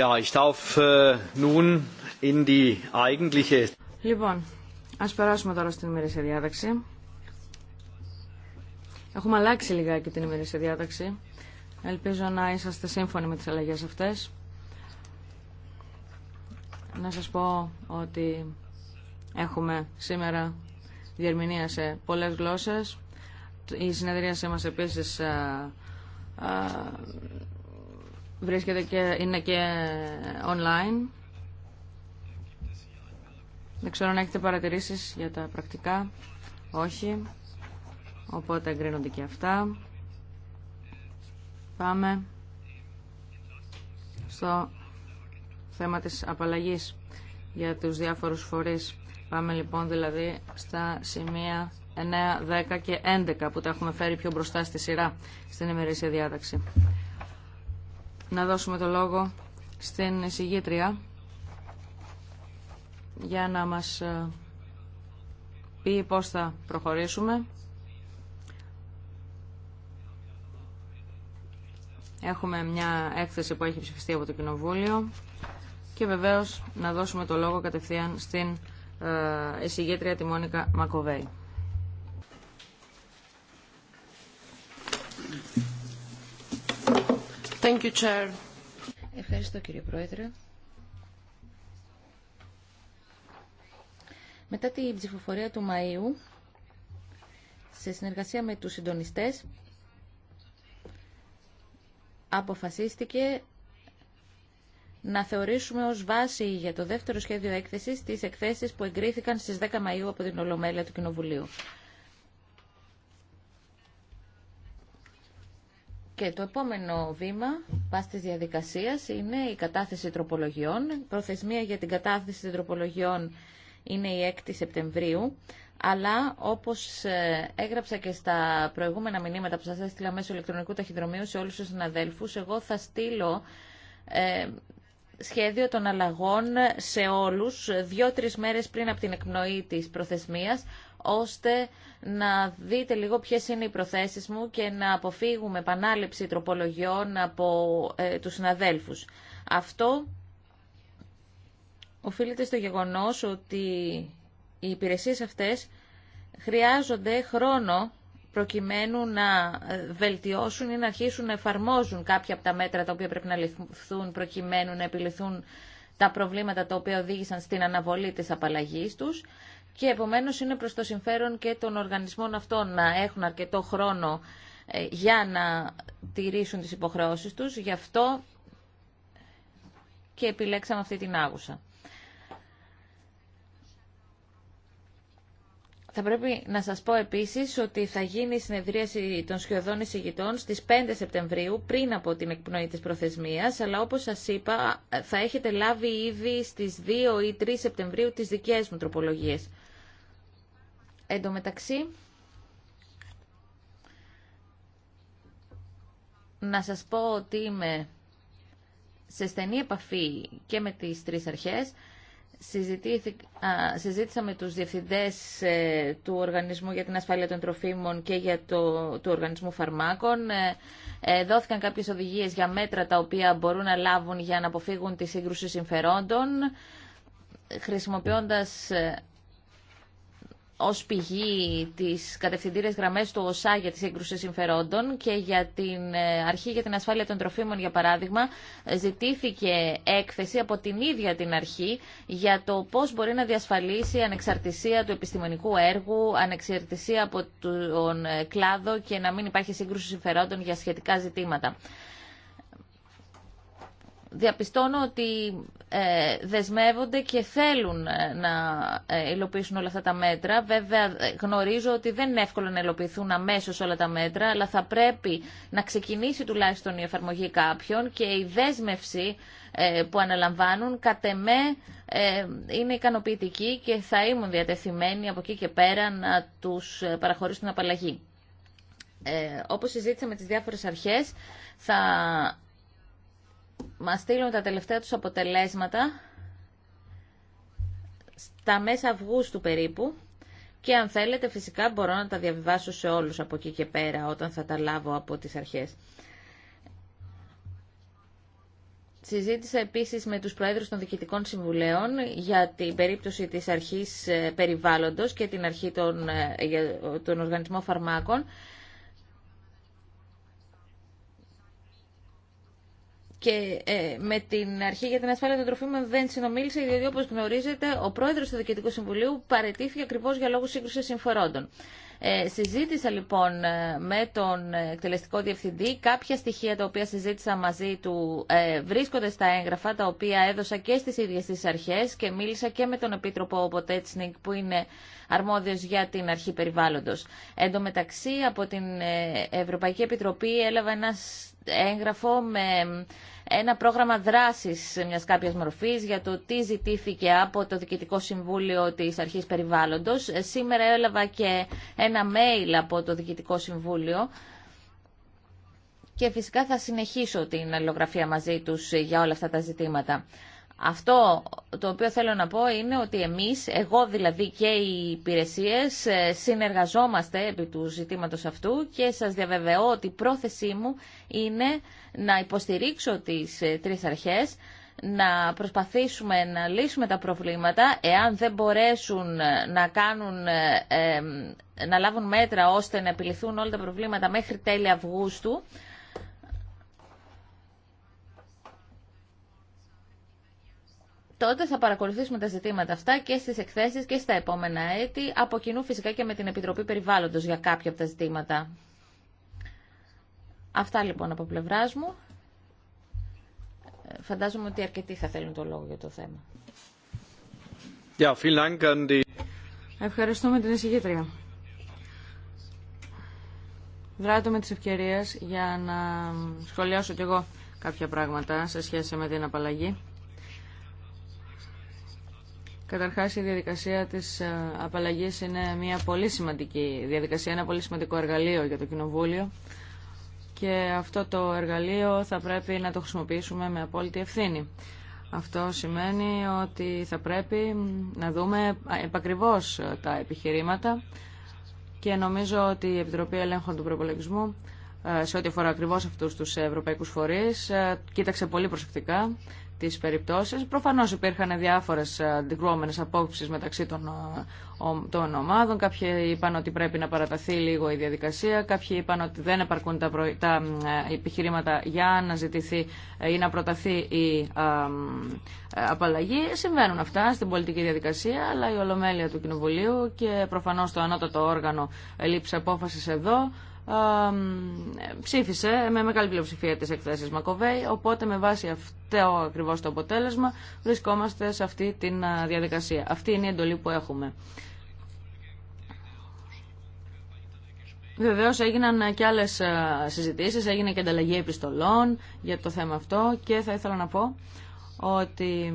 Äh, λοιπόν, ας περάσουμε τώρα στην ημερήσια διάταξη. Έχουμε αλλάξει λιγάκι την ημερήσια διάταξη. Ελπίζω να είσαστε σύμφωνοι με τις αλλαγές αυτές. Να σας πω ότι έχουμε σήμερα διερμηνία σε πολλές γλώσσες. Η συνεδρία μας επίσης ε, ε, βρίσκεται και είναι και online. Δεν ξέρω αν έχετε παρατηρήσεις για τα πρακτικά. Όχι. Οπότε εγκρίνονται και αυτά. Πάμε στο θέμα της απαλλαγής για τους διάφορους φορείς. Πάμε λοιπόν δηλαδή στα σημεία 9, 10 και 11 που τα έχουμε φέρει πιο μπροστά στη σειρά στην ημερήσια διάταξη να δώσουμε το λόγο στην εισηγήτρια για να μας ε, πει πώς θα προχωρήσουμε. Έχουμε μια έκθεση που έχει ψηφιστεί από το Κοινοβούλιο και βεβαίως να δώσουμε το λόγο κατευθείαν στην ε, εισηγήτρια τη Μόνικα Μακοβέη. Ευχαριστώ κύριε Πρόεδρε. Μετά την ψηφοφορία του Μαΐου, σε συνεργασία με τους συντονιστές, αποφασίστηκε να θεωρήσουμε ως βάση για το δεύτερο σχέδιο έκθεσης τις εκθέσεις που εγκρίθηκαν στις 10 Μαΐου από την Ολομέλεια του Κοινοβουλίου. Και το επόμενο βήμα πά τη διαδικασίας είναι η κατάθεση τροπολογιών. προθεσμία για την κατάθεση τροπολογιών είναι η 6η Σεπτεμβρίου. Αλλά όπως ε, έγραψα και στα προηγούμενα μηνύματα που σας έστειλα μέσω ηλεκτρονικού ταχυδρομείου σε όλους τους συναδέλφους, εγώ θα στείλω ε, σχέδιο των αλλαγών σε όλους δύο-τρεις μέρες πριν από την εκπνοή της προθεσμίας, ώστε να δείτε λίγο ποιες είναι οι προθέσεις μου και να αποφύγουμε επανάληψη τροπολογιών από ε, τους συναδέλφους. Αυτό οφείλεται στο γεγονός ότι οι υπηρεσίες αυτές χρειάζονται χρόνο προκειμένου να βελτιώσουν ή να αρχίσουν να εφαρμόζουν κάποια από τα μέτρα τα οποία πρέπει να ληφθούν προκειμένου να επιληθούν τα προβλήματα τα οποία οδήγησαν στην αναβολή της απαλλαγής τους και επομένω είναι προς το συμφέρον και των οργανισμών αυτών να έχουν αρκετό χρόνο ε, για να τηρήσουν τις υποχρεώσεις τους. Γι' αυτό και επιλέξαμε αυτή την άγουσα. Θα πρέπει να σας πω επίσης ότι θα γίνει η συνεδρίαση των σχεδόν εισηγητών στις 5 Σεπτεμβρίου πριν από την εκπνοή της προθεσμίας, αλλά όπως σας είπα θα έχετε λάβει ήδη στις 2 ή 3 Σεπτεμβρίου τις δικές μου τροπολογίες. Εν τω μεταξύ, να σας πω ότι είμαι σε στενή επαφή και με τις τρεις αρχές. Συζήτησα με τους διευθυντές ε, του Οργανισμού για την Ασφάλεια των Τροφίμων και για το, του Οργανισμού Φαρμάκων. Ε, ε, δόθηκαν κάποιες οδηγίες για μέτρα τα οποία μπορούν να λάβουν για να αποφύγουν τη σύγκρουση συμφερόντων χρησιμοποιώντας Ω πηγή τι κατευθυντήρε γραμμές του ΟΣΑ για τις σύγκρουση συμφερόντων και για την ε, αρχή για την ασφάλεια των τροφίμων, για παράδειγμα, ζητήθηκε έκθεση από την ίδια την αρχή για το πώς μπορεί να διασφαλίσει ανεξαρτησία του επιστημονικού έργου, ανεξαρτησία από τον ε, κλάδο και να μην υπάρχει σύγκρουση συμφερόντων για σχετικά ζητήματα. Διαπιστώνω ότι ε, δεσμεύονται και θέλουν ε, να ε, υλοποιήσουν όλα αυτά τα μέτρα. Βέβαια γνωρίζω ότι δεν είναι εύκολο να υλοποιηθούν αμέσω όλα τα μέτρα, αλλά θα πρέπει να ξεκινήσει τουλάχιστον η εφαρμογή κάποιων και η δέσμευση που αναλαμβάνουν κατ' εμέ είναι ικανοποιητική και θα ήμουν διατεθειμένη από εκεί και πέρα να τους παραχωρήσουν απαλλαγή. Ε, όπως συζήτησα με τις διάφορες αρχές, θα μας στείλουν τα τελευταία τους αποτελέσματα στα μέσα Αυγούστου περίπου και αν θέλετε φυσικά μπορώ να τα διαβιβάσω σε όλους από εκεί και πέρα όταν θα τα λάβω από τις αρχές. Συζήτησα επίσης με τους Προέδρους των Διοικητικών Συμβουλέων για την περίπτωση της αρχής ε, περιβάλλοντος και την αρχή των, ε, οργανισμών φαρμάκων και ε, με την αρχή για την ασφάλεια των τροφίμων δεν συνομίλησε, διότι όπω γνωρίζετε, ο πρόεδρο του Διοικητικού Συμβουλίου παρετήθηκε ακριβώ για λόγου σύγκρουση συμφερόντων. Ε, συζήτησα λοιπόν ε, με τον εκτελεστικό διευθυντή κάποια στοιχεία τα οποία συζήτησα μαζί του ε, βρίσκονται στα έγγραφα τα οποία έδωσα και στις ίδιες τις αρχές και μίλησα και με τον Επίτροπο Ποτέτσνικ που είναι αρμόδιος για την αρχή περιβάλλοντος. Εν τω μεταξύ από την ε, Ευρωπαϊκή Επιτροπή έλαβα ένα έγγραφο με ένα πρόγραμμα δράσης μια κάποιας μορφής για το τι ζητήθηκε από το Διοικητικό Συμβούλιο της Αρχής Περιβάλλοντος. Ε, σήμερα έλαβα και ένα mail από το Διοικητικό Συμβούλιο και φυσικά θα συνεχίσω την αλληλογραφία μαζί τους για όλα αυτά τα ζητήματα. Αυτό το οποίο θέλω να πω είναι ότι εμείς, εγώ δηλαδή και οι υπηρεσίες, ε, συνεργαζόμαστε επί του ζητήματος αυτού και σας διαβεβαιώ ότι η πρόθεσή μου είναι να υποστηρίξω τις ε, τρεις αρχές, να προσπαθήσουμε να λύσουμε τα προβλήματα εάν δεν μπορέσουν ε, να κάνουν να λάβουν μέτρα ώστε να επιληθούν όλα τα προβλήματα μέχρι τέλη Αυγούστου τότε θα παρακολουθήσουμε τα ζητήματα αυτά και στις εκθέσεις και στα επόμενα έτη, από κοινού φυσικά και με την Επιτροπή Περιβάλλοντος για κάποια από τα ζητήματα. Αυτά λοιπόν από πλευρά μου. Ε, φαντάζομαι ότι αρκετοί θα θέλουν το λόγο για το θέμα. Ευχαριστούμε την εισηγήτρια. Βράτω με τις ευκαιρίες για να σχολιάσω κι εγώ κάποια πράγματα σε σχέση με την απαλλαγή. Καταρχάς η διαδικασία της ε, απαλλαγής είναι μια πολύ σημαντική διαδικασία, ένα πολύ σημαντικό εργαλείο για το Κοινοβούλιο και αυτό το εργαλείο θα πρέπει να το χρησιμοποιήσουμε με απόλυτη ευθύνη. Αυτό σημαίνει ότι θα πρέπει να δούμε επακριβώς τα επιχειρήματα και νομίζω ότι η Επιτροπή Ελέγχων του Προπολογισμού ε, σε ό,τι αφορά ακριβώς αυτούς τους ευρωπαϊκούς φορείς ε, κοίταξε πολύ προσεκτικά τις περιπτώσεις. Προφανώς υπήρχαν διάφορες ε, αντικρουόμενες απόψεις μεταξύ των, ε, των ομάδων. Κάποιοι είπαν ότι πρέπει να παραταθεί λίγο η διαδικασία, κάποιοι είπαν ότι δεν επαρκούν τα, τα ε, επιχειρήματα για να ζητηθεί ή να προταθεί η απαλλαγή. Συμβαίνουν αυτά στην πολιτική διαδικασία, αλλά η ολομέλεια του Κοινοβουλίου και προφανώς το ανώτατο όργανο λήψη απόφασης εδώ ψήφισε με μεγάλη πλειοψηφία τις εκθέσεις Μακοβέη, οπότε με βάση αυτό ακριβώς το αποτέλεσμα βρισκόμαστε σε αυτή τη διαδικασία. Αυτή είναι η εντολή που έχουμε. Βεβαίω έγιναν και άλλε συζητήσει, έγινε και ανταλλαγή επιστολών για το θέμα αυτό και θα ήθελα να πω ότι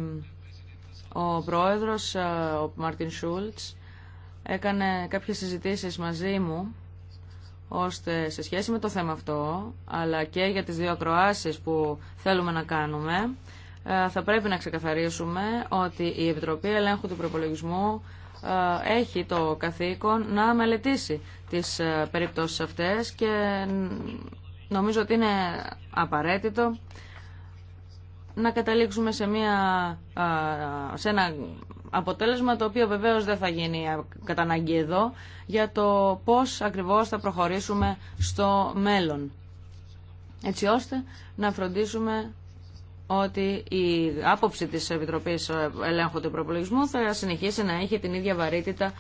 ο πρόεδρος, ο Μαρτίν Σούλτ έκανε κάποιε συζητήσει μαζί μου ώστε σε σχέση με το θέμα αυτό, αλλά και για τις δύο ακροάσεις που θέλουμε να κάνουμε, ε, θα πρέπει να ξεκαθαρίσουμε ότι η Επιτροπή Ελέγχου του Προπολογισμού ε, έχει το καθήκον να μελετήσει τις ε, περιπτώσεις αυτές και νομίζω ότι είναι απαραίτητο να καταλήξουμε σε, μια, σε ένα αποτέλεσμα το οποίο βεβαίως δεν θα γίνει κατά αναγκή εδώ για το πώς ακριβώς θα προχωρήσουμε στο μέλλον έτσι ώστε να φροντίσουμε ότι η άποψη της Επιτροπής Ελέγχου του Προπολογισμού θα συνεχίσει να έχει την ίδια βαρύτητα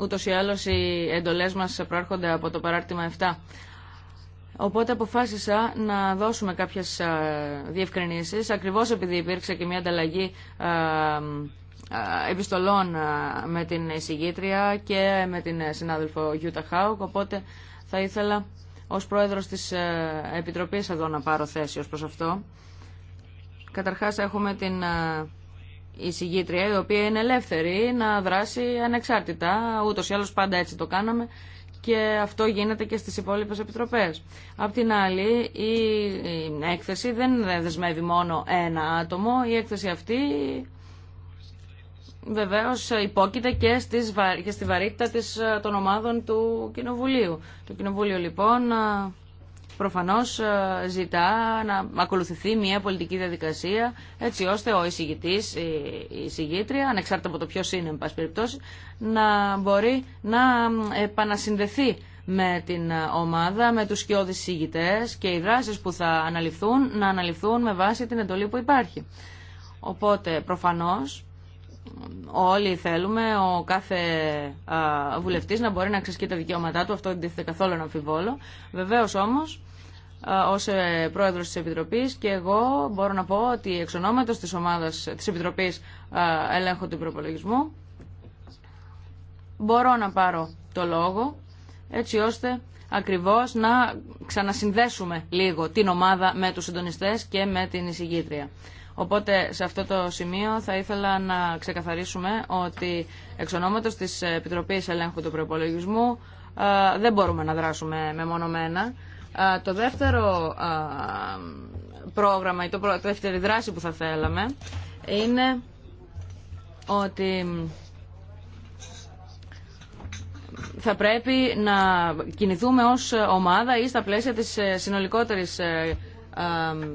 ούτως ή άλλως οι εντολές μας προέρχονται από το παράρτημα 7 Οπότε αποφάσισα να δώσουμε κάποιες ε, διευκρινήσεις, ακριβώς επειδή υπήρξε και μια ανταλλαγή ε, ε, επιστολών με την εισηγήτρια και με την συνάδελφο Γιούτα Χάουκ, οπότε θα ήθελα ως πρόεδρος της Επιτροπής εδώ να πάρω θέση ως προς αυτό. Καταρχάς έχουμε την εισηγήτρια η οποία είναι ελεύθερη να δράσει ανεξάρτητα, ούτως ή άλλως πάντα έτσι το κάναμε και αυτό γίνεται και στις υπόλοιπες επιτροπές. Απ' την άλλη, η έκθεση δεν δεσμεύει μόνο ένα άτομο. Η έκθεση αυτή βεβαίως υπόκειται και, στις, στη βαρύτητα της, ε, των ομάδων του Κοινοβουλίου. Το Κοινοβούλιο λοιπόν ε, προφανώς ε, ζητά να ακολουθηθεί μια πολιτική διαδικασία έτσι ώστε ο εισηγητής, η εισηγήτρια, ανεξάρτητα από το ποιος είναι, εν περιπτώσει, να μπορεί να επανασυνδεθεί με την ομάδα, με τους σκιώδεις εισηγητές και οι δράσεις που θα αναλυθούν να αναλυθούν με βάση την εντολή που υπάρχει. Οπότε προφανώς όλοι θέλουμε ο κάθε βουλευτής να μπορεί να ξεσκεί τα δικαιώματά του, αυτό δεν τίθεται καθόλου να αμφιβόλω. Βεβαίως όμως, ως ε, πρόεδρος της Επιτροπής και εγώ μπορώ να πω ότι εξ ονόματος της, ομάδας, της Επιτροπής ελέγχω του προπολογισμού μπορώ να πάρω το λόγο έτσι ώστε ακριβώς να ξανασυνδέσουμε λίγο την ομάδα με τους συντονιστές και με την εισηγήτρια. Οπότε σε αυτό το σημείο θα ήθελα να ξεκαθαρίσουμε ότι εξ ονόματος της Επιτροπής Ελέγχου του Προπολογισμού δεν μπορούμε να δράσουμε μεμονωμένα. Το δεύτερο πρόγραμμα ή το δεύτερη δράση που θα θέλαμε είναι ότι θα πρέπει να κινηθούμε ως ομάδα ή στα πλαίσια της συνολικότερης ε, ε,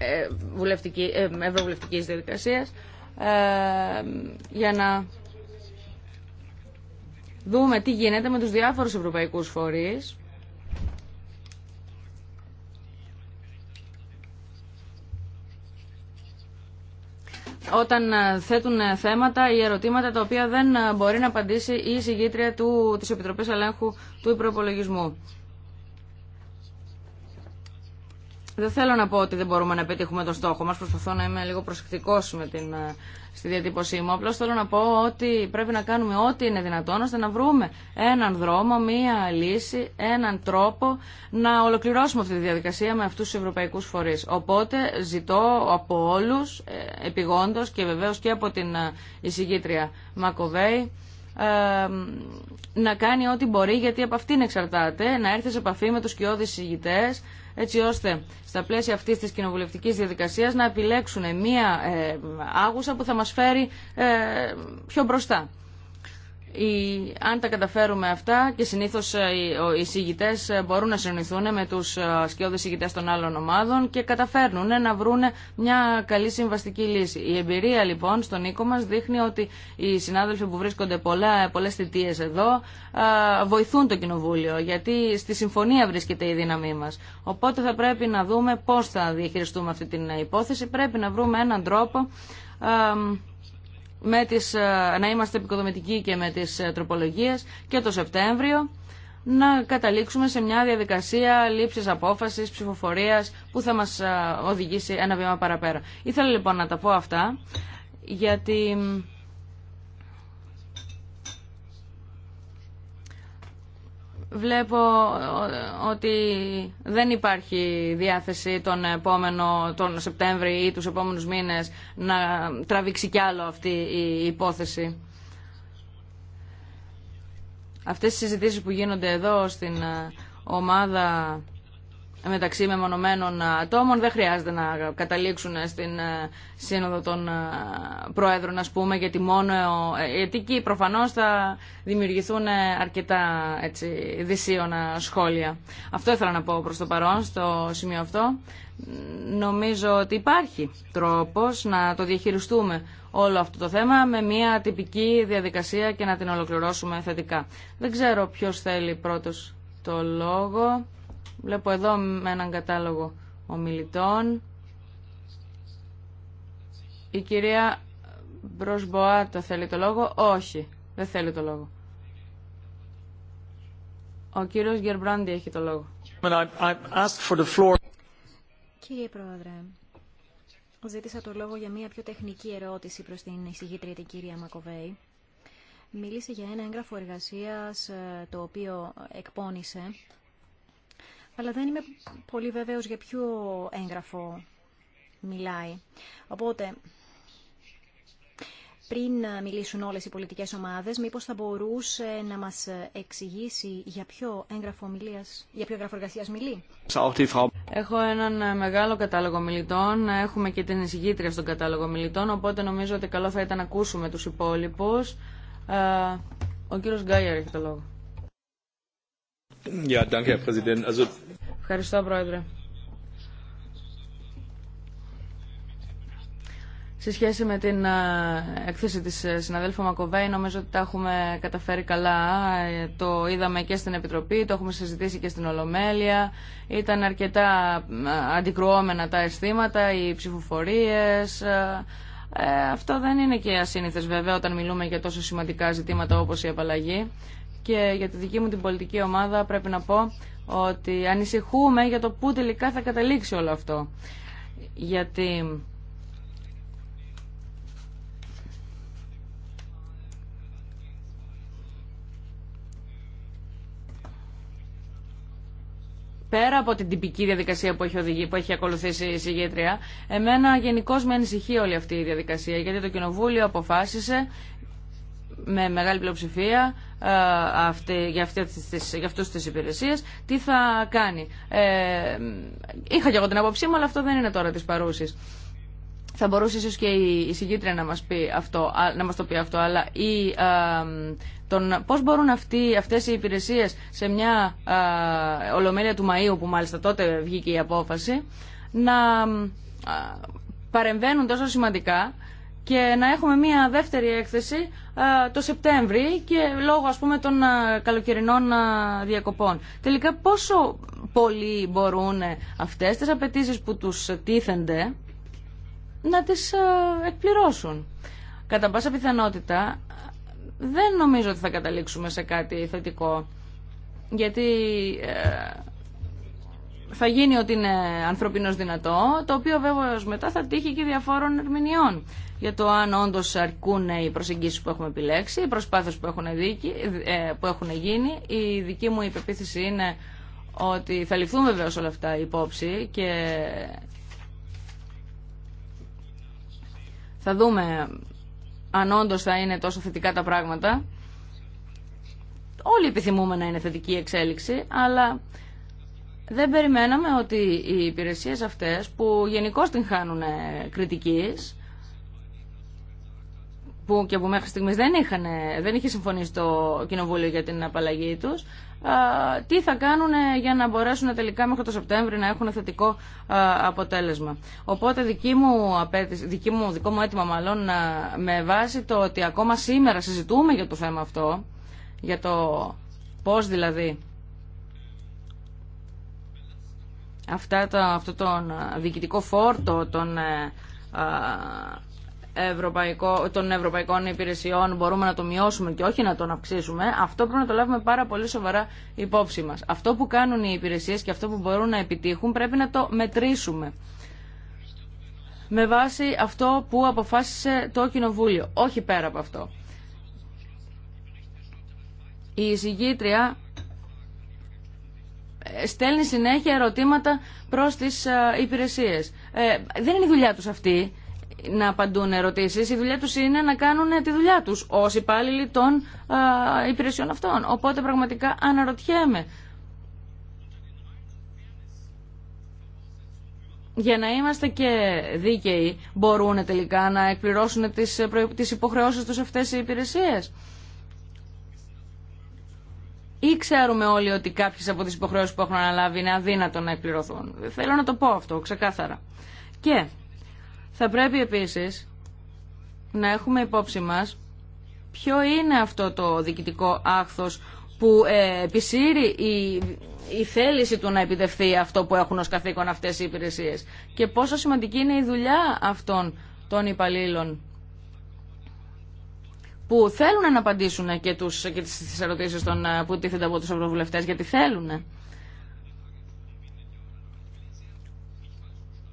ε, βουλευτική, ε, ευρωβουλευτικής διαδικασίας ε, για να δούμε τι γίνεται με τους διάφορους ευρωπαϊκούς φορείς όταν θέτουν θέματα ή ερωτήματα τα οποία δεν μπορεί να απαντήσει η εισηγήτρια του, της Επιτροπής Ελέγχου του Υπροπολογισμού. Δεν θέλω να πω ότι δεν μπορούμε να πετύχουμε τον στόχο μα, προσπαθώ να είμαι λίγο προσεκτικός με την, ε, στη διατύπωσή μου. Απλώς θέλω να πω ότι πρέπει να κάνουμε ό,τι είναι δυνατόν ώστε να βρούμε έναν δρόμο, μία λύση, έναν τρόπο να ολοκληρώσουμε αυτή τη διαδικασία με αυτούς τους ευρωπαϊκούς φορείς. Οπότε ζητώ από όλους, ε, επιγόντως και βεβαίως και από την ε, εισηγήτρια Μακοβέη, να κάνει ό,τι μπορεί γιατί από αυτήν εξαρτάται, να έρθει σε επαφή με τους κοιόδης συγητές, έτσι ώστε στα πλαίσια αυτή τη κοινοβουλευτική διαδικασία να επιλέξουν μία ε, άγουσα που θα μα φέρει ε, πιο μπροστά αν τα καταφέρουμε αυτά και συνήθως ε, οι συγητές ε, μπορούν να συνοηθούν με τους ε, σκιώδες συγητές των άλλων ομάδων και καταφέρνουν να βρουν μια καλή συμβαστική λύση. Η εμπειρία λοιπόν στον οίκο μας δείχνει ότι οι συνάδελφοι που βρίσκονται πολλά, πολλές θητείες εδώ βοηθούν το Κοινοβούλιο γιατί στη συμφωνία βρίσκεται η δύναμή μας. Οπότε θα πρέπει να δούμε πώς θα διαχειριστούμε αυτή την υπόθεση. Πρέπει να βρούμε έναν τρόπο με τις, ε, να είμαστε επικοδομητικοί και με τις ε, τροπολογίες και το Σεπτέμβριο να καταλήξουμε σε μια διαδικασία λήψης απόφασης, ψηφοφορίας που θα μας ε, οδηγήσει ένα βήμα παραπέρα. Ήθελα λοιπόν να τα πω αυτά γιατί Βλέπω ε, ότι δεν υπάρχει διάθεση τον επόμενο, τον Σεπτέμβρη ή τους επόμενους μήνες να τραβήξει κι άλλο αυτή η υπόθεση. Αυτές οι συζητήσεις που γίνονται εδώ στην ε, ομάδα μεταξύ μεμονωμένων ε, ατόμων. Δεν χρειάζεται να καταλήξουν στην ε, σύνοδο των ε, πρόεδρων, α πούμε, γιατί μόνο γιατί εκεί προφανώς θα δημιουργηθούν αρκετά έτσι, δυσίωνα σχόλια. Αυτό ήθελα να πω προς το παρόν στο σημείο αυτό. Νομίζω ότι υπάρχει τρόπος να το διαχειριστούμε όλο αυτό το θέμα με μια τυπική διαδικασία και να την ολοκληρώσουμε θετικά. Δεν ξέρω ποιος θέλει πρώτος το λόγο. Βλέπω εδώ με έναν κατάλογο ομιλητών. Η κυρία Μπροσμποά το θέλει το λόγο. Όχι, δεν θέλει το λόγο. Ο κύριος Γερμπράντι έχει το λόγο. Κύριε Πρόεδρε, ζήτησα το λόγο για μια πιο τεχνική ερώτηση προς την εισηγήτρια την κυρία Μακοβέη. Μίλησε για ένα έγγραφο εργασίας ε, το οποίο εκπώνησε αλλά δεν είμαι πολύ βεβαίως για ποιο έγγραφο μιλάει. Οπότε, πριν μιλήσουν όλες οι πολιτικές ομάδες, μήπως θα μπορούσε να μας εξηγήσει για ποιο έγγραφο, μιλίας, για ποιο έγγραφο εργασίας μιλεί. Έχω έναν ε, μεγάλο κατάλογο μιλητών, έχουμε και την εισηγήτρια στον κατάλογο μιλητών, οπότε νομίζω ότι καλό θα ήταν να ακούσουμε τους υπόλοιπους. Ε, ο κύριος Γκάιερ έχει το λόγο. Ευχαριστώ, Πρόεδρε. Σε σχέση με την έκθεση της ε, συναδέλφου Μακοβέη, νομίζω ότι τα έχουμε καταφέρει καλά. Ε, το είδαμε και στην Επιτροπή, το έχουμε συζητήσει και στην Ολομέλεια. Ήταν αρκετά αντικρουόμενα τα αισθήματα, οι ψηφοφορίες. Ε, αυτό δεν είναι και ασύνηθες βέβαια όταν μιλούμε για τόσο σημαντικά ζητήματα όπως η απαλλαγή και για τη δική μου την πολιτική ομάδα πρέπει να πω ότι ανησυχούμε για το πού τελικά θα καταλήξει όλο αυτό. Γιατί πέρα από την τυπική διαδικασία που έχει, οδηγεί, που εχει που ακολουθήσει η συγγήτρια, εμένα γενικώ με ανησυχεί όλη αυτή η διαδικασία, γιατί το Κοινοβούλιο αποφάσισε με μεγάλη πλειοψηφία ε, για, αυτή, τις, για αυτούς τις υπηρεσίες τι θα κάνει. Ε, είχα και εγώ την απόψή μου, αλλά αυτό δεν είναι τώρα της παρούσης. Θα μπορούσε ίσως και η συγκίτρια να μας, πει αυτό, να μας το πει αυτό, αλλά η, ε, πώς μπορούν αυτοί, αυτές οι υπηρεσίες σε μια α, ε, ολομέλεια του Μαΐου, που μάλιστα τότε βγήκε η απόφαση, να α, παρεμβαίνουν τόσο σημαντικά και να έχουμε μία δεύτερη έκθεση το Σεπτέμβρη και λόγω ας πούμε των καλοκαιρινών διακοπών. Τελικά πόσο πολλοί μπορούν αυτές τις απαιτήσει που τους τίθενται να τις εκπληρώσουν. Κατά πάσα πιθανότητα δεν νομίζω ότι θα καταλήξουμε σε κάτι θετικό γιατί ε, θα γίνει ότι είναι ανθρωπίνος δυνατό, το οποίο βέβαια μετά θα τύχει και διαφόρων ερμηνεών για το αν όντω αρκούν οι προσεγγίσεις που έχουμε επιλέξει, οι προσπάθειες που έχουν, δίκη, ε, που έχουν γίνει. Η δική μου υπεποίθηση είναι ότι θα ληφθούν βεβαίως όλα αυτά υπόψη και θα δούμε αν όντω θα είναι τόσο θετικά τα πράγματα. Όλοι επιθυμούμε να είναι θετική εξέλιξη, αλλά δεν περιμέναμε ότι οι υπηρεσίες αυτές που γενικώ την χάνουν κριτικής που και που μέχρι στιγμής δεν, είχαν, δεν είχε συμφωνήσει το Κοινοβούλιο για την απαλλαγή τους, τι θα κάνουν για να μπορέσουν τελικά μέχρι το Σεπτέμβριο να έχουν θετικό αποτέλεσμα. Οπότε δική μου, απέτηση, δική μου, δικό μου αίτημα μάλλον με βάση το ότι ακόμα σήμερα συζητούμε για το θέμα αυτό, για το πώς δηλαδή αυτά το, αυτό τον διοικητικό φόρτο, τον ε, ευρωπαϊκό, των ευρωπαϊκών υπηρεσιών μπορούμε να το μειώσουμε και όχι να τον αυξήσουμε, αυτό πρέπει να το λάβουμε πάρα πολύ σοβαρά υπόψη μας. Αυτό που κάνουν οι υπηρεσίες και αυτό που μπορούν να επιτύχουν πρέπει να το μετρήσουμε με βάση αυτό που αποφάσισε το Κοινοβούλιο, όχι πέρα από αυτό. Η εισηγήτρια ε, στέλνει συνέχεια ερωτήματα προς τις ε, υπηρεσίες. Ε, δεν είναι η δουλειά τους αυτή να απαντούν ερωτήσει, Η δουλειά τους είναι να κάνουν τη δουλειά τους ω υπάλληλοι των υπηρεσιών αυτών. Οπότε πραγματικά αναρωτιέμαι. για να είμαστε και δίκαιοι, μπορούν τελικά να εκπληρώσουν τις, τις υποχρεώσεις τους αυτές οι υπηρεσίες. Ή ξέρουμε όλοι ότι κάποιες από τις υποχρεώσεις που έχουν αναλάβει είναι αδύνατο να εκπληρωθούν. Θέλω να το πω αυτό ξεκάθαρα. Και θα πρέπει επίσης να έχουμε υπόψη μας ποιο είναι αυτό το διοικητικό άχθος που ε, επισύρει η, η θέληση του να επιτευχθεί αυτό που έχουν ως καθήκον αυτές οι υπηρεσίες και πόσο σημαντική είναι η δουλειά αυτών των υπαλλήλων που θέλουν να απαντήσουν και, τους, και ερωτήσεις των, ε, που τίθενται από τους ευρωβουλευτές γιατί θέλουν.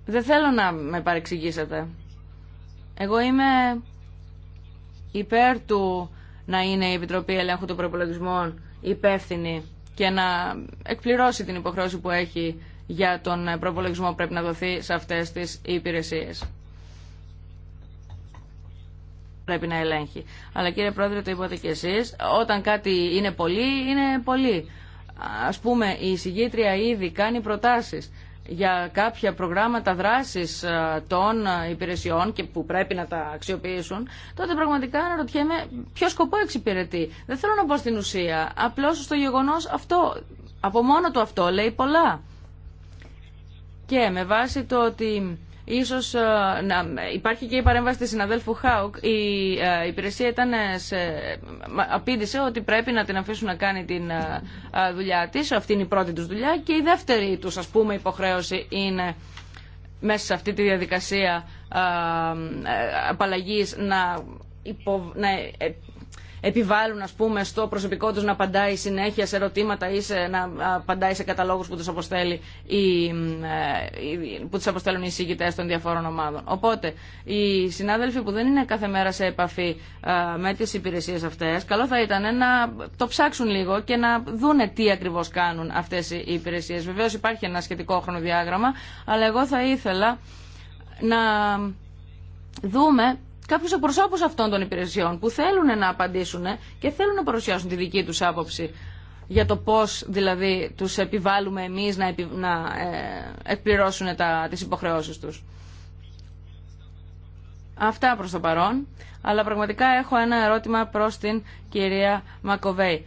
Δεν θέλω να με παρεξηγήσετε. Εγώ είμαι υπέρ του να είναι η Επιτροπή Ελέγχου των Προπολογισμών υπεύθυνη και να εκπληρώσει την υποχρέωση που έχει για τον προπολογισμό που πρέπει να δοθεί σε αυτές τις υπηρεσίες. Πρέπει να ελέγχει. Αλλά κύριε Πρόεδρε, το είπατε και εσείς, όταν κάτι είναι πολύ, είναι πολύ. Ας πούμε, η συγγήτρια ήδη κάνει προτάσεις για κάποια προγράμματα δράσης ε, των ε, υπηρεσιών και που πρέπει να τα αξιοποιήσουν, τότε πραγματικά αναρωτιέμαι ποιο σκοπό εξυπηρετεί. Δεν θέλω να πω στην ουσία, απλώ στο γεγονός αυτό, από μόνο του αυτό λέει πολλά. Και με βάση το ότι Ίσως ε, να, υπάρχει και η παρέμβαση της συναδέλφου Χάουκ. Η ε, υπηρεσία ήταν ότι πρέπει να την αφήσουν να κάνει την ε, δουλειά της. Αυτή είναι η πρώτη τους δουλειά και η δεύτερη τους ας πούμε υποχρέωση είναι μέσα σε αυτή τη διαδικασία απαλλαγής να, να επιβάλλουν ας πούμε, στο προσωπικό τους να απαντάει συνέχεια σε ερωτήματα ή να απαντάει σε καταλόγους που τους, αποστέλει ε, η, που τους αποστέλουν οι εισηγητές των διαφόρων ομάδων. Οπότε, οι συνάδελφοι που δεν είναι κάθε μέρα σε επαφή ε, με τις υπηρεσίες αυτές, καλό θα ήταν να το ψάξουν λίγο και να δούνε τι ακριβώς κάνουν αυτέ οι υπηρεσίε. Βεβαίω υπάρχει ένα σχετικό χρονοδιάγραμμα, αλλά εγώ θα ήθελα να δούμε κάποιου προσώπους αυτών των υπηρεσιών που θέλουν να απαντήσουν και θέλουν να παρουσιάσουν τη δική τους άποψη για το πώ δηλαδή τους επιβάλλουμε εμείς να, να ε, εκπληρώσουν τι τις υποχρεώσεις τους. Αυτά προς το παρόν, αλλά πραγματικά έχω ένα ερώτημα προς την κυρία Μακοβέη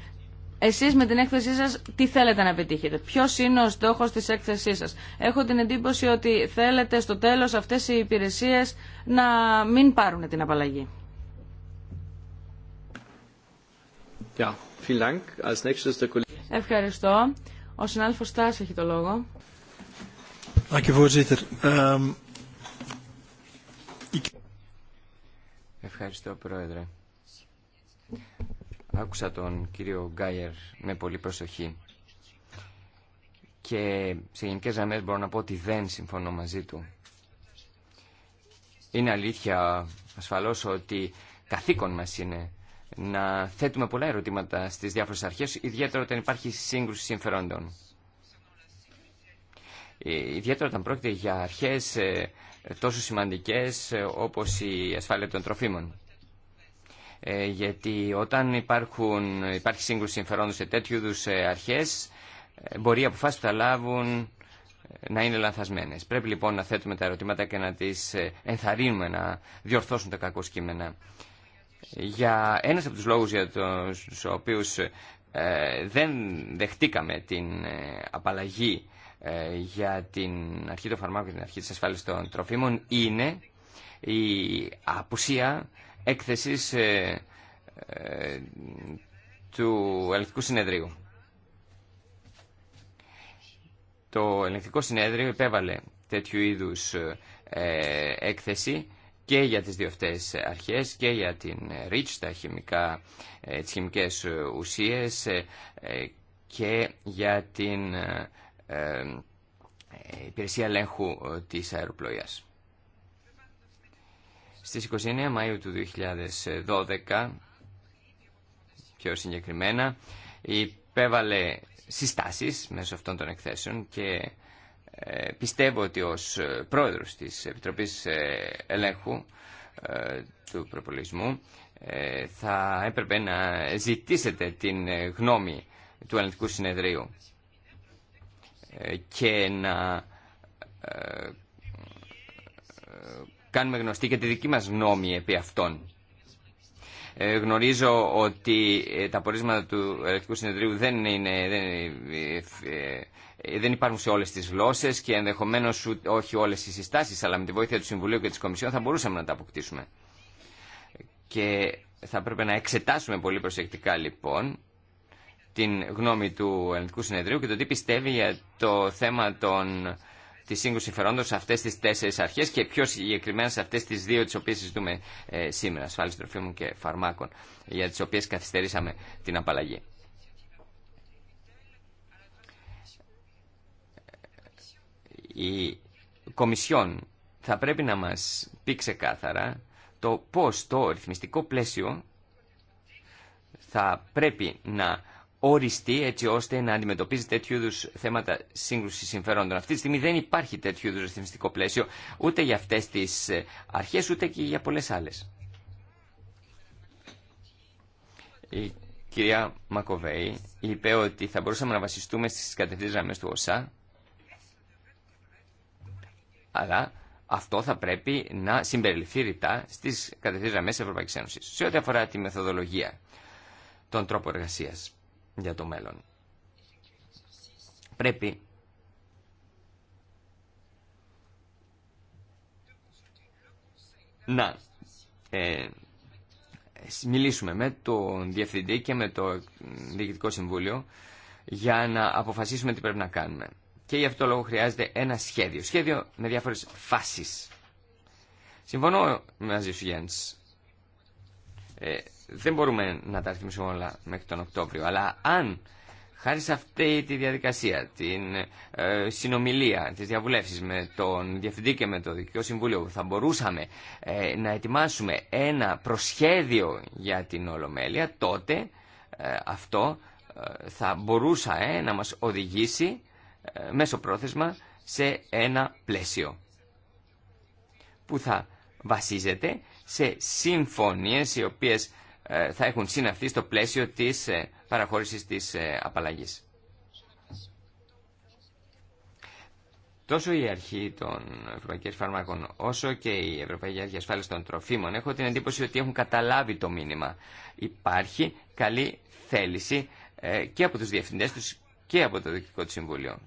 εσείς με την έκθεσή σας τι θέλετε να πετύχετε, ποιος είναι ο στόχος της έκθεσής σας. Έχω την εντύπωση ότι θέλετε στο τέλος αυτές οι υπηρεσίες να μην πάρουν την απαλλαγή. Ευχαριστώ. Ο συνάδελφος Στάς έχει το λόγο. Ehm, Ευχαριστώ, Πρόεδρε. Άκουσα τον κύριο Γκάιερ με πολύ προσοχή και σε γενικές γραμμές μπορώ να πω ότι δεν συμφωνώ μαζί του. Είναι αλήθεια ασφαλώς ότι καθήκον μας είναι να θέτουμε πολλά ερωτήματα στις διάφορες αρχές, ιδιαίτερα όταν υπάρχει σύγκρουση συμφερόντων. Ε, ιδιαίτερα όταν πρόκειται για αρχές ε, τόσο σημαντικές ε, όπως η ασφάλεια των τροφίμων. Ε, γιατί όταν υπάρχουν, υπάρχει σύγκρουση συμφερόντων σε τέτοιου είδου ε, αρχέ, ε, μπορεί οι αποφάσει που θα λάβουν να είναι λανθασμένες. Πρέπει λοιπόν να θέτουμε τα ερωτήματα και να τι ενθαρρύνουμε να διορθώσουν τα κακό κείμενα. Για ένας από τους λόγους για τους οποίους δεν δεχτήκαμε την απαλλαγή για την αρχή των φαρμάκων και την αρχή της ασφάλειας των τροφίμων είναι η απουσία Έκθεση ε, ε, του Ελεκτικού Συνεδρίου. Το Ελεκτικό Συνέδριο υπέβαλε τέτοιου είδους ε, έκθεση και για τις δύο αυτές αρχές και για την ΡΙΤΣ, τα χημικά, τις χημικές ουσίες και για την υπηρεσία ελέγχου της αεροπλοίας. Στις 29 Μαΐου του 2012, πιο συγκεκριμένα, υπέβαλε συστάσεις μέσω αυτών των εκθέσεων και ε, πιστεύω ότι ως πρόεδρος της Επιτροπής ε, Ελέγχου ε, του Προπολισμού θα έπρεπε να ζητήσετε την γνώμη του Ελληνικού Συνεδρίου και να κάνουμε γνωστή και τη δική μας γνώμη επί αυτών. Ε, γνωρίζω ότι ε, τα πορίσματα του Ελεκτικού Συνεδρίου δεν, είναι, δεν, ε, δεν υπάρχουν σε όλες τις γλώσσες και ενδεχομένως όχι όλες οι συστάσεις, αλλά με τη βοήθεια του Συμβουλίου και της Κομισιόν θα μπορούσαμε να τα αποκτήσουμε. Και θα πρέπει να εξετάσουμε πολύ προσεκτικά λοιπόν την γνώμη του Ελληνικού Συνεδρίου και το τι πιστεύει για το θέμα των τη σύγκρουση συμφερόντων σε αυτέ τι τέσσερι αρχέ και πιο συγκεκριμένα σε αυτέ τι δύο τι οποίε συζητούμε ε, σήμερα, ασφάλιση τροφίμων και φαρμάκων, για τι οποίε καθυστερήσαμε την απαλλαγή. Η Κομισιόν θα πρέπει να μας πει ξεκάθαρα το πώς το ρυθμιστικό πλαίσιο θα πρέπει να οριστεί έτσι ώστε να αντιμετωπίζει τέτοιου είδου θέματα σύγκρουση συμφερόντων. Αυτή τη στιγμή δεν υπάρχει τέτοιου είδου ρυθμιστικό πλαίσιο ούτε για αυτέ τι ε, αρχέ ούτε και για πολλέ άλλε. Η κυρία Μακοβέη είπε ότι θα μπορούσαμε να βασιστούμε στι κατευθύνσει γραμμέ του ΩΣΑ, αλλά αυτό θα πρέπει να συμπεριληφθεί ρητά στι κατευθύνσει γραμμέ τη Ευρωπαϊκή Ένωση. Σε ό,τι αφορά τη μεθοδολογία των τρόπων εργασία για το μέλλον. Πρέπει να ε, μιλήσουμε με τον Διευθυντή και με το Διοικητικό Συμβούλιο για να αποφασίσουμε τι πρέπει να κάνουμε. Και γι' αυτό λόγο χρειάζεται ένα σχέδιο. Σχέδιο με διάφορες φάσεις. Συμφωνώ μαζί σου Γιάννης. Ε, δεν μπορούμε να τα ρυθμίσουμε όλα μέχρι τον Οκτώβριο, αλλά αν χάρη σε αυτή τη διαδικασία, την ε, συνομιλία, τις διαβουλεύσεις με τον Διευθυντή και με το Διοικητικό Συμβούλιο, θα μπορούσαμε ε, να ετοιμάσουμε ένα προσχέδιο για την Ολομέλεια, τότε ε, αυτό θα μπορούσε να μας οδηγήσει μέσω πρόθεσμα σε ένα πλαίσιο που θα βασίζεται σε συμφωνίες οι οποίες ε, θα έχουν συναυθεί στο πλαίσιο της ε, παραχώρησης της ε, απαλλαγής. Τόσο η αρχή των ευρωπαϊκών φαρμάκων όσο και η Ευρωπαϊκή Αρχή των Τροφίμων έχω την εντύπωση ότι έχουν καταλάβει το μήνυμα. Υπάρχει καλή θέληση και από τους διευθυντές τους και από το Διοικητικό του Συμβούλιο.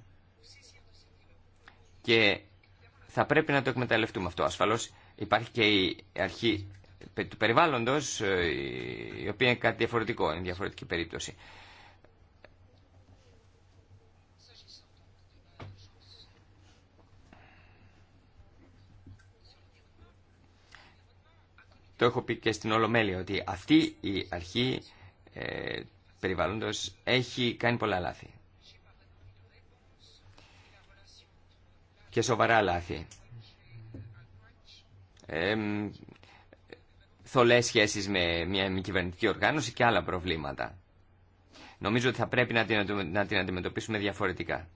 Και θα πρέπει να το εκμεταλλευτούμε αυτό. Ασφαλώς υπάρχει και η αρχή του περιβάλλοντος, ε, η οποία είναι κάτι διαφορετικό, είναι διαφορετική περίπτωση. Το έχω πει και στην Ολομέλεια ότι αυτή η αρχή ε, περιβάλλοντος έχει κάνει πολλά λάθη. Και σοβαρά λάθη. Ε, θολές σχέσεις με μια μη κυβερνητική οργάνωση και άλλα προβλήματα. Νομίζω ότι θα πρέπει να την, να την αντιμετωπίσουμε διαφορετικά.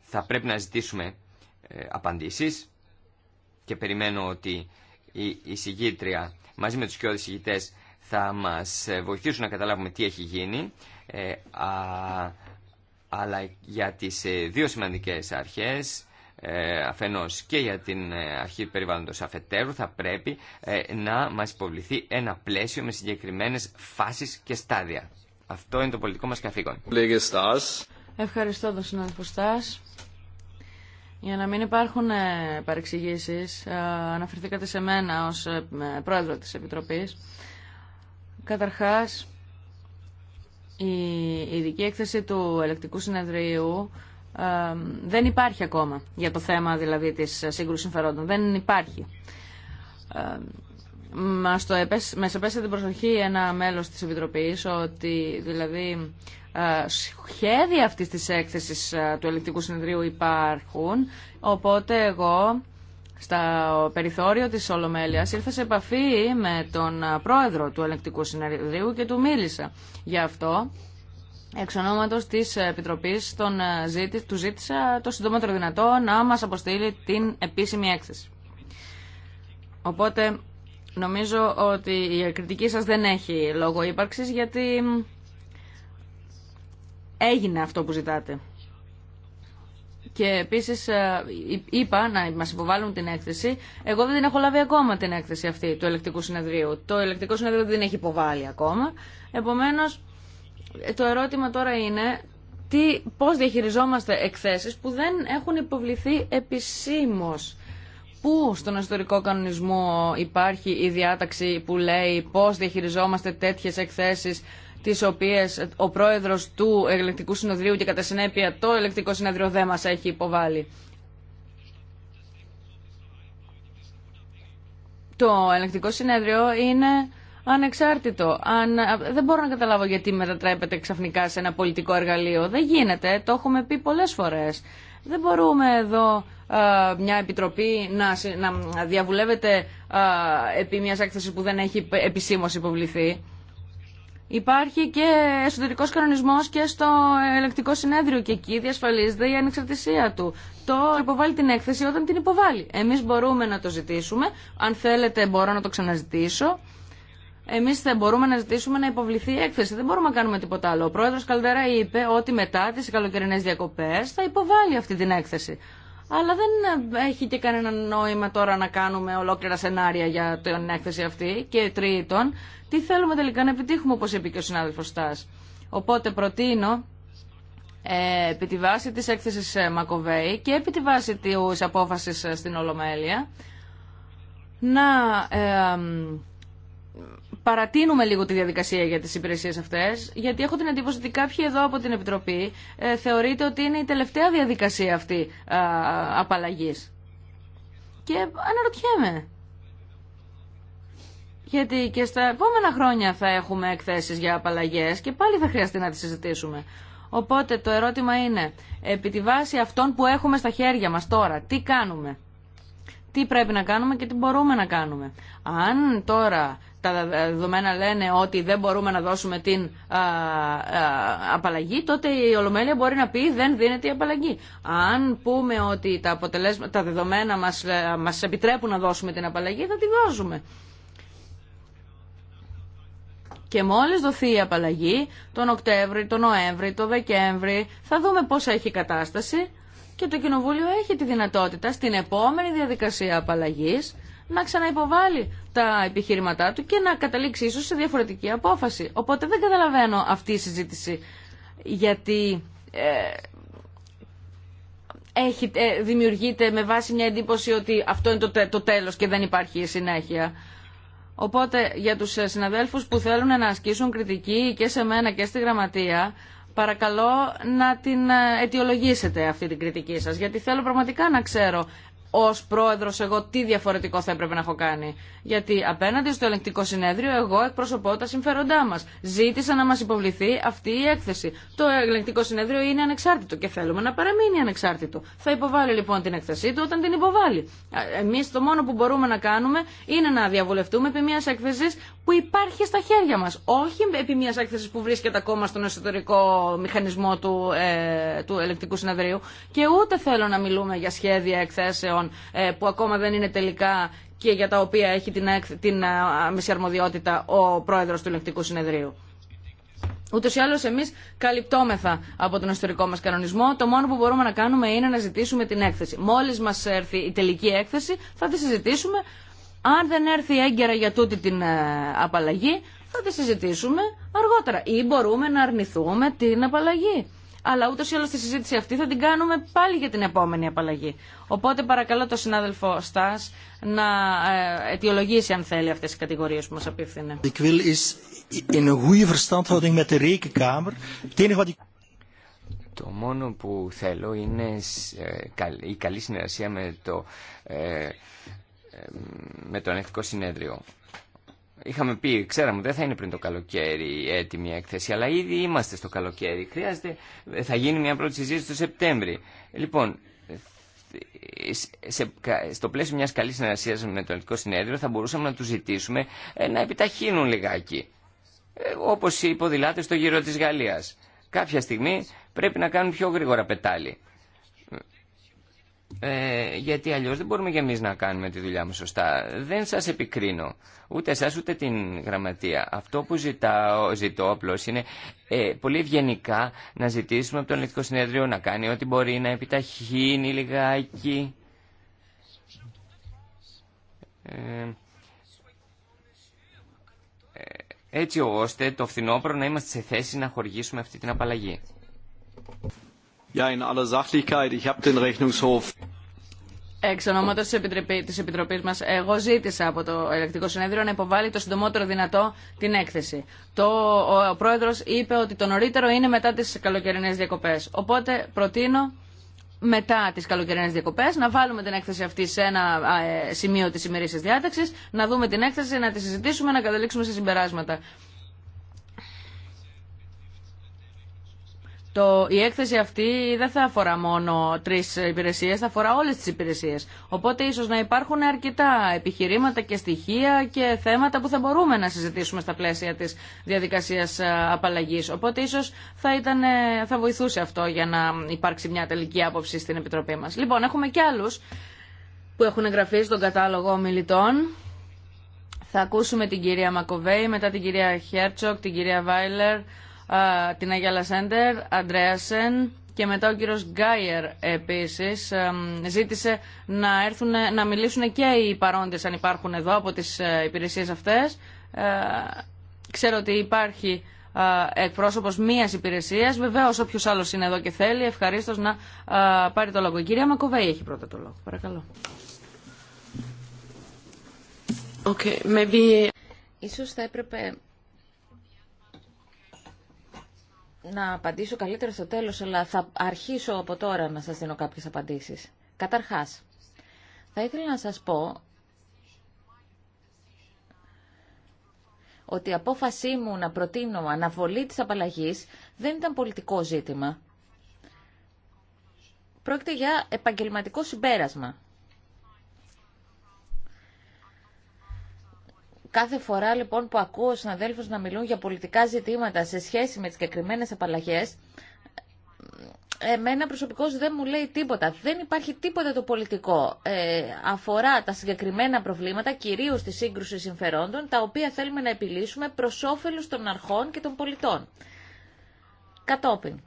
Θα πρέπει να ζητήσουμε ε, απαντήσεις και περιμένω ότι η, η μαζί με τους και ηγητές θα μας ε, βοηθήσουν να καταλάβουμε τι έχει γίνει ε, α, αλλά για τις δύο σημαντικές αρχές ε, αφενός και για την ε, αρχή περιβάλλοντος αφετέρου θα πρέπει ε, να μας υποβληθεί ένα πλαίσιο με συγκεκριμένες φάσεις και στάδια. Αυτό είναι το πολιτικό μας καθήκον. Ευχαριστώ τον συνάδελφο Στάς. Για να μην υπάρχουν παρεξηγήσεις, αναφερθήκατε σε μένα ως πρόεδρο της Επιτροπής. Καταρχάς, η ειδική έκθεση του Ελεκτικού Συνεδρίου δεν υπάρχει ακόμα για το θέμα δηλαδή της σύγκρουσης συμφερόντων. Δεν υπάρχει. Μας, το επέσ... την προσοχή ένα μέλος της Επιτροπής ότι δηλαδή ε, σχέδια αυτής της έκθεσης ε, του ελεκτικού συνεδρίου υπάρχουν οπότε εγώ στα περιθώριο της Ολομέλειας ήρθα σε επαφή με τον ε, πρόεδρο του ελεκτικού συνεδρίου και του μίλησα για αυτό Εξ ονόματος της Επιτροπής ε, του ζήτησα το συντομότερο δυνατό να μας αποστείλει την επίσημη έκθεση. Οπότε νομίζω ότι η κριτική σας δεν έχει λόγο ύπαρξης γιατί έγινε αυτό που ζητάτε. Και επίσης ε, είπα να μας υποβάλουν την έκθεση. Εγώ δεν την έχω λάβει ακόμα την έκθεση αυτή του ελεκτικού συνεδρίου. Το ελεκτικό συνεδρίο δεν την έχει υποβάλει ακόμα. Επομένως το ερώτημα τώρα είναι τι, πώς διαχειριζόμαστε εκθέσεις που δεν έχουν υποβληθεί επισήμως. Πού στον ιστορικό κανονισμό υπάρχει η διάταξη που λέει πώς διαχειριζόμαστε τέτοιες εκθέσεις τις οποίες ο πρόεδρος του ελεκτικού συνεδρίου και κατά συνέπεια το ελεκτικό συνεδρίο δεν μας έχει υποβάλει. Το ελεκτικό συνέδριο είναι ανεξάρτητο. Αν, δεν μπορώ να καταλάβω γιατί μετατρέπεται ξαφνικά σε ένα πολιτικό εργαλείο. Δεν γίνεται, το έχουμε πει πολλές φορές. Δεν μπορούμε εδώ μια επιτροπή να, να διαβουλεύεται επί μιας έκθεσης που δεν έχει επισήμως υποβληθεί. Υπάρχει και εσωτερικός κανονισμός και στο ελεκτικό συνέδριο και εκεί διασφαλίζεται η ανεξαρτησία του. Το υποβάλλει την έκθεση όταν την υποβάλλει. Εμείς μπορούμε να το ζητήσουμε. Αν θέλετε μπορώ να το ξαναζητήσω εμεί δεν μπορούμε να ζητήσουμε να υποβληθεί η έκθεση. Δεν μπορούμε να κάνουμε τίποτα άλλο. Ο πρόεδρο Καλδέρα είπε ότι μετά τι καλοκαιρινέ διακοπέ θα υποβάλει αυτή την έκθεση. Αλλά δεν έχει και κανένα νόημα τώρα να κάνουμε ολόκληρα σενάρια για την έκθεση αυτή. Και τρίτον, τι θέλουμε τελικά να επιτύχουμε, όπω είπε και ο συνάδελφο Στάς. Οπότε προτείνω ε, επί τη βάση της έκθεσης ε, Μακοβέη και επί τη βάση της απόφαση ε, στην Ολομέλεια να ε, παρατείνουμε λίγο τη διαδικασία για τις υπηρεσίες αυτές, γιατί έχω την εντύπωση ότι κάποιοι εδώ από την Επιτροπή ε, θεωρείται ότι είναι η τελευταία διαδικασία αυτή ε, απαλλαγής. Και αναρωτιέμαι, γιατί και στα επόμενα χρόνια θα έχουμε εκθέσεις για απαλλαγές και πάλι θα χρειαστεί να τις συζητήσουμε. Οπότε το ερώτημα είναι, επί τη βάση αυτών που έχουμε στα χέρια μας τώρα, τι κάνουμε τι πρέπει να κάνουμε και τι μπορούμε να κάνουμε. Αν τώρα τα δεδομένα λένε ότι δεν μπορούμε να δώσουμε την απαλλαγή, τότε η Ολομέλεια μπορεί να πει δεν δίνεται η απαλλαγή. Αν πούμε ότι τα, αποτελέσματα, τα δεδομένα μας, ε, μας επιτρέπουν να δώσουμε την απαλλαγή, θα τη δώσουμε. Και μόλις δοθεί η απαλλαγή, τον Οκτώβρη, τον Νοέμβρη, τον Δεκέμβρη, θα δούμε πώς έχει η κατάσταση και το Κοινοβούλιο έχει τη δυνατότητα στην επόμενη διαδικασία απαλλαγής να ξαναυποβάλει τα επιχείρηματά του και να καταλήξει ίσως σε διαφορετική απόφαση. Οπότε δεν καταλαβαίνω αυτή η συζήτηση γιατί ε, έχει, ε, δημιουργείται με βάση μια εντύπωση ότι αυτό είναι το, το τέλος και δεν υπάρχει συνέχεια. Οπότε για τους συναδέλφους που θέλουν να ασκήσουν κριτική και σε μένα και στη γραμματεία παρακαλώ να την ε, αιτιολογήσετε αυτή την κριτική σας γιατί θέλω πραγματικά να ξέρω Ω πρόεδρο εγώ τι διαφορετικό θα έπρεπε να έχω κάνει. Γιατί απέναντι στο ελεγκτικό συνέδριο εγώ εκπροσωπώ τα συμφέροντά μα. Ζήτησα να μα υποβληθεί αυτή η έκθεση. Το ελεγκτικό συνέδριο είναι ανεξάρτητο και θέλουμε να παραμείνει ανεξάρτητο. Θα υποβάλει λοιπόν την έκθεσή του όταν την υποβάλει. Εμεί το μόνο που μπορούμε να κάνουμε είναι να διαβουλευτούμε επί μια έκθεση που υπάρχει στα χέρια μα. Όχι επί μια έκθεση που βρίσκεται ακόμα στον εσωτερικό μηχανισμό του, ε, του ελεγκτικού συνεδρίου και ούτε θέλω να μιλούμε για σχέδια εκθέσεων ε, που ακόμα δεν είναι τελικά και για τα οποία έχει την, την ο πρόεδρος του Ελεκτικού Συνεδρίου. Ούτω ή άλλω, εμεί καλυπτόμεθα από τον ιστορικό μα κανονισμό. Το μόνο που μπορούμε να κάνουμε είναι να ζητήσουμε την έκθεση. Μόλι μα έρθει η τελική έκθεση, θα τη συζητήσουμε. Αν δεν έρθει έγκαιρα για τούτη την ε, απαλλαγή, θα τη συζητήσουμε αργότερα. Ή μπορούμε να αρνηθούμε την απαλλαγή αλλά ούτως ή άλλως τη συζήτηση αυτή θα την κάνουμε πάλι για την επόμενη απαλλαγή. Οπότε παρακαλώ τον συνάδελφο Στάς να ε, αιτιολογήσει αν θέλει αυτές τις κατηγορίες που μας απίφθηνε. Το μόνο που θέλω είναι ε, η καλή συνεργασία με το, ε, με το ανεκτικό συνέδριο. Είχαμε πει, ξέραμε δεν θα είναι πριν το καλοκαίρι έτοιμη η έκθεση, αλλά ήδη είμαστε στο καλοκαίρι. Χρειάζεται, θα γίνει μια πρώτη συζήτηση το Σεπτέμβρη. Λοιπόν, στο πλαίσιο μια καλή συνεργασία με το Ελληνικό Συνέδριο θα μπορούσαμε να του ζητήσουμε ε, να επιταχύνουν λιγάκι. Ε, Όπω οι ποδηλάτε στο γύρο τη Γαλλία. Κάποια στιγμή πρέπει να κάνουν πιο γρήγορα πετάλι. Ε, γιατί αλλιώς δεν μπορούμε και εμείς να κάνουμε τη δουλειά μας σωστά. Δεν σας επικρίνω, ούτε εσά ούτε την γραμματεία. Αυτό που ζητάω, ζητώ απλώς είναι ε, πολύ ευγενικά να ζητήσουμε από το Ελληνικό Συνέδριο να κάνει ό,τι μπορεί, να επιταχύνει λιγάκι. Ε, ε, έτσι ώστε το φθινόπωρο να είμαστε σε θέση να χορηγήσουμε αυτή την απαλλαγή. Ja, in aller Sachlichkeit, ich habe den Rechnungshof. Εξ ονόματος της, Επιτροπή, Επιτροπής μας, εγώ ζήτησα από το Ελεκτικό Συνέδριο να υποβάλει το συντομότερο δυνατό την έκθεση. Το, ο, ο πρόεδρος είπε ότι το νωρίτερο είναι μετά τις καλοκαιρινέ διακοπέ. Οπότε προτείνω μετά τις καλοκαιρινέ διακοπέ, να βάλουμε την έκθεση αυτή σε ένα ε, σημείο της ημερήσια διάταξη, να δούμε την έκθεση, να τη συζητήσουμε, να καταλήξουμε σε συμπεράσματα. το, η έκθεση αυτή δεν θα αφορά μόνο τρει υπηρεσίε, θα αφορά όλε τι υπηρεσίε. Οπότε ίσω να υπάρχουν αρκετά επιχειρήματα και στοιχεία και θέματα που θα μπορούμε να συζητήσουμε στα πλαίσια της διαδικασία ε, απαλλαγή. Οπότε ίσω θα, θα βοηθούσε αυτό για να υπάρξει μια τελική άποψη στην Επιτροπή μα. Λοιπόν, έχουμε και άλλου που έχουν εγγραφεί στον κατάλογο μιλητών. Θα ακούσουμε την κυρία Μακοβέη, μετά την κυρία Χέρτσοκ, την κυρία Βάιλερ, την Αγία Λασέντερ, Αντρέασεν και μετά ο κύριος Γκάιερ επίσης ζήτησε να, έρθουν, να μιλήσουν και οι παρόντες αν υπάρχουν εδώ από τις ε, υπηρεσίες αυτές. Ε, ξέρω ότι υπάρχει εκπρόσωπος μίας υπηρεσίας. Βεβαίως όποιος άλλος είναι εδώ και θέλει ευχαρίστως να πάρει το λόγο. Η κυρία Μακοβέη έχει πρώτα το λόγο. Παρακαλώ. Okay, Ίσως θα έπρεπε να απαντήσω καλύτερα στο τέλος, αλλά θα αρχίσω από τώρα να σας δίνω κάποιες απαντήσεις. Καταρχάς, θα ήθελα να σας πω ότι η απόφασή μου να προτείνω αναβολή της απαλλαγής δεν ήταν πολιτικό ζήτημα. Πρόκειται για επαγγελματικό συμπέρασμα. Κάθε φορά λοιπόν που ακούω συναδέλφους να μιλούν για πολιτικά ζητήματα σε σχέση με τις συγκεκριμένε απαλλαγέ, εμένα προσωπικώ δεν μου λέει τίποτα. Δεν υπάρχει τίποτα το πολιτικό. Ε, αφορά τα συγκεκριμένα προβλήματα, κυρίω τη σύγκρουση συμφερόντων, τα οποία θέλουμε να επιλύσουμε προ όφελο των αρχών και των πολιτών. Κατόπιν.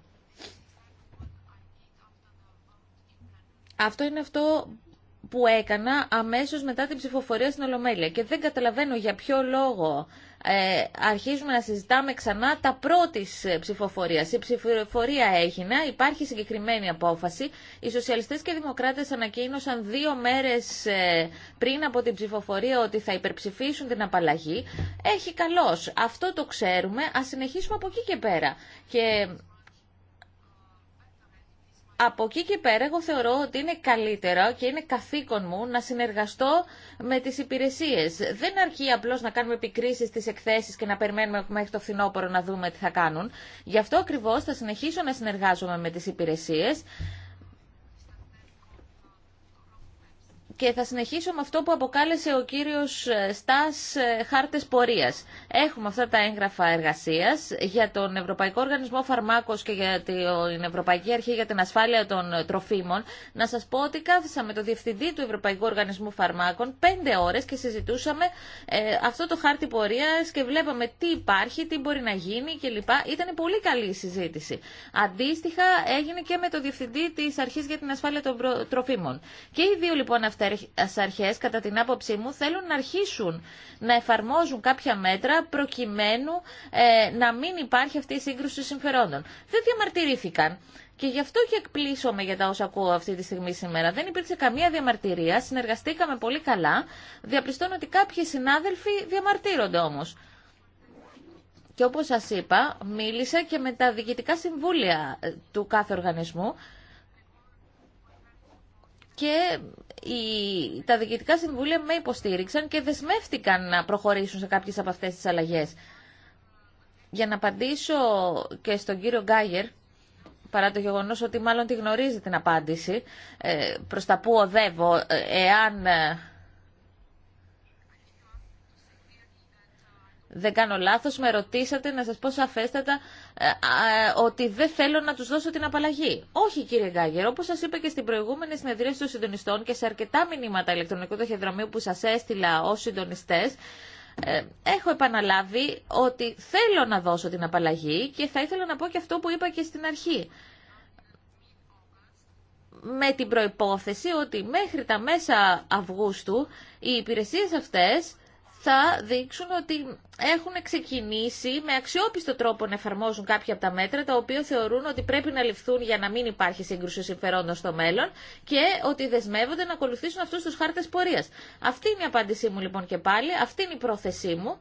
Αυτό είναι αυτό που έκανα αμέσως μετά την ψηφοφορία στην Ολομέλεια. Και δεν καταλαβαίνω για ποιο λόγο ε, αρχίζουμε να συζητάμε ξανά τα πρώτη ε, ψηφοφορία. Η ψηφοφορία έγινε, υπάρχει συγκεκριμένη απόφαση. Οι σοσιαλιστές και οι δημοκράτες ανακοίνωσαν δύο μέρες ε, πριν από την ψηφοφορία ότι θα υπερψηφίσουν την απαλλαγή. Έχει καλώς. Αυτό το ξέρουμε. Ας συνεχίσουμε από εκεί και πέρα. Και από εκεί και πέρα εγώ θεωρώ ότι είναι καλύτερα και είναι καθήκον μου να συνεργαστώ με τις υπηρεσίες. Δεν αρκεί απλώς να κάνουμε επικρίσεις στις εκθέσεις και να περιμένουμε μέχρι το φθινόπωρο να δούμε τι θα κάνουν. Γι' αυτό ακριβώς θα συνεχίσω να συνεργάζομαι με τις υπηρεσίες και θα συνεχίσω με αυτό που αποκάλεσε ο κύριος ε, Στάς ε, χάρτες πορείας. Έχουμε αυτά τα έγγραφα εργασίας για τον Ευρωπαϊκό Οργανισμό Φαρμάκος και για την Ευρωπαϊκή Αρχή για την Ασφάλεια των Τροφίμων. Να σας πω ότι κάθισα με το Διευθυντή του Ευρωπαϊκού Οργανισμού Φαρμάκων πέντε ώρες και συζητούσαμε ε, αυτό το χάρτη πορείας και βλέπαμε τι υπάρχει, τι μπορεί να γίνει κλπ. Ήταν πολύ καλή η συζήτηση. Αντίστοιχα έγινε και με το Διευθυντή της Αρχής για την Ασφάλεια των Τροφίμων. Και οι δύο λοιπόν αυτά αρχές, κατά την άποψή μου, θέλουν να αρχίσουν να εφαρμόζουν κάποια μέτρα προκειμένου ε, να μην υπάρχει αυτή η σύγκρουση συμφερόντων. Δεν διαμαρτυρήθηκαν. Και γι' αυτό και εκπλήσωμαι για τα όσα ακούω αυτή τη στιγμή σήμερα. Δεν υπήρξε καμία διαμαρτυρία, συνεργαστήκαμε πολύ καλά. Διαπιστώνω ότι κάποιοι συνάδελφοι διαμαρτύρονται όμως. Και όπως σας είπα, μίλησα και με τα διοικητικά συμβούλια ε, του κάθε οργανισμού και οι, τα διοικητικά συμβούλια με υποστήριξαν και δεσμεύτηκαν να προχωρήσουν σε κάποιες από αυτές τις αλλαγές. Για να απαντήσω και στον κύριο Γκάγερ, παρά το γεγονός ότι μάλλον τη γνωρίζει την απάντηση, ε, προς τα που οδεύω, ε, εάν ε, δεν κάνω λάθο με ρωτήσατε να σας πω σαφέστατα ε, ε, ότι δεν θέλω να του δώσω την απαλλαγή. Όχι κύριε Γκάγερ, όπως σας είπα και στην προηγούμενη συνεδρία των συντονιστών και σε αρκετά μηνύματα ηλεκτρονικού ταχυδρομείου που σας έστειλα ω συντονιστέ, ε, έχω επαναλάβει ότι θέλω να δώσω την απαλλαγή και θα ήθελα να πω και αυτό που είπα και στην αρχή με την προϋπόθεση ότι μέχρι τα μέσα Αυγούστου οι υπηρεσίες αυτές θα δείξουν ότι έχουν ξεκινήσει με αξιόπιστο τρόπο να εφαρμόζουν κάποια από τα μέτρα τα οποία θεωρούν ότι πρέπει να ληφθούν για να μην υπάρχει σύγκρουση συμφερόντων στο μέλλον και ότι δεσμεύονται να ακολουθήσουν αυτούς τους χάρτες πορείας. Αυτή είναι η απάντησή μου λοιπόν και πάλι, αυτή είναι η πρόθεσή μου.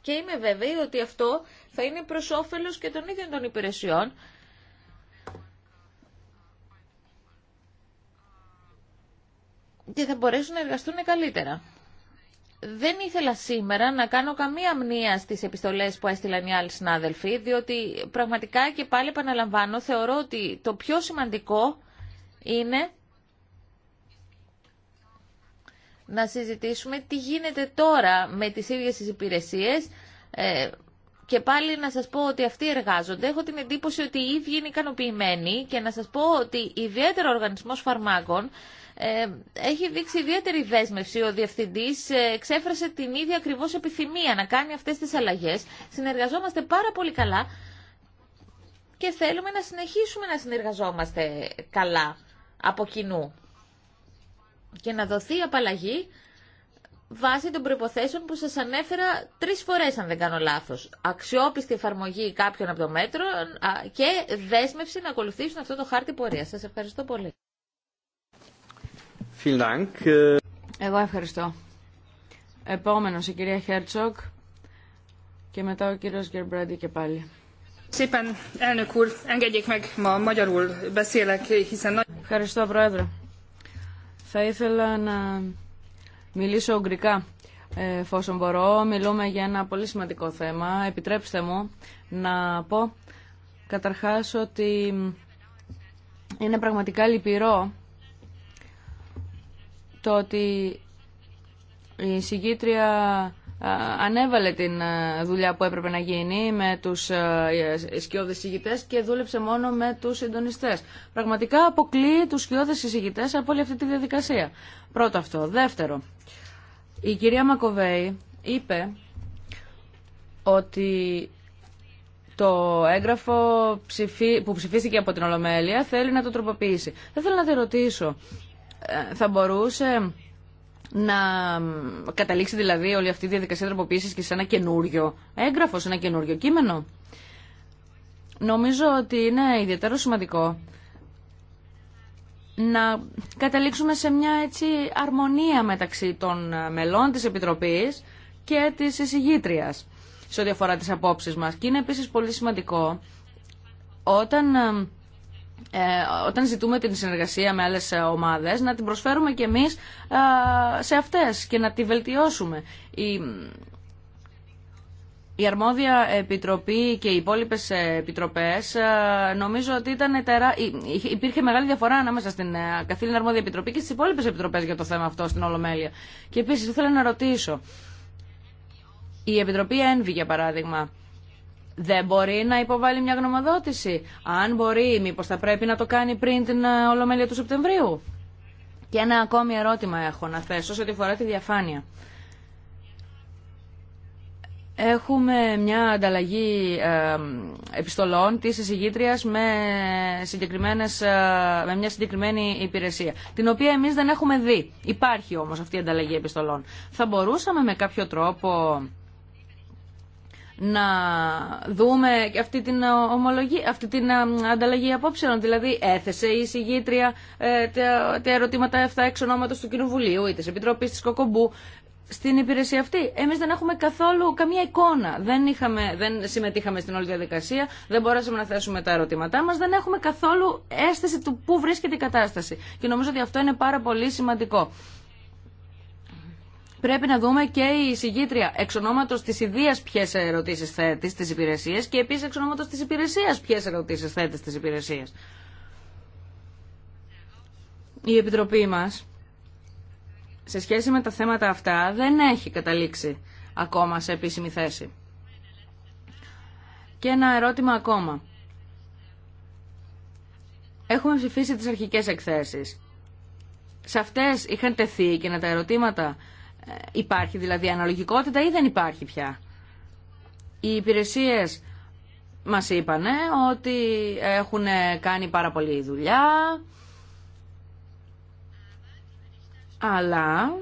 Και είμαι βέβαιη ότι αυτό θα είναι προς όφελος και των ίδιων των υπηρεσιών και θα μπορέσουν να εργαστούν καλύτερα. Δεν ήθελα σήμερα να κάνω καμία μνήα στις επιστολές που έστειλαν οι άλλοι συνάδελφοι, διότι πραγματικά και πάλι επαναλαμβάνω, θεωρώ ότι το πιο σημαντικό είναι να συζητήσουμε τι γίνεται τώρα με τις ίδιες τις υπηρεσίες ε, και πάλι να σας πω ότι αυτοί εργάζονται. Έχω την εντύπωση ότι οι ίδιοι είναι ικανοποιημένοι και να σας πω ότι ιδιαίτερα ο Οργανισμός Φαρμάκων ε, έχει δείξει ιδιαίτερη δέσμευση. Ο Διευθυντή. Ε, ξέφρασε την ίδια ακριβώ επιθυμία να κάνει αυτές τις αλλαγέ. Συνεργαζόμαστε πάρα πολύ καλά και θέλουμε να συνεχίσουμε να συνεργαζόμαστε καλά από κοινού και να δοθεί απαλλαγή βάσει των προϋποθέσεων που σας ανέφερα τρεις φορές αν δεν κάνω λάθος. Αξιόπιστη εφαρμογή κάποιων από το μέτρο και δέσμευση να ακολουθήσουν αυτό το χάρτη πορεία. Σας ευχαριστώ πολύ. Εγώ ευχαριστώ. Επόμενος η κυρία Χέρτσοκ και μετά ο κύριος Γκερμπράντι και πάλι. Ευχαριστώ πρόεδρε. Θα ήθελα να μιλήσω ογκρικά εφόσον μπορώ. Μιλούμε για ένα πολύ σημαντικό θέμα. Επιτρέψτε μου να πω καταρχάς ότι είναι πραγματικά λυπηρό το ότι η συγκήτρια ανέβαλε την δουλειά που έπρεπε να γίνει με τους σκιώδες συγκητές και δούλεψε μόνο με τους συντονιστές. Πραγματικά αποκλείει τους σκιώδες συγκητές από όλη αυτή τη διαδικασία. Πρώτο αυτό. Δεύτερο, η κυρία Μακοβέη είπε ότι το έγγραφο που ψηφίστηκε από την Ολομέλεια θέλει να το τροποποιήσει. Δεν θέλω να τη ρωτήσω, ε, θα μπορούσε να καταλήξει δηλαδή όλη αυτή η διαδικασία τροποποίηση και σε ένα καινούριο έγγραφο, σε ένα καινούριο κείμενο. Νομίζω ότι είναι ιδιαίτερο σημαντικό να καταλήξουμε σε μια έτσι αρμονία μεταξύ των μελών της Επιτροπής και της εισηγήτριας σε ό,τι αφορά τις απόψεις μας. Και είναι επίσης πολύ σημαντικό όταν ε, ε, όταν ζητούμε την συνεργασία με άλλες ε, ομάδες να την προσφέρουμε και εμείς ε, σε αυτές και να τη βελτιώσουμε. Η, η αρμόδια επιτροπή και οι υπόλοιπε επιτροπέ νομίζω ότι ήταν τερα... υπήρχε μεγάλη διαφορά ανάμεσα στην καθήλυνα αρμόδια επιτροπή και στι υπόλοιπε επιτροπέ για το θέμα αυτό στην Ολομέλεια. Και επίση ήθελα να ρωτήσω. Η Επιτροπή ΕΝΒΙ, για παράδειγμα, δεν μπορεί να υποβάλει μια γνωμοδότηση. Αν μπορεί, μήπως θα πρέπει να το κάνει πριν την ε, Ολομέλεια του Σεπτεμβρίου. Και ένα ακόμη ερώτημα έχω να θέσω σε ό,τι φορά τη διαφάνεια. Έχουμε μια ανταλλαγή επιστολών της εισηγήτριας με, συγκεκριμένες, ε, με μια συγκεκριμένη υπηρεσία, την οποία εμείς δεν έχουμε δει. Υπάρχει όμως αυτή η ανταλλαγή επιστολών. Θα μπορούσαμε με κάποιο τρόπο να δούμε αυτή την, αυτή την ανταλλαγή απόψεων. Δηλαδή έθεσε η συγγήτρια ε, τα, ερωτήματα αυτά εξ ονόματος του Κοινοβουλίου ή τη Επιτροπής τη Κοκομπού στην υπηρεσία αυτή. Εμεί δεν έχουμε καθόλου καμία εικόνα. Δεν, είχαμε, δεν συμμετείχαμε στην όλη διαδικασία, δεν μπορέσαμε να θέσουμε τα ερωτήματά Μα δεν έχουμε καθόλου αίσθηση του πού βρίσκεται η κατάσταση. Και νομίζω ότι αυτό είναι πάρα πολύ σημαντικό πρέπει να δούμε και η συγγήτρια εξ ονόματο τη ιδία ποιε ερωτήσει θέτει στι υπηρεσίε και επίση εξ ονόματο τη υπηρεσία ποιε ερωτήσει θέτει στι υπηρεσίε. Η Επιτροπή μας, σε σχέση με τα θέματα αυτά, δεν έχει καταλήξει ακόμα σε επίσημη θέση. Και ένα ερώτημα ακόμα. Έχουμε ψηφίσει τις αρχικές εκθέσεις. Σε αυτές είχαν τεθεί και τα ερωτήματα ε, υπάρχει δηλαδή αναλογικότητα ή δεν υπάρχει πια. Οι υπηρεσίες μας είπανε ότι έχουν κάνει πάρα πολλή δουλειά, αλλά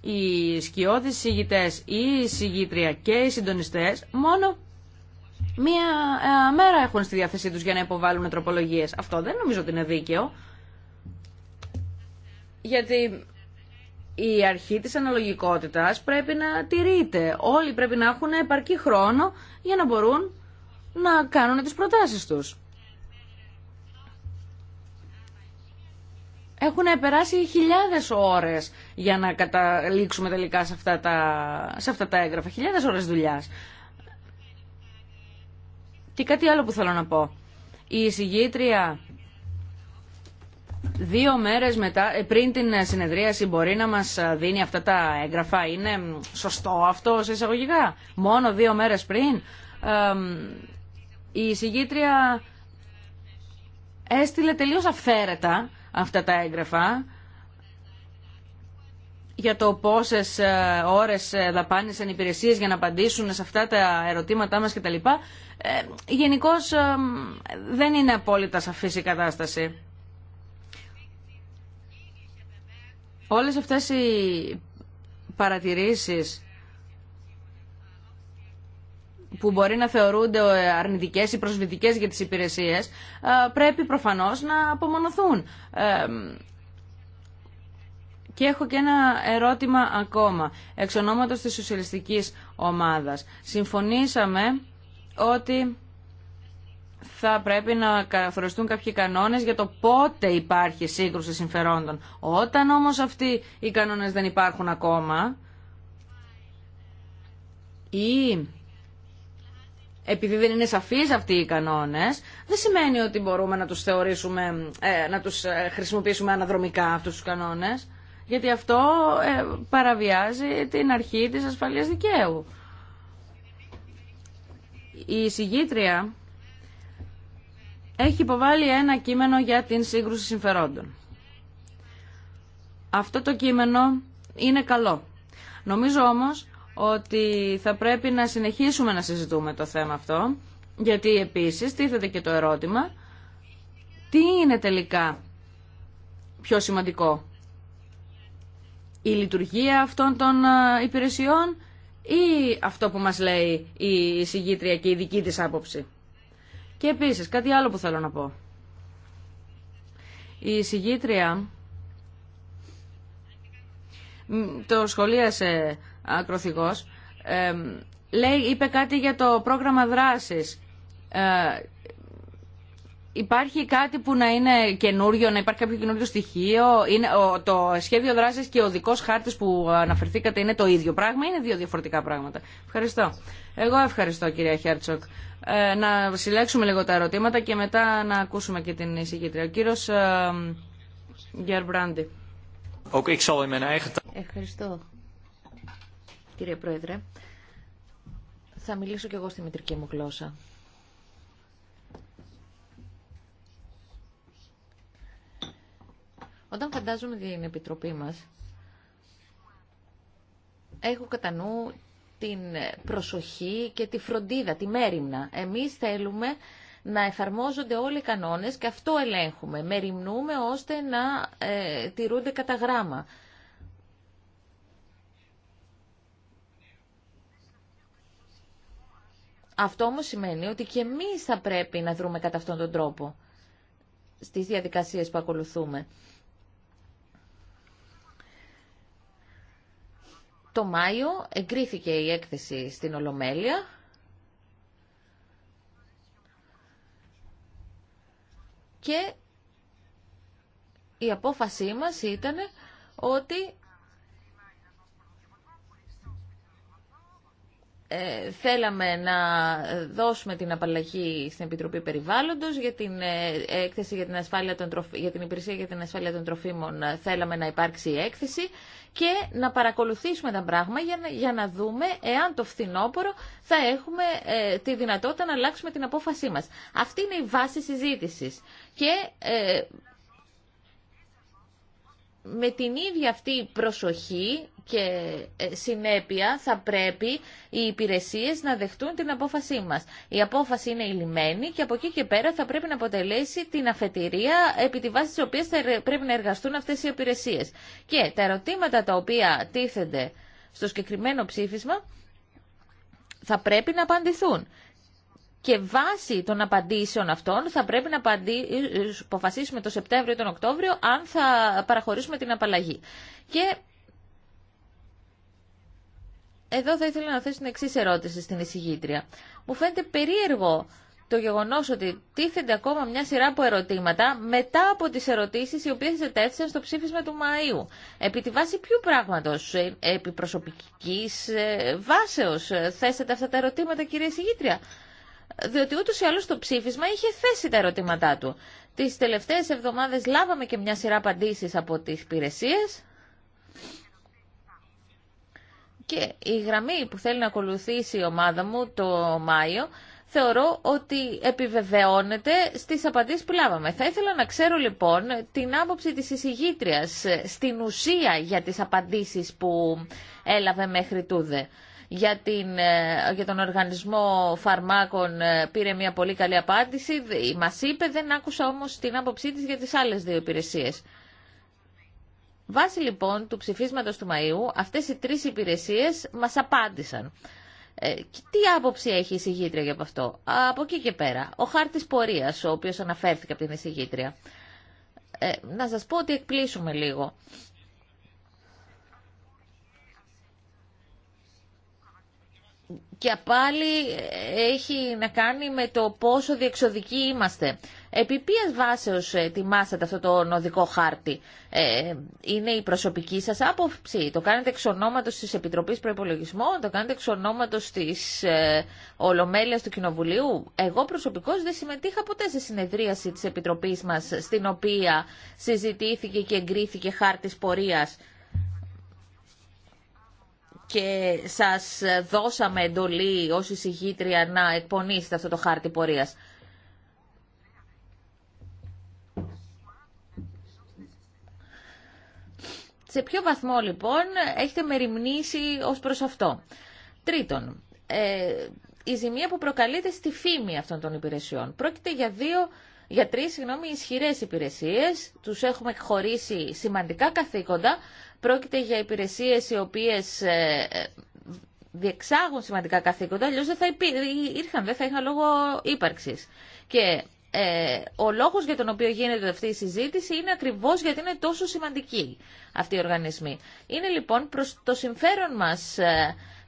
οι σκιώδεις συγητές ή οι συγγήτρια και οι συντονιστές μόνο μία ε, μέρα έχουν στη διάθεσή τους για να υποβάλουν τροπολογίες. Αυτό δεν νομίζω ότι είναι δίκαιο, γιατί η αρχή της αναλογικότητας πρέπει να τηρείται. Όλοι πρέπει να έχουν επαρκή χρόνο για να μπορούν να κάνουν τις προτάσεις τους. Έχουν περάσει χιλιάδες ώρες για να καταλήξουμε τελικά σε αυτά τα, σε αυτά τα έγγραφα. Χιλιάδες ώρες δουλειάς. Και κάτι άλλο που θέλω να πω. Η εισηγήτρια Δύο μέρες μετά, ε, πριν την ε, συνεδρίαση μπορεί να μας ε, δίνει αυτά τα έγγραφα. Είναι σωστό αυτό σε εισαγωγικά. Μόνο δύο μέρες πριν η συγκίτρια έστειλε τελείω αυθαίρετα αυτά τα έγγραφα για το πόσες ώρες δαπάνησαν οι υπηρεσίε για να απαντήσουν σε αυτά τα ερωτήματά μας κτλ. Ε, Γενικώ δεν είναι απόλυτα σαφής η κατάσταση. Όλες αυτές οι παρατηρήσεις που μπορεί να θεωρούνται αρνητικές ή προσβλητικές για τις υπηρεσίες ε, πρέπει προφανώς να απομονωθούν. Ε, και έχω και ένα ερώτημα ακόμα, εξ ονόματος της σοσιαλιστικής ομάδας. Συμφωνήσαμε ότι θα πρέπει να καθοριστούν κάποιοι κανόνες για το πότε υπάρχει σύγκρουση συμφερόντων. Όταν όμως αυτοί οι κανόνες δεν υπάρχουν ακόμα ή επειδή δεν είναι σαφείς αυτοί οι κανόνες, δεν σημαίνει ότι μπορούμε να τους θεωρήσουμε, ε, να τους ε, χρησιμοποιήσουμε αναδρομικά αυτούς τους κανόνες, γιατί αυτό ε, παραβιάζει την αρχή της ασφαλείας δικαίου. Η συγγήτρια έχει υποβάλει ένα κείμενο για την σύγκρουση συμφερόντων. Αυτό το κείμενο είναι καλό. Νομίζω όμως ότι θα πρέπει να συνεχίσουμε να συζητούμε το θέμα αυτό, γιατί επίσης τίθεται και το ερώτημα τι είναι τελικά πιο σημαντικό. Η λειτουργία αυτών των ε, υπηρεσιών ή αυτό που μας λέει η συγγήτρια και η δική της άποψη. Και επίσης, κάτι άλλο που θέλω να πω. Η συγγήτρια το σχολίασε ακροθυγός, ε, λέει, είπε κάτι για το πρόγραμμα δράσης ε, Υπάρχει κάτι που να είναι καινούριο, να υπάρχει κάποιο καινούριο στοιχείο. Είναι, το σχέδιο δράση και ο δικό χάρτη που αναφερθήκατε είναι το ίδιο πράγμα, είναι δύο διαφορετικά πράγματα. Ευχαριστώ. Εγώ ευχαριστώ, κυρία Χέρτσοκ. Ε, να συλλέξουμε λίγο τα ερωτήματα και μετά να ακούσουμε και την εισηγήτρια. Ο κύριο ε, Γκέρμπραντι. Ευχαριστώ, κύριε Πρόεδρε. Θα μιλήσω κι εγώ στη μητρική μου γλώσσα. Όταν φαντάζομαι την Επιτροπή μας, έχω κατά νου την προσοχή και τη φροντίδα, τη μέρημνα. Εμείς θέλουμε να εφαρμόζονται όλοι οι κανόνες και αυτό ελέγχουμε. Μεριμνούμε ώστε να ε, τηρούνται κατά γράμμα. Αυτό όμως σημαίνει ότι και εμείς θα πρέπει να δρούμε κατά αυτόν τον τρόπο στις διαδικασίες που ακολουθούμε. Το Μάιο εγκρίθηκε η έκθεση στην Ολομέλεια. Και η απόφασή μας ήταν ότι ε, θέλαμε να δώσουμε την απαλλαγή στην Επιτροπή Περιβάλλοντος για την ε, έκθεση για την, ασφάλεια των για την υπηρεσία για την ασφάλεια των τροφίμων θέλαμε να υπάρξει η έκθεση και να παρακολουθήσουμε τα πράγματα για, να δούμε εάν το φθινόπωρο θα έχουμε ε, τη δυνατότητα να αλλάξουμε την απόφασή μας. Αυτή είναι η βάση συζήτησης. Και ε, με την ίδια αυτή προσοχή και ε, συνέπεια θα πρέπει οι υπηρεσίες να δεχτούν την απόφασή μας. Η απόφαση είναι ηλυμένη και από εκεί και πέρα θα πρέπει να αποτελέσει την αφετηρία επί τη βάση της οποίας θα πρέπει να εργαστούν αυτές οι υπηρεσίες. Και τα ερωτήματα τα οποία τίθενται στο συγκεκριμένο ψήφισμα θα πρέπει να απαντηθούν. Και βάσει των απαντήσεων αυτών θα πρέπει να ε, ε, αποφασίσουμε το Σεπτέμβριο ή τον Οκτώβριο αν θα παραχωρήσουμε την απαλλαγή. Και εδώ θα ήθελα να θέσω την εξή ερώτηση στην εισηγήτρια. Μου φαίνεται περίεργο το γεγονό ότι τίθενται ακόμα μια σειρά από ερωτήματα μετά από τι ερωτήσει οι οποίε ετέθησαν στο ψήφισμα του Μαΐου. Επί τη βάση ποιου πράγματο, ε, επί προσωπική ε, βάσεω, ε, θέσατε αυτά τα ερωτήματα, κυρία εισηγήτρια. Διότι ούτω ή άλλω το ψήφισμα είχε θέσει τα ερωτήματά του. Τι τελευταίε εβδομάδε λάβαμε και μια σειρά απαντήσει από τι υπηρεσίε. Και η γραμμή που θέλει να ακολουθήσει η ομάδα μου το Μάιο θεωρώ ότι επιβεβαιώνεται στις απαντήσεις που λάβαμε. Θα ήθελα να ξέρω λοιπόν την άποψη της εισηγήτριας ε, στην ουσία για τις απαντήσεις που έλαβε μέχρι τούδε. Για, την, ε, τον οργανισμό φαρμάκων ε, πήρε μια πολύ καλή απάντηση, μας είπε, δεν άκουσα όμως την άποψή της για τις άλλες δύο υπηρεσίες. Βάσει λοιπόν του ψηφίσματος του Μαΐου, αυτές οι τρεις υπηρεσίες μας απάντησαν. Ε, τι άποψη έχει η συγγήτρια για αυτό. Από εκεί και πέρα. Ο χάρτης πορείας, ο οποίος αναφέρθηκε από την εισηγήτρια. Ε, να σας πω ότι εκπλήσουμε λίγο. και πάλι έχει να κάνει με το πόσο διεξοδικοί είμαστε. Επί ποιες βάσεως ε, ετοιμάσατε αυτό το νοδικό χάρτη. Ε, είναι η προσωπική σας άποψη. Το κάνετε εξ ονόματος της Επιτροπής Προϋπολογισμών, το κάνετε εξ ονόματος της ε, Ολομέλειας του Κοινοβουλίου. Εγώ προσωπικώς δεν συμμετείχα ποτέ σε συνεδρίαση της Επιτροπής μας, στην οποία συζητήθηκε και εγκρίθηκε χάρτης πορείας και σας δώσαμε εντολή ως εισηγήτρια να εκπονήσετε αυτό το χάρτη πορείας. Σε ποιο βαθμό λοιπόν έχετε μεριμνήσει ως προς αυτό. Τρίτον, ε, η ζημία που προκαλείται στη φήμη αυτών των υπηρεσιών. Πρόκειται για δύο για τρεις συγγνώμη, ισχυρές υπηρεσίες, τους έχουμε χωρίσει σημαντικά καθήκοντα, Πρόκειται για υπηρεσίες οι οποίες ε, ε, διεξάγουν σημαντικά καθήκοντα, αλλιώ δεν θα υπήρχαν, ε, δεν θα είχαν λόγο ύπαρξη. Και ε, ο λόγο για τον οποίο γίνεται αυτή η συζήτηση είναι ακριβώ γιατί είναι τόσο σημαντική αυτοί οι οργανισμοί. Είναι λοιπόν προ το συμφέρον μα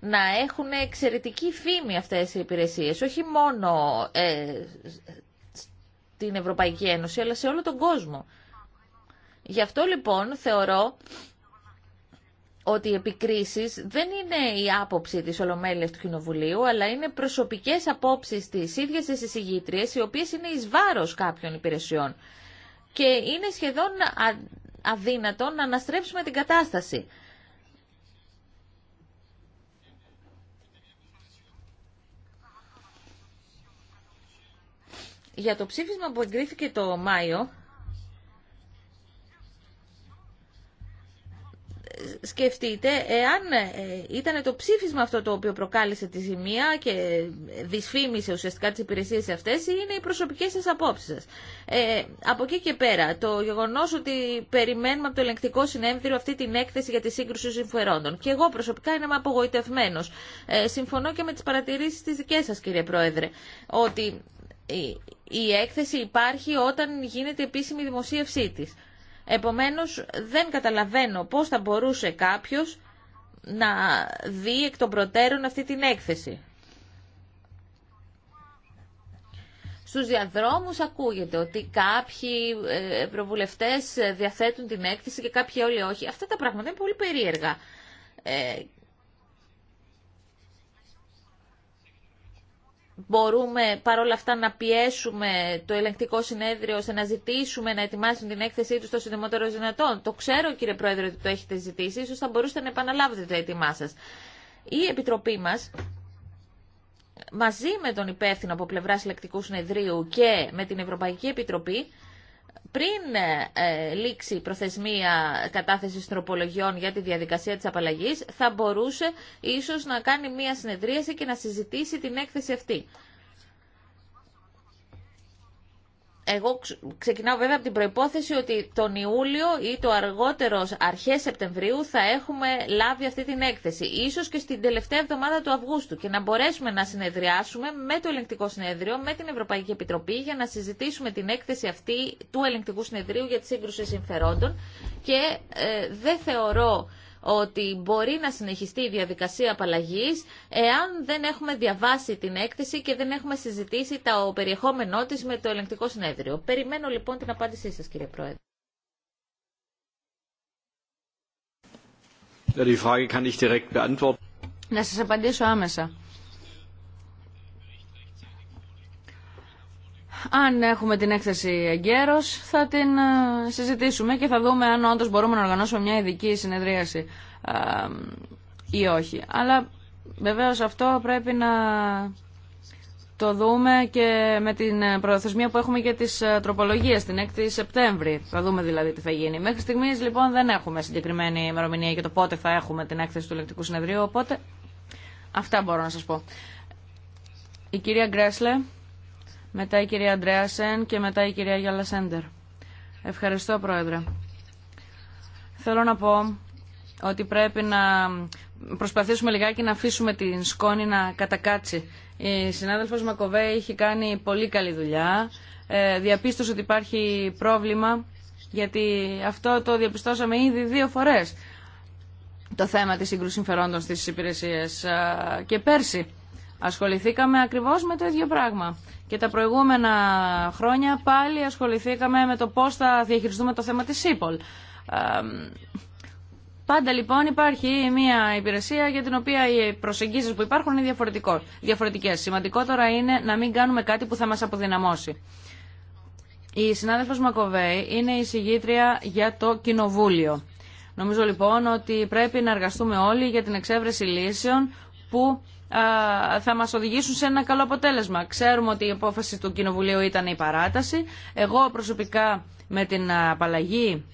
να έχουν εξαιρετική φήμη αυτέ οι υπηρεσίε, όχι μόνο ε, στην Ευρωπαϊκή Ένωση, αλλά σε όλο τον κόσμο. Γι' αυτό λοιπόν θεωρώ ότι οι επικρίσεις δεν είναι η άποψη της Ολομέλειας του Κοινοβουλίου, αλλά είναι προσωπικές απόψεις της ίδιας της εισηγήτριας, οι οποίες είναι εις βάρος κάποιων υπηρεσιών. Και είναι σχεδόν αδύνατο να αναστρέψουμε την κατάσταση. Για το ψήφισμα που εγκρίθηκε το Μάιο, σκεφτείτε εάν ε, ήταν το ψήφισμα αυτό το οποίο προκάλεσε τη ζημία και δυσφήμισε ουσιαστικά τις υπηρεσίες αυτές ή είναι οι προσωπικές σας απόψεις σας. Ε, από εκεί και πέρα, το γεγονός ότι περιμένουμε από το ελεγκτικό συνέδριο αυτή την έκθεση για τη σύγκρουση συμφερόντων. Και εγώ προσωπικά είμαι απογοητευμένος. Ε, συμφωνώ και με τις παρατηρήσεις της δικές σας κύριε Πρόεδρε, ότι η, έκθεση υπάρχει όταν γίνεται επίσημη δημοσίευσή της. Επομένως δεν καταλαβαίνω πώς θα μπορούσε κάποιος να δει εκ των προτέρων αυτή την έκθεση. Στους διαδρόμους ακούγεται ότι κάποιοι ε, προβουλευτές διαθέτουν την έκθεση και κάποιοι όλοι όχι. Αυτά τα πράγματα είναι πολύ περίεργα. Ε, μπορούμε παρόλα αυτά να πιέσουμε το ελεγκτικό συνέδριο ώστε να ζητήσουμε να ετοιμάσουν την έκθεσή του στο συντομότερο δυνατόν. Το ξέρω κύριε Πρόεδρε ότι το έχετε ζητήσει, ίσως θα μπορούσατε να επαναλάβετε το έτοιμά σας. Η Επιτροπή μας μαζί με τον υπεύθυνο από πλευράς ελεκτικού συνεδρίου και με την Ευρωπαϊκή Επιτροπή πριν ε, ε, λήξει η προθεσμία κατάθεσης τροπολογιών για τη διαδικασία της απαλλαγή, θα μπορούσε ίσως να κάνει μία συνεδρίαση και να συζητήσει την έκθεση αυτή. εγώ ξεκινάω βέβαια από την προϋπόθεση ότι τον Ιούλιο ή το αργότερο αρχές Σεπτεμβρίου θα έχουμε λάβει αυτή την έκθεση. Ίσως και στην τελευταία εβδομάδα του Αυγούστου και να μπορέσουμε να συνεδριάσουμε με το Ελεγκτικό Συνέδριο, με την Ευρωπαϊκή Επιτροπή για να συζητήσουμε την έκθεση αυτή του Ελεγκτικού Συνεδρίου για τη σύγκρουση συμφερόντων και ε, δεν θεωρώ ότι μπορεί να συνεχιστεί η διαδικασία απαλλαγής εάν δεν έχουμε διαβάσει την έκθεση και δεν έχουμε συζητήσει το περιεχόμενό της με το ελεγκτικό συνέδριο. Περιμένω λοιπόν την απάντησή σας κύριε Πρόεδρε. Να σας απαντήσω άμεσα. αν έχουμε την έκθεση εγκαίρω, θα την ε, συζητήσουμε και θα δούμε αν όντω μπορούμε να οργανώσουμε μια ειδική συνεδρίαση ή όχι. Αλλά βεβαίω αυτό πρέπει να το δούμε και με την προθεσμία που έχουμε για τι ε, τροπολογίε, την 6η Σεπτέμβρη. Θα δούμε δηλαδή τι θα γίνει. Μέχρι στιγμή λοιπόν δεν έχουμε συγκεκριμένη ημερομηνία για το πότε θα έχουμε την έκθεση του ηλεκτρικού συνεδρίου, οπότε αυτά μπορώ να σα πω. Η κυρία Γκρέσλε μετά η κυρία Σεν και μετά η κυρία Γιάλα Σέντερ. Ευχαριστώ, Πρόεδρε. Θέλω να πω ότι πρέπει να προσπαθήσουμε λιγάκι να αφήσουμε την σκόνη να κατακάτσει. Η συνάδελφος Μακοβέ έχει κάνει πολύ καλή δουλειά. Ε, διαπίστωσε ότι υπάρχει πρόβλημα, γιατί αυτό το διαπιστώσαμε ήδη δύο φορές. Το θέμα της σύγκρουσης συμφερόντων στις υπηρεσίες ε, και πέρσι Ασχοληθήκαμε ακριβώς με το ίδιο πράγμα. Και τα προηγούμενα χρόνια πάλι ασχοληθήκαμε με το πώς θα διαχειριστούμε το θέμα της ΣΥΠΟΛ. Πάντα λοιπόν υπάρχει μια υπηρεσία για την οποία οι προσεγγίσεις που υπάρχουν είναι διαφορετικές. Σημαντικό τώρα είναι να μην κάνουμε κάτι που θα μας αποδυναμώσει. Η συνάδελφος Μακοβέη είναι η συγγήτρια για το Κοινοβούλιο. Νομίζω λοιπόν ότι πρέπει να εργαστούμε όλοι για την εξέβρεση λύσεων που θα μας οδηγήσουν σε ένα καλό αποτέλεσμα. Ξέρουμε ότι η απόφαση του Κοινοβουλίου ήταν η παράταση. Εγώ προσωπικά με την απαλλαγή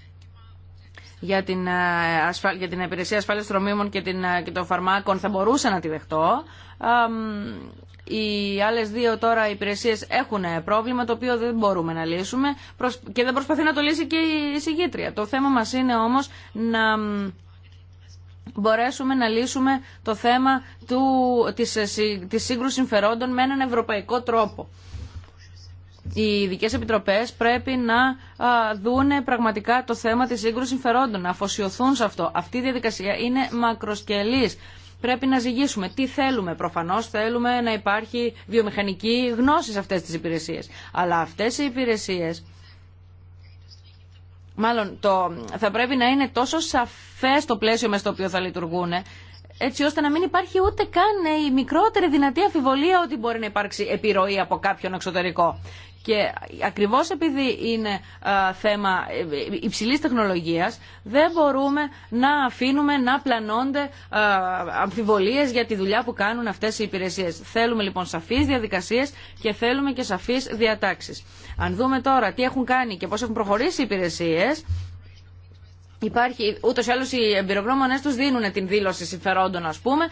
για την, για την υπηρεσία ασφάλειας τρομίμων και, την... και των φαρμάκων θα μπορούσα να τη δεχτώ. Οι άλλες δύο τώρα υπηρεσίες έχουν πρόβλημα το οποίο δεν μπορούμε να λύσουμε και δεν προσπαθεί να το λύσει και η συγκήτρια. Το θέμα μας είναι όμως να μπορέσουμε να λύσουμε το θέμα του, της, της σύγκρουσης συμφερόντων με έναν ευρωπαϊκό τρόπο. Οι ειδικέ επιτροπές πρέπει να δούνε πραγματικά το θέμα τη σύγκρουση συμφερόντων, να αφοσιωθούν σε αυτό. Αυτή η διαδικασία είναι μακροσκελής. Πρέπει να ζυγίσουμε τι θέλουμε. Προφανώ θέλουμε να υπάρχει βιομηχανική γνώση σε αυτέ τι υπηρεσίε. Αλλά αυτέ οι υπηρεσίε μάλλον το, θα πρέπει να είναι τόσο σαφές το πλαίσιο με στο οποίο θα λειτουργούν, έτσι ώστε να μην υπάρχει ούτε καν η μικρότερη δυνατή αφιβολία ότι μπορεί να υπάρξει επιρροή από κάποιον εξωτερικό. Και ακριβώς επειδή είναι ε, θέμα υψηλής τεχνολογίας, δεν μπορούμε να αφήνουμε να πλανώνται ε, αμφιβολίες για τη δουλειά που κάνουν αυτές οι υπηρεσίες. Θέλουμε λοιπόν σαφείς διαδικασίες και θέλουμε και σαφείς διατάξεις. Αν δούμε τώρα τι έχουν κάνει και πώς έχουν προχωρήσει οι υπηρεσίες, Υπάρχει, ούτως ή άλλως οι εμπειρογνώμονες τους δίνουν την δήλωση συμφερόντων ας πούμε,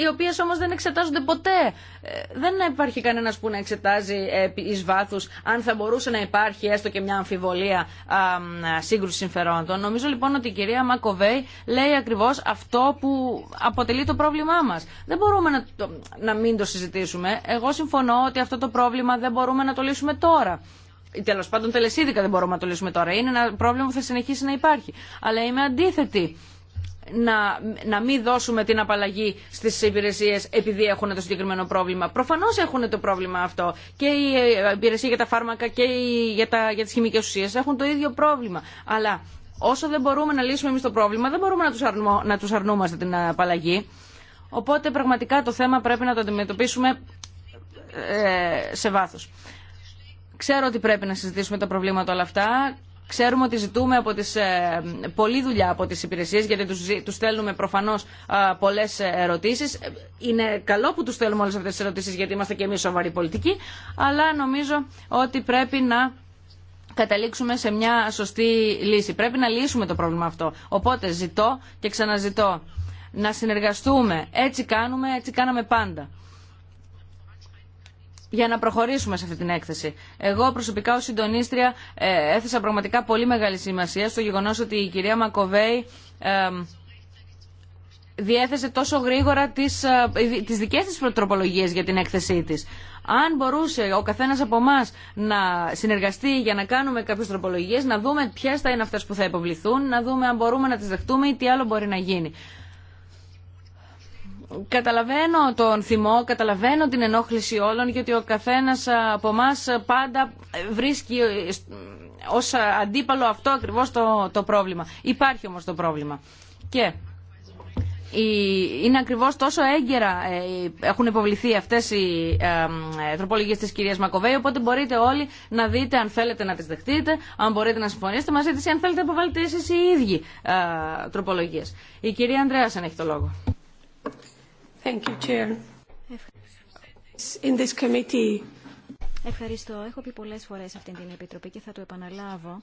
οι οποίες όμως δεν εξετάζονται ποτέ. Ε, δεν υπάρχει κανένας που να εξετάζει ε, εις βάθους αν θα μπορούσε να υπάρχει έστω και μια αμφιβολία σύγκρουση συμφερόντων. Νομίζω λοιπόν ότι η κυρία Μακοβέη λέει ακριβώς αυτό που αποτελεί το πρόβλημά μας. Δεν μπορούμε να, να μην το συζητήσουμε. Εγώ συμφωνώ ότι αυτό το πρόβλημα δεν μπορούμε να το λύσουμε τώρα τέλο πάντων τελεσίδικα δεν μπορούμε να το λύσουμε τώρα. Είναι ένα πρόβλημα που θα συνεχίσει να υπάρχει. Αλλά είμαι αντίθετη να, να μην δώσουμε την απαλλαγή στι υπηρεσίε επειδή έχουν το συγκεκριμένο πρόβλημα. Προφανώ έχουν το πρόβλημα αυτό. Και η ε, υπηρεσία για τα φάρμακα και η, για, τα, για τι χημικέ ουσίε έχουν το ίδιο πρόβλημα. Αλλά όσο δεν μπορούμε να λύσουμε εμεί το πρόβλημα, δεν μπορούμε να του αρνου, αρνούμαστε την απαλλαγή. Οπότε πραγματικά το θέμα πρέπει να το αντιμετωπίσουμε ε, σε βάθος. Ξέρω ότι πρέπει να συζητήσουμε τα προβλήματα όλα αυτά. Ξέρουμε ότι ζητούμε από τις, ε, πολλή δουλειά από τις υπηρεσίες γιατί τους, τους στέλνουμε προφανώς ε, πολλές ερωτήσεις. Είναι καλό που τους στέλνουμε όλες αυτές τις ερωτήσεις γιατί είμαστε και εμείς σοβαροί πολιτικοί αλλά νομίζω ότι πρέπει να καταλήξουμε σε μια σωστή λύση. Πρέπει να λύσουμε το πρόβλημα αυτό. Οπότε ζητώ και ξαναζητώ να συνεργαστούμε. Έτσι κάνουμε, έτσι κάναμε πάντα για να προχωρήσουμε σε αυτή την έκθεση. Εγώ προσωπικά ως συντονίστρια ε, έθεσα πραγματικά πολύ μεγάλη σημασία στο γεγονός ότι η κυρία Μακοβέη ε, διέθεσε τόσο γρήγορα τις, ε, τις δικές της προτροπολογίες για την έκθεσή της. Αν μπορούσε ο καθένας από εμά να συνεργαστεί για να κάνουμε κάποιες τροπολογίες, να δούμε ποιες θα είναι αυτές που θα υποβληθούν, να δούμε αν μπορούμε να τις δεχτούμε ή τι άλλο μπορεί να γίνει. Καταλαβαίνω τον θυμό, καταλαβαίνω την ενόχληση όλων, γιατί ο καθένας από εμά πάντα βρίσκει ως αντίπαλο αυτό ακριβώς το, το πρόβλημα. Υπάρχει όμως το πρόβλημα. Και είναι ακριβώς τόσο έγκαιρα ε, έχουν υποβληθεί αυτές οι τροπολογίες της κυρίας Μακοβέη, οπότε μπορείτε όλοι να δείτε αν θέλετε να τις δεχτείτε, αν μπορείτε να συμφωνήσετε μαζί της ή αν θέλετε να υποβάλλετε εσείς οι ίδιοι ε, τροπολογίες. Η κυρία Ανδρέας αν έχει το λόγο. Ευχαριστώ. Έχω πει πολλές φορές σε αυτήν την Επιτροπή και θα το επαναλάβω.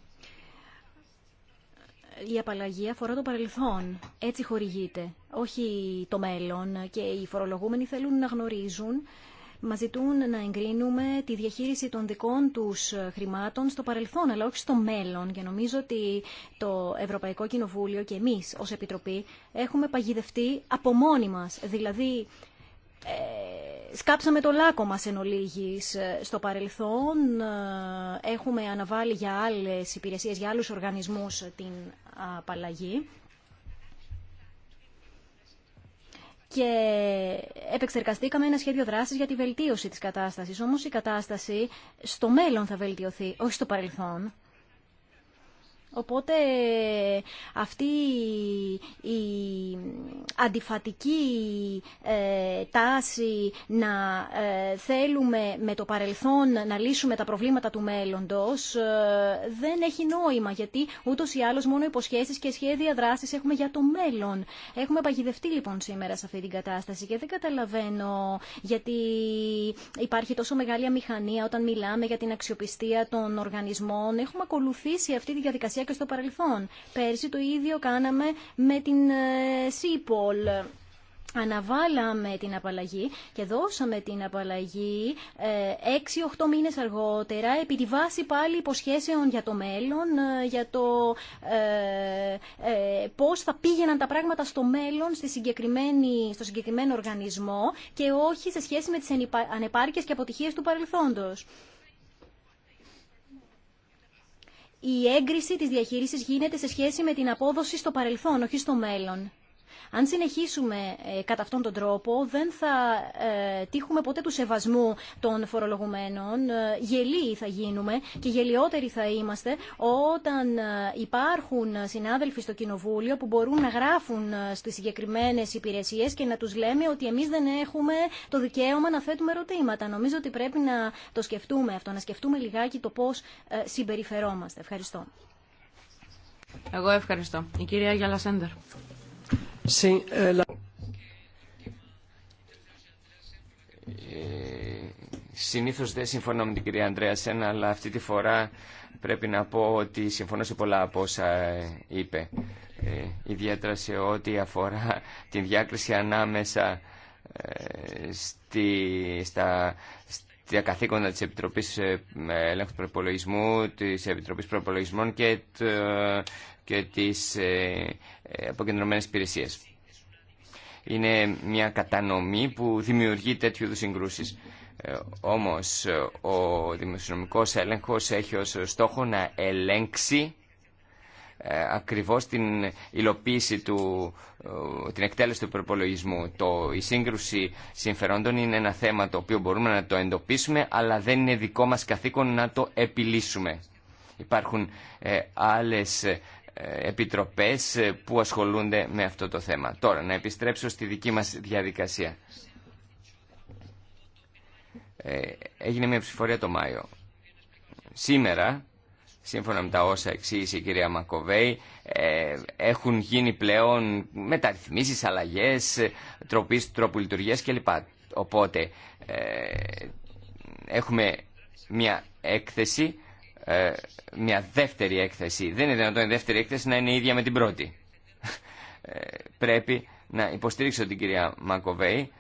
Η απαλλαγή αφορά το παρελθόν. Έτσι χορηγείται. Όχι το μέλλον. Και οι φορολογούμενοι θέλουν να γνωρίζουν μας ζητούν να εγκρίνουμε τη διαχείριση των δικών τους χρημάτων στο παρελθόν, αλλά όχι στο μέλλον. Και νομίζω ότι το Ευρωπαϊκό Κοινοβούλιο και εμείς ως Επιτροπή έχουμε παγιδευτεί από μόνοι μας. Δηλαδή, ε, σκάψαμε το λάκκο μας εν στο παρελθόν. Ε, έχουμε αναβάλει για άλλες υπηρεσίες, για άλλους οργανισμούς την απαλλαγή. και επεξεργαστήκαμε ένα σχέδιο δράσης για τη βελτίωση της κατάστασης. Όμως η κατάσταση στο μέλλον θα βελτιωθεί, όχι στο παρελθόν. Οπότε αυτή η αντιφατική ε, τάση να ε, θέλουμε με το παρελθόν να λύσουμε τα προβλήματα του μέλλοντος ε, δεν έχει νόημα γιατί ούτως ή άλλως μόνο υποσχέσεις και σχέδια δράσης έχουμε για το μέλλον. Έχουμε παγιδευτεί λοιπόν σήμερα σε αυτή την κατάσταση και δεν καταλαβαίνω γιατί υπάρχει τόσο μεγάλη αμηχανία όταν μιλάμε για την αξιοπιστία των οργανισμών. Έχουμε ακολουθήσει αυτή τη διαδικασία και στο παρελθόν. Πέρσι το ίδιο κάναμε με την ε, ΣΥΠΟΛ. Αναβάλαμε την απαλλαγή και δώσαμε την απαλλαγή 6-8 ε, μήνες αργότερα επί τη βάση πάλι υποσχέσεων για το μέλλον, ε, για το ε, πώς θα πήγαιναν τα πράγματα στο μέλλον στο συγκεκριμένο οργανισμό και όχι σε σχέση με τις ανεπάρκειες και αποτυχίες του παρελθόντος. η έγκριση της διαχείρισης γίνεται σε σχέση με την απόδοση στο παρελθόν, όχι στο μέλλον. Αν συνεχίσουμε ε, κατά αυτόν τον τρόπο, δεν θα ε, τύχουμε ποτέ του σεβασμού των φορολογουμένων. Ε, γελοί θα γίνουμε και γελιότεροι θα είμαστε όταν υπάρχουν συνάδελφοι στο Κοινοβούλιο που μπορούν να γράφουν στις συγκεκριμένε υπηρεσίες και να τους λέμε ότι εμείς δεν έχουμε το δικαίωμα να θέτουμε ερωτήματα. Νομίζω ότι πρέπει να το σκεφτούμε αυτό, να σκεφτούμε λιγάκι το πώς συμπεριφερόμαστε. Ευχαριστώ. Εγώ ευχαριστώ. Η κυρία Γιάννα Sí, eh, ε, Συνήθως δεν συμφωνώ με την κυρία Ανδρέα Σένα, αλλά αυτή τη φορά πρέπει να πω ότι συμφωνώ σε πολλά από όσα είπε. Ε, ιδιαίτερα σε ό,τι αφορά την διάκριση ανάμεσα ε, στη, στα, τα καθήκοντα της Επιτροπής Ελέγχου Προπολογισμού, της επιτροπή Προπολογισμών και, και τις ε, ε, Αποκεντρωμένη Είναι μια κατανομή που δημιουργεί τέτοιου είδου συγκρούσει. Ε, όμως ο δημοσιονομικό έλεγχο έχει ω στόχο να ελέγξει ε, ακριβώς την υλοποίηση του, ε, την εκτέλεση του προπολογισμού. Το, η σύγκρουση συμφερόντων είναι ένα θέμα το οποίο μπορούμε να το εντοπίσουμε, αλλά δεν είναι δικό μας καθήκον να το επιλύσουμε. Υπάρχουν ε, άλλες ε, επιτροπές που ασχολούνται με αυτό το θέμα. Τώρα, να επιστρέψω στη δική μας διαδικασία. έγινε μια ψηφορία το Μάιο. Σήμερα σύμφωνα με τα όσα εξήγησε η κυρία Μακοβέη, ε, έχουν γίνει πλέον μεταρρυθμίσεις, αλλαγές, τροπής, τρόπου λειτουργίας κλπ. Οπότε ε, έχουμε μια έκθεση, ε, μια δεύτερη έκθεση. Δεν είναι δυνατόν η δεύτερη έκθεση να είναι η ίδια με την πρώτη. Πρέπει να υποστηρίξω την κυρία Μακοβέη.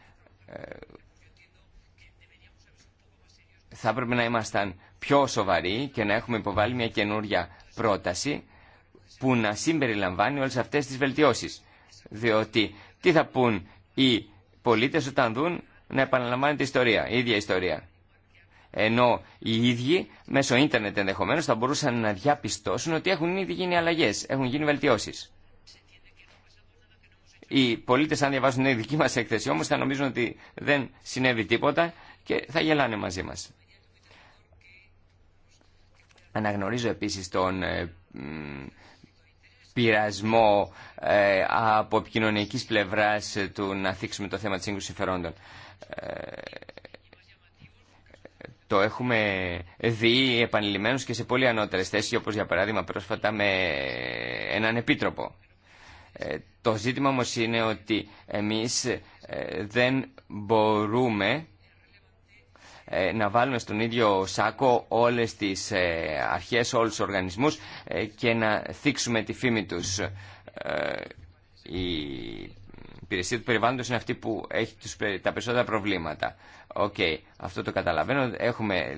Θα έπρεπε να ήμασταν πιο σοβαρή και να έχουμε υποβάλει μια καινούρια πρόταση που να συμπεριλαμβάνει όλες αυτές τις βελτιώσεις. Διότι τι θα πούν οι πολίτες όταν δουν να επαναλαμβάνει την ιστορία, η ίδια ιστορία. Ενώ οι ίδιοι μέσω ίντερνετ ενδεχομένως θα μπορούσαν να διαπιστώσουν ότι έχουν ήδη γίνει αλλαγές, έχουν γίνει βελτιώσεις. Οι πολίτες αν διαβάζουν τη δική μας έκθεση όμως θα νομίζουν ότι δεν συνέβη τίποτα και θα γελάνε μαζί μας. Αναγνωρίζω επίσης τον ε, πειρασμό ε, από επικοινωνική πλευράς του να θίξουμε το θέμα της σύγκρουσης συμφερόντων. Ε, το έχουμε δει επανειλημμένως και σε πολύ ανώτερες θέσεις, όπως για παράδειγμα πρόσφατα με έναν επίτροπο. Το ζήτημα όμως είναι ότι εμείς δεν μπορούμε ε, να βάλουμε στον ίδιο σάκο όλες τις ε, αρχές, όλους τους οργανισμούς ε, και να θίξουμε τη φήμη τους. Η υπηρεσία του περιβάλλοντος είναι αυτή που έχει τα περισσότερα προβλήματα. Οκ, αυτό το καταλαβαίνω. Έχουμε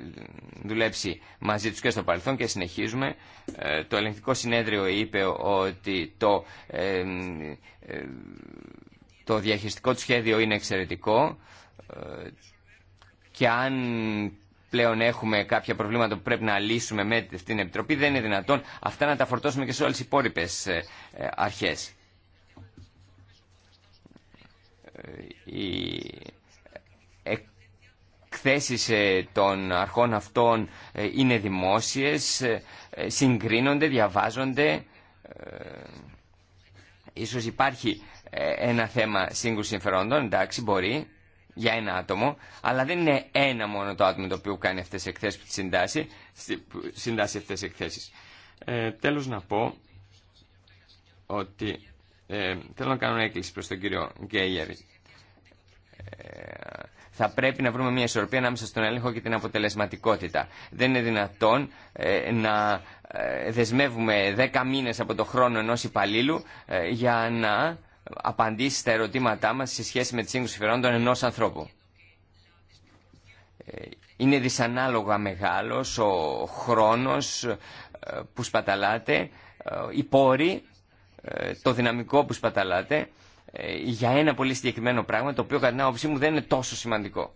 δουλέψει μαζί τους και στο παρελθόν και συνεχίζουμε. Το ελεγκτικό συνέδριο είπε ότι το, το διαχειριστικό του σχέδιο είναι εξαιρετικό και αν πλέον έχουμε κάποια προβλήματα που πρέπει να λύσουμε με την Επιτροπή, δεν είναι δυνατόν αυτά να τα φορτώσουμε και σε όλες τις υπόλοιπες ε, ε, αρχές. Ε, οι εκθέσεις των αρχών αυτών είναι δημόσιες, συγκρίνονται, διαβάζονται. Ίσως υπάρχει ένα θέμα σύγκρουση συμφερόντων, εντάξει μπορεί, για ένα άτομο, αλλά δεν είναι ένα μόνο το άτομο το οποίο κάνει αυτές τις εκθέσεις που συντάσσει, συντάσσει Ε, τέλος να πω ότι ε, θέλω να κάνω έκκληση προς τον κύριο Γκέιερ. Ε, θα πρέπει να βρούμε μια ισορροπία ανάμεσα στον έλεγχο και την αποτελεσματικότητα. Δεν είναι δυνατόν ε, να ε, δεσμεύουμε 10 μήνες από το χρόνο ενός υπαλλήλου ε, για να απαντήσει στα ερωτήματά μας σε σχέση με τη σύγκρουση φερόντων ενός ανθρώπου. Ε, είναι δυσανάλογα μεγάλος ο χρόνος ε, που σπαταλάτε, η ε, πόρη, το δυναμικό που σπαταλάτε για ένα πολύ συγκεκριμένο πράγμα το οποίο κατά την άποψή μου δεν είναι τόσο σημαντικό.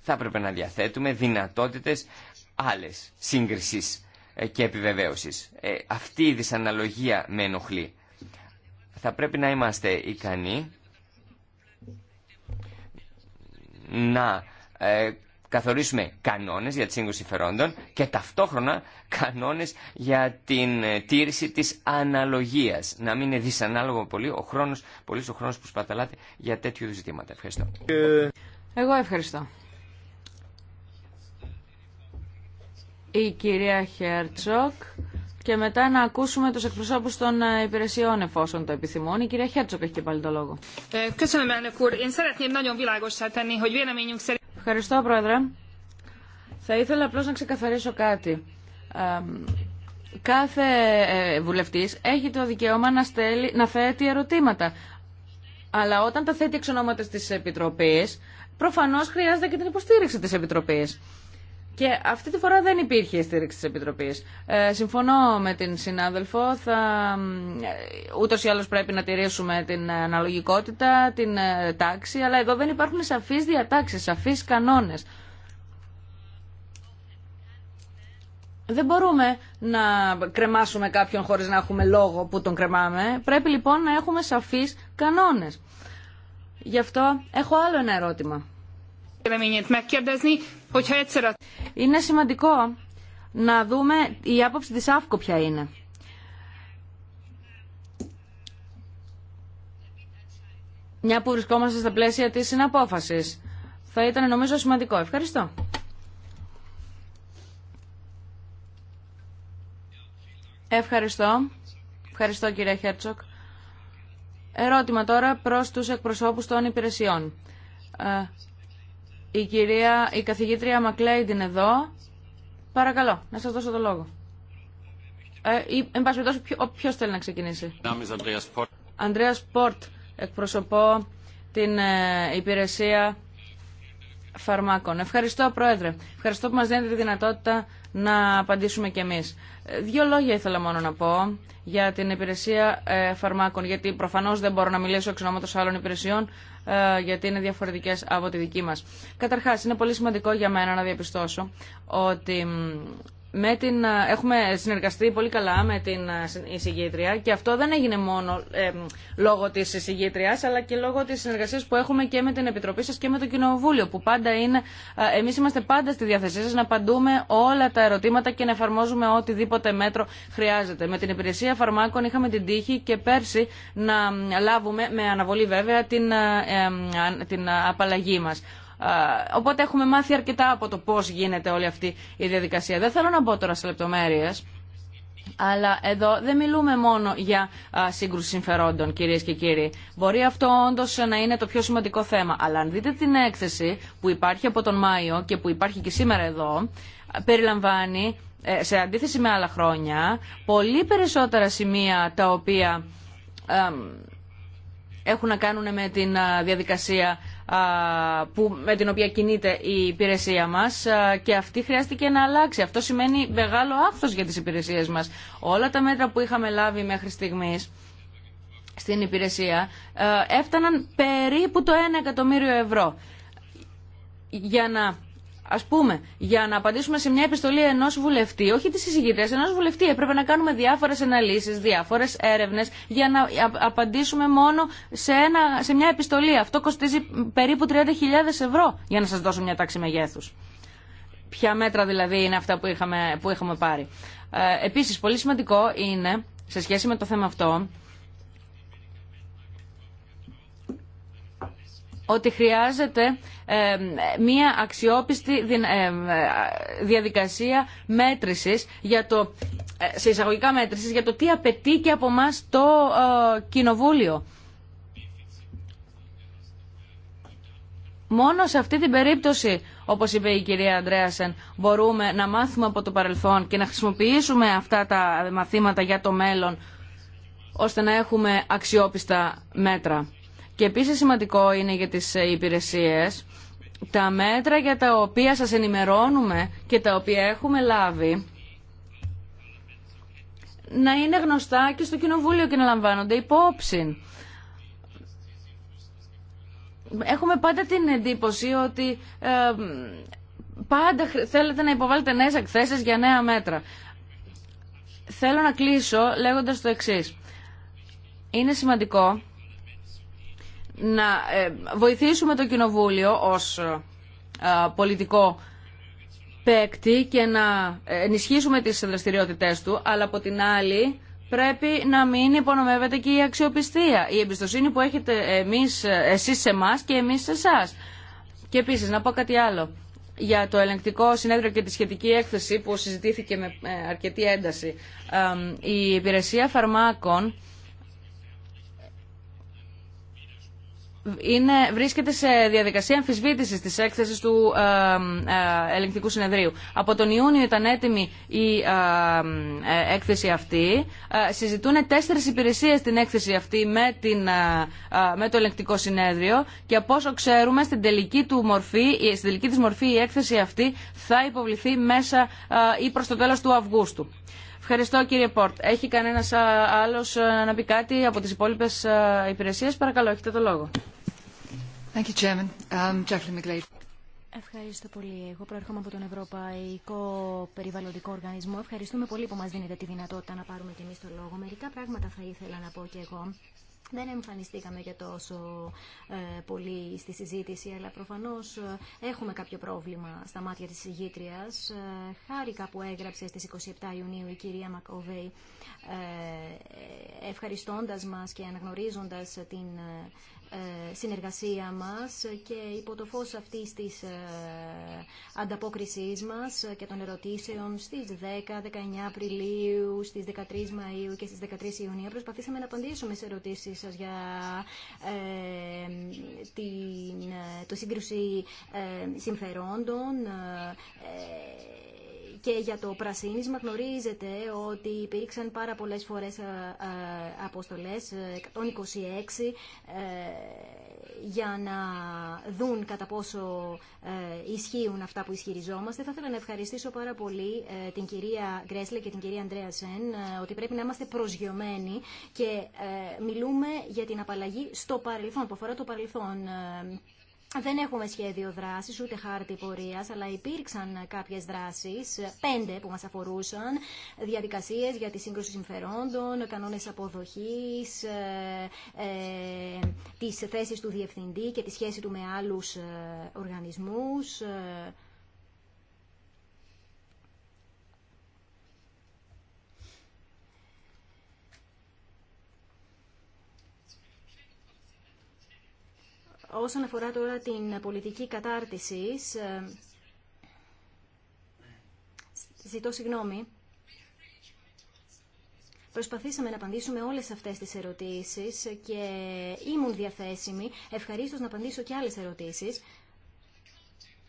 Θα έπρεπε να διαθέτουμε δυνατότητες άλλες σύγκρισης και επιβεβαίωσης. Αυτή η δυσαναλογία με ενοχλεί θα πρέπει να είμαστε ικανοί να ε, καθορίσουμε κανόνες για τη σύγκρουση συμφερόντων και ταυτόχρονα κανόνες για την ε, τήρηση της αναλογίας. Να μην είναι δυσανάλογο πολύ ο χρόνος, πολύ ο χρόνος που σπαταλάτε για τέτοιου είδους ζητήματα. Ευχαριστώ. Εγώ ευχαριστώ. Η κυρία Χέρτσοκ και μετά να ακούσουμε τους εκπροσώπους των ε, υπηρεσιών εφόσον το επιθυμούν. Η κυρία Χέρτσοκ έχει και πάλι το λόγο. Ε, Ευχαριστώ, Πρόεδρε. Θα ήθελα απλώς να ξεκαθαρίσω κάτι. Κάθε ε, βουλευτής έχει το δικαίωμα να, στέλει, να θέτει ερωτήματα. Αλλά όταν τα θέτει εξ ονόματος της Επιτροπής, προφανώς χρειάζεται και την υποστήριξη της Επιτροπής. Και αυτή τη φορά δεν υπήρχε η στήριξη της Επιτροπής. Ε, συμφωνώ με την συνάδελφο, θα, ε, ούτως ή άλλως πρέπει να τηρήσουμε την αναλογικότητα, την ε, τάξη, αλλά εδώ δεν υπάρχουν σαφείς διατάξεις, σαφείς κανόνες. Δεν μπορούμε να κρεμάσουμε κάποιον χωρίς να έχουμε λόγο που τον κρεμάμε. Πρέπει λοιπόν να έχουμε σαφείς κανόνες. Γι' αυτό έχω άλλο ένα ερώτημα. Είναι σημαντικό να δούμε η άποψη της ΑΦΚΟ ποια είναι. Μια που βρισκόμαστε στα πλαίσια της συναπόφασης. Θα ήταν νομίζω σημαντικό. Ευχαριστώ. Ευχαριστώ. Ευχαριστώ κύριε Χέρτσοκ. Ερώτημα τώρα προς τους εκπροσώπους των υπηρεσιών. Ε, η κυρία, η καθηγήτρια Μακλέιντ είναι εδώ. Παρακαλώ, να σας δώσω το λόγο. Ε, ή, εν πάση περιπτώσει, ποιος θέλει να ξεκινήσει. Ανδρέας Πόρτ, εκπροσωπώ την ε, υπηρεσία φαρμάκων. Ευχαριστώ, Πρόεδρε. Ευχαριστώ που μας δίνετε τη δυνατότητα να απαντήσουμε κι εμείς. Δύο λόγια ήθελα μόνο να πω για την υπηρεσία ε, φαρμάκων, γιατί προφανώς δεν μπορώ να μιλήσω εξ ονόματος άλλων υπηρεσιών, ε, γιατί είναι διαφορετικές από τη δική μας. Καταρχάς, είναι πολύ σημαντικό για μένα να διαπιστώσω ότι με την, ε, έχουμε συνεργαστεί πολύ καλά με την εισηγήτρια και αυτό δεν έγινε μόνο ε, λόγω της εισηγήτρια, αλλά και λόγω της συνεργασίας που έχουμε και με την Επιτροπή σας και με το Κοινοβούλιο που πάντα είναι, ε, εμείς είμαστε πάντα στη διάθεσή σας να απαντούμε όλα τα ερωτήματα και να εφαρμόζουμε οτιδήποτε μέτρο χρειάζεται. Με την υπηρεσία φαρμάκων είχαμε την τύχη και πέρσι να λάβουμε με αναβολή βέβαια την, ε, την απαλλαγή μας. Οπότε έχουμε μάθει αρκετά από το πώς γίνεται όλη αυτή η διαδικασία. Δεν θέλω να μπω τώρα σε λεπτομέρειες. Αλλά εδώ δεν μιλούμε μόνο για σύγκρουση συμφερόντων, κυρίες και κύριοι. Μπορεί αυτό όντως να είναι το πιο σημαντικό θέμα. Αλλά αν δείτε την έκθεση που υπάρχει από τον Μάιο και που υπάρχει και σήμερα εδώ, περιλαμβάνει, ε, σε αντίθεση με άλλα χρόνια, πολύ περισσότερα σημεία τα οποία έχουν να κάνουν με την διαδικασία που, με την οποία κινείται η υπηρεσία μας και αυτή χρειάστηκε να αλλάξει. Αυτό σημαίνει μεγάλο άφθο για τις υπηρεσίες μας. Όλα τα μέτρα που είχαμε λάβει μέχρι στιγμή στην υπηρεσία έφταναν περίπου το 1 εκατομμύριο ευρώ. Για να Α πούμε, για να απαντήσουμε σε μια επιστολή ενό βουλευτή, όχι τη συζητητέ, ενό βουλευτή, έπρεπε να κάνουμε διάφορε αναλύσει, διάφορε έρευνε για να απαντήσουμε μόνο σε, ένα, σε μια επιστολή. Αυτό κοστίζει περίπου 30.000 ευρώ για να σα δώσω μια τάξη μεγέθου. Ποια μέτρα δηλαδή είναι αυτά που είχαμε, που πάρει. Ε, Επίση, πολύ σημαντικό είναι, σε σχέση με το θέμα αυτό, ότι χρειάζεται ε, μία αξιόπιστη ε, διαδικασία μέτρησης για το, ε, σε εισαγωγικά μέτρησης για το τι απαιτεί και από μας το κοινοβούλιο. Μόνο σε αυτή την περίπτωση, όπως είπε η κυρία Αντρέασεν, μπορούμε να μάθουμε από το παρελθόν και να χρησιμοποιήσουμε αυτά τα μαθήματα για το μέλλον, ώστε να έχουμε αξιόπιστα μέτρα. Και επίση σημαντικό είναι για τις ε, υπηρεσίε τα μέτρα για τα οποία σας ενημερώνουμε και τα οποία έχουμε λάβει να είναι γνωστά και στο Κοινοβούλιο και να λαμβάνονται υπόψη. Έχουμε πάντα την εντύπωση ότι ε, πάντα θέλετε να υποβάλλετε νέες εκθέσεις για νέα μέτρα. Θέλω να κλείσω λέγοντας το εξής. Είναι σημαντικό να ε, βοηθήσουμε το Κοινοβούλιο ως ε, ε, πολιτικό παίκτη και να ενισχύσουμε τις δραστηριότητές του, αλλά από την άλλη πρέπει να μην υπονομεύεται και η αξιοπιστία, η εμπιστοσύνη που έχετε εμείς, εσείς σε εμά και εμείς σε εσά. Και επίσης να πω κάτι άλλο για το ελεγκτικό συνέδριο και τη σχετική έκθεση που συζητήθηκε με αρκετή ένταση. Η υπηρεσία φαρμάκων είναι, βρίσκεται σε διαδικασία αμφισβήτηση τη έκθεση του ε, ε, ελεγκτικού συνεδρίου. Από τον Ιούνιο ήταν έτοιμη η ε, ε, έκθεση αυτή. συζητούν τέσσερι υπηρεσίε την έκθεση αυτή με, την, με το ελεγκτικό συνέδριο και από όσο ξέρουμε στην τελική, του μορφή, στην τελική της μορφή η έκθεση αυτή θα υποβληθεί μέσα ή προ το τέλο του Αυγούστου. Ευχαριστώ κύριε Πόρτ. Έχει κανένας άλλος να πει κάτι από τις υπόλοιπες υπηρεσίες. Παρακαλώ, έχετε το λόγο. Um, Ευχαριστώ πολύ. Εγώ προέρχομαι από τον Ευρωπαϊκό Περιβαλλοντικό Οργανισμό. Ευχαριστούμε πολύ που μας δίνετε τη δυνατότητα να πάρουμε και εμεί το λόγο. Μερικά πράγματα θα ήθελα να πω και εγώ. Δεν εμφανιστήκαμε για τόσο ε, πολύ στη συζήτηση, αλλά προφανώς ε, έχουμε κάποιο πρόβλημα στα μάτια της συγγήτριας. Ε, χάρηκα που έγραψε στις 27 Ιουνίου η κυρία Μακοβέη, ευχαριστώντα ε, ευχαριστώντας και αναγνωρίζοντας την ε, συνεργασία μας και υπό το φως αυτής της ε, ανταπόκρισής μας και των ερωτήσεων στις 10, 19 Απριλίου, στις 13 Μαΐου και στις 13 Ιουνίου προσπαθήσαμε να απαντήσουμε σε ερωτήσεις σας για ε, την, το σύγκρουση συμφερόντων και για το πρασίνισμα γνωρίζετε ότι υπήρξαν πάρα πολλές φορές ε, ε, αποστολές, 126, ε, για να δουν κατά πόσο ισχύουν αυτά που ισχυριζόμαστε. Θα ήθελα να ευχαριστήσω πάρα πολύ την κυρία Γκρέσλε και την κυρία Αντρέα Σεν ότι πρέπει να είμαστε προσγειωμένοι και μιλούμε για την απαλλαγή στο παρελθόν, που αφορά το παρελθόν δεν έχουμε σχέδιο δράσης, ούτε χάρτη πορείας, αλλά υπήρξαν κάποιες δράσεις, πέντε που μας αφορούσαν, διαδικασίες για τη σύγκρουση συμφερόντων, κανόνες αποδοχής, ε, ε, του διευθυντή και τη σχέση του με άλλους ε, οργανισμούς, ε, Όσον αφορά τώρα την πολιτική κατάρτιση. Ε, ζητώ συγγνώμη, Προσπαθήσαμε να απαντήσουμε όλες αυτές τις ερωτήσεις και ήμουν διαθέσιμη ευχαρίστως να απαντήσω και άλλες ερωτήσεις.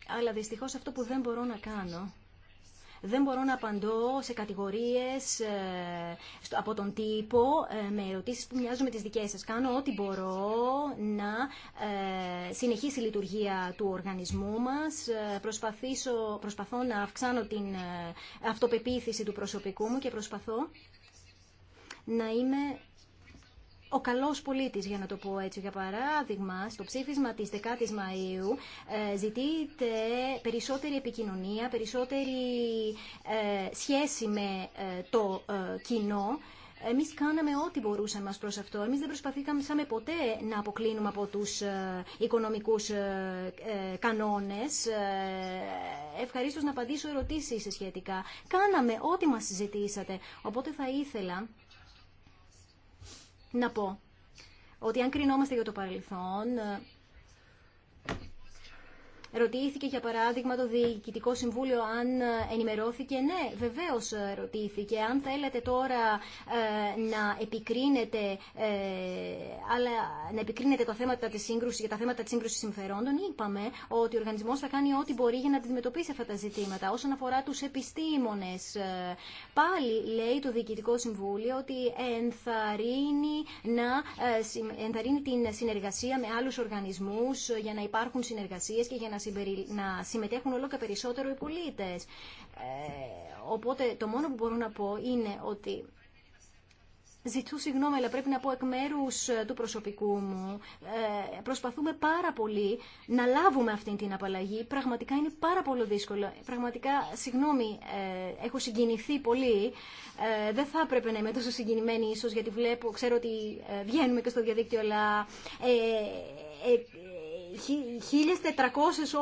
Αλλά δυστυχώς αυτό που δεν μπορώ να κάνω δεν μπορώ να απαντώ σε κατηγορίες ε, από τον τύπο ε, με ερωτήσεις που μοιάζουν με τις δικές Κάνω ό,τι μπορώ να ε, συνεχίσει η λειτουργία του οργανισμού μας. Προσπαθήσω, προσπαθώ να αυξάνω την αυτοπεποίθηση του προσωπικού μου και προσπαθώ να είμαι ο καλός πολίτης, για να το πω έτσι. Για παράδειγμα, στο ψήφισμα της 10ης Μαΐου ε, ζητείται περισσότερη επικοινωνία, περισσότερη ε, σχέση με ε, το κοινό εμείς κάναμε ό,τι μπορούσαμε μας προς αυτό. Εμείς δεν προσπαθήκαμε ποτέ να αποκλίνουμε από τους οικονομικούς κανόνες. Ευχαρίστως να απαντήσω ερωτήσεις σχετικά. Κάναμε ό,τι μας συζητήσατε. Οπότε θα ήθελα να πω ότι αν κρινόμαστε για το παρελθόν, Ρωτήθηκε για παράδειγμα το Διοικητικό Συμβούλιο αν ε, ενημερώθηκε. Ναι, βεβαίω ε, ρωτήθηκε. Αν θέλετε τώρα ε, να επικρίνετε αλλά να επικρίνετε τα θέματα τη σύγκρουσης για τα θέματα της σύγκρουσης συμφερόντων, είπαμε ότι ο Οργανισμό θα κάνει ό,τι μπορεί για να αντιμετωπίσει αυτά τα ζητήματα. Όσον αφορά του επιστήμονε. πάλι λέει το Διοικητικό Συμβούλιο ότι ενθαρρύνει, να, ενθαρρύνει την συνεργασία με άλλους οργανισμούς για να υπάρχουν συνεργασίε και για να να συμμετέχουν όλο και περισσότερο οι πολίτες. Ε, οπότε το μόνο που μπορώ να πω είναι ότι ζητού συγγνώμη, αλλά πρέπει να πω εκ μέρου ε, του προσωπικού μου. Ε, προσπαθούμε πάρα πολύ να λάβουμε αυτή την απαλλαγή. Πραγματικά είναι πάρα πολύ δύσκολο. Πραγματικά, συγγνώμη, ε, έχω συγκινηθεί πολύ. Ε, δεν θα έπρεπε να είμαι τόσο συγκινημένη, ίσως γιατί βλέπω, ξέρω ότι βγαίνουμε και στο διαδίκτυο, αλλά 1.400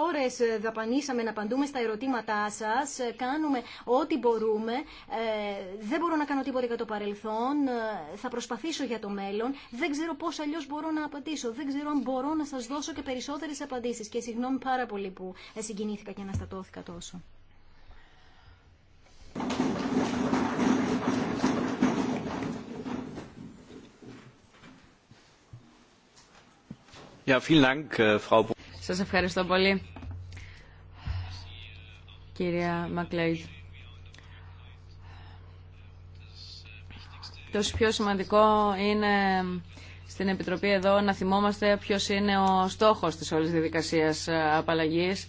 ώρες δαπανίσαμε να απαντούμε στα ερωτήματά σας. Κάνουμε ό,τι μπορούμε. Ε, δεν μπορώ να κάνω τίποτα για το παρελθόν. Ε, θα προσπαθήσω για το μέλλον. Δεν ξέρω πώς αλλιώς μπορώ να απαντήσω. Δεν ξέρω αν μπορώ να σας δώσω και περισσότερες απαντήσεις. Και συγγνώμη πάρα πολύ που ε, συγκινήθηκα και αναστατώθηκα τόσο. Äh, σας ευχαριστώ πολύ, κυρία Μακλέιτ. Το πιο σημαντικό είναι στην Επιτροπή εδώ να θυμόμαστε ποιος είναι ο στόχος της όλης διαδικασίας ε, απαλλαγής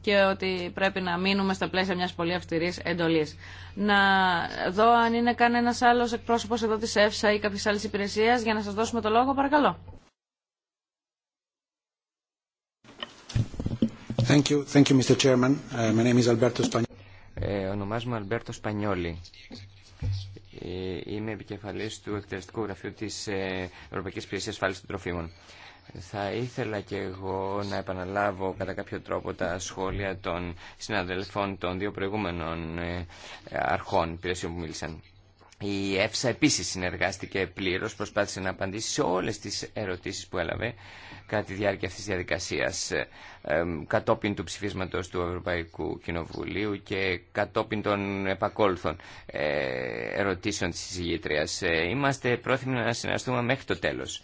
και ότι πρέπει να μείνουμε στα πλαίσια μιας πολύ αυστηρής εντολής. Να δω αν είναι κανένας άλλος εκπρόσωπος εδώ της ΕΦΣΑ ή κάποιες άλλες υπηρεσίες για να σας δώσουμε το λόγο, παρακαλώ. Thank you. Thank you, Mr. Uh, ε, ονομάζομαι Αλμπέρτο Σπανιόλη. Ε, είμαι επικεφαλής του εκτελεστικού γραφείου της ε, Ευρωπαϊκής Υπηρεσίας Ασφάλισης των Τροφίμων. Θα ήθελα και εγώ να επαναλάβω κατά κάποιο τρόπο τα σχόλια των συναδελφών των δύο προηγούμενων αρχών υπηρεσιών που μίλησαν. Η ΕΦΣΑ επίσης συνεργάστηκε πλήρως, προσπάθησε να απαντήσει σε όλες τις ερωτήσεις που έλαβε κατά τη διάρκεια αυτής της διαδικασίας κατόπιν του ψηφίσματος του Ευρωπαϊκού Κοινοβουλίου και κατόπιν των επακόλουθων ε, ερωτήσεων της συζητήτρια. Ε, είμαστε πρόθυμοι να συνεργαστούμε μέχρι το τέλος.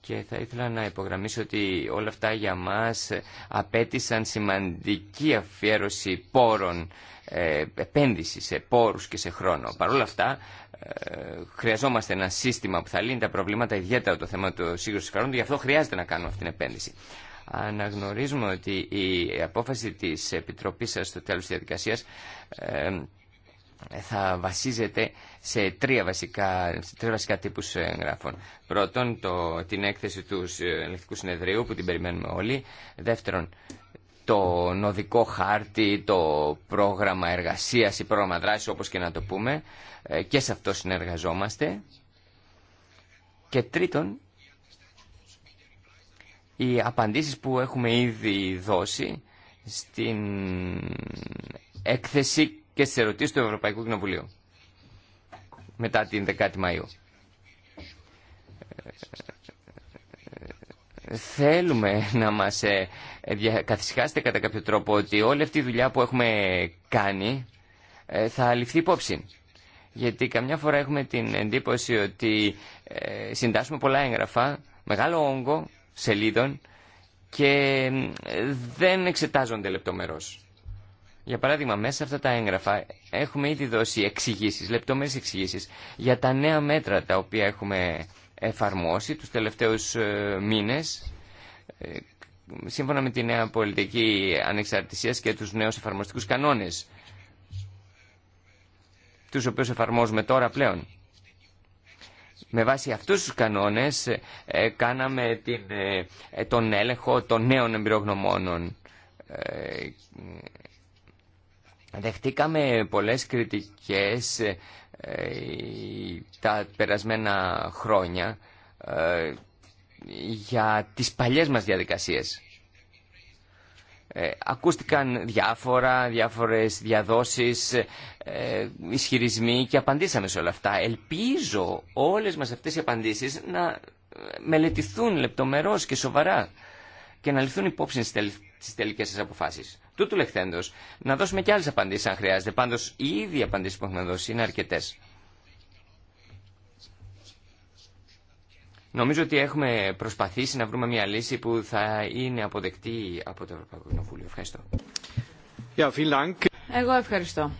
Και θα ήθελα να υπογραμμίσω ότι όλα αυτά για μας απέτησαν σημαντική αφιέρωση πόρων, ε, επένδυση σε πόρους και σε χρόνο. Παρ' όλα χρειαζόμαστε ένα σύστημα που θα λύνει τα προβλήματα, ιδιαίτερα το θέμα του σύγκρουση καρόντου, γι' αυτό χρειάζεται να κάνουμε αυτή την επένδυση. Αναγνωρίζουμε ότι η απόφαση της Επιτροπής σας στο τέλος της διαδικασίας θα βασίζεται σε τρία βασικά, σε τρία βασικά τύπους εγγράφων. Πρώτον, το, την έκθεση του ελεκτικού συνεδρίου που την περιμένουμε όλοι. Δεύτερον, το νοδικό χάρτη, το πρόγραμμα εργασίας ή πρόγραμμα δράσης όπως και να το πούμε και σε αυτό συνεργαζόμαστε και τρίτον οι απαντήσεις που έχουμε ήδη δώσει στην έκθεση και στις ερωτήσεις του Ευρωπαϊκού Κοινοβουλίου μετά την 10η Μαΐου. Θέλουμε να μας ε, καθισχάσετε κατά κάποιο τρόπο ότι όλη αυτή η δουλειά που έχουμε κάνει ε, θα ληφθεί υπόψη. Γιατί καμιά φορά έχουμε την εντύπωση ότι ε, συντάσσουμε πολλά έγγραφα, μεγάλο όγκο σελίδων και δεν εξετάζονται λεπτομερώς. Για παράδειγμα, μέσα σε αυτά τα έγγραφα έχουμε ήδη δώσει εξηγήσει, λεπτομέρειε εξηγήσει για τα νέα μέτρα τα οποία έχουμε εφαρμόσει του τελευταίους μήνες σύμφωνα με τη νέα πολιτική ανεξαρτησίας και τους νέους εφαρμοστικούς κανόνες, τους οποίους εφαρμόζουμε τώρα πλέον. Με βάση αυτούς τους κανόνες ε, ε, κάναμε ε, τον έλεγχο των νέων εμπειρογνωμόνων. δεχτήκαμε πολλές κριτικές τα περασμένα χρόνια για τις παλιές μας διαδικασίες. Ε, ακούστηκαν διάφορα, διάφορες διαδόσεις, ε, ισχυρισμοί και απαντήσαμε σε όλα αυτά. Ελπίζω όλες μας αυτές οι απαντήσεις να ε, μελετηθούν λεπτομερώς και σοβαρά και να ληφθούν υπόψη στις τελικές σας αποφάσεις. Τούτου λεχθέντος, να δώσουμε και άλλες απαντήσεις αν χρειάζεται. Πάντως, οι ήδη απαντήσεις που έχουμε δώσει είναι αρκετές. Νομίζω ότι έχουμε προσπαθήσει να βρούμε μια λύση που θα είναι αποδεκτή από το Ευρωπαϊκό Κοινοβούλιο. Ευχαριστώ. Εγώ ευχαριστώ.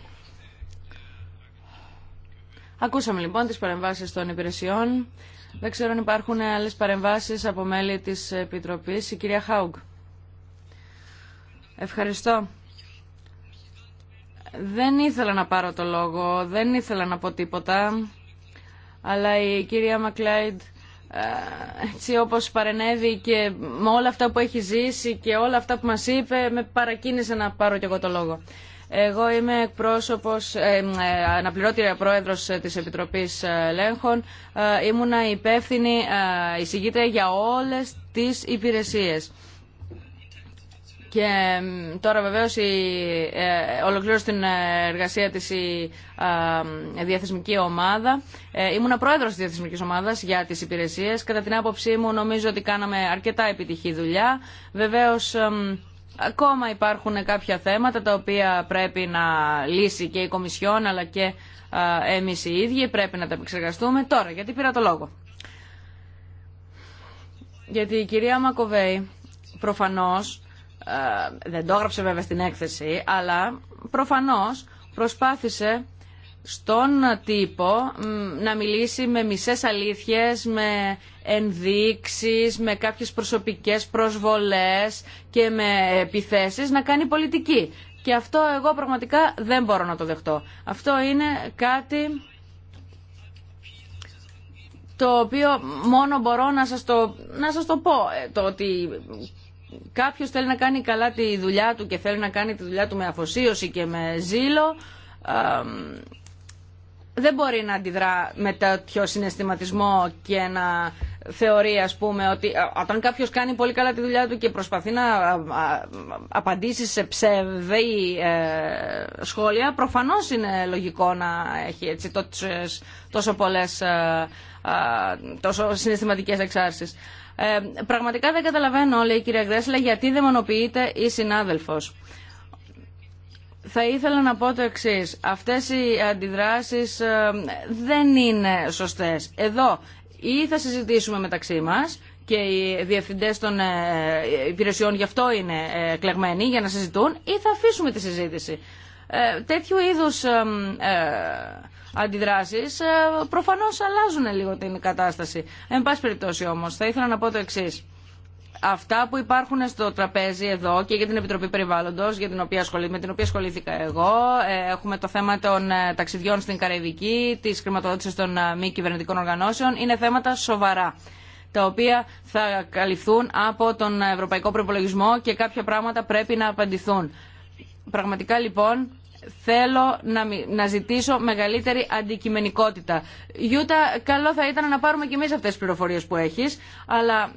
Ακούσαμε λοιπόν τις παρεμβάσεις των υπηρεσιών. Δεν ξέρω αν υπάρχουν άλλες παρεμβάσεις από μέλη της Επιτροπής. Η κυρία Χάουγκ. Ευχαριστώ. Δεν ήθελα να πάρω το λόγο, δεν ήθελα να πω τίποτα, αλλά η κυρία Μακλάιντ ε, έτσι όπως παρενέβη και με όλα αυτά που έχει ζήσει και όλα αυτά που μας είπε με παρακίνησε να πάρω και εγώ το λόγο. Εγώ είμαι εκπρόσωπος, ε, ε πρόεδρος της Επιτροπής ε, Ελέγχων. ήμουνα υπεύθυνη εισηγήτρια για όλες τις υπηρεσίες. Και τώρα βεβαίω, η, ε, την εργασία τη η ε, διαθεσμική ομάδα. Ε, ήμουν πρόεδρος της διαθεσμικής ομάδας για τι υπηρεσίε. Κατά την άποψή μου νομίζω ότι κάναμε αρκετά επιτυχή δουλειά. Βεβαίως... Ε, ακόμα υπάρχουν κάποια θέματα τα οποία πρέπει να λύσει και η Κομισιόν αλλά και ε, εμείς οι ίδιοι πρέπει να τα επεξεργαστούμε. Τώρα, γιατί πήρα το λόγο. Γιατί η κυρία Μακοβέη προφανώς ε, δεν το έγραψε βέβαια στην έκθεση, αλλά προφανώς προσπάθησε στον τύπο να μιλήσει με μισές αλήθειες, με ενδείξεις, με κάποιες προσωπικές προσβολές και με επιθέσεις να κάνει πολιτική. Και αυτό εγώ πραγματικά δεν μπορώ να το δεχτώ. Αυτό είναι κάτι το οποίο μόνο μπορώ να σας το, να σας το πω. Ε, το ότι κάποιο θέλει να κάνει καλά τη δουλειά του και θέλει να κάνει τη δουλειά του με αφοσίωση και με ζήλο, δεν μπορεί να αντιδρά με τέτοιο συναισθηματισμό και να θεωρεί ας πούμε ότι όταν κάποιος κάνει πολύ καλά τη δουλειά του και προσπαθεί να απαντήσει σε ψευδή ε, σχόλια προφανώς είναι λογικό να έχει έτσι τόσο πολλές ε, ε, τόσο συναισθηματικές εξάρσεις. Ε, πραγματικά δεν καταλαβαίνω, λέει η κυρία Γκρέσλα, γιατί δαιμονοποιείται η συνάδελφος. Θα ήθελα να πω το εξή. Αυτές οι αντιδράσεις ε, δεν είναι σωστές. Εδώ ή θα συζητήσουμε μεταξύ μας και οι διευθυντές των ε, υπηρεσιών γι' αυτό είναι κλεγμένοι για να συζητούν ή θα αφήσουμε τη συζήτηση. τέτοιου είδους Αντιδράσει, ε, προφανώ αλλάζουν λίγο την κατάσταση. Εν πάση περιπτώσει όμω, θα ήθελα να πω το εξή. Αυτά που υπάρχουν στο τραπέζι εδώ και για την Επιτροπή Περιβάλλοντος για την οποία με την οποία ασχολήθηκα εγώ ε, έχουμε το θέμα των ε, ταξιδιών στην Καραϊβική, της χρηματοδότησης των μη κυβερνητικών οργανώσεων είναι θέματα σοβαρά τα οποία θα καλυφθούν από τον Ευρωπαϊκό Προπολογισμό και κάποια πράγματα πρέπει να απαντηθούν. Πραγματικά λοιπόν θέλω να, να ζητήσω μεγαλύτερη αντικειμενικότητα. Γιούτα, καλό θα ήταν να πάρουμε κι εμείς αυτές τις πληροφορίες που έχεις, αλλά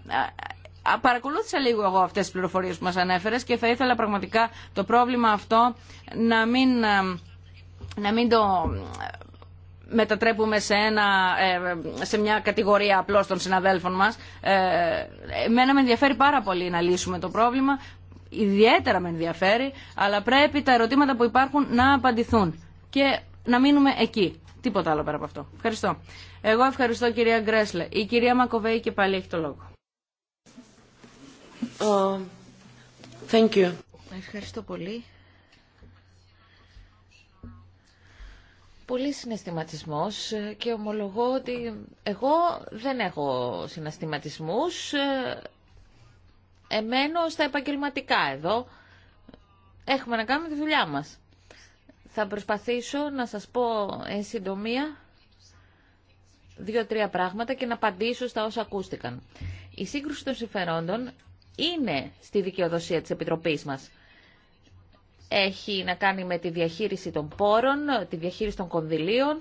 παρακολούθησα λίγο εγώ αυτές τις πληροφορίες που μας ανέφερες και θα ήθελα πραγματικά το πρόβλημα αυτό να μην, να μην το μετατρέπουμε σε, ένα, ε, σε μια κατηγορία απλώς των συναδέλφων μας. Ε, εμένα με ενδιαφέρει πάρα πολύ να λύσουμε το πρόβλημα ιδιαίτερα με ενδιαφέρει, αλλά πρέπει τα ερωτήματα που υπάρχουν να απαντηθούν και να μείνουμε εκεί. Τίποτα άλλο πέρα από αυτό. Ευχαριστώ. Εγώ ευχαριστώ κυρία Γκρέσλε. Η κυρία Μακοβέη και πάλι έχει το λόγο. Ε, thank you. Ευχαριστώ πολύ. πολύ συναισθηματισμός και ομολογώ ότι εγώ δεν έχω συναισθηματισμούς. Εμένω στα επαγγελματικά εδώ. Έχουμε να κάνουμε τη δουλειά μας. Θα προσπαθήσω να σας πω εν συντομία δύο-τρία πράγματα και να απαντήσω στα όσα ακούστηκαν. Η σύγκρουση των συμφερόντων είναι στη δικαιοδοσία της Επιτροπής μας. Έχει να κάνει με τη διαχείριση των πόρων, τη διαχείριση των κονδυλίων,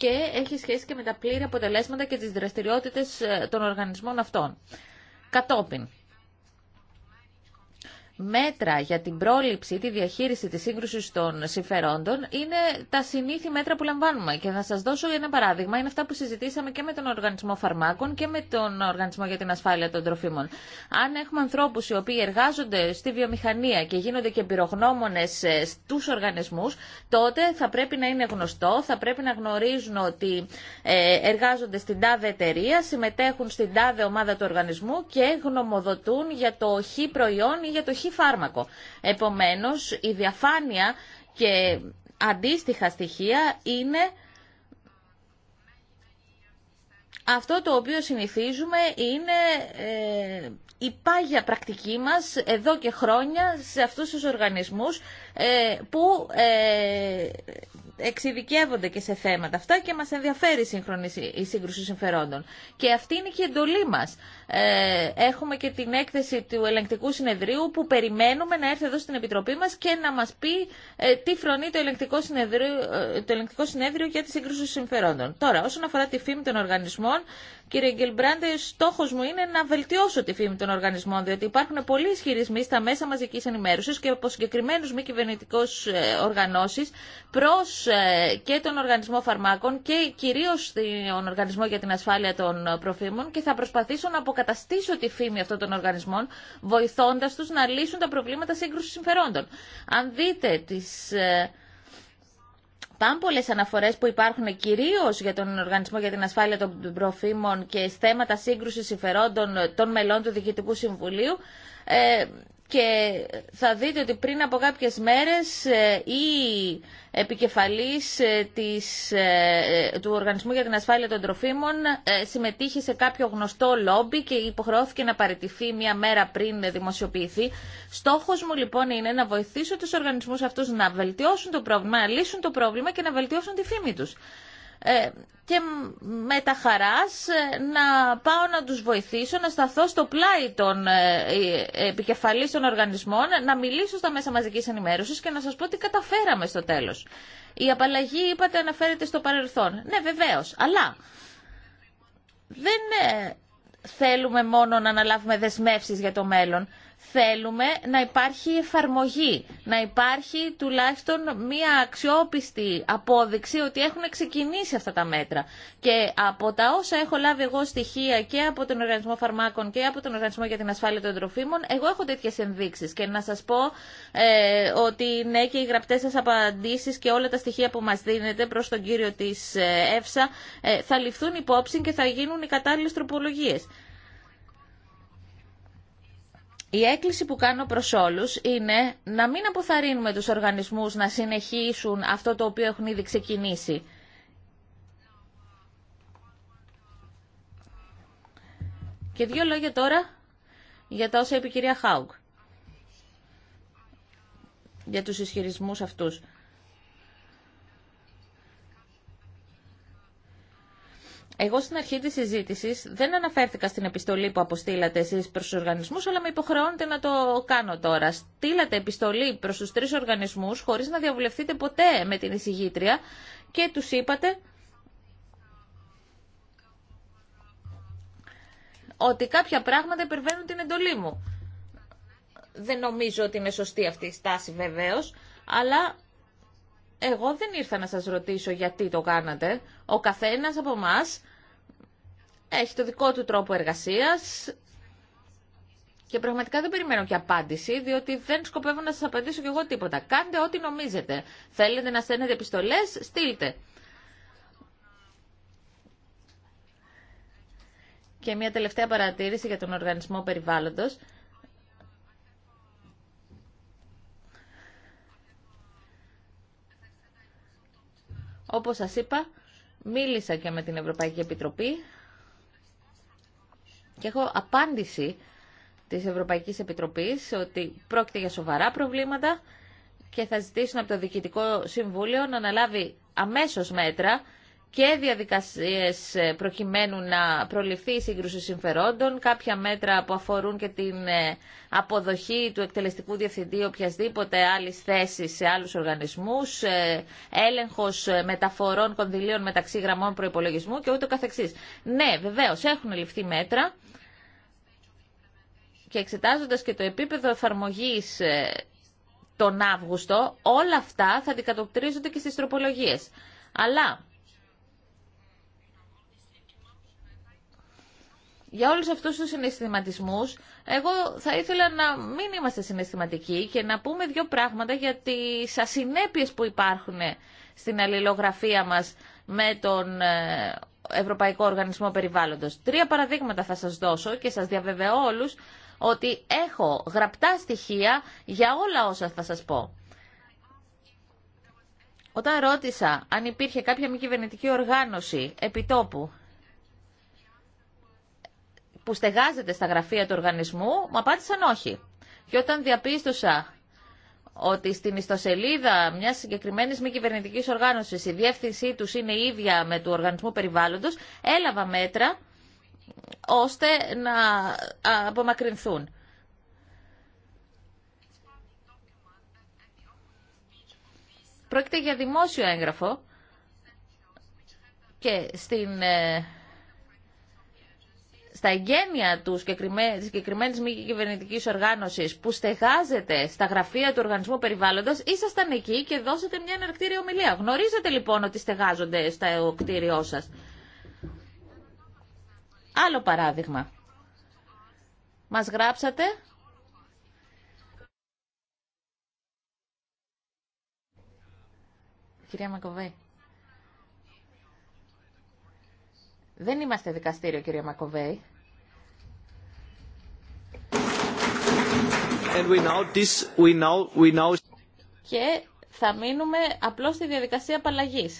και έχει σχέση και με τα πλήρη αποτελέσματα και τις δραστηριότητες ε, των οργανισμών αυτών. Κατόπιν, μέτρα για την πρόληψη ή τη διαχείριση της σύγκρουσης των συμφερόντων είναι τα συνήθι μέτρα που λαμβάνουμε. Και να σας δώσω ένα παράδειγμα. Είναι αυτά που συζητήσαμε και με τον Οργανισμό Φαρμάκων και με τον Οργανισμό για την Ασφάλεια των Τροφίμων. Αν έχουμε ανθρώπους οι οποίοι εργάζονται στη βιομηχανία και γίνονται και πυρογνώμονες ε, στους οργανισμούς, τότε θα πρέπει να είναι γνωστό, θα πρέπει να γνωρίζουν ότι ε, εργάζονται στην τάδε εταιρεία, συμμετέχουν στην τάδε ομάδα του οργανισμού και γνωμοδοτούν για το χ προϊόν ή για το χ έχει Επομένως, η διαφάνεια και αντίστοιχα στοιχεία είναι αυτό το οποίο συνηθίζουμε είναι ε, η πάγια πρακτική μας εδώ και χρόνια σε αυτούς τους οργανισμούς ε, που ε, εξειδικεύονται και σε θέματα αυτά και μας ενδιαφέρει η σύγχρονη η σύγκρουση συμφερόντων. Και αυτή είναι και η εντολή μας. Ε, έχουμε και την έκθεση του ελεγκτικού συνεδρίου που περιμένουμε να έρθει εδώ στην Επιτροπή μας και να μας πει ε, τι φρονεί το ελεγκτικό, συνεδρίο, ε, το ελεγκτικό συνέδριο για τη σύγκρουση συμφερόντων. Τώρα, όσον αφορά τη φήμη των οργανισμών, Κύριε Γκελμπράντε, στόχο μου είναι να βελτιώσω τη φήμη των οργανισμών, διότι υπάρχουν πολλοί ισχυρισμοί στα μέσα μαζική ενημέρωση και από συγκεκριμένου μη κυβερνητικού ε, οργανώσει προ ε, και τον Οργανισμό Φαρμάκων και κυρίω τον Οργανισμό για την Ασφάλεια των Προφήμων και θα προσπαθήσω να αποκαταστήσω τη φήμη αυτών των οργανισμών, βοηθώντα του να λύσουν τα προβλήματα σύγκρουση συμφερόντων. Αν δείτε τι. Ε, πάμπολες αναφορές που υπάρχουν κυρίως για τον Οργανισμό για την Ασφάλεια των Προφήμων και θέματα σύγκρουσης συμφερόντων των μελών του Διοικητικού Συμβουλίου, ε, και θα δείτε ότι πριν από κάποιες μέρες ε, η επικεφαλής ε, της, ε, του Οργανισμού για την Ασφάλεια των Τροφίμων συμμετείχε σε κάποιο γνωστό λόμπι και υποχρεώθηκε να παραιτηθεί μία μέρα πριν δημοσιοποιηθεί. Στόχος μου λοιπόν είναι να βοηθήσω τους οργανισμούς αυτούς να βελτιώσουν το πρόβλημα, να λύσουν το πρόβλημα και να βελτιώσουν τη φήμη τους. Ε, και με τα χαράς ε, να πάω να τους βοηθήσω, να σταθώ στο πλάι των ε, επικεφαλής των οργανισμών, να μιλήσω στα μέσα μαζικής ενημέρωσης και να σας πω τι καταφέραμε στο τέλος. Η απαλλαγή, είπατε, αναφέρεται στο παρελθόν. Ναι, βεβαίως, αλλά δεν θέλουμε μόνο να αναλάβουμε δεσμεύσεις για το μέλλον. Θέλουμε να υπάρχει εφαρμογή, να υπάρχει τουλάχιστον μία αξιόπιστη απόδειξη ότι έχουν ξεκινήσει αυτά τα μέτρα. Και από τα όσα έχω λάβει εγώ στοιχεία και από τον Οργανισμό Φαρμάκων και από τον Οργανισμό για την Ασφάλεια των Τροφίμων, εγώ έχω τέτοιε ενδείξει. Και να σα πω ε, ότι ναι και οι γραπτέ σα απαντήσει και όλα τα στοιχεία που μα δίνετε προ τον κύριο τη ΕΦΣΑ ε, θα ληφθούν υπόψη και θα γίνουν οι κατάλληλε τροπολογίε. Η έκκληση που κάνω προς όλους είναι να μην αποθαρρύνουμε τους οργανισμούς να συνεχίσουν αυτό το οποίο έχουν ήδη ξεκινήσει. Και δύο λόγια τώρα για τα όσα είπε η κυρία Χάουγκ. Για τους ισχυρισμούς αυτούς. Εγώ στην αρχή της συζήτηση δεν αναφέρθηκα στην επιστολή που αποστήλατε εσείς προς τους οργανισμούς, αλλά με υποχρεώνετε να το κάνω τώρα. Στείλατε επιστολή προς τους τρεις οργανισμούς χωρίς να διαβουλευτείτε ποτέ με την εισηγήτρια και τους είπατε ότι κάποια πράγματα υπερβαίνουν την εντολή μου. Δεν νομίζω ότι είναι σωστή αυτή η στάση βεβαίως, αλλά εγώ δεν ήρθα να σας ρωτήσω γιατί το κάνατε. Ο καθένας από μας έχει το δικό του τρόπο εργασίας και πραγματικά δεν περιμένω και απάντηση, διότι δεν σκοπεύω να σας απαντήσω κι εγώ τίποτα. Κάντε ό,τι νομίζετε. Θέλετε να στέλνετε επιστολές, στείλτε. Και μια τελευταία παρατήρηση για τον οργανισμό περιβάλλοντος. Όπως σας είπα, μίλησα και με την Ευρωπαϊκή Επιτροπή. Και έχω απάντηση της Ευρωπαϊκής Επιτροπής ότι πρόκειται για σοβαρά προβλήματα και θα ζητήσουν από το Διοικητικό Συμβούλιο να αναλάβει αμέσως μέτρα και διαδικασίες προκειμένου να προληφθεί η σύγκρουση συμφερόντων, κάποια μέτρα που αφορούν και την ε, αποδοχή του εκτελεστικού διευθυντή οποιασδήποτε άλλης θέσης σε άλλους οργανισμούς, ε, έλεγχος ε, μεταφορών κονδυλίων μεταξύ γραμμών προϋπολογισμού και ούτω καθεξής. Ναι, βεβαίως έχουν ληφθεί μέτρα και εξετάζοντας και το επίπεδο εφαρμογής ε, τον Αύγουστο, όλα αυτά θα αντικατοπτρίζονται και στις τροπολογίες. Αλλά για όλους αυτούς τους συναισθηματισμούς, εγώ θα ήθελα να μην είμαστε συναισθηματικοί και να πούμε δύο πράγματα για τις ασυνέπειες που υπάρχουν στην αλληλογραφία μας με τον ε, Ευρωπαϊκό Οργανισμό Περιβάλλοντος. Τρία παραδείγματα θα σας δώσω και σας διαβεβαιώ όλους ότι έχω γραπτά στοιχεία για όλα όσα θα σας πω. Όταν ρώτησα αν υπήρχε κάποια μη κυβερνητική οργάνωση επιτόπου που στεγάζεται στα γραφεία του οργανισμού, μου απάντησαν όχι. Και όταν διαπίστωσα ότι στην ιστοσελίδα μιας συγκεκριμένης μη κυβερνητική οργάνωση η διεύθυνσή τους είναι ίδια με του Οργανισμού περιβάλλοντος, έλαβα μέτρα ώστε να απομακρυνθούν. Πρόκειται για δημόσιο έγγραφο και στην, ε, στα εγγένεια του συγκεκριμέ, συγκεκριμένη μη κυβερνητική οργάνωση που στεγάζεται στα γραφεία του Οργανισμού Περιβάλλοντος ήσασταν εκεί και δώσατε μια αναρκτήρια ομιλία. Γνωρίζετε λοιπόν ότι στεγάζονται στα κτίριό σα. Άλλο παράδειγμα. Μας γράψατε Κυρία Μακοβέη. Δεν είμαστε δικαστήριο, κυρία Μακοβέη. And we this, we we know... Και θα μείνουμε απλώς στη διαδικασία απαλλαγή.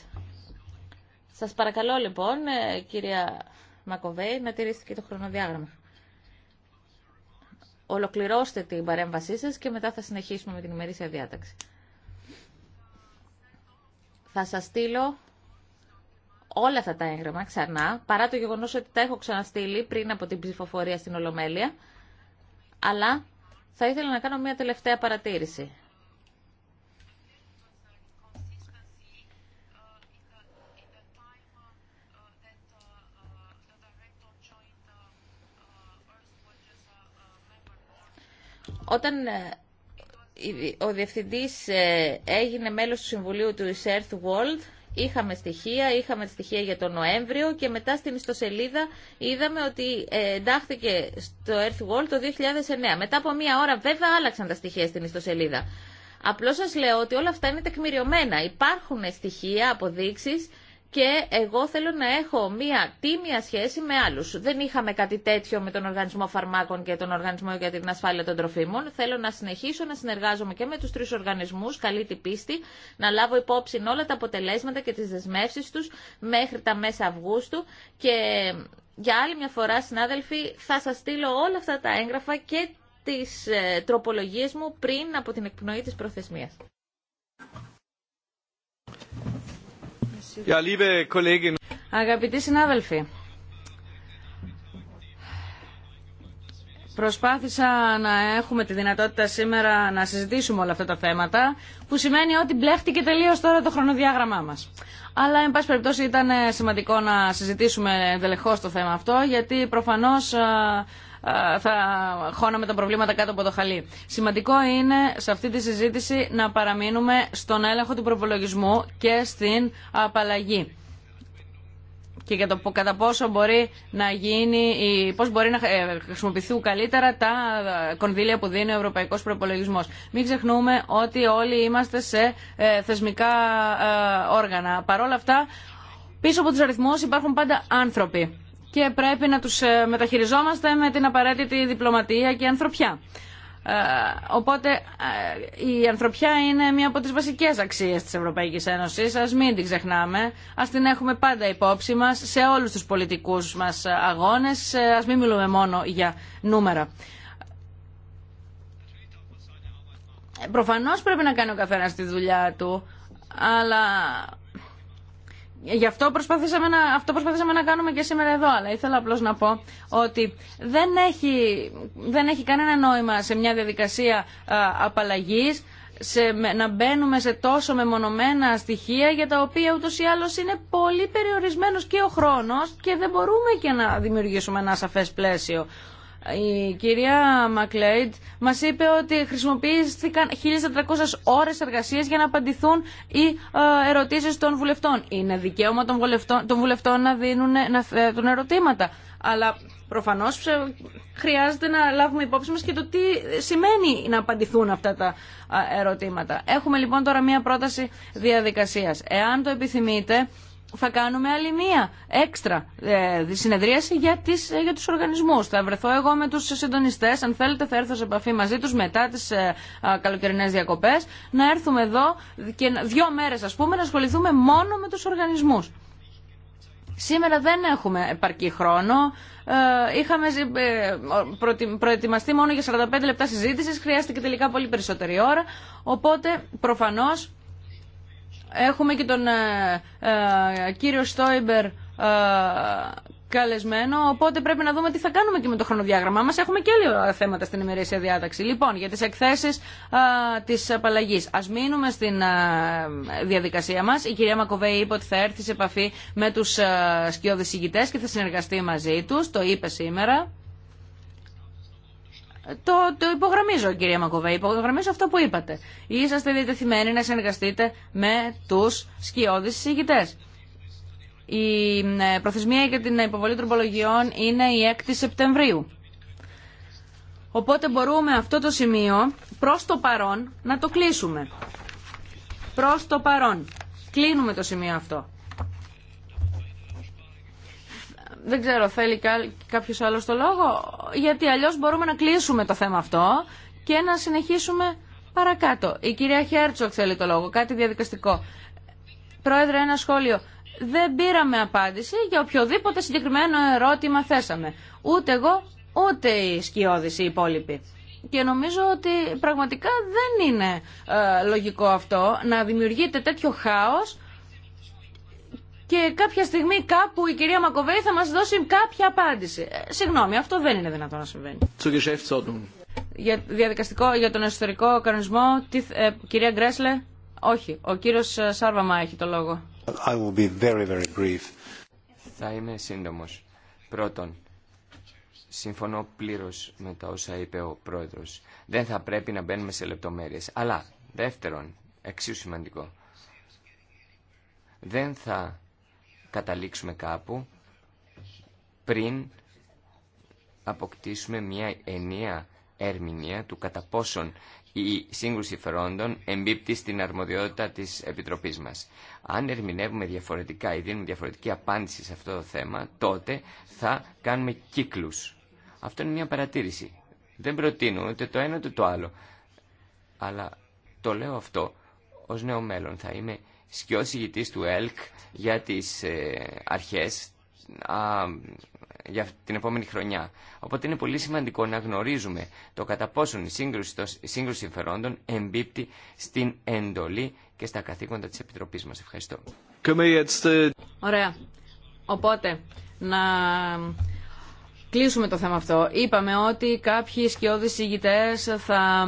Σας παρακαλώ λοιπόν, ε, κυρία Μακοβέη να τηρήσετε και το χρονοδιάγραμμα. Ολοκληρώστε την παρέμβασή σας και μετά θα συνεχίσουμε με την ημερήσια διάταξη. Θα σας στείλω όλα αυτά τα έγγραμμα ξανά, παρά το γεγονός ότι τα έχω ξαναστείλει πριν από την ψηφοφορία στην Ολομέλεια, αλλά θα ήθελα να κάνω μια τελευταία παρατήρηση. Όταν ε, ο διευθυντής ε, έγινε μέλος του Συμβουλίου του Earth World, Είχαμε στοιχεία, είχαμε στοιχεία για τον Νοέμβριο και μετά στην ιστοσελίδα είδαμε ότι ε, εντάχθηκε στο Earth World το 2009. Μετά από μία ώρα βέβαια άλλαξαν τα στοιχεία στην ιστοσελίδα. Απλώς σας λέω ότι όλα αυτά είναι τεκμηριωμένα. Υπάρχουν στοιχεία, αποδείξεις και εγώ θέλω να έχω μία τίμια σχέση με άλλους. Δεν είχαμε κάτι τέτοιο με τον Οργανισμό Φαρμάκων και τον Οργανισμό για την Ασφάλεια των Τροφίμων. Θέλω να συνεχίσω να συνεργάζομαι και με τους τρεις οργανισμούς, καλή την πίστη, να λάβω υπόψη όλα τα αποτελέσματα και τις δεσμεύσει τους μέχρι τα μέσα Αυγούστου και για άλλη μια φορά, συνάδελφοι, θα σα στείλω όλα αυτά τα έγγραφα και τις ε, τροπολογίες μου πριν από την εκπνοή της προθεσμίας. Αγαπητοί συνάδελφοι, προσπάθησα να έχουμε τη δυνατότητα σήμερα να συζητήσουμε όλα αυτά τα θέματα, που σημαίνει ότι μπλέχτηκε τελείως τώρα το χρονοδιάγραμμά μας. Αλλά, εν πάση περιπτώσει, ήταν σημαντικό να συζητήσουμε εντελεχώς το θέμα αυτό, γιατί προφανώς θα χώναμε τα προβλήματα κάτω από το χαλί. Σημαντικό είναι σε αυτή τη συζήτηση να παραμείνουμε στον έλεγχο του προπολογισμού και στην απαλλαγή και για το κατά πόσο μπορεί να γίνει, πώς μπορεί να ε, χρησιμοποιηθούν καλύτερα τα κονδύλια που δίνει ο Ευρωπαϊκός Προπολογισμό. Μην ξεχνούμε ότι όλοι είμαστε σε ε, θεσμικά ε, όργανα. Παρ' όλα αυτά, πίσω από τους αριθμούς υπάρχουν πάντα άνθρωποι και πρέπει να τους ε, μεταχειριζόμαστε με την απαραίτητη διπλωματία και ανθρωπιά. Ε, οπότε ε, η ανθρωπιά είναι μία από τις βασικές αξίες της Ευρωπαϊκής Ένωσης. Ας μην την ξεχνάμε. Ας την έχουμε πάντα υπόψη μας σε όλους τους πολιτικούς μας αγώνες. Ας μην μιλούμε μόνο για νούμερα. Προφανώς πρέπει να κάνει ο καθένας τη δουλειά του, αλλά Γι' αυτό προσπαθήσαμε, να, αυτό προσπαθήσαμε να κάνουμε και σήμερα εδώ, αλλά ήθελα απλώ να πω ότι δεν έχει, δεν έχει κανένα νόημα σε μια διαδικασία απαλλαγή να μπαίνουμε σε τόσο μεμονωμένα στοιχεία για τα οποία ούτως ή άλλως είναι πολύ περιορισμένος και ο χρόνος και δεν μπορούμε και να δημιουργήσουμε ένα σαφές πλαίσιο. Η κυρία Μακλέιντ μας είπε ότι χρησιμοποιήθηκαν 1.400 ώρες εργασίας για να απαντηθούν οι ε, ερωτήσεις των βουλευτών. Είναι δικαίωμα των βουλευτών, των βουλευτών να, δίνουν, να θέτουν ερωτήματα. Αλλά προφανώς ε, χρειάζεται να λάβουμε υπόψη μας και το τι σημαίνει να απαντηθούν αυτά τα ε, ερωτήματα. Έχουμε λοιπόν τώρα μία πρόταση διαδικασίας. Εάν το επιθυμείτε, θα κάνουμε άλλη μία έξτρα ε, συνεδρίαση για, τις, ε, για τους οργανισμούς. Θα βρεθώ εγώ με τους συντονιστές, αν θέλετε θα έρθω σε επαφή μαζί τους μετά τις ε, ε, καλοκαιρινές διακοπές, να έρθουμε εδώ και δύο μέρες ας πούμε να ασχοληθούμε μόνο με τους οργανισμούς. Σήμερα δεν έχουμε επαρκή χρόνο. Ε, είχαμε ε, προετοιμαστεί μόνο για 45 λεπτά συζήτησης, χρειάστηκε τελικά πολύ περισσότερη ώρα, οπότε προφανώ. Έχουμε και τον ε, ε, κύριο Στόιμπερ ε, καλεσμένο, οπότε πρέπει να δούμε τι θα κάνουμε και με το χρονοδιάγραμμά μας. Έχουμε και άλλα θέματα στην ημερήσια διάταξη. Λοιπόν, για τις εκθέσεις της απαλλαγή. Ας μείνουμε στην διαδικασία μας. Η κυρία Μακοβέη είπε ότι θα έρθει σε επαφή με τους σκιώδης ηγητές και θα συνεργαστεί μαζί τους. Το είπε σήμερα. Το, το υπογραμμίζω, κυρία Μακοβέ, υπογραμμίζω αυτό που είπατε. Είσαστε διατεθειμένοι να συνεργαστείτε με τους σκιώδει συγκητέ. Η ε, προθεσμία για την υποβολή τροπολογιών είναι η 6η Σεπτεμβρίου. Οπότε μπορούμε αυτό το σημείο προς το παρόν να το κλείσουμε. Προς το παρόν. Κλείνουμε το σημείο αυτό δεν ξέρω, θέλει κάποιο άλλο το λόγο, γιατί αλλιώς μπορούμε να κλείσουμε το θέμα αυτό και να συνεχίσουμε παρακάτω. Η κυρία Χέρτσοκ θέλει το λόγο, κάτι διαδικαστικό. Πρόεδρε, ένα σχόλιο. Δεν πήραμε απάντηση για οποιοδήποτε συγκεκριμένο ερώτημα θέσαμε. Ούτε εγώ, ούτε η σκιώδη οι υπόλοιποι. Και νομίζω ότι πραγματικά δεν είναι ε, λογικό αυτό να δημιουργείται τέτοιο χάος και κάποια στιγμή κάπου η κυρία Μακοβέη θα μας δώσει κάποια απάντηση. Ε, συγγνώμη, αυτό δεν είναι δυνατό να συμβαίνει. Για, διαδικαστικό, για τον εσωτερικό κανονισμό, τι, ε, κυρία Γκρέσλε, όχι, ο κύριος ε, Σάρβαμα έχει το λόγο. I will be very, very brief. Θα είμαι σύντομος. Πρώτον, συμφωνώ πλήρως με τα όσα είπε ο πρόεδρος. Δεν θα πρέπει να μπαίνουμε σε λεπτομέρειες. Αλλά, δεύτερον, εξίσου σημαντικό, δεν θα καταλήξουμε κάπου πριν αποκτήσουμε μια ενιαία ερμηνεία του κατά πόσον η σύγκρουση φερόντων εμπίπτει στην αρμοδιότητα της Επιτροπής μας. Αν ερμηνεύουμε διαφορετικά ή δίνουμε διαφορετική απάντηση σε αυτό το θέμα, τότε θα κάνουμε κύκλους. Αυτό είναι μια παρατήρηση. Δεν προτείνω ούτε το ένα ούτε το άλλο. Αλλά το λέω αυτό ως νέο μέλλον. Θα είμαι σκιός ηγητής του ΕΛΚ για τις ε, αρχές για την επόμενη χρονιά. Οπότε είναι πολύ σημαντικό να γνωρίζουμε το κατά πόσον η σύγκρουση, το, συμφερόντων εμπίπτει στην εντολή και στα καθήκοντα της Επιτροπής μας. Ευχαριστώ. Ωραία. Οπότε, να κλείσουμε το θέμα αυτό. Είπαμε ότι κάποιοι σκιώδεις ηγητές θα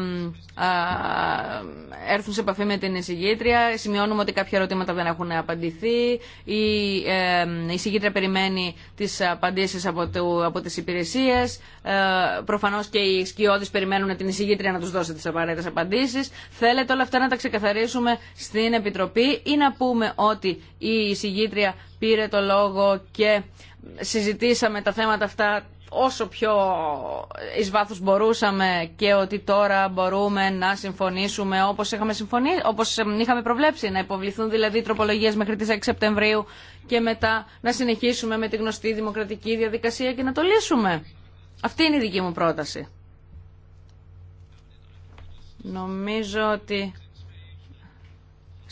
έρθουν σε επαφή με την εισηγήτρια. Σημειώνουμε ότι κάποια ερωτήματα δεν έχουν απαντηθεί. Η ε, εισηγήτρια περιμένει τις απαντήσεις από, το, από τις υπηρεσίες. Ε, προφανώς και οι σκιώδεις περιμένουν την εισηγήτρια να τους δώσει τις απαραίτητες απαντήσεις. Θέλετε όλα αυτά να τα ξεκαθαρίσουμε στην Επιτροπή ή να πούμε ότι η εισηγήτρια πήρε το λόγο και συζητήσαμε τα θέματα αυτά όσο πιο εις βάθος μπορούσαμε και ότι τώρα μπορούμε να συμφωνήσουμε όπως είχαμε, συμφωνήσει, όπως είχαμε προβλέψει, να υποβληθούν δηλαδή τροπολογίες μέχρι τις 6 Σεπτεμβρίου και μετά να συνεχίσουμε με τη γνωστή δημοκρατική διαδικασία και να το λύσουμε. Αυτή είναι η δική μου πρόταση. Νομίζω ότι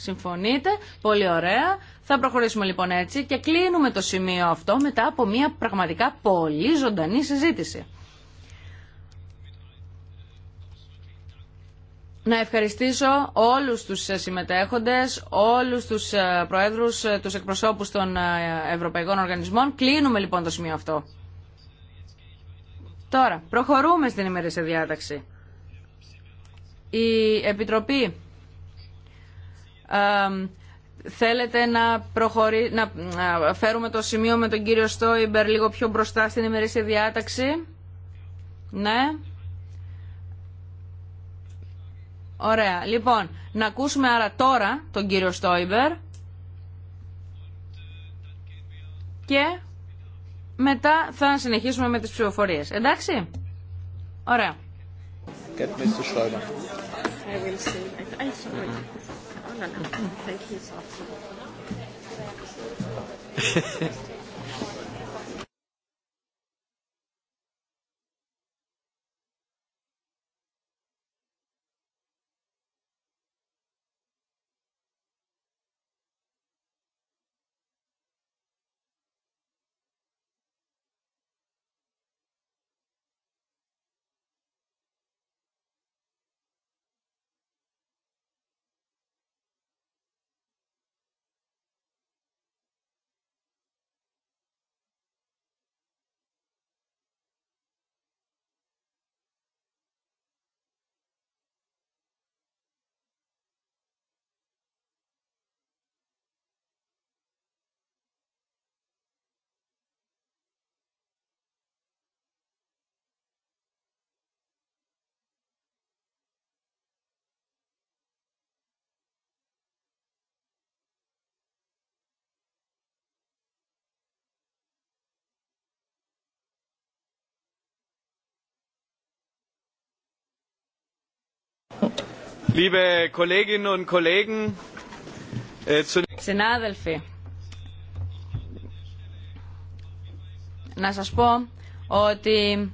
Συμφωνείτε. Πολύ ωραία. Θα προχωρήσουμε λοιπόν έτσι και κλείνουμε το σημείο αυτό μετά από μια πραγματικά πολύ ζωντανή συζήτηση. Να ευχαριστήσω όλους τους συμμετέχοντες, όλους τους ε, προέδρους, ε, τους εκπροσώπους των ε, Ευρωπαϊκών Οργανισμών. Κλείνουμε λοιπόν το σημείο αυτό. Τώρα, προχωρούμε στην ημερήσια διάταξη. Η Επιτροπή Θέλετε να, να φέρουμε το σημείο με τον κύριο Στόιμπερ λίγο πιο μπροστά στην ημερήσια διάταξη. Ναι. Ωραία. Λοιπόν, να ακούσουμε άρα τώρα τον κύριο Στόιμπερ και μετά θα συνεχίσουμε με τις ψηφοφορίες. Εντάξει. Ωραία no, no. Thank you so Liebe Kolleginnen und Kollegen, äh, Συνάδελφοι, να σας πω ότι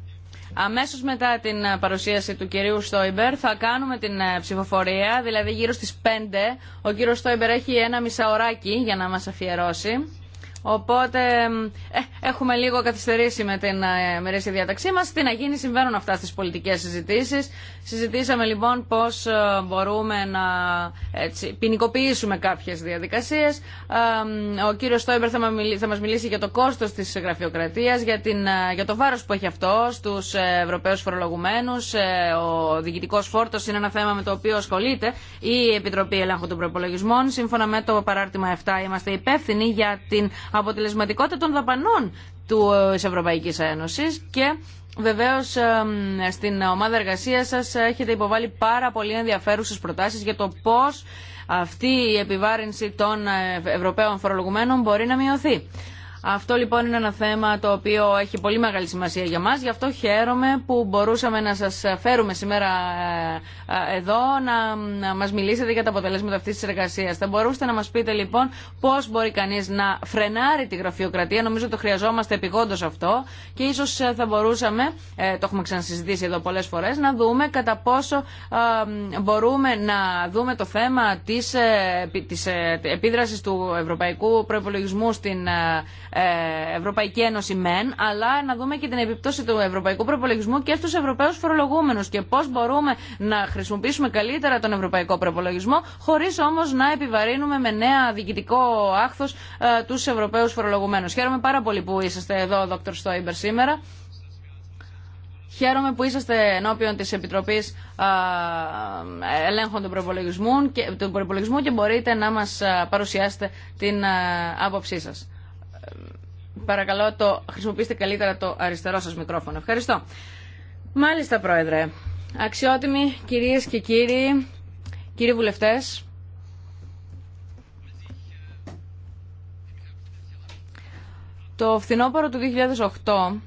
αμέσως μετά την παρουσίαση του κυρίου Στόιμπερ θα κάνουμε την ε, ψηφοφορία, δηλαδή γύρω στις 5. Ο κύριος Στόιμπερ έχει ένα μισάωράκι για να μας αφιερώσει. Οπότε ε, έχουμε λίγο καθυστερήσει με την ε, μερίσια διάταξή μας. Τι να γίνει, συμβαίνουν αυτά στις πολιτικές συζητήσεις. Συζητήσαμε λοιπόν πώς ε, μπορούμε να έτσι, ποινικοποιήσουμε κάποιες διαδικασίες. Ε, ο κύριος Στόιμπερ θα, θα μας μιλήσει για το κόστος της γραφειοκρατίας, για, την, για το βάρος που έχει αυτό στους Ευρωπαίους φορολογουμένους. ο διοικητικός φόρτος είναι ένα θέμα με το οποίο ασχολείται η Επιτροπή Ελέγχου των Προπολογισμών. Σύμφωνα με το παράρτημα 7 είμαστε υπεύθυνοι για την αποτελεσματικότητα των δαπανών ε, της Ευρωπαϊκής Ένωσης και Βεβαίω, ε, στην ομάδα εργασία σα έχετε υποβάλει πάρα πολύ ενδιαφέρουσε προτάσει για το πώ αυτή η επιβάρυνση των ε, Ευρωπαίων φορολογουμένων μπορεί να μειωθεί. Αυτό λοιπόν είναι ένα θέμα το οποίο έχει πολύ μεγάλη σημασία για μας. Γι' αυτό χαίρομαι που μπορούσαμε να σας φέρουμε σήμερα ε, ε, εδώ να μας μιλήσετε για τα αποτελέσματα αυτής της εργασίας. Θα μπορούσατε να μας πείτε λοιπόν πώς μπορεί κανείς να φρενάρει τη γραφειοκρατία. Νομίζω το χρειαζόμαστε επιγόντως αυτό και ίσως ε, θα μπορούσαμε, το έχουμε ξανασυζητήσει εδώ πολλές φορές, να δούμε κατά πόσο μπορούμε να δούμε το θέμα της, της επίδρασης του ευρωπαϊκού προπολογισμού στην ε, Ευρωπαϊκή Ένωση μεν, αλλά να δούμε και την επιπτώση του ευρωπαϊκού προπολογισμού και στου Ευρωπαίου φορολογούμενου και πώ μπορούμε να χρησιμοποιήσουμε καλύτερα τον ευρωπαϊκό προπολογισμό χωρί όμω να επιβαρύνουμε με νέα διοικητικό άχθο ε, τους Ευρωπαίους φορολογουμένους. Χαίρομαι πάρα πολύ που είσαστε εδώ, Δόκτωρ Στόιμπερ, σήμερα. Χαίρομαι που είσαστε ενώπιον της Επιτροπής ε, Ελέγχων του Προπολογισμού και μπορείτε να μας ε, παρουσιάσετε την άποψή σας παρακαλώ το, χρησιμοποιήστε καλύτερα το αριστερό σας μικρόφωνο. Ευχαριστώ. Μάλιστα, Πρόεδρε. Αξιότιμοι κυρίες και κύριοι, κύριοι βουλευτές, το φθινόπωρο του 2008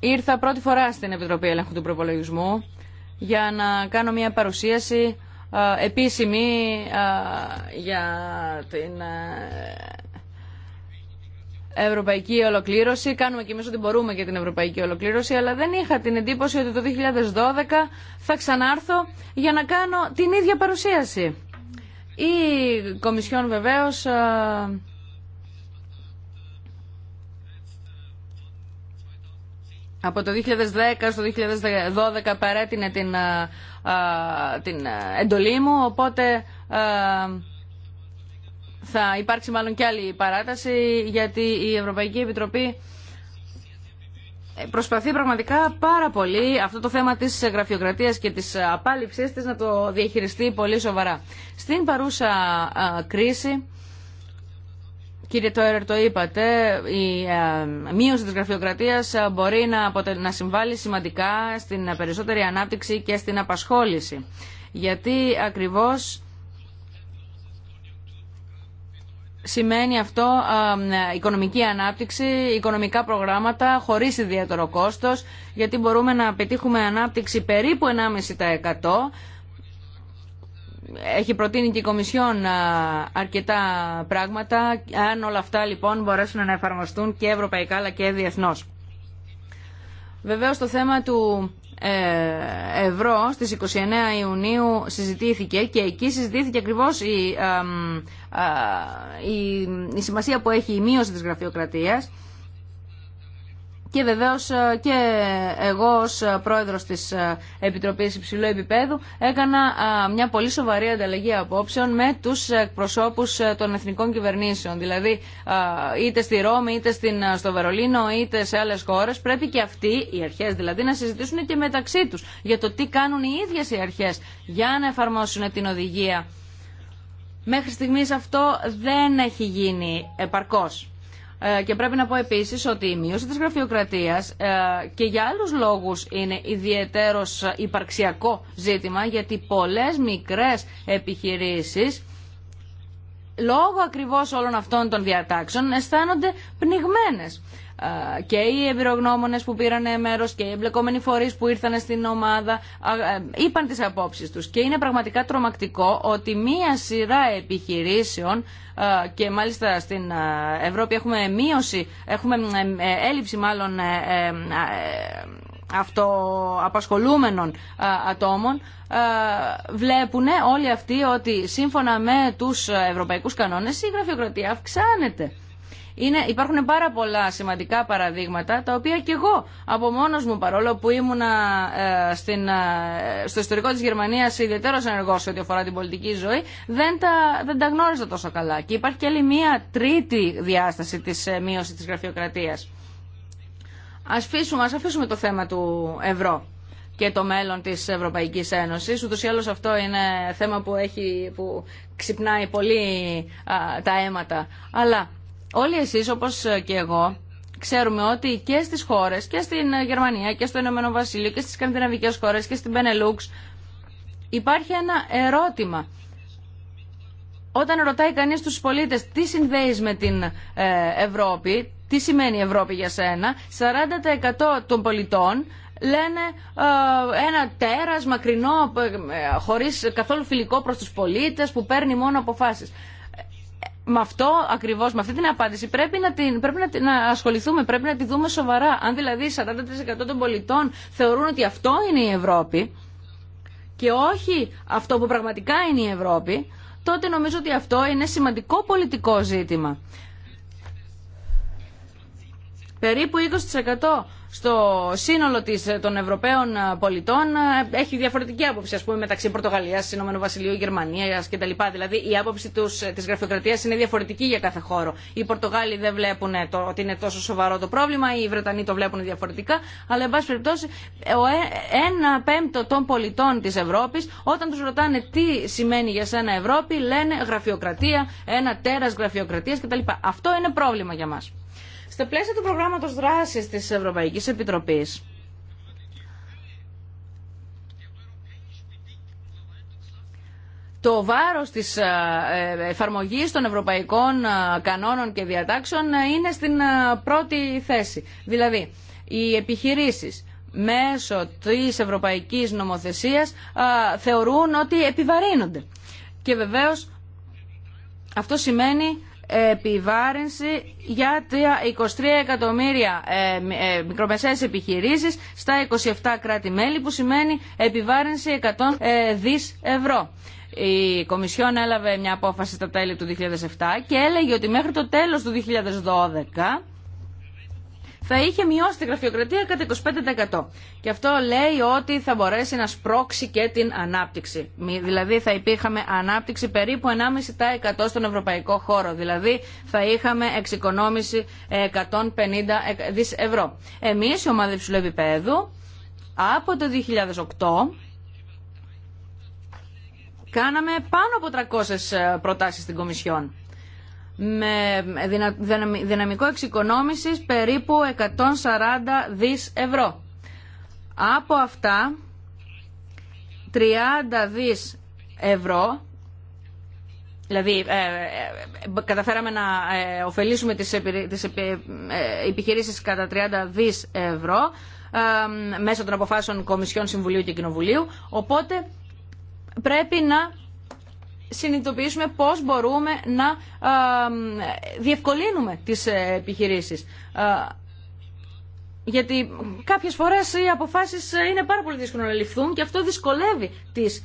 ήρθα πρώτη φορά στην Επιτροπή Ελέγχου του Προπολογισμού για να κάνω μια παρουσίαση ε, επίσημη ε, για την ε, ευρωπαϊκή ολοκλήρωση. Κάνουμε και εμεί ό,τι μπορούμε για την ευρωπαϊκή ολοκλήρωση, αλλά δεν είχα την εντύπωση ότι το 2012 θα ξανάρθω για να κάνω την ίδια παρουσίαση. Η Κομισιόν βεβαίω. Από το 2010 στο 2012 παρέτεινε την, την εντολή μου, οπότε θα υπάρξει μάλλον κι άλλη παράταση γιατί η Ευρωπαϊκή Επιτροπή προσπαθεί πραγματικά πάρα πολύ αυτό το θέμα της γραφειοκρατίας και της απάλληψής της να το διαχειριστεί πολύ σοβαρά. Στην παρούσα κρίση, κύριε Τόερερ το είπατε, η μείωση της γραφειοκρατίας μπορεί να, να συμβάλλει σημαντικά στην περισσότερη ανάπτυξη και στην απασχόληση. Γιατί ακριβώς Σημαίνει αυτό οικονομική ανάπτυξη, οικονομικά προγράμματα χωρίς ιδιαίτερο κόστος, γιατί μπορούμε να πετύχουμε ανάπτυξη περίπου 1,5%. Έχει προτείνει και η Κομισιόν αρκετά πράγματα, αν όλα αυτά λοιπόν μπορέσουν να εφαρμοστούν και ευρωπαϊκά αλλά και διεθνώς. Βεβαίως το θέμα του ε, ευρώ στις 29 Ιουνίου συζητήθηκε και εκεί συζητήθηκε ακριβώς η, ε, η, η σημασία που έχει η μείωση της γραφειοκρατίας και βεβαίως ε, και εγώ ως ε, πρόεδρος της ε, Επιτροπής Υψηλού Επιπέδου έκανα μια πολύ σοβαρή ανταλλαγή απόψεων με τους προσώπους των εθνικών κυβερνήσεων. Δηλαδή είτε στη Ρώμη, είτε στο Βερολίνο, είτε σε άλλες χώρες πρέπει και αυτοί, οι αρχές δηλαδή, να συζητήσουν και μεταξύ τους για το τι κάνουν οι ίδιες οι αρχές για να εφαρμόσουν την οδηγία. Μέχρι στιγμής αυτό δεν έχει γίνει επαρκώς. Ε, και πρέπει να πω επίση ότι η μείωση τη γραφειοκρατία ε, και για άλλου λόγου είναι ιδιαίτερο υπαρξιακό ζήτημα, γιατί πολλέ μικρέ επιχειρήσει λόγω ακριβώς όλων αυτών των διατάξεων αισθάνονται πνιγμένες και οι εμπειρογνώμονε που πήραν μέρο και οι εμπλεκόμενοι φορεί που ήρθαν στην ομάδα ε, είπαν τι απόψει του. Και είναι πραγματικά τρομακτικό ότι μία σειρά επιχειρήσεων ε, και μάλιστα στην ε, Ευρώπη έχουμε μείωση, έχουμε έλλειψη μάλλον αυτοαπασχολούμενων ατόμων βλέπουν όλοι αυτοί ότι σύμφωνα με τους ευρωπαϊκούς κανόνες η γραφειοκρατία αυξάνεται. Είναι, υπάρχουν πάρα πολλά σημαντικά παραδείγματα τα οποία και εγώ από μόνο μου παρόλο που ήμουνα ε, στην, ε, στο ιστορικό της Γερμανίας ενεργό σε ό,τι αφορά την πολιτική ζωή δεν τα, δεν τα γνώριζα τόσο καλά. Και υπάρχει και άλλη μία τρίτη διάσταση τη ε, μείωσης της γραφειοκρατίας. αφήσουμε, αφήσουμε το θέμα του ευρώ και το μέλλον της Ευρωπαϊκής Ένωσης. Ούτως ή άλλως αυτό είναι θέμα που, έχει, που ξυπνάει πολύ τα αίματα. Αλλά όλοι εσείς όπως και εγώ ξέρουμε ότι και στις χώρες και στην Γερμανία και στο Ηνωμένο Βασίλειο και στις σκανδιναβικές χώρες και στην Πενελούξ υπάρχει ένα ερώτημα. Όταν ρωτάει κανείς τους πολίτες τι συνδέεις με την ε, Ευρώπη, τι σημαίνει η Ευρώπη για σένα, 40% των πολιτών λένε «Ε, ένα τέρας μακρινό, ε, χωρίς καθόλου φιλικό προς τους πολίτες, που παίρνει μόνο αποφάσεις με αυτό ακριβώ, με αυτή την απάντηση πρέπει να, την, πρέπει να, την, να ασχοληθούμε, πρέπει να τη δούμε σοβαρά. Αν δηλαδή 40% των πολιτών θεωρούν ότι αυτό είναι η Ευρώπη και όχι αυτό που πραγματικά είναι η Ευρώπη, τότε νομίζω ότι αυτό είναι σημαντικό πολιτικό ζήτημα. Περίπου 20% στο σύνολο της, ε, των Ευρωπαίων ε, πολιτών ε, έχει διαφορετική άποψη ας πούμε, μεταξύ Πορτογαλίας, Ηνωμένου Βασιλείου, Γερμανίας κτλ. Δηλαδή η άποψη τους, της γραφειοκρατίας είναι διαφορετική για κάθε χώρο. Οι Πορτογάλοι δεν βλέπουν ότι είναι τόσο σοβαρό το πρόβλημα, οι Βρετανοί το βλέπουν διαφορετικά, αλλά εν πάση περιπτώσει ο ένα πέμπτο των πολιτών της Ευρώπης όταν τους ρωτάνε τι σημαίνει για σένα Ευρώπη λένε γραφειοκρατία, ένα τέρας γραφειοκρατίας κτλ. Αυτό είναι πρόβλημα για μας στο πλαίσιο του προγράμματος δράσης της Ευρωπαϊκής Επιτροπής, το βάρος της ε, ε, εφαρμογής των ευρωπαϊκών ε, κανόνων και διατάξεων είναι στην πρώτη θέση. Δηλαδή, οι επιχειρήσεις μέσω της ευρωπαϊκής νομοθεσίας θεωρούν ότι επιβαρύνονται. Και βεβαίως αυτό σημαίνει επιβάρυνση για 23 εκατομμύρια ε, ε, μικρομεσαίες επιχειρήσεις στα 27 κράτη-μέλη που σημαίνει επιβάρυνση 100 ε, δις ευρώ. Η Κομισιόν έλαβε μια απόφαση στα τέλη του 2007 και έλεγε ότι μέχρι το τέλος του 2012 θα είχε μειώσει τη γραφειοκρατία κατά 25%. Και αυτό λέει ότι θα μπορέσει να σπρώξει και την ανάπτυξη. Δηλαδή θα υπήρχαμε ανάπτυξη περίπου 1,5% στον ευρωπαϊκό χώρο. Δηλαδή θα είχαμε εξοικονόμηση 150 δις ευρώ. Εμείς, η ομάδα υψηλού επίπεδου, από το 2008 κάναμε πάνω από 300 ε, προτάσεις στην Κομισιόν με δυναμικό εξοικονόμησης περίπου 140 δις ευρώ. Από αυτά 30 δις ευρώ Δηλαδή, ε, ε, καταφέραμε να ε, ωφελήσουμε τις, επι, τις ε, επιχειρήσεις κατά 30 δις ευρώ μέσω των αποφάσεων Κομισιών Συμβουλίου και Κοινοβουλίου. Οπότε, πρέπει να συνειδητοποιήσουμε πώς μπορούμε να ε, διευκολύνουμε τις ε, επιχειρήσεις. Ε, γιατί κάποιες φορές οι αποφάσεις είναι πάρα πολύ δύσκολο να ληφθούν και αυτό δυσκολεύει τις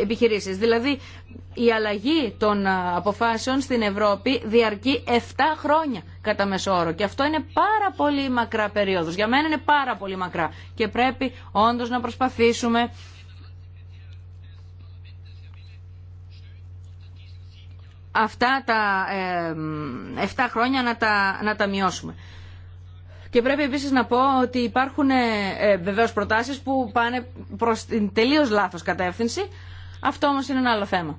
επιχειρήσεις. Δηλαδή η αλλαγή των αποφάσεων στην Ευρώπη διαρκεί 7 χρόνια κατά όρο και αυτό είναι πάρα πολύ μακρά περίοδος. Για μένα είναι πάρα πολύ μακρά και πρέπει όντως να προσπαθήσουμε αυτά τα 7 ε, χρόνια να τα, να τα μειώσουμε. Και πρέπει επίσης να πω ότι υπάρχουν ε, ε, βεβαίως προτάσεις που πάνε προς την τελείως λάθος κατεύθυνση. Αυτό όμως είναι ένα άλλο θέμα.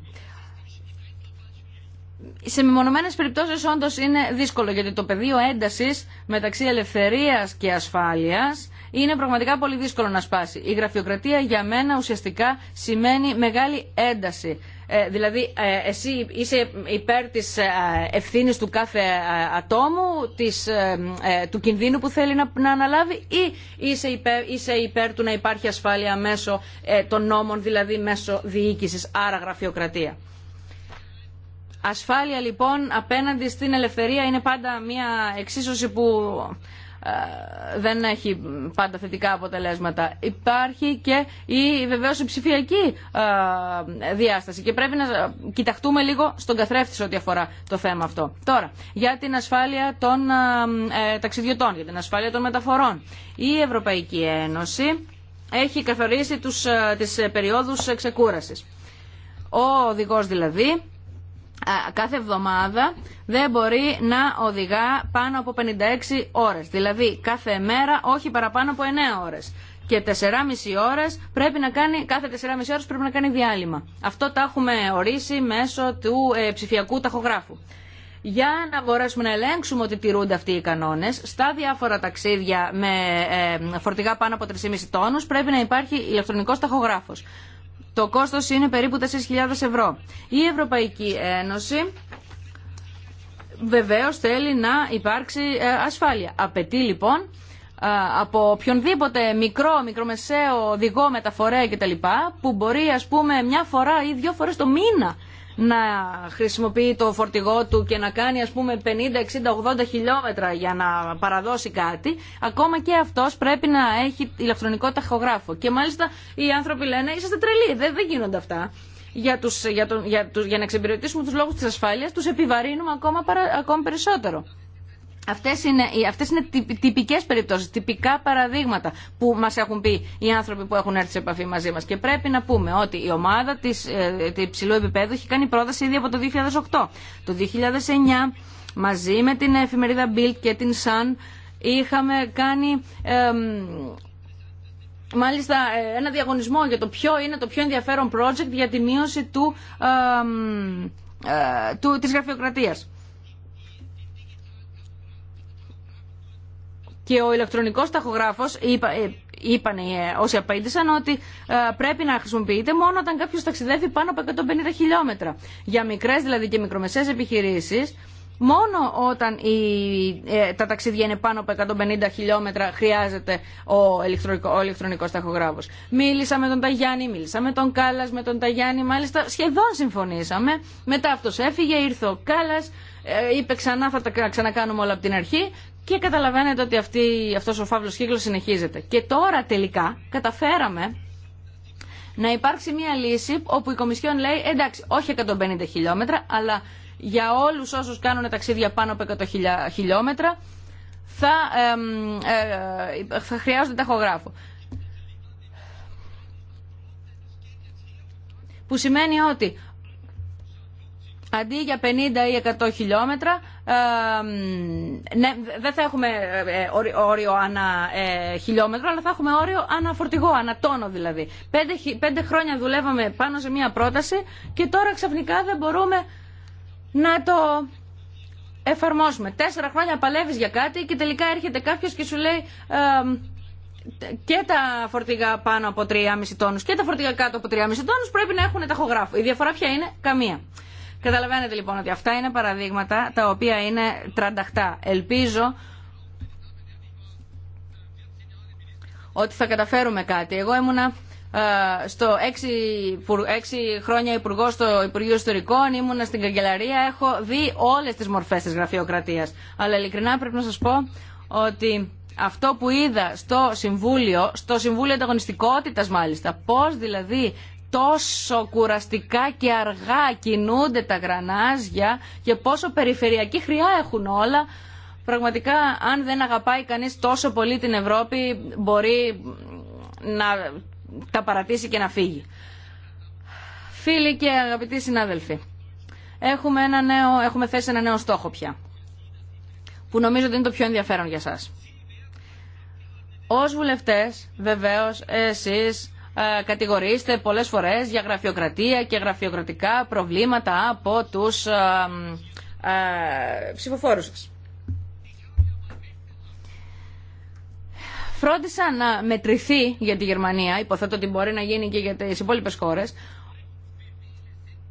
Σε μεμονωμένες περιπτώσεις όντως είναι δύσκολο γιατί το πεδίο έντασης μεταξύ ελευθερίας και ασφάλειας είναι πραγματικά πολύ δύσκολο να σπάσει. Η γραφειοκρατία για μένα ουσιαστικά σημαίνει μεγάλη ένταση. Ε, δηλαδή ε, εσύ είσαι υπέρ της ε, ευθύνης του κάθε ατόμου, της, του κινδύνου που θέλει να, να αναλάβει ή είσαι υπέρ, είσαι υπέρ του να υπάρχει ασφάλεια μέσω των νόμων, δηλαδή μέσω διοίκησης, άρα γραφειοκρατία. Ασφάλεια λοιπόν απέναντι στην ελευθερία είναι πάντα μια εξίσωση που ε, δεν έχει πάντα θετικά αποτελέσματα. Υπάρχει και η βεβαίως η ψηφιακή ε, διάσταση και πρέπει να κοιταχτούμε λίγο στον καθρέφτη σε ό,τι αφορά το θέμα αυτό. Τώρα, για την ασφάλεια των ε, ταξιδιωτών, για την ασφάλεια των μεταφορών. Η Ευρωπαϊκή Ένωση έχει καθορίσει τους, τις περιόδους ξεκούρασης. Ο οδηγός δηλαδή κάθε εβδομάδα δεν μπορεί να οδηγά πάνω από 56 ώρες. Δηλαδή κάθε μέρα όχι παραπάνω από 9 ώρες. Και 4,5 ώρες πρέπει να κάνει, κάθε 4,5 ώρες πρέπει να κάνει διάλειμμα. Αυτό τα έχουμε ορίσει μέσω του ε, ψηφιακού ταχογράφου. Για να μπορέσουμε να ελέγξουμε ότι τηρούνται αυτοί οι κανόνε, στα διάφορα ταξίδια με ε, φορτηγά πάνω από 3,5 τόνου πρέπει να υπάρχει ηλεκτρονικό ταχογράφο. Το κόστος είναι περίπου 4.000 ευρώ. Η Ευρωπαϊκή Ένωση βεβαίως θέλει να υπάρξει ε, ασφάλεια. Απαιτεί λοιπόν ε, από οποιονδήποτε μικρό, μικρομεσαίο οδηγό, μεταφορέα κτλ. που μπορεί ας πούμε μια φορά ή δύο φορές το μήνα να χρησιμοποιεί το φορτηγό του και να κάνει ας πούμε 50, 60, 80 χιλιόμετρα για να παραδώσει κάτι, ακόμα και αυτός πρέπει να έχει ηλεκτρονικό ταχογράφο. Και μάλιστα οι άνθρωποι λένε είσαστε τρελοί, δεν, δεν γίνονται αυτά. Για, τους, για, τον, για, τους, για να εξυπηρετήσουμε τους λόγους της ασφάλειας τους επιβαρύνουμε ακόμα, ακόμα περισσότερο. Αυτές είναι, αυτές είναι τυπικές περιπτώσεις, τυπικά παραδείγματα που μας έχουν πει οι άνθρωποι που έχουν έρθει σε επαφή μαζί μας. Και πρέπει να πούμε ότι η ομάδα της, ε, της ψηλού επίπεδου έχει κάνει πρόταση ήδη από το 2008. Το 2009 μαζί με την εφημερίδα Bild και την Sun είχαμε κάνει μάλιστα ε, ένα διαγωνισμό για το ποιο είναι το πιο ενδιαφέρον project για τη μείωση του, ε, της γραφειοκρατίας. και ο ηλεκτρονικό ταχογράφο είπα, ε, είπαν ε, όσοι απέντησαν ότι ε, πρέπει να χρησιμοποιείται μόνο όταν κάποιο ταξιδεύει πάνω από 150 χιλιόμετρα. Για μικρέ δηλαδή και μικρομεσαίε επιχειρήσει, Μόνο όταν η, ε, τα ταξίδια είναι πάνω από 150 χιλιόμετρα χρειάζεται ο, ηλεκτρονικό, ταχογράφο, Μίλησα με τον Ταγιάννη, μίλησα με τον Κάλλα, με τον Ταγιάννη, μάλιστα σχεδόν συμφωνήσαμε. Μετά αυτό έφυγε, ήρθε ο Κάλλα. είπε ξανά θα τα ξανακάνουμε όλα από την αρχή και καταλαβαίνετε ότι αυτή, αυτός ο φαύλος κύκλος συνεχίζεται. Και τώρα τελικά καταφέραμε να υπάρξει μια λύση όπου η Κομισιόν λέει εντάξει όχι 150 χιλιόμετρα αλλά για όλους όσους κάνουν ταξίδια πάνω από 100 χιλιόμετρα θα, ε, ε, θα χρειάζονται ταχογράφο. Που σημαίνει ότι αντί για 50 ή 100 χιλιόμετρα, ε, ναι, δεν θα έχουμε ε, όριο ανά ε, χιλιόμετρο, αλλά θα έχουμε όριο ανά φορτηγό, ανά τόνο δηλαδή. Πέντε, πέντε χρόνια δουλεύαμε πάνω σε μία πρόταση και τώρα ξαφνικά δεν μπορούμε να το εφαρμόσουμε. Τέσσερα χρόνια παλεύεις για κάτι και τελικά έρχεται κάποιος και σου λέει ε, και τα φορτηγά πάνω από 3,5 τόνους και τα φορτηγά κάτω από 3,5 τόνους πρέπει να έχουν ταχογράφο. Η διαφορά ποια είναι? Καμία. Καταλαβαίνετε λοιπόν ότι αυτά είναι παραδείγματα τα οποία είναι τρανταχτά. Ελπίζω ότι θα καταφέρουμε κάτι. Εγώ ήμουνα ε, στο έξι, χρόνια υπουργό στο Υπουργείο Ιστορικών, ήμουνα στην Καγκελαρία, έχω δει όλες τις μορφές της γραφειοκρατίας. Αλλά ειλικρινά πρέπει να σας πω ότι αυτό που είδα στο Συμβούλιο, στο Συμβούλιο ανταγωνιστικότητα μάλιστα, πώς δηλαδή τόσο κουραστικά και αργά κινούνται τα γρανάζια και πόσο περιφερειακή χρειά έχουν όλα. Πραγματικά αν δεν αγαπάει κανείς τόσο πολύ την Ευρώπη μπορεί να τα παρατήσει και να φύγει. Φίλοι και αγαπητοί συνάδελφοι, έχουμε, ένα νέο, έχουμε θέσει ένα νέο στόχο πια, που νομίζω ότι είναι το πιο ενδιαφέρον για σας. Ως βουλευτές, βεβαίως, εσείς ε, κατηγορείστε πολλές φορές για γραφειοκρατία και γραφειοκρατικά προβλήματα από τους ε, ε, ψηφοφόρους σας. Φρόντισα να μετρηθεί για τη Γερμανία, υποθέτω ότι μπορεί να γίνει και για τις υπόλοιπες χώρες,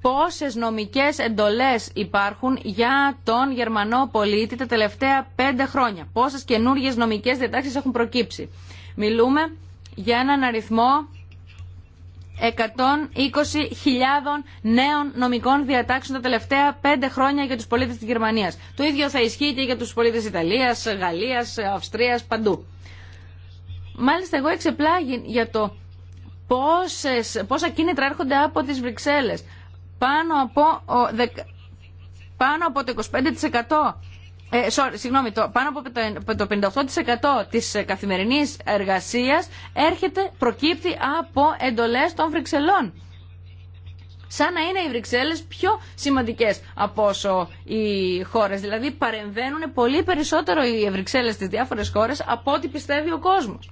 πόσες νομικές εντολές υπάρχουν για τον Γερμανό πολίτη τα τελευταία πέντε χρόνια. Πόσες καινούργιες νομικές διατάξεις έχουν προκύψει. Μιλούμε για έναν αριθμό 120.000 νέων νομικών διατάξεων τα τελευταία πέντε χρόνια για τους πολίτες της Γερμανίας. Το ίδιο θα ισχύει και για τους πολίτες Ιταλίας, Γαλλίας, Αυστρίας, παντού. Μάλιστα εγώ εξεπλάγει για το πόσες, πόσα κίνητρα έρχονται από τις Βρυξέλλες. Πάνω από, πάνω από το 25% ε, συγγνώμη, το, πάνω από το 58% της ε, καθημερινής εργασίας έρχεται, προκύπτει από εντολές των Βρυξελών. Σαν να είναι οι Βρυξέλλες πιο σημαντικές από όσο οι χώρες. Δηλαδή παρεμβαίνουν πολύ περισσότερο οι Βρυξέλλες στις διάφορες χώρες από ό,τι πιστεύει ο κόσμος.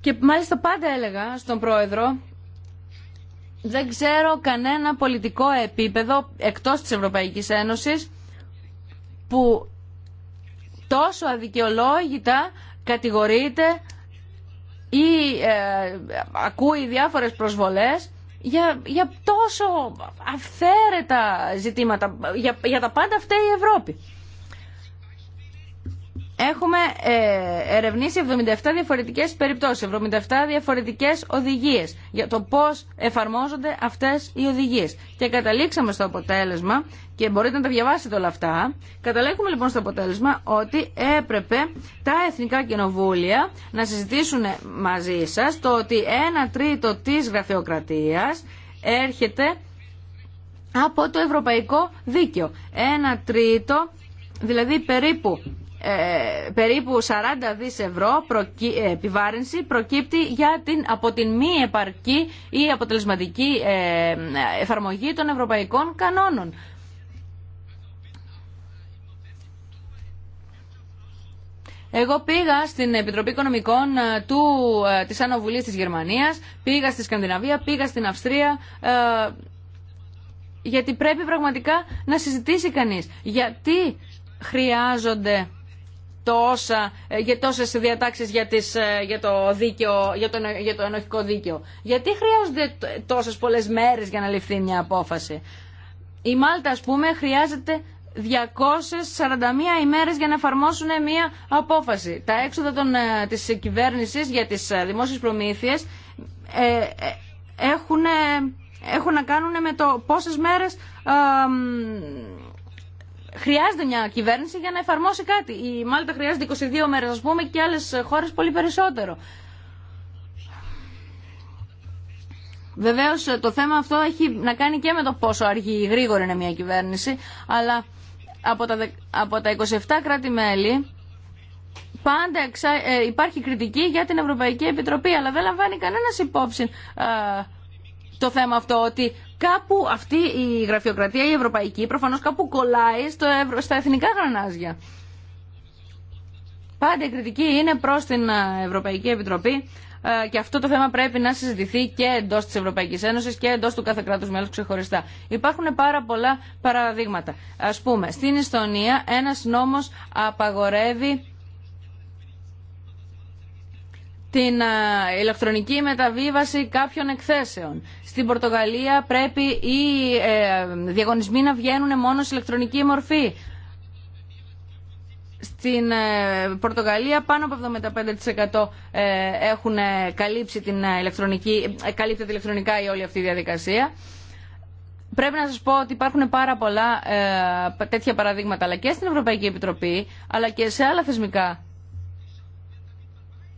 Και μάλιστα πάντα έλεγα στον πρόεδρο δεν ξέρω κανένα πολιτικό επίπεδο εκτός της Ευρωπαϊκής Ένωσης που τόσο αδικαιολόγητα κατηγορείται ή ε, ακούει διάφορες προσβολές για, για τόσο αυθαίρετα ζητήματα. Για, για τα πάντα φταίει η Ευρώπη έχουμε ε, ερευνήσει 77 διαφορετικές περιπτώσεις, 77 διαφορετικές οδηγίες για το πώς εφαρμόζονται αυτές οι οδηγίες. Και καταλήξαμε στο αποτέλεσμα, και μπορείτε να τα διαβάσετε όλα αυτά, καταλήγουμε λοιπόν στο αποτέλεσμα ότι έπρεπε τα εθνικά κοινοβούλια να συζητήσουν μαζί σας το ότι ένα τρίτο της γραφειοκρατίας έρχεται από το ευρωπαϊκό δίκαιο. Ένα τρίτο, δηλαδή περίπου ε, περίπου 40 δις ευρώ ε, επιβάρυνση προκύπτει για την, από την μη επαρκή ή αποτελεσματική ε, εφαρμογή των ευρωπαϊκών κανόνων. Εγώ πήγα στην Επιτροπή Οικονομικών του, της Ανοβουλής της Γερμανίας, πήγα στη Σκανδιναβία, πήγα στην Αυστρία, γιατί πρέπει πραγματικά να συζητήσει κανείς. Γιατί χρειάζονται τόσα, ε, για τόσες διατάξεις για, ε, για, το για, για το ενοχικό δίκαιο. Γιατί χρειάζονται τόσες πολλές μέρες για να ληφθεί μια απόφαση. Η Μάλτα, ας πούμε, χρειάζεται 241 ημέρες για να εφαρμόσουν μια απόφαση. Τα έξοδα των, ε, της κυβέρνησης για τις δημόσιες προμήθειες ε, έχουν, έχουν να κάνουν με το πόσες μέρες χρειάζεται μια κυβέρνηση για να εφαρμόσει κάτι. Η Μάλτα χρειάζεται 22 μέρες, ας πούμε, και άλλες χώρε πολύ περισσότερο. Βεβαίω το θέμα αυτό έχει να κάνει και με το πόσο αργή ή γρήγορη είναι μια κυβέρνηση, αλλά από τα, από τα 27 κράτη-μέλη πάντα ε, υπάρχει κριτική για την Ευρωπαϊκή Επιτροπή, αλλά δεν λαμβάνει κανένα υπόψη ε, το θέμα αυτό ότι κάπου αυτή η γραφειοκρατία η ευρωπαϊκή προφανώς κάπου κολλάει στο, στα εθνικά γρανάζια. Πάντα η κριτική είναι προς την ε, Ευρωπαϊκή Επιτροπή ε, και αυτό το θέμα πρέπει να συζητηθεί και εντός της Ευρωπαϊκή Ένωσης και εντός του κάθε κράτους μέλους ξεχωριστά. Υπάρχουν πάρα πολλά παραδείγματα. Ας πούμε, στην Ιστονία ένας νόμος απαγορεύει την ε, ηλεκτρονική μεταβίβαση κάποιων εκθέσεων. Στην Πορτογαλία πρέπει οι ε, διαγωνισμοί να βγαίνουν μόνο σε ηλεκτρονική μορφή. Στην ε, Πορτογαλία πάνω από 75% έχουν καλύψει την ηλεκτρονική, καλύπτεται ηλεκτρονικά η όλη αυτή η διαδικασία. Πρέπει να σας πω ότι υπάρχουν πάρα πολλά τέτοια παραδείγματα, αλλά και στην Ευρωπαϊκή Επιτροπή, αλλά και σε άλλα θεσμικά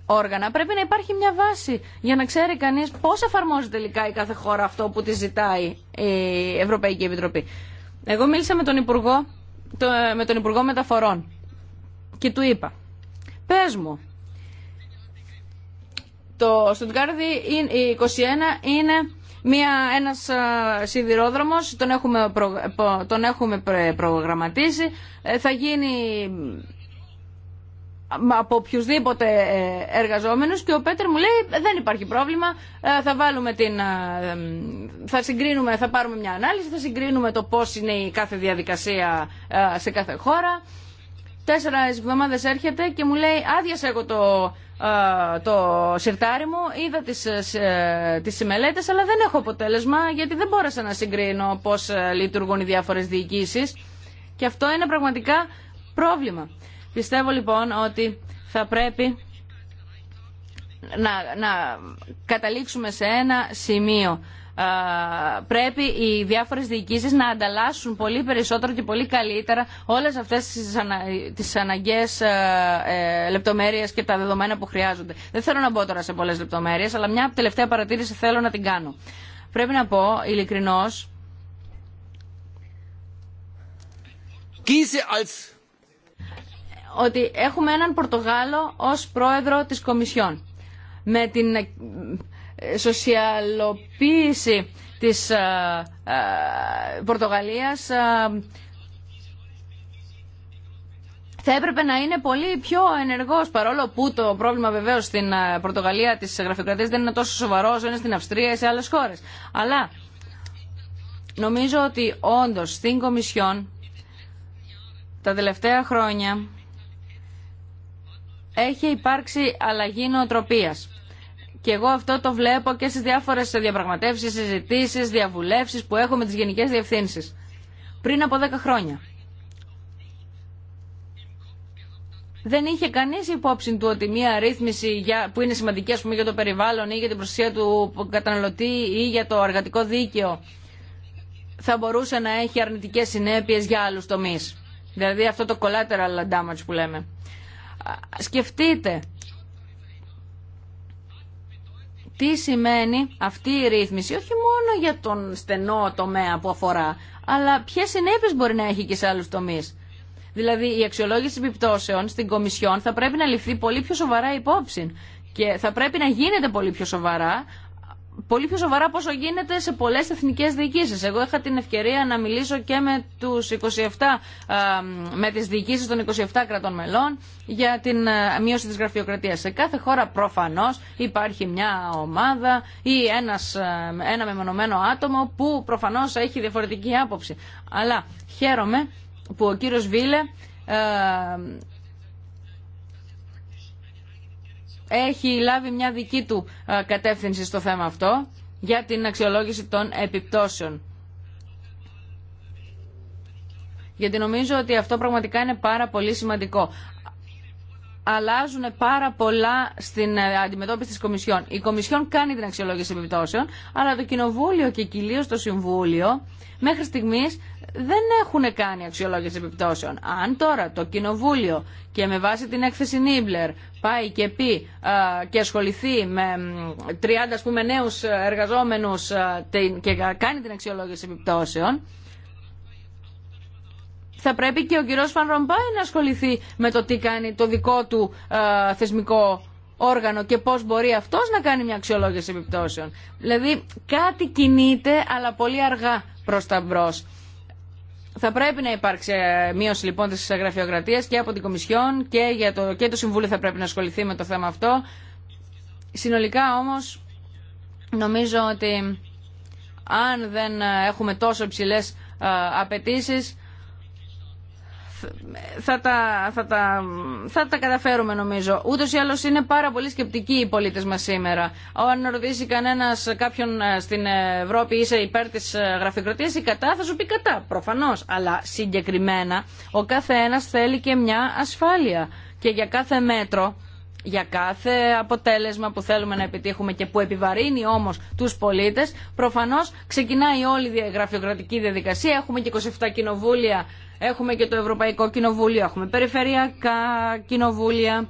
όργανα πρέπει να υπάρχει μια βάση για να ξέρει κανείς πώς εφαρμόζει τελικά η κάθε χώρα αυτό που τη ζητάει η Ευρωπαϊκή Επιτροπή. Εγώ μίλησα με τον Υπουργό, με τον Υπουργό Μεταφορών και του είπα «Πες μου, το Στουτγκάρδι 21 είναι μια, ένας σιδηρόδρομος, τον έχουμε, τον έχουμε προγραμματίσει, ε, θα γίνει από οποιουσδήποτε ε, εργαζόμενους και ο Πέτερ μου λέει δεν υπάρχει πρόβλημα, ε, θα βάλουμε την, ε, θα συγκρίνουμε, θα πάρουμε μια ανάλυση, θα συγκρίνουμε το πώς είναι η κάθε διαδικασία σε κάθε χώρα. Τέσσερα εβδομάδες έρχεται και μου λέει άδειασα εγώ το, το σιρτάρι μου, είδα τις, τις αλλά δεν έχω αποτέλεσμα γιατί δεν μπόρεσα να συγκρίνω πώς λειτουργούν οι διάφορες διοικήσεις και αυτό είναι πραγματικά πρόβλημα. Πιστεύω λοιπόν ότι θα πρέπει να, να καταλήξουμε σε ένα σημείο. Πρέπει οι διάφορες διοικήσεις να ανταλλάσσουν πολύ περισσότερο και πολύ καλύτερα όλες αυτές τις, ανα, τις αναγκαίες ε, λεπτομέρειες και τα δεδομένα που χρειάζονται. Δεν θέλω να μπω τώρα σε πολλές λεπτομέρειες, αλλά μια τελευταία παρατήρηση θέλω να την κάνω. Πρέπει να πω, ειλικρινώς ότι έχουμε έναν Πορτογάλο ως πρόεδρο της Κομισιόν. Με την ε, σοσιαλοποίηση της ε, ε, Πορτογαλίας θα έπρεπε να είναι πολύ πιο ενεργός, Παρόλο που το πρόβλημα βεβαίως στην Πορτογαλία τη γραφειοκρατία δεν είναι τόσο σοβαρό όσο είναι στην Αυστρία ή σε άλλες χώρες. Αλλά νομίζω ότι όντως στην Κομισιόν τα τελευταία χρόνια έχει υπάρξει αλλαγή νοοτροπία. Και εγώ αυτό το βλέπω και στι διάφορε διαπραγματεύσει, συζητήσει, διαβουλεύσεις που έχω με τι γενικέ διευθύνσει. Πριν από 10 χρόνια. Δεν είχε κανεί υπόψη του ότι μια ρύθμιση που είναι σημαντική ας πούμε, για το περιβάλλον ή για την προστασία του καταναλωτή ή για το εργατικό δίκαιο θα μπορούσε να έχει αρνητικέ συνέπειε για άλλου τομεί. Δηλαδή αυτό το collateral damage που λέμε σκεφτείτε τι σημαίνει αυτή η ρύθμιση, όχι μόνο για τον στενό τομέα που αφορά, αλλά ποιες συνέπειες μπορεί να έχει και σε άλλους τομείς. Δηλαδή η αξιολόγηση επιπτώσεων στην Κομισιόν θα πρέπει να ληφθεί πολύ πιο σοβαρά υπόψη και θα πρέπει να γίνεται πολύ πιο σοβαρά πολύ πιο σοβαρά πόσο γίνεται σε πολλές εθνικές διοικησει. Εγώ είχα την ευκαιρία να μιλήσω και με, τους 27, με τις διοικήσεις των 27 κρατών μελών για την μείωση της γραφειοκρατίας. Σε κάθε χώρα προφανώς υπάρχει μια ομάδα ή ένας, ένα μεμονωμένο άτομο που προφανώς έχει διαφορετική άποψη. Αλλά χαίρομαι που ο κύριο Βίλε έχει λάβει μια δική του ε, κατεύθυνση στο θέμα αυτό για την αξιολόγηση των επιπτώσεων. Γιατί νομίζω ότι αυτό πραγματικά είναι πάρα πολύ σημαντικό αλλάζουν πάρα πολλά στην ε, αντιμετώπιση της Κομισιόν. Η Κομισιόν κάνει την αξιολόγηση επιπτώσεων, αλλά το Κοινοβούλιο και κυρίω το Συμβούλιο μέχρι στιγμής δεν έχουν κάνει αξιολόγηση επιπτώσεων. Αν τώρα το Κοινοβούλιο και με βάση την έκθεση Νίμπλερ πάει και πει ε, και ασχοληθεί με 30 ας πούμε, νέους εργαζόμενους ε, και κάνει την αξιολόγηση επιπτώσεων, θα πρέπει και ο κύριος Φαν να ασχοληθεί με το τι κάνει το δικό του ε, θεσμικό όργανο και πώς μπορεί αυτός να κάνει μια αξιολόγηση επιπτώσεων. Δηλαδή κάτι κινείται αλλά πολύ αργά προς τα μπρος. Θα πρέπει να υπάρξει ε, μείωση λοιπόν της γραφειοκρατίας και από την Κομισιόν και, για το, και το Συμβούλιο θα πρέπει να ασχοληθεί με το θέμα αυτό. Συνολικά όμως νομίζω ότι αν δεν έχουμε τόσο υψηλές ε, απαιτήσει, θα τα, θα, τα, θα τα καταφέρουμε νομίζω. Ούτως ή άλλως είναι πάρα πολύ σκεπτικοί οι πολίτες μας σήμερα. Αν ρωτήσει κανένας κάποιον ε, στην Ευρώπη είσαι υπέρ της ε, γραφειοκρατίας ή κατά, θα σου πει κατά, προφανώς. Αλλά συγκεκριμένα ο κάθε ένας θέλει και μια ασφάλεια. Και για κάθε μέτρο, για κάθε αποτέλεσμα που θέλουμε να επιτύχουμε και που επιβαρύνει όμως τους πολίτες, προφανώς ξεκινάει όλη η γραφειοκρατική διαδικασία. Έχουμε και 27 κοινοβούλια Έχουμε και το Ευρωπαϊκό Κοινοβούλιο, έχουμε περιφερειακά κοινοβούλια,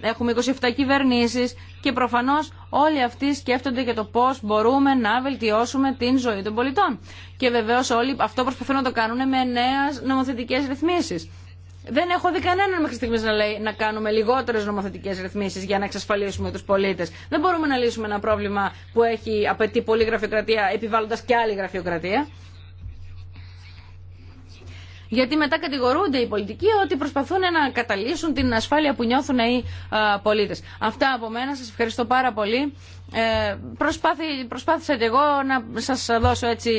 έχουμε 27 κυβερνήσει. και προφανώ όλοι αυτοί σκέφτονται για το πώ μπορούμε να βελτιώσουμε την ζωή των πολιτών. Και βεβαίω όλοι αυτό προσπαθούν να το κάνουν με νέε νομοθετικέ ρυθμίσει. Δεν έχω δει κανέναν μέχρι στιγμή να λέει να κάνουμε λιγότερε νομοθετικέ ρυθμίσει για να εξασφαλίσουμε του πολίτε. Δεν μπορούμε να λύσουμε ένα πρόβλημα που έχει απαιτεί πολλή γραφειοκρατία επιβάλλοντα και άλλη γραφειοκρατία. Γιατί μετά κατηγορούνται οι πολιτικοί ότι προσπαθούν να καταλύσουν την ασφάλεια που νιώθουν οι πολίτε. Αυτά από μένα. Σα ευχαριστώ πάρα πολύ. Ε, προσπάθησα και εγώ να σας δώσω έτσι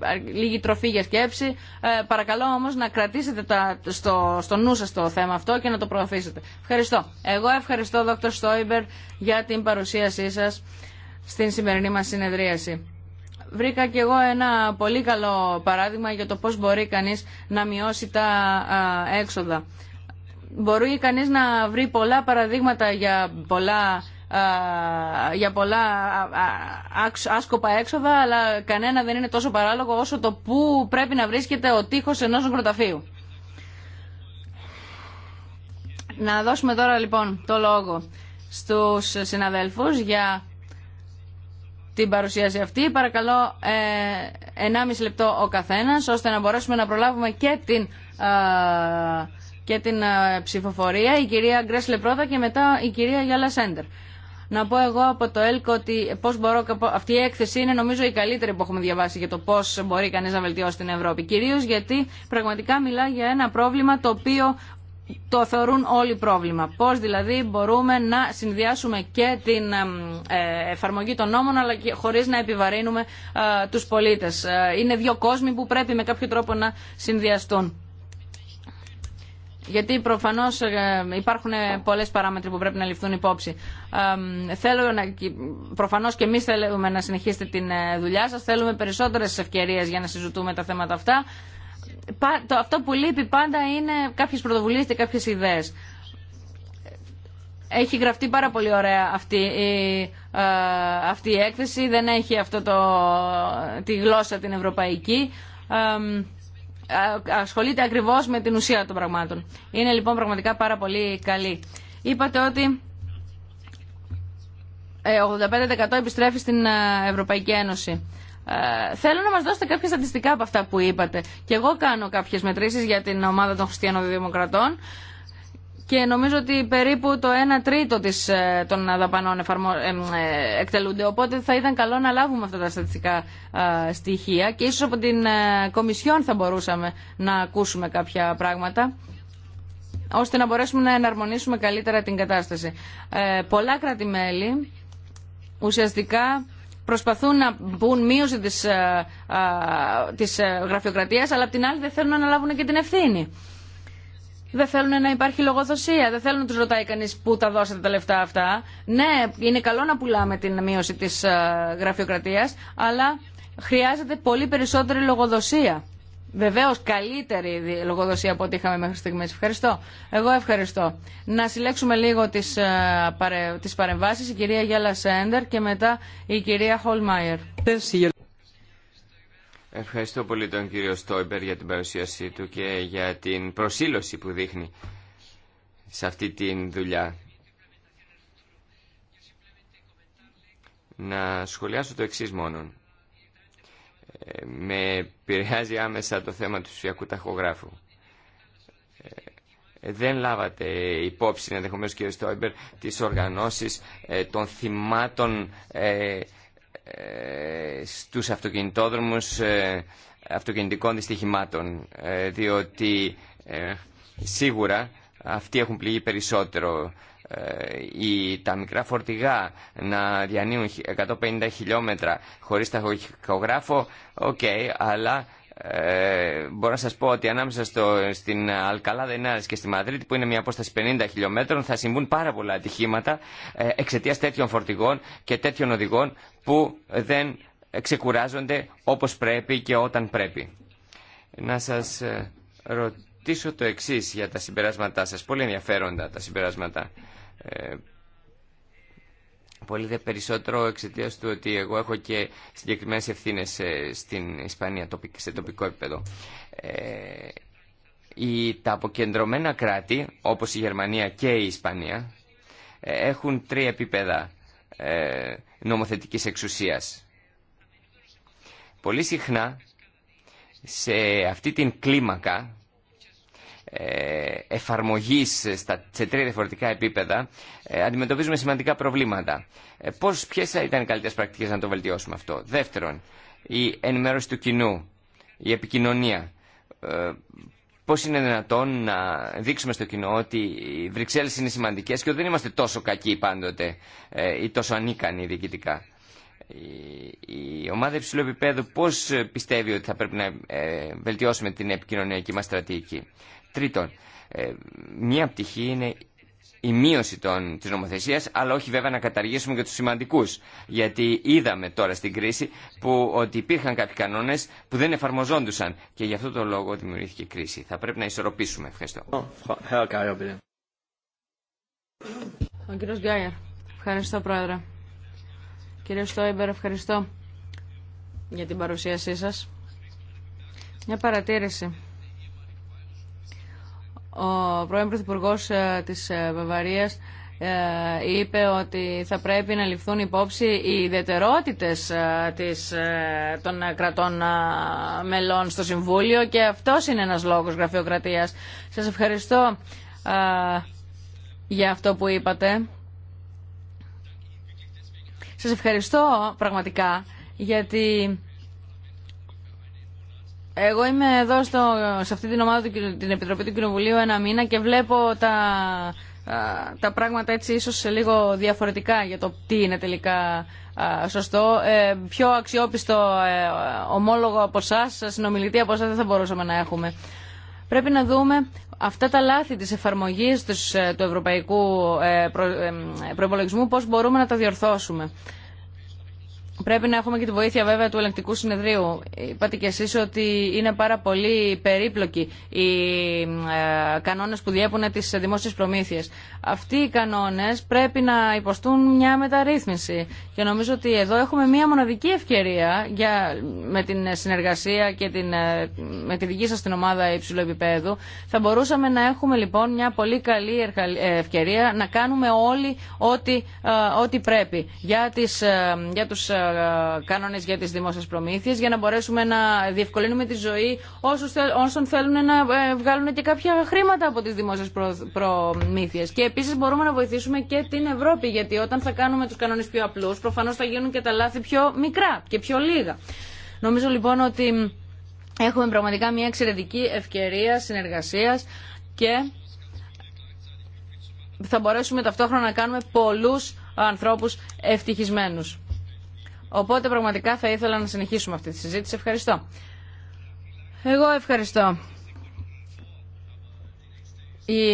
ε, λίγη τροφή για σκέψη. Ε, παρακαλώ όμως να κρατήσετε τα, στο, στο νου σας το θέμα αυτό και να το προωθήσετε. Ευχαριστώ. Εγώ ευχαριστώ Δόκτωρ Στόιμπερ για την παρουσίασή σας στην σημερινή μα συνεδρίαση βρήκα και εγώ ένα πολύ καλό παράδειγμα για το πώς μπορεί κανείς να μειώσει τα έξοδα. Μπορεί κανείς να βρει πολλά παραδείγματα για πολλά για πολλά άσκοπα έξοδα, αλλά κανένα δεν είναι τόσο παράλογο όσο το που πρέπει να βρίσκεται ο τείχος ενός νεκροταφείου. Να δώσουμε τώρα λοιπόν το λόγο στους συναδέλφους για την παρουσίαση αυτή. Παρακαλώ, 1,5 ε, λεπτό ο καθένα, ώστε να μπορέσουμε να προλάβουμε και την, ε, και την ε, ψηφοφορία. Η κυρία Γκρέσλε πρώτα και μετά η κυρία Γιάλα Σέντερ. Να πω εγώ από το ΕΛΚ ότι πώς μπορώ, αυτή η έκθεση είναι νομίζω η καλύτερη που έχουμε διαβάσει για το πώς μπορεί κανείς να βελτιώσει την Ευρώπη. Κυρίω γιατί πραγματικά μιλά για ένα πρόβλημα το οποίο το θεωρούν όλοι πρόβλημα. Πώς δηλαδή μπορούμε να συνδυάσουμε και την ε, ε, εφαρμογή των νόμων αλλά και χωρίς να επιβαρύνουμε ε, τους πολίτες. Είναι δύο κόσμοι που πρέπει με κάποιο τρόπο να συνδυαστούν. Γιατί προφανώ υπάρχουν πολλέ παράμετροι που πρέπει να ληφθούν υπόψη. Θέλω να. Προφανώ και εμεί θέλουμε να συνεχίσετε την δουλειά σα. Θέλουμε περισσότερε ευκαιρίε για να συζητούμε τα θέματα αυτά το, αυτό που λείπει πάντα είναι κάποιες πρωτοβουλίες και κάποιες ιδέες. Έχει γραφτεί πάρα πολύ ωραία αυτή η, ε, αυτή έκθεση, δεν έχει αυτό το, τη γλώσσα την ευρωπαϊκή. ασχολείται ακριβώς με την ουσία των πραγμάτων. Είναι λοιπόν πραγματικά πάρα πολύ καλή. Είπατε ότι 85% ε, επιστρέφει στην ε, Ευρωπαϊκή Ένωση. Ε, θέλω να μας δώσετε κάποια στατιστικά από αυτά που είπατε. Και εγώ κάνω κάποιες μετρήσεις για την ομάδα των χριστιανοδημοκρατών και νομίζω ότι περίπου το 1 τρίτο της, ε, των δαπανών ε, εκτελούνται. Οπότε θα ήταν καλό να λάβουμε αυτά τα στατιστικά στοιχεία και ίσως από την Κομισιόν θα μπορούσαμε να ακούσουμε κάποια πράγματα ώστε να μπορέσουμε να εναρμονίσουμε καλύτερα την κατάσταση. πολλά κράτη-μέλη ουσιαστικά προσπαθούν να μπουν μείωση της, ε, ε, της ε, γραφειοκρατίας, αλλά απ' την άλλη δεν θέλουν να αναλάβουν και την ευθύνη. Δεν θέλουν να υπάρχει λογοδοσία. Δεν θέλουν να του ρωτάει κανείς πού τα δώσετε τα λεφτά αυτά. Ναι, είναι καλό να πουλάμε την μείωση τη γραφειοκρατίας, αλλά χρειάζεται πολύ περισσότερη λογοδοσία. Βεβαίω καλύτερη λογοδοσία από ό,τι είχαμε μέχρι στιγμή. Ευχαριστώ. Εγώ ευχαριστώ. Να συλλέξουμε λίγο τι ε, παρεμβάσει. Η κυρία Γιάλα Σέντερ και μετά η κυρία Χολμάιερ. Ευχαριστώ πολύ τον κύριο Στόιμπερ για την παρουσίασή του και για την προσήλωση που δείχνει σε αυτή τη δουλειά. Να σχολιάσω το εξή μόνον με επηρεάζει άμεσα το θέμα του ψηφιακού ταχογράφου. Ε, δεν λάβατε υπόψη, ενδεχομένω κύριε Στόιμπερ, τις οργανώσεις ε, των θυμάτων ε, ε, στους αυτοκινητόδρομους αυτοκινητικών δυστυχημάτων, διότι σίγουρα αυτοί έχουν πληγεί περισσότερο ε, τα μικρά φορτηγά να διανύουν 150 χιλιόμετρα χωρίς ταχογράφο, οκ, okay, αλλά ε, μπορώ να σας πω ότι ανάμεσα στο, στην Αλκαλά Δενάρης και στη Μαδρίτη που είναι μια απόσταση 50 χιλιόμετρων θα συμβούν πάρα πολλά ατυχήματα ε, εξαιτίας τέτοιων φορτηγών και τέτοιων οδηγών που δεν ξεκουράζονται όπως πρέπει και όταν πρέπει. Να σας ε, ρωτήσω το εξής για τα συμπεράσματά σας. Πολύ ενδιαφέροντα τα συμπεράσματα. Ε, πολύ δε περισσότερο εξαιτία του ότι εγώ έχω και συγκεκριμένες ευθύνες ε, στην Ισπανία σε τοπικό επίπεδο. Ε, τα αποκεντρωμένα κράτη, όπως η Γερμανία και η Ισπανία, ε, έχουν τρία επίπεδα ε, νομοθετικής εξουσίας. Πολύ συχνά σε αυτή την κλίμακα ε, εφαρμογής σε τρία διαφορετικά επίπεδα ε, αντιμετωπίζουμε σημαντικά προβλήματα. Ε, πώς, ποιες ήταν οι καλύτερες πρακτικές να το βελτιώσουμε αυτό. Δεύτερον, η ενημέρωση του κοινού, η επικοινωνία. Πώς είναι δυνατόν να δείξουμε στο κοινό ότι οι Βρυξέλλες είναι σημαντικές και ότι δεν είμαστε τόσο κακοί πάντοτε ή τόσο ανίκανοι διοικητικά. Η ομάδα υψηλού επίπεδου πώς πιστεύει ότι θα πρέπει να βελτιώσουμε την επικοινωνιακή μας στρατηγική. Τρίτον, ε, μία πτυχή είναι η μείωση των, της νομοθεσίας, αλλά όχι βέβαια να καταργήσουμε και τους σημαντικούς. Γιατί είδαμε τώρα στην κρίση που, ότι υπήρχαν κάποιοι κανόνες που δεν εφαρμοζόντουσαν και γι' αυτό το λόγο δημιουργήθηκε κρίση. Θα πρέπει να ισορροπήσουμε. Ευχαριστώ. Ο κύριος Γκάιερ. Ευχαριστώ, Πρόεδρε. Κύριε Στόιμπερ, ευχαριστώ για την παρουσίασή σας. Μια παρατήρηση ο πρώην Πρωθυπουργό ε, της ε, Βαβαρίας ε, είπε ότι θα πρέπει να ληφθούν υπόψη οι ιδιαιτερότητες των κρατών μελών στο Συμβούλιο και αυτό είναι ένας λόγος γραφειοκρατίας. Σας ευχαριστώ για αυτό που είπατε. Σας ευχαριστώ πραγματικά γιατί εγώ είμαι εδώ στο, σε αυτή την ομάδα, την Επιτροπή του Κοινοβουλίου ένα μήνα και βλέπω τα, τα πράγματα έτσι ίσως λίγο διαφορετικά για το τι είναι τελικά σωστό. Ε, πιο αξιόπιστο ε, ομόλογο από εσά, συνομιλητή από εσά δεν θα μπορούσαμε να έχουμε. Πρέπει να δούμε αυτά τα λάθη της εφαρμογής ε, του ευρωπαϊκού προϋπολογισμού πώς μπορούμε να τα διορθώσουμε. Πρέπει να έχουμε και τη βοήθεια βέβαια του ελεγκτικού συνεδρίου. Είπατε κι εσείς ότι είναι πάρα πολύ περίπλοκοι οι ε, κανόνες που διέπουν τις δημόσιες προμήθειες. Αυτοί οι κανόνες πρέπει να υποστούν μια μεταρρύθμιση. Και νομίζω ότι εδώ έχουμε μια μοναδική ευκαιρία για, με την συνεργασία και την, ε, με τη δική σας την ομάδα υψηλού επίπεδου. Θα μπορούσαμε να έχουμε λοιπόν μια πολύ καλή ε, ευκαιρία να κάνουμε όλοι ό,τι, πρέπει για, τις, για τους ε, κανόνε για τι δημόσιες προμήθειε για να μπορέσουμε να διευκολύνουμε τη ζωή όσων θέλουν να ε, βγάλουν και κάποια χρήματα από τις δημόσιες προμήθειε. Και επίση μπορούμε να βοηθήσουμε και την Ευρώπη γιατί όταν θα κάνουμε του κανόνε πιο απλούς προφανώ θα γίνουν και τα λάθη πιο μικρά και πιο λίγα. Νομίζω λοιπόν ότι έχουμε πραγματικά μια εξαιρετική ευκαιρία συνεργασία και θα μπορέσουμε ταυτόχρονα να κάνουμε πολλούς ανθρώπους ευτυχισμένους. Οπότε πραγματικά θα ήθελα να συνεχίσουμε αυτή τη συζήτηση. Ευχαριστώ. Εγώ ευχαριστώ. Η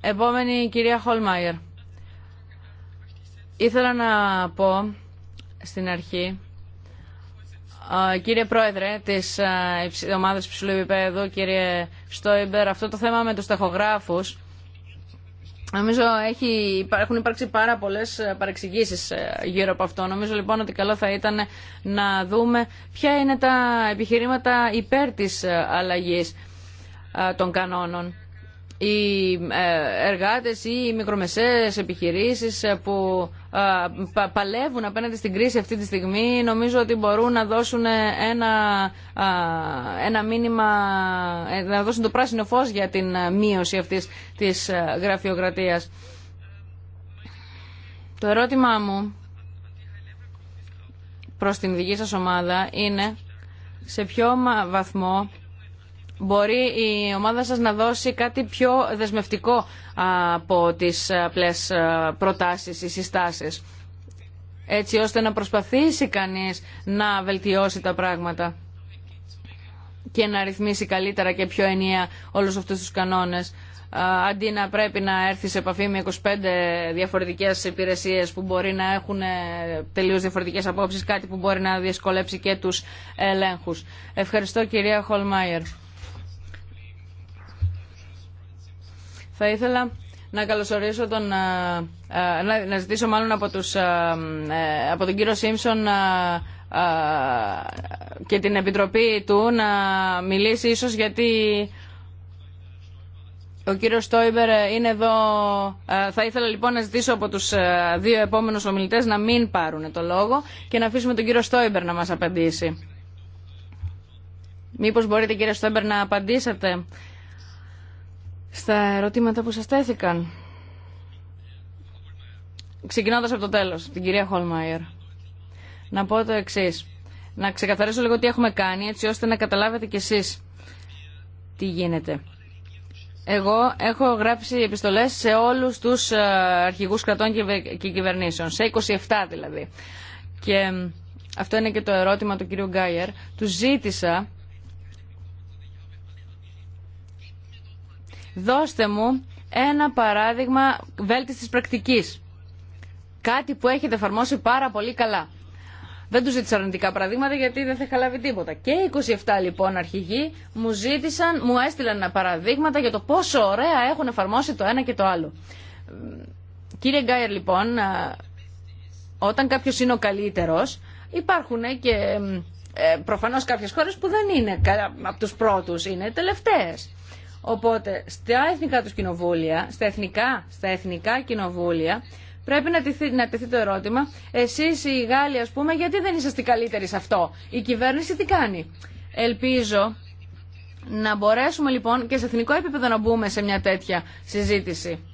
επόμενη κυρία Χολμάιερ. Ήθελα να πω στην αρχή, κύριε Πρόεδρε της ομάδας υψηλού επίπεδου, κύριε Στόιμπερ, αυτό το θέμα με τους ταχογράφους Νομίζω έχει, έχουν υπάρξει πάρα πολλέ ε, παρεξηγήσει ε, γύρω από αυτό. Νομίζω λοιπόν ότι καλό θα ήταν να δούμε ποια είναι τα επιχειρήματα υπέρ τη ε, αλλαγή των κανόνων οι ε, εργάτες ή οι μικρομεσαίες επιχειρήσεις ε, που ε, παλεύουν απέναντι στην κρίση αυτή τη στιγμή νομίζω ότι μπορούν να δώσουν ένα, ένα μήνυμα, να δώσουν το πράσινο φως για την μείωση αυτής της γραφειοκρατίας. Το ερώτημά μου προς την δική σας ομάδα είναι σε ποιο βαθμό μπορεί η ομάδα σας να δώσει κάτι πιο δεσμευτικό από τις απλές ε, προτάσεις ή συστάσεις έτσι ώστε να προσπαθήσει κανείς να βελτιώσει τα πράγματα και να ρυθμίσει καλύτερα και πιο ενιαία όλους αυτούς τους κανόνες αντί να πρέπει να έρθει σε επαφή με 25 διαφορετικές υπηρεσίες που μπορεί να έχουν ε, τελείως διαφορετικές απόψεις, κάτι που μπορεί να δυσκολέψει και τους ελέγχους. Ευχαριστώ κυρία Χολμάιερ. Θα ήθελα να καλωσορίσω τον, να, να ζητήσω μάλλον από, τους, ε, από τον κύριο Σίμψον και την Επιτροπή του να μιλήσει ίσως γιατί ο κύριο Στόιμπερ είναι εδώ. Θα ήθελα λοιπόν να ζητήσω από του δύο επόμενου ομιλητέ να μην πάρουν το λόγο και να αφήσουμε τον κύριο Στόιμπερ να μα απαντήσει. Μήπω μπορείτε κύριε Στόιμπερ να απαντήσετε στα ερωτήματα που σας τέθηκαν. Ξεκινώντας από το τέλος, την κυρία Χολμάιερ. Να πω το εξή. Να ξεκαθαρίσω λίγο τι έχουμε κάνει, έτσι ώστε να καταλάβετε κι εσείς τι γίνεται. Εγώ έχω γράψει επιστολές σε όλους τους ε, αρχηγούς κρατών και κυβερνήσεων, σε 27 δηλαδή. Και ε, αυτό είναι και το ερώτημα του κύριου Γκάιερ. Του ζήτησα Δώστε μου ένα παράδειγμα βέλτιστης πρακτικής. Κάτι που έχετε εφαρμόσει πάρα πολύ καλά. Δεν του ζήτησα αρνητικά παραδείγματα γιατί δεν θα είχα τίποτα. Και 27 λοιπόν αρχηγοί μου ζήτησαν, μου έστειλαν παραδείγματα για το πόσο ωραία έχουν εφαρμόσει το ένα και το άλλο. Κύριε Γκάιερ λοιπόν, όταν κάποιο είναι ο καλύτερο, υπάρχουν και ε, προφανώ κάποιε χώρε που δεν είναι από του πρώτου, είναι τελευταίε. Οπότε στα εθνικά τους κοινοβούλια, στα εθνικά, στα εθνικά κοινοβούλια, πρέπει να τεθεί, να το ερώτημα, εσείς οι Γάλλοι ας πούμε, γιατί δεν είσαστε καλύτεροι σε αυτό. Η κυβέρνηση τι κάνει. Ελπίζω να μπορέσουμε λοιπόν και σε εθνικό επίπεδο να μπούμε σε μια τέτοια συζήτηση.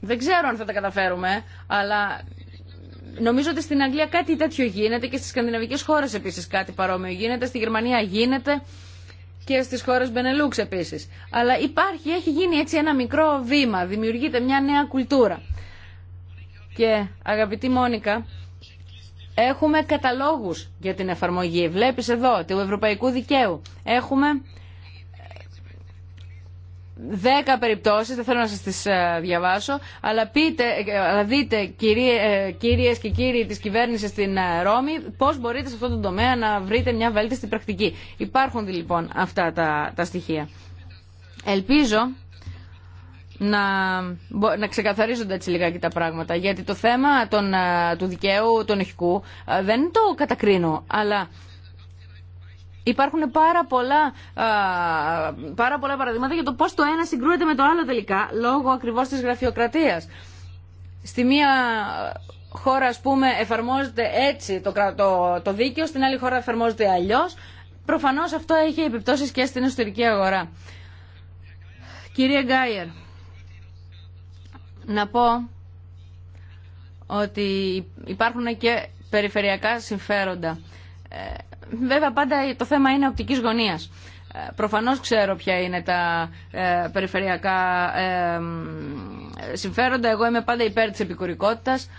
Δεν ξέρω αν θα τα καταφέρουμε, αλλά Νομίζω ότι στην Αγγλία κάτι τέτοιο γίνεται και στις σκανδιναβικέ χώρες επίσης κάτι παρόμοιο γίνεται, στη Γερμανία γίνεται και στις χώρες Μπενελούξ επίσης. Αλλά υπάρχει, έχει γίνει έτσι ένα μικρό βήμα, δημιουργείται μια νέα κουλτούρα. Και αγαπητή Μόνικα, έχουμε καταλόγους για την εφαρμογή. Βλέπει εδώ, του Ευρωπαϊκού Δικαίου. Έχουμε δέκα περιπτώσεις, δεν θέλω να σας τις ε, διαβάσω, αλλά, ε, δείτε κυρίες ε, και κύριοι της κυβέρνησης στην Ρώμη πώς μπορείτε σε αυτό τον τομέα να βρείτε μια βέλτιστη πρακτική. Υπάρχουν λοιπόν αυτά τα, τα στοιχεία. Ελπίζω να, να ξεκαθαρίζονται έτσι λιγάκι τα πράγματα, γιατί το θέμα του δικαίου, των ηχικού, δεν το κατακρίνω, αλλά Υπάρχουν πάρα πολλά, πάρα πολλά παραδείγματα για το πώς το ένα συγκρούεται με το άλλο τελικά, λόγω ακριβώς της γραφειοκρατίας. Στη μία χώρα, ας πούμε, εφαρμόζεται έτσι το, το, το δίκαιο, στην άλλη χώρα εφαρμόζεται αλλιώς. Προφανώς αυτό έχει επιπτώσεις και στην εσωτερική αγορά. Κυρία Γκάιερ, να πω ότι υπάρχουν και περιφερειακά συμφέροντα. Ε, Βέβαια πάντα το θέμα είναι οπτικής γωνίας. Ε, προφανώς ξέρω ποια είναι τα ε, περιφερειακά ε, συμφέροντα. Εγώ είμαι πάντα υπέρ της επικουρικότητας.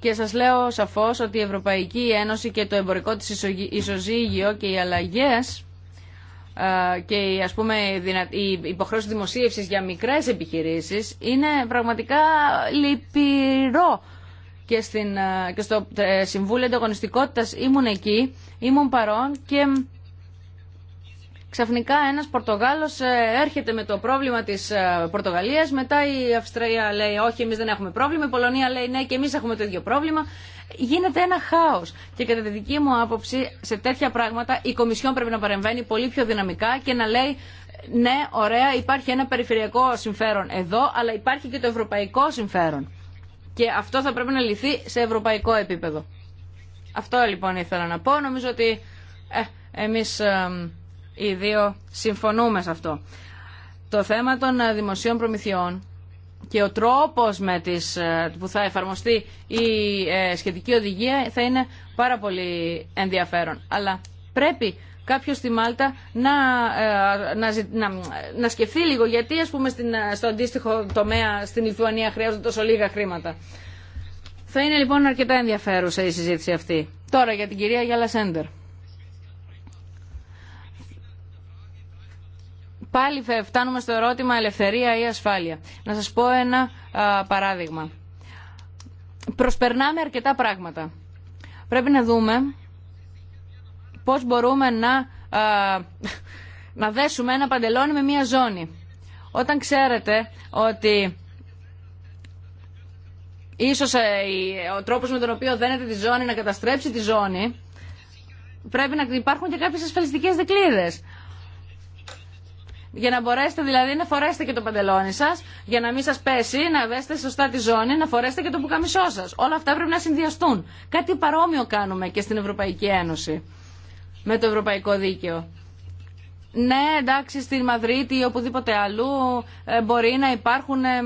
Και σας λέω σαφώς ότι η Ευρωπαϊκή Ένωση και το εμπορικό της ισοζύγιο και οι αλλαγές και ας πούμε η υποχρέωση δημοσίευσης για μικρές επιχειρήσεις είναι πραγματικά λυπηρό και, στην, ε, και στο ε, Συμβούλιο Ανταγωνιστικότητας ήμουν εκεί, ήμουν παρόν και ξαφνικά ένα Πορτογάλος ε, έρχεται με το πρόβλημα τη πορτογαλία, μετά η Αυστραλία λέει όχι εμεί δεν έχουμε πρόβλημα, η Πολωνία λέει ναι και εμεί έχουμε το ίδιο πρόβλημα. Γίνεται ένα χάο. Και κατά τη δική μου άποψη, σε τέτοια πράγματα η Κομισιόν πρέπει να παρεμβαίνει πολύ πιο δυναμικά και να λέει ναι, ωραία, υπάρχει ένα περιφερειακό συμφέρον εδώ, αλλά υπάρχει και το ευρωπαϊκό συμφέρον. Και αυτό θα πρέπει να λυθεί σε ευρωπαϊκό επίπεδο. Αυτό λοιπόν ήθελα να πω. Νομίζω ότι ε, εμείς ε, οι δύο συμφωνούμε σε αυτό. Το θέμα των ε, δημοσίων προμηθειών και ο τρόπος με τις, ε, που θα εφαρμοστεί η σχετική οδηγία θα είναι πάρα πολύ ενδιαφέρον. Αλλά πρέπει κάποιο στη Μάλτα να, ε, να, να, να, σκεφτεί λίγο γιατί ας πούμε στην, ε, στο αντίστοιχο τομέα στην Λιθουανία χρειάζονται τόσο λίγα χρήματα. Θα είναι λοιπόν αρκετά ενδιαφέρουσα η συζήτηση αυτή. Τώρα για την κυρία Γιάλα Σέντερ. Πάλι φτάνουμε στο ερώτημα ελευθερία ή ασφάλεια. Να σας πω ένα παράδειγμα. Προσπερνάμε αρκετά πράγματα. Πρέπει να δούμε πώς μπορούμε να, α, να δέσουμε ένα παντελόνι με μία ζώνη. Όταν ξέρετε ότι ίσως ε, ο τρόπος με τον οποίο δένετε τη ζώνη να καταστρέψει τη ζώνη, πρέπει να υπάρχουν και κάποιες ασφαλιστικές δικλείδες. Για να μπορέσετε δηλαδή να φορέσετε και το παντελόνι σα, για να μην σα πέσει, να δέσετε σωστά τη ζώνη, να φορέσετε και το πουκαμισό σα. Όλα αυτά πρέπει να συνδυαστούν. Κάτι παρόμοιο κάνουμε και στην Ευρωπαϊκή Ένωση με το ευρωπαϊκό δίκαιο. Ναι, εντάξει, στη Μαδρίτη ή οπουδήποτε αλλού ε, μπορεί να υπάρχουν ε,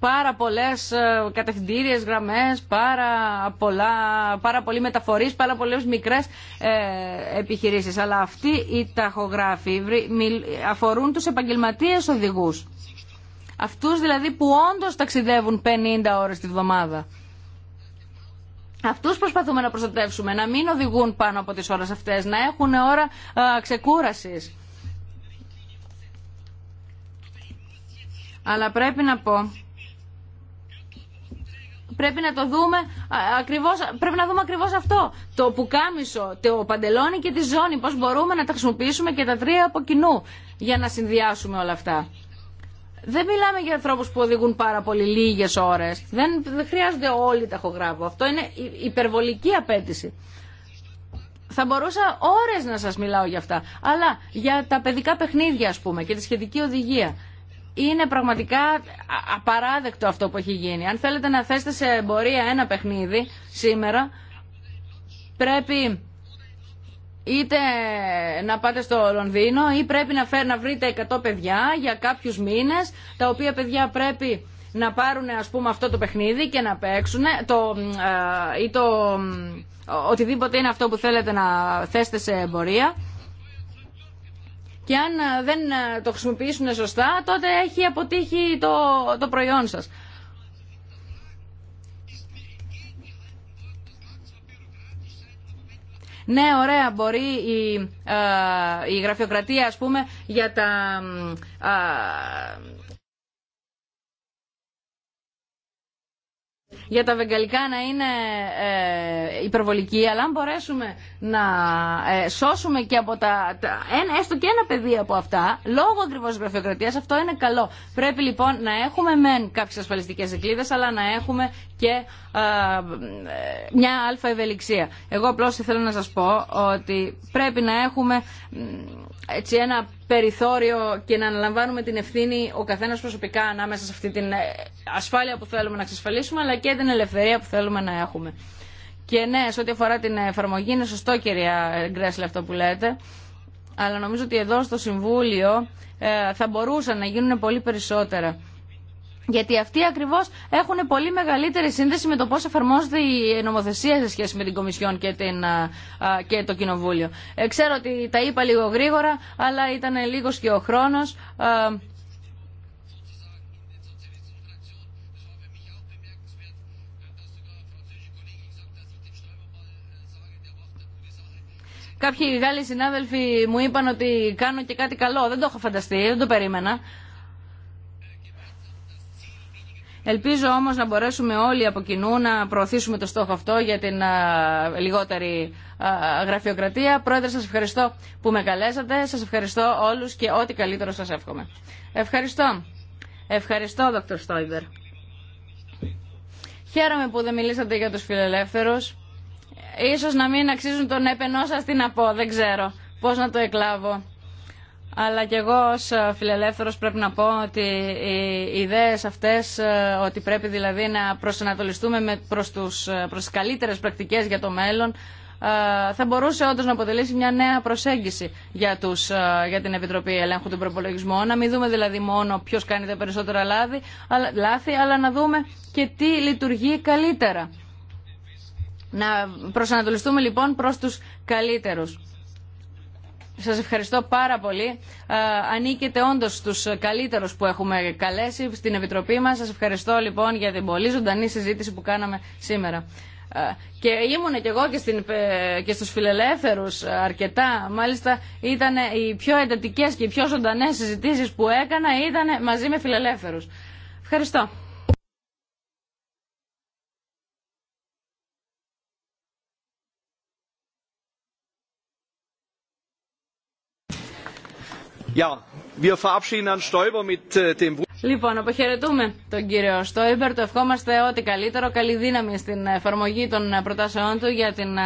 πάρα πολλές ε, κατευθυντήριες γραμμές, πάρα, πολλά, πάρα πολλοί μεταφορείς, πάρα πολλές μικρές επιχειρήσεις. Αλλά αυτοί οι ταχογράφοι αφορούν τους επαγγελματίες οδηγούς. Αυτούς δηλαδή που όντως ταξιδεύουν 50 ώρες τη βδομάδα. Αυτούς προσπαθούμε να προστατεύσουμε, να μην οδηγούν πάνω από τις ώρες αυτές, να έχουν ώρα ξεκούρασης. Αλλά πρέπει να πω πρέπει να το δούμε ακριβώς, πρέπει να δούμε ακριβώς αυτό. Το πουκάμισο, το παντελόνι και τη ζώνη, πώς μπορούμε να τα χρησιμοποιήσουμε και τα τρία από κοινού για να συνδυάσουμε όλα αυτά. Δεν μιλάμε για ανθρώπου που οδηγούν πάρα πολύ λίγε ώρε. Δεν, δεν χρειάζονται όλοι ταχογράφο. Αυτό είναι υπερβολική απέτηση. Θα μπορούσα ώρε να σα μιλάω για αυτά. Αλλά για τα παιδικά παιχνίδια, α πούμε, και τη σχετική οδηγία. Είναι πραγματικά απαράδεκτο αυτό που έχει γίνει. Αν θέλετε να θέσετε σε εμπορία ένα παιχνίδι σήμερα, πρέπει είτε να πάτε στο Λονδίνο ή πρέπει να, φέρ, βρείτε 100 παιδιά για κάποιους μήνες, τα οποία παιδιά πρέπει να πάρουν ας αυτό το παιχνίδι και να παίξουν το, ε, ή το, ε, οτιδήποτε είναι αυτό που θέλετε να θέσετε σε εμπορία. Και αν ε, δεν το χρησιμοποιήσουν σωστά, τότε έχει αποτύχει το, το προϊόν σας. Ναι, ωραία, μπορεί η, ε, η γραφειοκρατία, ας πούμε, για τα ε, για τα βεγγαλικά να είναι ε, υπερβολική, αλλά αν μπορέσουμε να ε, σώσουμε και από τα, ένα, έστω και ένα παιδί από αυτά, λόγω ακριβώ γραφειοκρατία, αυτό είναι καλό. Πρέπει λοιπόν να έχουμε μεν κάποιε ασφαλιστικέ εκλίδε, αλλά να έχουμε και ε, μια αλφα ευελιξία. Εγώ απλώ θέλω να σα πω ότι πρέπει να έχουμε έτσι ένα περιθώριο και να αναλαμβάνουμε την ευθύνη ο καθένας προσωπικά ανάμεσα σε αυτή την ε, ασφάλεια που θέλουμε να εξασφαλίσουμε αλλά και την ελευθερία που θέλουμε να έχουμε. Και ναι, σε ό,τι αφορά την εφαρμογή είναι σωστό κυρία Γκρέσλε αυτό που λέτε αλλά νομίζω ότι εδώ στο Συμβούλιο ε, θα μπορούσαν να γίνουν πολύ περισσότερα. Γιατί αυτοί ακριβώ έχουν πολύ μεγαλύτερη σύνδεση με το πώ εφαρμόζεται η νομοθεσία σε σχέση με την Κομισιόν και, την, και το Κοινοβούλιο. Ε, ξέρω ότι τα είπα λίγο γρήγορα, αλλά ήταν λίγο και ο χρόνο. Κάποιοι Γάλλοι συνάδελφοι μου είπαν ότι κάνω και κάτι καλό. Δεν το έχω φανταστεί, δεν το περίμενα. Ελπίζω όμω να μπορέσουμε όλοι από κοινού να προωθήσουμε το στόχο αυτό για την λιγότερη γραφειοκρατία. Πρόεδρε, σα ευχαριστώ που με καλέσατε. σα ευχαριστώ όλου και ό,τι καλύτερο σα εύχομαι. Ευχαριστώ. Ευχαριστώ, Δόκτωρ Στόιμπερ. Χαίρομαι που δεν μιλήσατε για του φιλελεύθερου. Ίσως να μην αξίζουν τον έπαινό σας να πω, δεν ξέρω πώς να το εκλάβω αλλά και εγώ ως ε, φιλελεύθερος πρέπει να πω ότι οι ιδέες αυτές ε, ότι πρέπει δηλαδή να προσανατολιστούμε προ προς, τους, ε, προς καλύτερες πρακτικές για το μέλλον θα μπορούσε όντω να αποτελέσει μια νέα προσέγγιση για, τους, για την Επιτροπή Ελέγχου των Προπολογισμού. Να μην δούμε δηλαδή μόνο ποιο κάνει τα περισσότερα λάθη αλλά, λάθη, αλλά να δούμε και τι λειτουργεί καλύτερα. Να προσανατολιστούμε λοιπόν προς τους καλύτερους. Σας ευχαριστώ πάρα πολύ. Ε, ανήκετε όντω στου καλύτερους που έχουμε καλέσει στην Επιτροπή μας. Σας ευχαριστώ λοιπόν για την πολύ ζωντανή συζήτηση που κάναμε σήμερα. Ε, και ήμουν και εγώ και, στην, ε, και στους φιλελεύθερους αρκετά. Μάλιστα ήταν οι πιο εντατικές και οι πιο ζωντανές συζητήσεις που έκανα ήταν μαζί με φιλελεύθερους. Ευχαριστώ. Äh, λοιπόν, αποχαιρετούμε τον κύριο Στόιμπερ. Το ευχόμαστε ό,τι καλύτερο. Καλή δύναμη στην εφαρμογή των προτάσεών του για την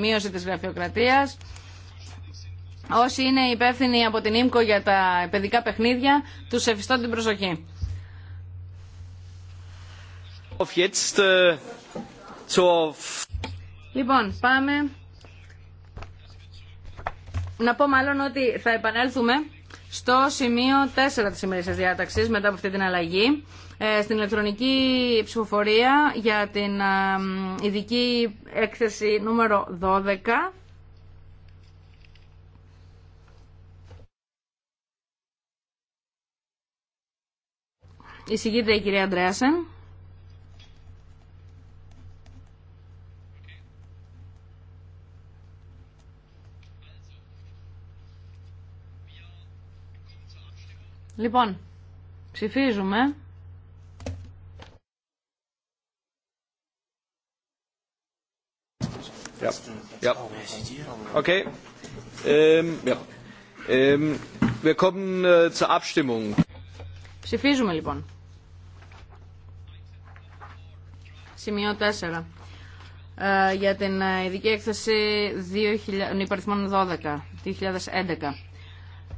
μείωση της γραφειοκρατίας. Όσοι είναι υπεύθυνοι από την ΙΜΚΟ για τα παιδικά παιχνίδια, τους ευχηστώ την προσοχή. Äh, λοιπόν, πάμε. Να πω μάλλον ότι θα επανέλθουμε στο σημείο 4 της ημερήσιας διάταξης μετά από αυτή την αλλαγή ε, στην ηλεκτρονική ψηφοφορία για την ε, ειδική έκθεση νούμερο 12 Εισηγείται η κυρία Αντρέασεν. Λοιπόν, ψηφίζουμε. Yeah. Okay. Ähm, ähm, wir kommen äh, zur Abstimmung. Ψηφίζουμε λοιπόν. Σημείο 4. Ε, για την ε, ειδική έκθεση 2000, υπαριθμών 12, 2011.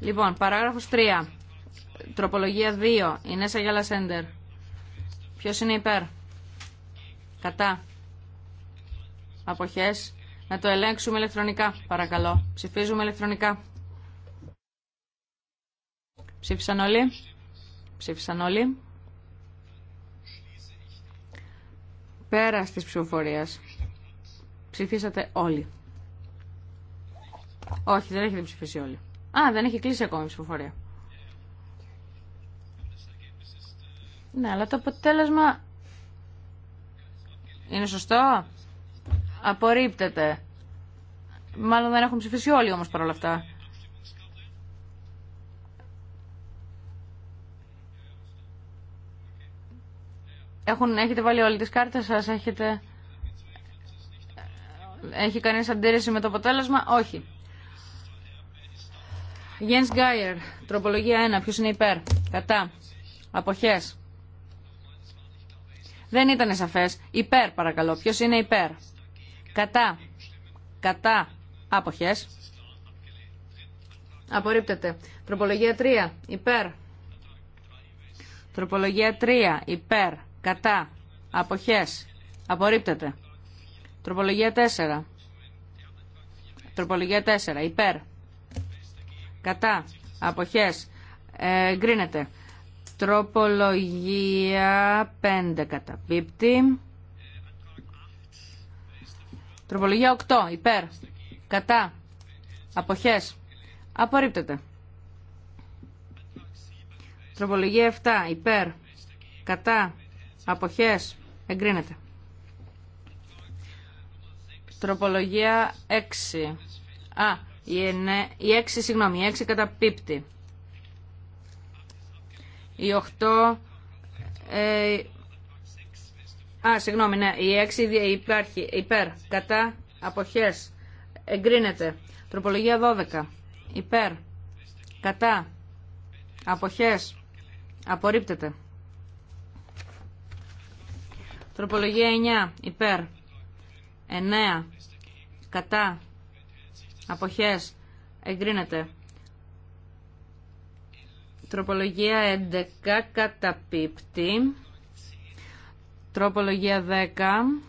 Λοιπόν, παράγραφος 3. Τροπολογία 2. Είναι σε γέλα σέντερ. Ποιο είναι υπέρ. Κατά. Αποχέ. Να το ελέγξουμε ηλεκτρονικά, παρακαλώ. Ψηφίζουμε ηλεκτρονικά. Ψήφισαν όλοι. Ψήφισαν όλοι. Πέρα τη ψηφοφορία. Ψηφίσατε όλοι. Όχι, δεν έχετε ψηφίσει όλοι. Α, δεν έχει κλείσει ακόμα η ψηφοφορία. Ναι, αλλά το αποτέλεσμα είναι σωστό. Απορρίπτεται. Μάλλον δεν έχουν ψηφίσει όλοι όμως παρόλα αυτά. Έχουν, έχετε βάλει όλοι τις κάρτες σας, έχετε... Έχει κανείς αντίρρηση με το αποτέλεσμα, όχι. Γιένς Γκάιερ, τροπολογία 1, ποιος είναι υπέρ, κατά, αποχές, δεν ήταν σαφέ. Υπέρ παρακαλώ. Ποιο είναι υπέρ. Κατά. Κατά. Αποχέ. Απορρίπτεται. Τροπολογία 3. Υπέρ. Τροπολογία 3. Υπέρ. Κατά. Αποχέ. Απορρίπτεται. Τροπολογία 4. Τροπολογία 4. Υπέρ. Κατά. Αποχέ. Ε, γκρίνεται. Τροπολογία 5 καταπίπτει. Τροπολογία 8 υπέρ. Κατά. Αποχές. Απορρίπτεται. Τροπολογία 7 υπέρ. Κατά. Αποχές. Εγκρίνεται. Τροπολογία 6. Α, η 6, συγγνώμη, η 6 καταπίπτει. Η 8... Ε, α, συγγνώμη, ναι, η 6 υπάρχει υπέρ, κατά, αποχές, εγκρίνεται. Τροπολογία 12, υπέρ, κατά, αποχές, απορρίπτεται. Τροπολογία 9, υπέρ, 9, κατά, αποχές, εγκρίνεται. Τροπολογία 11 καταπίπτει. Τροπολογία 10.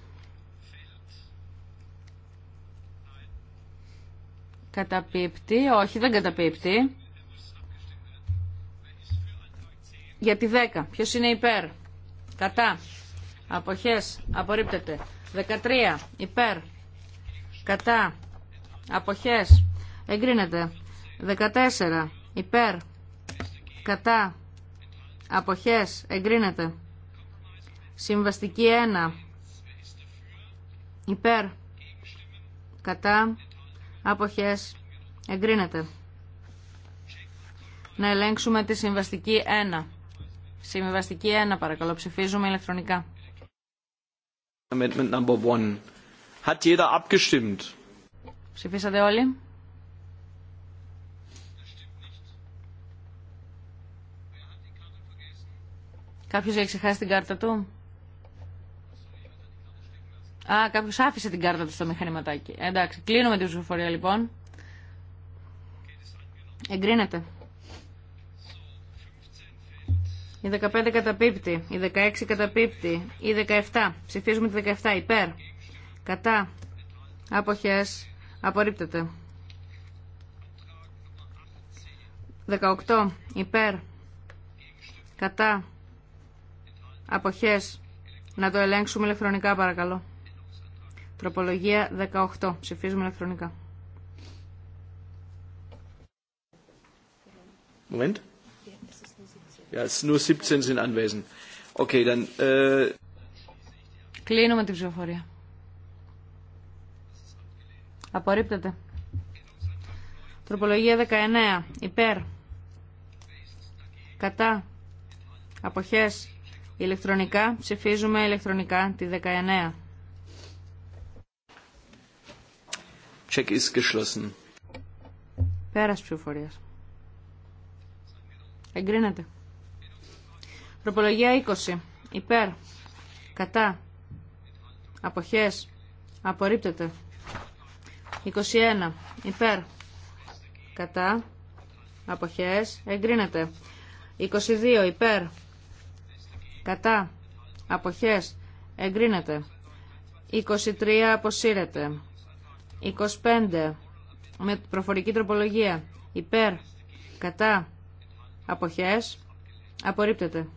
Καταπίπτει. Όχι, δεν καταπίπτει. Για τη 10. Ποιος είναι υπέρ. Κατά. Αποχές. Απορρίπτεται. 13. Υπέρ. Κατά. Αποχές. Εγκρίνεται. 14. Υπέρ κατά αποχές εγκρίνεται συμβαστική 1 υπέρ κατά αποχές εγκρίνεται να ελέγξουμε τη συμβαστική 1 συμβαστική 1 παρακαλώ ψηφίζουμε ηλεκτρονικά Amendment number 1. Hat jeder abgestimmt? Ψηφίσατε όλοι. Κάποιο έχει ξεχάσει την κάρτα του. Α, κάποιο άφησε την κάρτα του στο μηχανηματάκι. Εντάξει, κλείνουμε την ψηφοφορία λοιπόν. Εγκρίνεται. Η 15 καταπίπτει, η 16 καταπίπτει, η 17. Ψηφίζουμε τη 17 υπέρ. Κατά. Αποχές. Απορρίπτεται. 18 υπέρ. Κατά. Αποχές. Να το ελέγξουμε ηλεκτρονικά παρακαλώ. Τροπολογία 18. Ψηφίζουμε ηλεκτρονικά. Moment. Ja, es nur 17 sind anwesend. Okay, dann. Äh... Κλείνουμε την ψηφοφορία. Απορρίπτεται. Τροπολογία 19. Υπέρ. Κατά. Αποχές. Ηλεκτρονικά ψηφίζουμε ηλεκτρονικά τη 19. Check is geschlossen. Πέρας ψηφοφορίας. Εγκρίνεται. Προπολογία 20. Υπέρ. Κατά. Αποχές. Απορρίπτεται. 21. Υπέρ. Κατά. Αποχές. Εγκρίνεται. 22. Υπέρ κατά, αποχές, εγκρίνεται. 23 αποσύρεται. 25 με προφορική τροπολογία, υπέρ, κατά, αποχές, απορρίπτεται.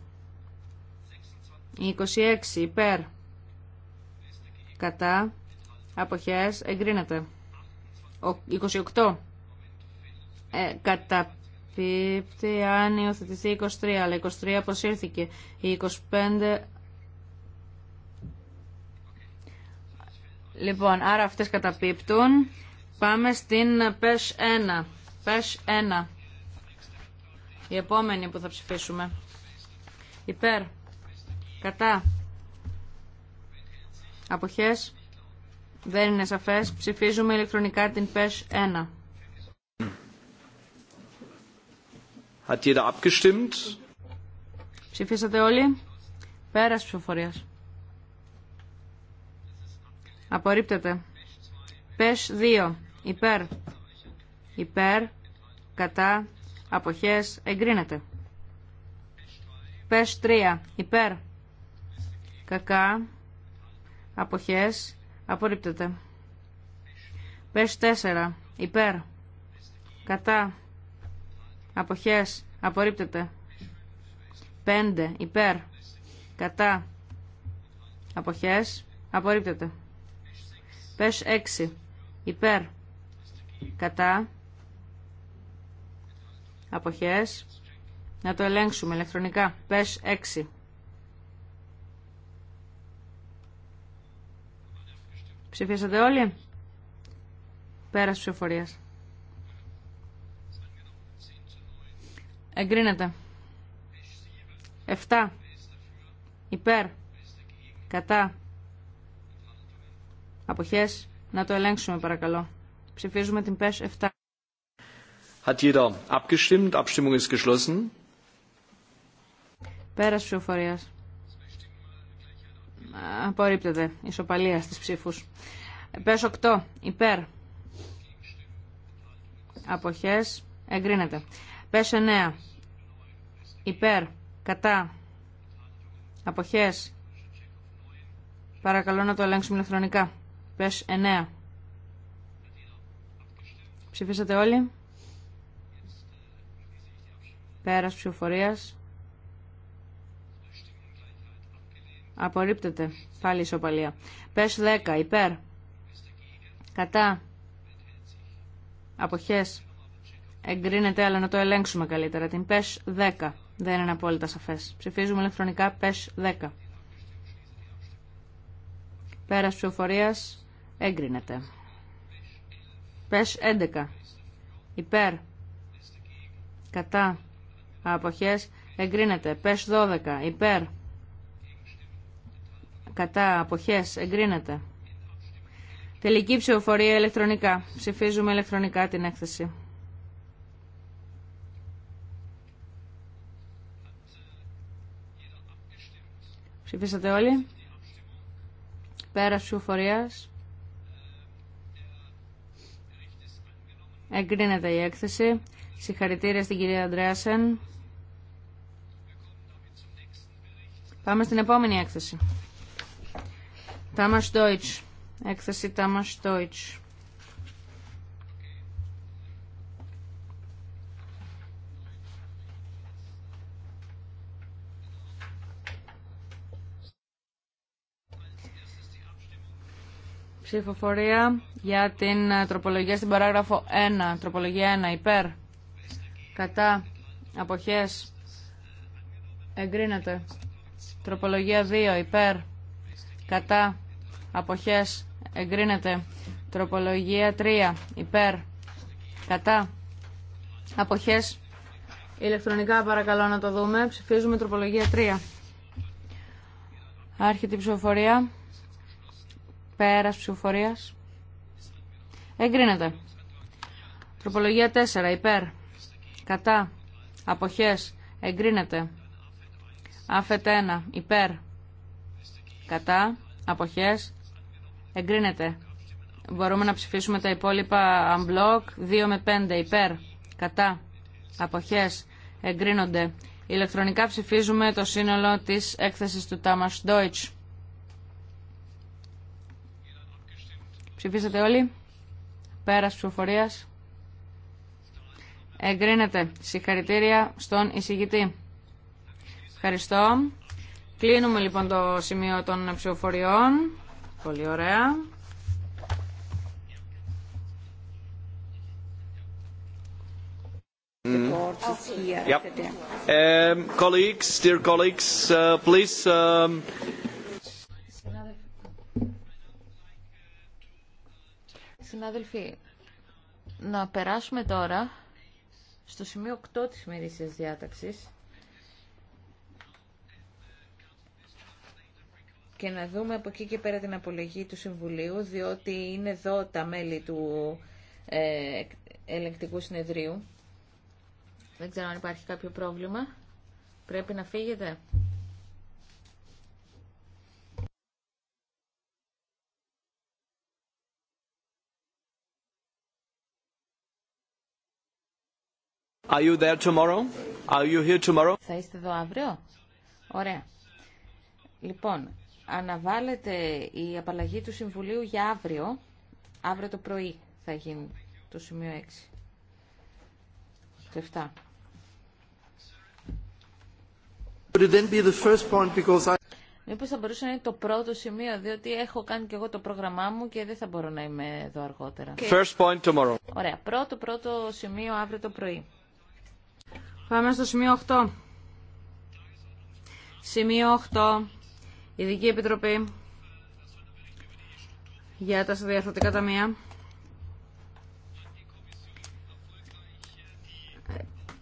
26 υπέρ, κατά, αποχές, εγκρίνεται. 28 ε, κατά αν υιοθετηθεί 23, αλλά 23 αποσύρθηκε. Η 25... Λοιπόν, άρα αυτές καταπίπτουν. Πάμε στην ΠΕΣ 1. 1. Η επόμενη που θα ψηφίσουμε. Υπέρ. Κατά. Αποχές. Δεν είναι σαφές. Ψηφίζουμε ηλεκτρονικά την ΠΕΣ 1. Hat jeder abgestimmt? Ψηφίσατε όλοι. Πέρας ψηφοφορία. Απορρίπτεται. Πεσ 2. Υπέρ. Υπέρ. Κατά. Αποχές. Εγκρίνεται. Πεσ 3. Υπέρ. Κακά. Αποχές. Απορρίπτεται. Πεσ 4. Υπέρ. Κατά. Αποχές. Απορρίπτεται. Πέντε, Υπέρ. Κατά. Αποχές. Απορρίπτεται. Πες έξι, Υπέρ. Κατά. Αποχές. Να το ελέγξουμε ηλεκτρονικά. Πες έξι. Ψηφίσατε όλοι. Πέρας ψηφοφορίας. Εγκρίνεται. 7. Υπέρ. Κατά. Αποχές. Να το ελέγξουμε παρακαλώ. Ψηφίζουμε την ΠΕΣ 7. Hat jeder abgestimmt? Abstimmung ist geschlossen. Πέρας ψηφοφορίας. Απορρίπτεται. Ισοπαλία στις ψήφους. ΠΕΣ 8. Υπέρ. Αποχές. Εγκρίνεται. Πες 9. Υπέρ. Κατά. Αποχές. Παρακαλώ να το ελέγξουμε ηλεκτρονικά. Πες 9. Ψηφίσατε όλοι. Πέρας ψηφοφορίας. Απορρίπτεται. Πάλι ισοπαλία. Πες 10. Υπέρ. Κατά. Αποχές. Εγκρίνεται, αλλά να το ελέγξουμε καλύτερα. Την ΠΕΣ 10. Δεν είναι απόλυτα σαφέ. Ψηφίζουμε ηλεκτρονικά ΠΕΣ 10. Πέρας ψηφοφορια εγκρίνεται. ΠΕΣ 11. Υπέρ. Κατά. Αποχέ, εγκρίνεται. ΠΕΣ 12. Υπέρ. Κατά. αποχέ, εγκρίνεται. Τελική ψηφοφορία ηλεκτρονικά. Ψηφίζουμε ηλεκτρονικά την έκθεση. Ψηφίσατε όλοι. Πέρας φορείας. Εγκρίνεται η έκθεση. Συγχαρητήρια στην κυρία Αντρέασεν. Πάμε στην επόμενη έκθεση. Τάμας Deutsch. Έκθεση Τάμας Deutsch. Ψηφοφορία για την ε, τροπολογία στην παράγραφο 1. Τροπολογία 1. Υπέρ. Κατά. Αποχές. Εγκρίνεται. Τροπολογία 2. Υπέρ. Κατά. Αποχές. Εγκρίνεται. Τροπολογία 3. Υπέρ. Κατά. Αποχές. Ηλεκτρονικά παρακαλώ να το δούμε. Ψηφίζουμε τροπολογία 3. Άρχεται η ψηφοφορία. Πέρας ψηφοφορίας. Εγκρίνεται. Τροπολογία 4. Υπέρ. Κατά. Αποχές. Εγκρίνεται. Άφετ 1. Υπέρ. Κατά. Αποχές. Εγκρίνεται. Μπορούμε να ψηφίσουμε τα υπόλοιπα unblock. 2 με 5. Υπέρ. Κατά. Αποχές. Εγκρίνονται. Ηλεκτρονικά ψηφίζουμε το σύνολο της έκθεσης του Τάμας Deutsch. Ψηφίσατε όλοι. Πέρας ψηφοφορίας. Εγκρίνεται. Συγχαρητήρια στον εισηγητή. Ευχαριστώ. Κλείνουμε λοιπόν το σημείο των ψηφοφοριών. Πολύ ωραία. Um, colleagues, dear colleagues, uh, please um, Συνάδελφοι, να περάσουμε τώρα στο σημείο 8 της μερίσιας διάταξης και να δούμε από εκεί και πέρα την απολογή του Συμβουλίου, διότι είναι εδώ τα μέλη του ε, ελεγκτικού συνεδρίου. Δεν ξέρω αν υπάρχει κάποιο πρόβλημα. Πρέπει να φύγετε. Are you there tomorrow? Are you here tomorrow? Θα είστε εδώ αύριο. Ωραία. Λοιπόν, αναβάλλεται η απαλλαγή του Συμβουλίου για αύριο. Αύριο το πρωί θα γίνει το σημείο 6. Το 7. Μήπω θα μπορούσε να είναι το πρώτο σημείο, διότι έχω κάνει και εγώ το πρόγραμμά μου και δεν θα μπορώ να είμαι εδώ αργότερα. First point tomorrow. Ωραία, πρώτο πρώτο σημείο αύριο το πρωί. Πάμε στο σημείο 8. Σημείο 8. Ειδική Επιτροπή για τα διαρθρωτικά ταμεία.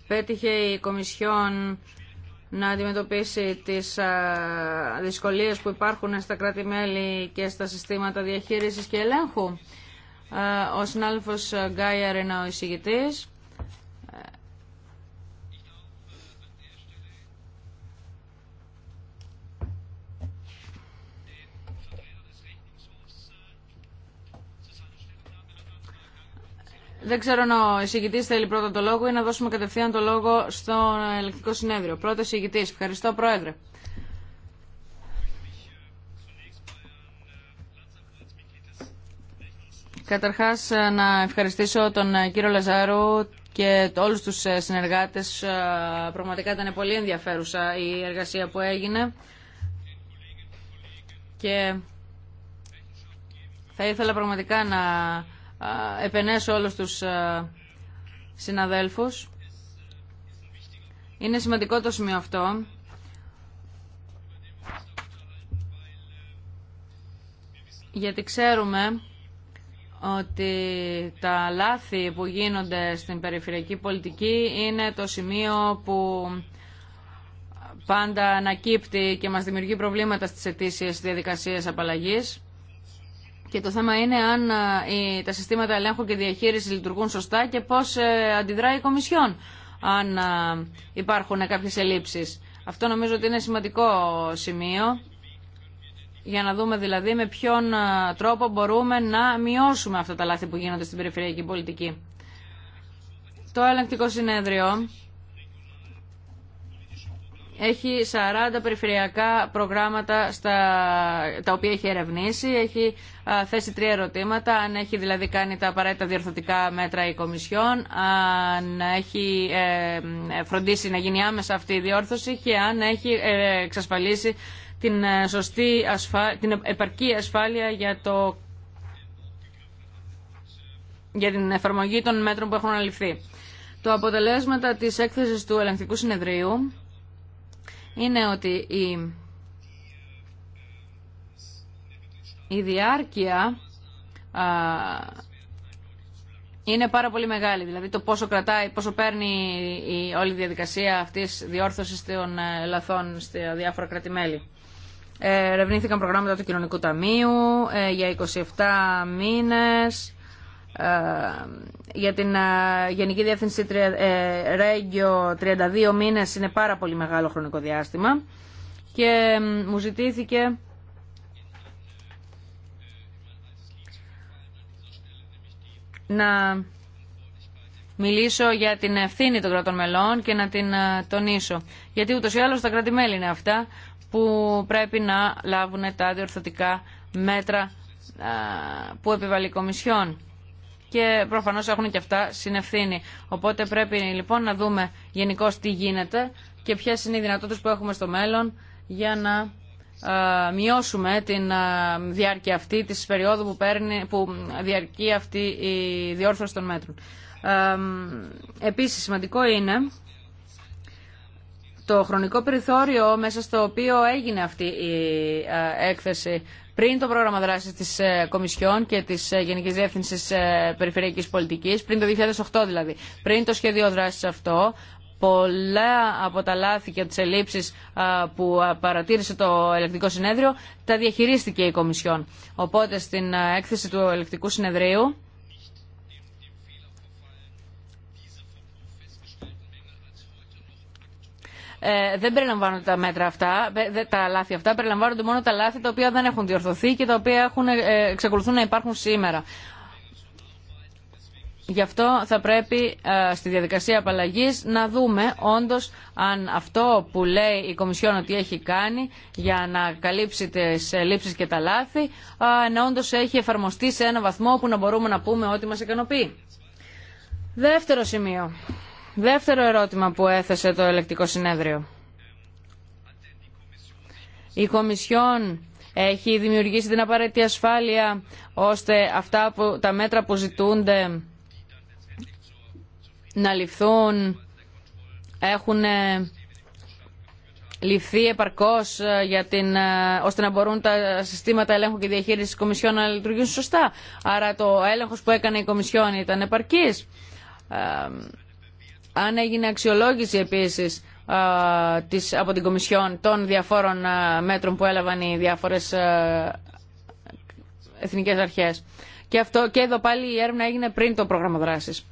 Πέτυχε η Κομισιόν να αντιμετωπίσει τις δυσκολίες που υπάρχουν στα κράτη-μέλη και στα συστήματα διαχείρισης και ελέγχου. Ο συνάδελφος Γκάιαρ είναι ο εισηγητής. Δεν ξέρω αν ο εισηγητή θέλει πρώτα το λόγο ή να δώσουμε κατευθείαν το λόγο στον ελεκτικό συνέδριο. Πρώτο εισηγητή. Ευχαριστώ, Πρόεδρε. Καταρχάς να ευχαριστήσω τον κύριο Λαζάρου και όλους τους συνεργάτες. Πραγματικά ήταν πολύ ενδιαφέρουσα η να δωσουμε κατευθειαν το λογο στο ελεκτικο συνεδριο πρωτο εισηγητη ευχαριστω προεδρε Καταρχά να ευχαριστησω τον κυριο λαζαρου και ολους τους συνεργατες πραγματικα ηταν πολυ ενδιαφερουσα η εργασια που έγινε. Και θα ήθελα πραγματικά να επενέσω όλους τους συναδέλφους. Είναι σημαντικό το σημείο αυτό. Γιατί ξέρουμε ότι τα λάθη που γίνονται στην περιφερειακή πολιτική είναι το σημείο που πάντα ανακύπτει και μας δημιουργεί προβλήματα στις αιτήσεις διαδικασίες απαλλαγής. Και το θέμα είναι αν ε, τα συστήματα ελέγχου και διαχείριση λειτουργούν σωστά και πώς ε, αντιδράει η Κομισιόν αν ε, υπάρχουν κάποιες ελλείψεις. Αυτό νομίζω ότι είναι σημαντικό σημείο για να δούμε δηλαδή με ποιον τρόπο μπορούμε να μειώσουμε αυτά τα λάθη που γίνονται στην περιφερειακή πολιτική. Το ελεγκτικό συνέδριο έχει 40 περιφερειακά προγράμματα στα, τα οποία έχει ερευνήσει. Έχει θέσει τρία ερωτήματα. Αν έχει δηλαδή κάνει τα απαραίτητα διορθωτικά μέτρα η Κομισιόν, αν έχει ε, ε, φροντίσει να γίνει άμεσα αυτή η διόρθωση και αν έχει ε, εξασφαλίσει την, σωστή ασφα... την επαρκή ασφάλεια για, το... για την εφαρμογή των μέτρων που έχουν αληφθεί. Το αποτελέσματα της έκθεσης του ελεγκτικού συνεδρίου είναι ότι η, η διάρκεια α, είναι πάρα πολύ μεγάλη. Δηλαδή το πόσο κρατάει, πόσο παίρνει η, όλη η διαδικασία αυτής διόρθωσης των ε, λαθών στα διάφορα κράτη-μέλη. Ε, ερευνήθηκαν προγράμματα του Κοινωνικού Ταμείου ε, για 27 μήνες. Ε, για την ε, Γενική Διεύθυνση ε, Ρέγγιο 32 μήνες είναι πάρα πολύ μεγάλο χρονικό διάστημα και μου ζητήθηκε να μιλήσω για την ευθύνη των κρατών μελών και να την τονίσω. Γιατί ούτως ή άλλως τα κράτη-μέλη είναι αυτά που πρέπει να λάβουν τα διορθωτικά μέτρα που επιβάλλει η αλλως τα κρατημέλη ειναι αυτα που πρεπει να λαβουν τα διορθωτικα μετρα που επιβαλλει η κομισιον και προφανώς έχουν και αυτά συνευθύνη. Οπότε πρέπει λοιπόν να δούμε γενικώ τι γίνεται και ποιε είναι οι δυνατότητε που έχουμε στο μέλλον για να μειώσουμε την διάρκεια αυτή τη περίοδου που, παίρνει, που διαρκεί αυτή η διόρθωση των μέτρων. Επίσης σημαντικό είναι το χρονικό περιθώριο μέσα στο οποίο έγινε αυτή η έκθεση πριν το πρόγραμμα δράσης της ε, Κομισιόν και της ε, Γενικής Διεύθυνσης ε, Περιφερειακής Πολιτικής, πριν το 2008 δηλαδή, πριν το σχέδιο δράσης αυτό, πολλά από τα λάθη και τις ελλείψεις που παρατήρησε το ελεκτικό συνέδριο τα διαχειρίστηκε η Κομισιόν. Οπότε στην έκθεση του ελεκτικού συνεδρίου Ε, δεν περιλαμβάνονται τα μέτρα αυτά, τα λάθη αυτά. Περιλαμβάνονται μόνο τα λάθη τα οποία δεν έχουν διορθωθεί και τα οποία έχουν, ε, εξακολουθούν να υπάρχουν σήμερα. Γι' αυτό θα πρέπει ε, στη διαδικασία απαλλαγή να δούμε όντω αν αυτό που λέει η Κομισιόν ότι έχει κάνει για να καλύψει τι λήψει και τα λάθη, να όντω έχει εφαρμοστεί σε ένα βαθμό που να μπορούμε να πούμε ότι μα ικανοποιεί. Δεύτερο σημείο. Δεύτερο ερώτημα που έθεσε το ελεκτικό συνέδριο. Η Κομισιόν έχει δημιουργήσει την απαραίτητη ασφάλεια ώστε αυτά τα μέτρα που ζητούνται να ληφθούν έχουν ε, ληφθεί επαρκώς ε, για την, ε, ώστε να μπορούν τα συστήματα ελέγχου και διαχείρισης της Κομισιόν να λειτουργούν σωστά. Άρα το έλεγχος που έκανε η Κομισιόν ήταν επαρκής αν έγινε αξιολόγηση επίσης της, από την Κομισιόν των διαφόρων μέτρων που έλαβαν οι διάφορες εθνικές αρχές. Και, αυτό, και εδώ πάλι η έρευνα έγινε πριν το πρόγραμμα δράσης.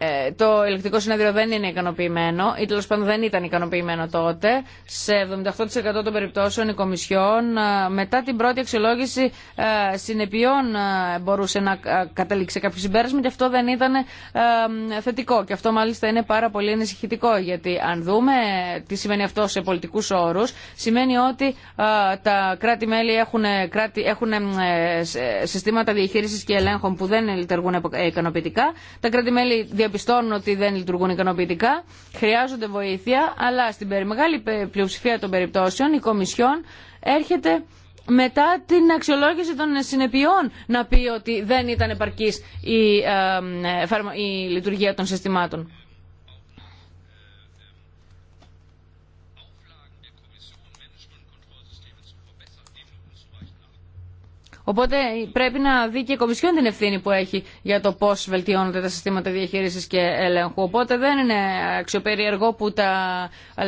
Ε, το ηλεκτρικό συνέδριο δεν είναι ικανοποιημένο ή τέλο πάντων δεν ήταν ικανοποιημένο τότε. Σε 78% των περιπτώσεων η Κομισιόν ε, μετά την πρώτη αξιολόγηση ε, συνεπειών μπορούσε να καταλήξει κάποιο συμπέρασμα και αυτό δεν ήταν θετικό. Και αυτό μάλιστα είναι πάρα πολύ ανησυχητικό γιατί αν δούμε τι σημαίνει αυτό σε πολιτικού όρου, σημαίνει ότι τα κράτη-μέλη έχουν, κράτη, έχουν συστήματα διαχείριση και ελέγχων που δεν λειτουργούν ικανοποιητικά. Τα κράτη-μέλη διαπιστώνουν ότι δεν λειτουργούν ικανοποιητικά, χρειάζονται βοήθεια, αλλά στην μεγάλη πλειοψηφία των περιπτώσεων η Κομισιόν έρχεται μετά την αξιολόγηση των συνεπειών να πει ότι δεν ήταν επαρκής η, ε, η λειτουργία των συστημάτων. Οπότε πρέπει να δει και η Κομισιόν την ευθύνη που έχει για το πώ βελτιώνονται τα συστήματα διαχείριση και έλεγχου. Οπότε δεν είναι αξιοπεριεργό που τα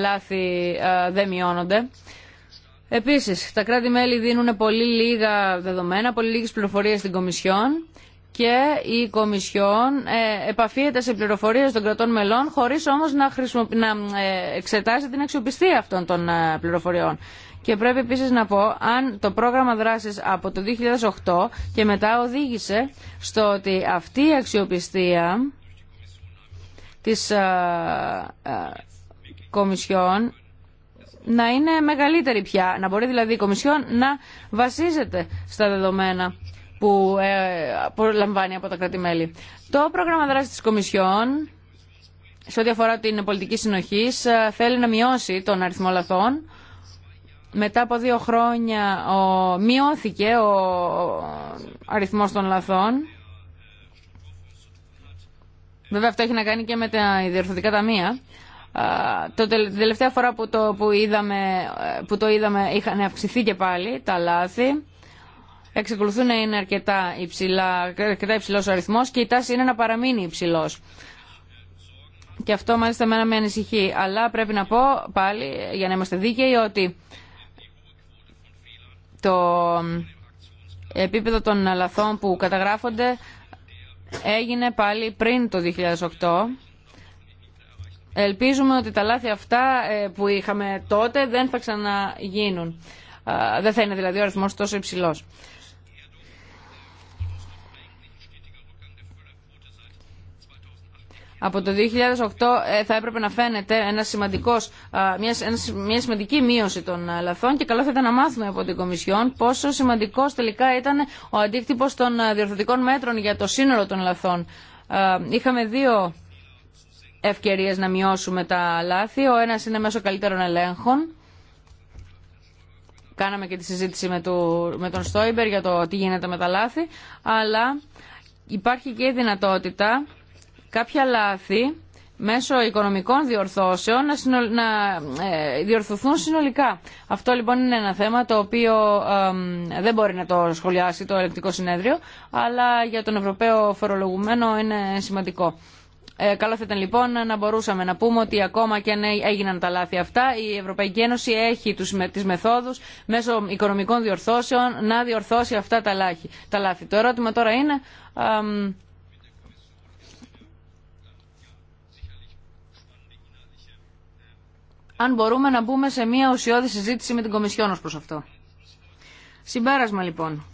λάθη δεν μειώνονται. Επίση, τα κράτη-μέλη δίνουν πολύ λίγα δεδομένα, πολύ λίγε πληροφορίε στην Κομισιόν και η Κομισιόν ε, επαφίεται σε πληροφορίε των κρατών μελών, χωρί όμω να, να ε, εξετάζει την αξιοπιστία αυτών των ε, πληροφοριών. Και πρέπει επίση να πω αν το πρόγραμμα δράσης από το 2008 και μετά οδήγησε στο ότι αυτή η αξιοπιστία της Κομισιόν να είναι μεγαλύτερη πια. Να μπορεί δηλαδή η Κομισιόν να βασίζεται στα δεδομένα που ε, λαμβάνει από τα κράτη-μέλη. Το πρόγραμμα δράσης της Κομισιόν σε ό,τι αφορά την πολιτική συνοχή, ε, θέλει να μειώσει τον αριθμό λαθών μετά από δύο χρόνια ο, μειώθηκε ο αριθμός των λαθών. Βέβαια αυτό έχει να κάνει και με τα ιδιορθωτικά ταμεία. Το την τελευταία φορά που το, που, είδαμε, που το είδαμε είχαν αυξηθεί και πάλι τα λάθη. Εξεκολουθούν να είναι αρκετά, υψηλά, αρκετά υψηλός ο αριθμός και η τάση είναι να παραμείνει υψηλός. Και αυτό μάλιστα μένα με ανησυχεί. Αλλά πρέπει να πω πάλι, για να είμαστε δίκαιοι, ότι το επίπεδο των λαθών που καταγράφονται έγινε πάλι πριν το 2008. Ελπίζουμε ότι τα λάθη αυτά ε, που είχαμε τότε δεν θα ξαναγίνουν. Δεν θα είναι δηλαδή ο αριθμός τόσο υψηλός. από το 2008 ε, θα έπρεπε να φαίνεται ένα σημαντικός, μια, σημαντική μείωση των ε, λαθών και καλό θα ήταν να μάθουμε από την Κομισιόν πόσο σημαντικός τελικά ήταν ο αντίκτυπος των ε, διορθωτικών μέτρων για το σύνολο των λαθών. Είχαμε δύο ευκαιρίες να μειώσουμε τα λάθη. Ο ένας είναι μέσω καλύτερων ελέγχων. Κάναμε και τη συζήτηση με, με τον Στόιμπερ για το τι γίνεται με τα λάθη. Αλλά υπάρχει και η δυνατότητα κάποια λάθη μέσω οικονομικών διορθώσεων να, να ε, διορθωθούν συνολικά. Αυτό λοιπόν είναι ένα θέμα το οποίο δεν μπορεί να το σχολιάσει το ελεκτικό συνέδριο, αλλά για τον Ευρωπαίο φορολογουμένο είναι σημαντικό. Ε, καλό θα ήταν λοιπόν να μπορούσαμε να πούμε ότι ακόμα και αν έγιναν τα λάθη αυτά, η Ευρωπαϊκή Ένωση έχει τους, με, τις μεθόδους μέσω οικονομικών διορθώσεων να διορθώσει αυτά τα, τα λάθη. Το ερώτημα τώρα είναι... αν μπορούμε να μπούμε σε μια ουσιώδη συζήτηση με την Κομισιόν ως προς αυτό. Συμπέρασμα λοιπόν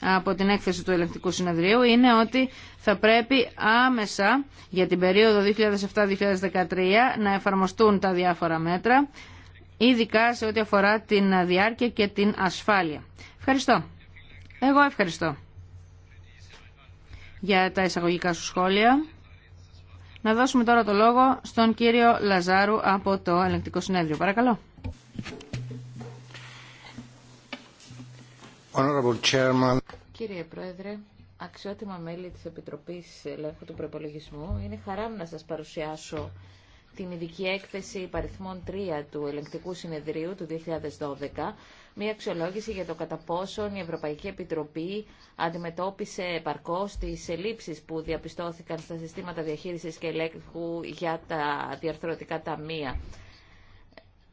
από την έκθεση του ελεκτικού συνεδρίου είναι ότι θα πρέπει άμεσα για την περίοδο 2007-2013 να εφαρμοστούν τα διάφορα μέτρα, ειδικά σε ό,τι αφορά την διάρκεια και την ασφάλεια. Ευχαριστώ. Εγώ ευχαριστώ για τα εισαγωγικά σου σχόλια. Να δώσουμε τώρα το λόγο στον κύριο Λαζάρου από το Ελεγκτικό Συνέδριο. Παρακαλώ. Κύριε Πρόεδρε, αξιότιμα μέλη της Επιτροπής Ελέγχου του Προπολογισμού, είναι χαρά μου να σας παρουσιάσω την ειδική έκθεση υπαριθμών 3 του Ελεγκτικού Συνεδρίου του 2012 μια αξιολόγηση για το κατά πόσον η Ευρωπαϊκή Επιτροπή αντιμετώπισε επαρκώς τι ελλείψεις που διαπιστώθηκαν στα συστήματα διαχείρισης και ελέγχου για τα διαρθρωτικά ταμεία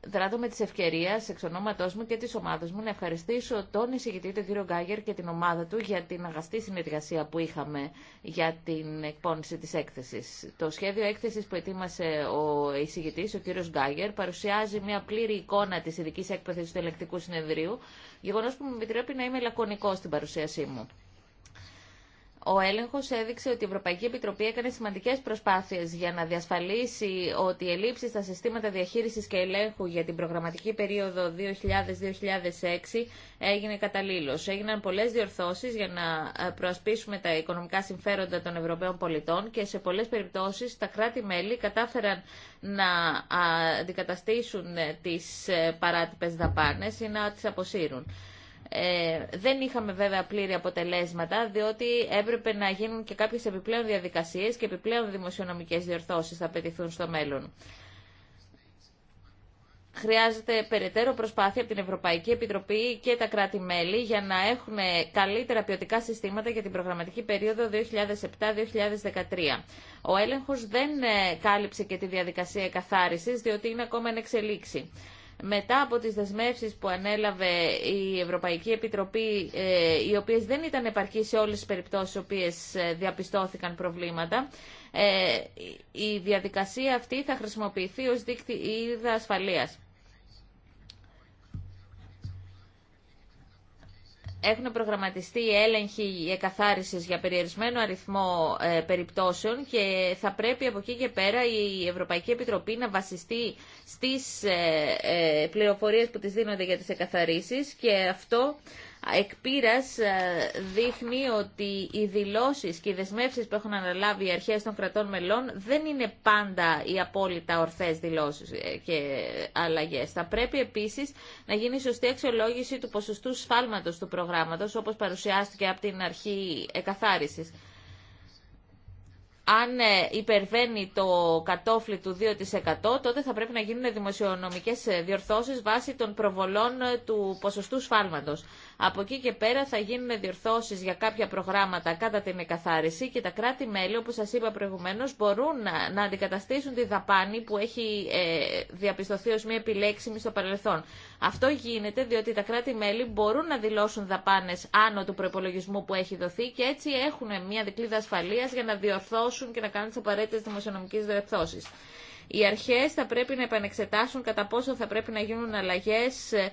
δράτω με τις ευκαιρίες εξ ονόματός μου και της ομάδας μου να ευχαριστήσω τον εισηγητή τον κύριο Γκάγερ και την ομάδα του για την αγαστή συνεργασία που είχαμε για την εκπόνηση της έκθεσης. Το σχέδιο έκθεσης που ετοίμασε ο εισηγητής, ο κύριος Γκάγερ, παρουσιάζει μια πλήρη εικόνα της ειδική έκπαιδευσης του ελεκτικού συνεδρίου, γεγονός που μου επιτρέπει να είμαι λακωνικό στην παρουσίασή μου. Ο έλεγχο έδειξε ότι η Ευρωπαϊκή Επιτροπή έκανε σημαντικές προσπάθειες για να διασφαλίσει ότι οι ελλείψη στα συστήματα διαχείρισης και ελέγχου για την προγραμματική περίοδο 2000-2006 έγινε καταλήλω. Έγιναν πολλές διορθώσεις για να ε, προασπίσουμε τα οικονομικά συμφέροντα των Ευρωπαίων πολιτών και σε πολλέ περιπτώσει, τα κράτη-μέλη κατάφεραν να ε, αντικαταστήσουν ε, τι παράτυπες δαπάνε ή να τι αποσύρουν. Ε, δεν είχαμε βέβαια πλήρη αποτελέσματα, διότι έπρεπε να γίνουν και κάποιες επιπλέον διαδικασίες και επιπλέον δημοσιονομικές διορθώσεις θα απαιτηθούν στο μέλλον. Χρειάζεται περαιτέρω προσπάθεια από την Ευρωπαϊκή Επιτροπή και τα κράτη-μέλη για να έχουν καλύτερα ποιοτικά συστήματα για την προγραμματική περίοδο 2007-2013. Ο έλεγχος δεν ε, κάλυψε και τη διαδικασία καθάρισης, διότι είναι ακόμα εν εξελίξη μετά από τις δεσμεύσεις που ανέλαβε η Ευρωπαϊκή Επιτροπή, ε, οι οποίες δεν ήταν επαρκή σε όλες τις περιπτώσεις οποίες ε, διαπιστώθηκαν προβλήματα, ε, η διαδικασία αυτή θα χρησιμοποιηθεί ως δίκτυ ασφαλείας. έχουν προγραμματιστεί έλεγχοι εκαθάρισης για περιορισμένο αριθμό ε, περιπτώσεων και θα πρέπει από εκεί και πέρα η Ευρωπαϊκή Επιτροπή να βασιστεί στις ε, ε πληροφορίες που της δίνονται για τις εκαθαρίσεις και αυτό εκπείρας ε, δείχνει ότι οι δηλώσεις και οι δεσμεύσεις που έχουν αναλάβει οι αρχές των κρατών μελών δεν είναι πάντα οι απόλυτα ορθές δηλώσεις ε, και αλλαγές. Θα πρέπει επίσης να γίνει σωστή αξιολόγηση του ποσοστού σφάλματος του προγράμματος όπως παρουσιάστηκε από την αρχή εκαθάρισης. Αν ε, υπερβαίνει το κατόφλι του 2% τότε θα πρέπει να γίνουν δημοσιονομικές διορθώσεις βάσει των προβολών του ποσοστού σφάλματος. Από εκεί και πέρα θα γίνουν διορθώσεις για κάποια προγράμματα κατά την εκαθάριση και τα κράτη-μέλη, όπως σας είπα προηγουμένως, μπορούν να, να αντικαταστήσουν τη δαπάνη που έχει ε, διαπιστωθεί ως μια επιλέξιμη στο παρελθόν. Αυτό γίνεται διότι τα κράτη-μέλη μπορούν να δηλώσουν δαπάνες άνω του προπολογισμού που έχει δοθεί και έτσι έχουν μια δικλίδα ασφαλείας για να διορθώσουν και να κάνουν τις απαραίτητες δημοσιονομικές διορθώσεις. Οι αρχές θα πρέπει να επανεξετάσουν κατά πόσο θα πρέπει να γίνουν αλλαγές ε,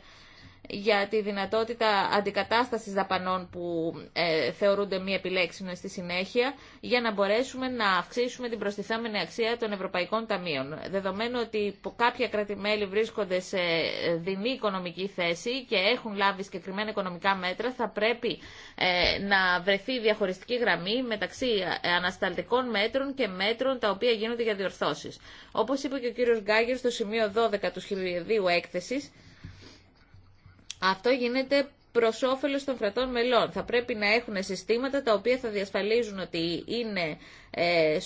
για τη δυνατότητα αντικατάστασης δαπανών που ε, θεωρούνται μη επιλέξιμες στη συνέχεια, για να μπορέσουμε να αυξήσουμε την προστιθέμενη αξία των Ευρωπαϊκών Ταμείων. Δεδομένου ότι κάποια κράτη-μέλη βρίσκονται σε ε, δινή οικονομική θέση και έχουν λάβει συγκεκριμένα οικονομικά μέτρα, θα πρέπει ε, να βρεθεί διαχωριστική γραμμή μεταξύ ανασταλτικών μέτρων και μέτρων τα οποία γίνονται για διορθώσεις. Όπως είπε και ο κύριος Γκάγερ στο σημείο 12 του σχεδίου έκθεσης, αυτό γίνεται προ όφελο των κρατών μελών. Θα πρέπει να έχουν συστήματα τα οποία θα διασφαλίζουν ότι είναι ε,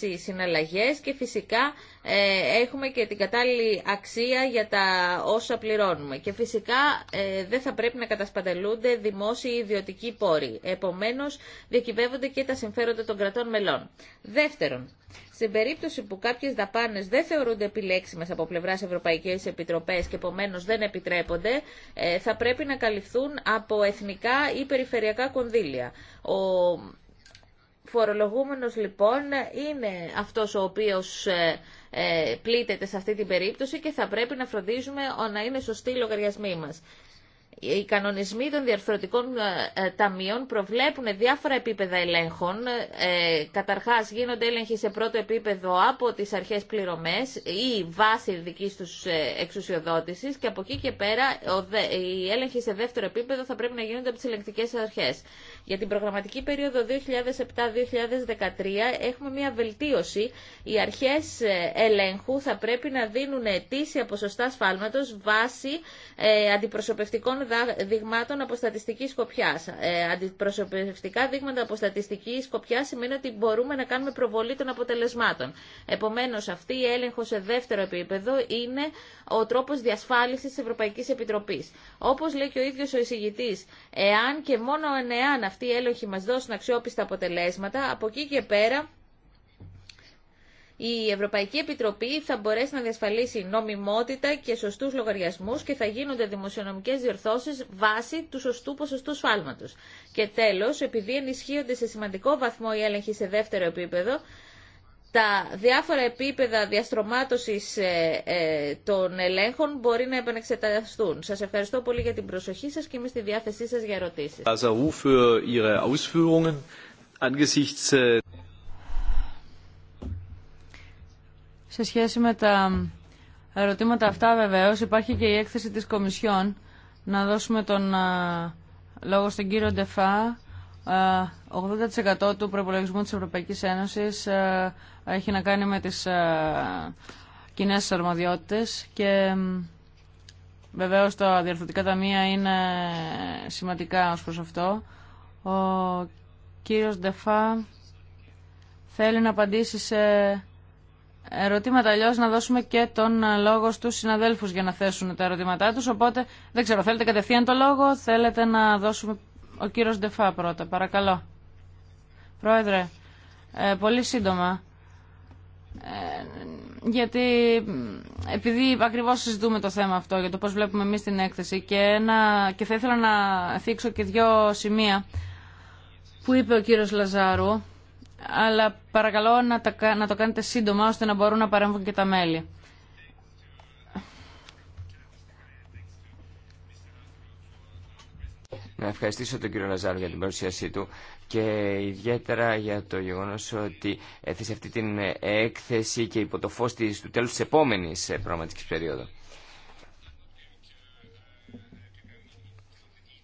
οι συναλλαγέ και φυσικά ε, έχουμε και την κατάλληλη αξία για τα όσα πληρώνουμε. Και φυσικά ε, δεν θα πρέπει να κατασπατελούνται δημόσιοι ιδιωτικοί πόροι. Επομένως, διακυβεύονται και τα συμφέροντα των κρατών μελών. Δεύτερον, στην περίπτωση που κάποιε δαπάνε δεν θεωρούνται επιλέξιμες από πλευρά Ευρωπαϊκή Επιτροπές και επομένω δεν επιτρέπονται, ε, θα πρέπει να καλυφθούν από εθνικά ή περιφερειακά κονδύλια. Ο φορολογούμενος λοιπόν είναι αυτός ο οποίος ε, πλήτεται σε αυτή την περίπτωση και θα πρέπει να φροντίζουμε να είναι σωστοί οι λογαριασμοί μας. Οι κανονισμοί των διαρθρωτικών ε, ε, ταμείων προβλέπουν διάφορα επίπεδα ελέγχων. Ε, καταρχάς γίνονται έλεγχοι σε πρώτο επίπεδο από τις αρχές πληρωμές ή βάση δικη τους εξουσιοδότησης και από εκεί και πέρα οι έλεγχοι σε δεύτερο επίπεδο θα πρέπει να γίνονται από τις ελεγκτικές αρχές. Για την προγραμματική περίοδο 2007-2013 έχουμε μια βελτίωση. Οι αρχές ε, ελέγχου θα πρέπει να δίνουν αιτήσια ποσοστά σφάλματος βάσει ε, αντιπροσωπευτικών δειγμάτων από στατιστική σκοπιά. Ε, αντιπροσωπευτικά δείγματα από στατιστική σκοπιά σημαίνει ότι μπορούμε να κάνουμε προβολή των αποτελεσμάτων. Επομένω, αυτή η έλεγχο σε δεύτερο επίπεδο είναι ο τρόπο διασφάλιση τη Ευρωπαϊκή Επιτροπή. Όπω λέει και ο ίδιο ο εισηγητή, εάν και μόνο εάν αυτοί οι έλεγχοι μας δώσουν αξιόπιστα αποτελέσματα, από εκεί και πέρα η Ευρωπαϊκή Επιτροπή θα μπορέσει να διασφαλίσει νομιμότητα και σωστούς λογαριασμούς και θα γίνονται δημοσιονομικές διορθώσεις βάσει του σωστού ποσοστού σφάλματος. Και τέλος, επειδή ενισχύονται σε σημαντικό βαθμό οι έλεγχοι σε δεύτερο επίπεδο, τα διάφορα επίπεδα διαστρωμάτωσης ε, ε, των ελέγχων μπορεί να επανεξεταστούν. Σας ευχαριστώ πολύ για την προσοχή σας και είμαι στη διάθεσή σας για ερωτήσεις. Ε, Σε σχέση με τα ερωτήματα αυτά βεβαίως υπάρχει και η έκθεση της Κομισιόν. Να δώσουμε τον λόγο στον κύριο Ντεφά 80% ε, του προπολογισμού της Ευρωπαϊκής Ένωσης ε, έχει να κάνει με τις ε, κοινέ αρμοδιότητες και βεβαίως τα διαρθρωτικά ταμεία είναι σημαντικά ως προς αυτό. Ο κύριος Ντεφά θέλει να απαντήσει σε ερωτήματα, αλλιώ να δώσουμε και τον λόγο στους συναδέλφους για να θέσουν τα ερωτήματά τους, οπότε δεν ξέρω, θέλετε κατευθείαν το λόγο, θέλετε να δώσουμε ο κύριος Ντεφά πρώτα, παρακαλώ. Πρόεδρε, ε, πολύ σύντομα. Ε, γιατί επειδή ακριβώς συζητούμε το θέμα αυτό για το πώς βλέπουμε εμείς την έκθεση και, ένα, και θα ήθελα να θίξω και δύο σημεία που είπε ο κύριος Λαζάρου αλλά παρακαλώ να, να το κάνετε σύντομα ώστε να μπορούν να παρέμβουν και τα μέλη. Να ευχαριστήσω τον κύριο Λαζάρο για την παρουσίασή του και ιδιαίτερα για το γεγονός ότι έθεσε αυτή την έκθεση και υπό το φω του τέλους τη επόμενης προγραμματική περίοδου.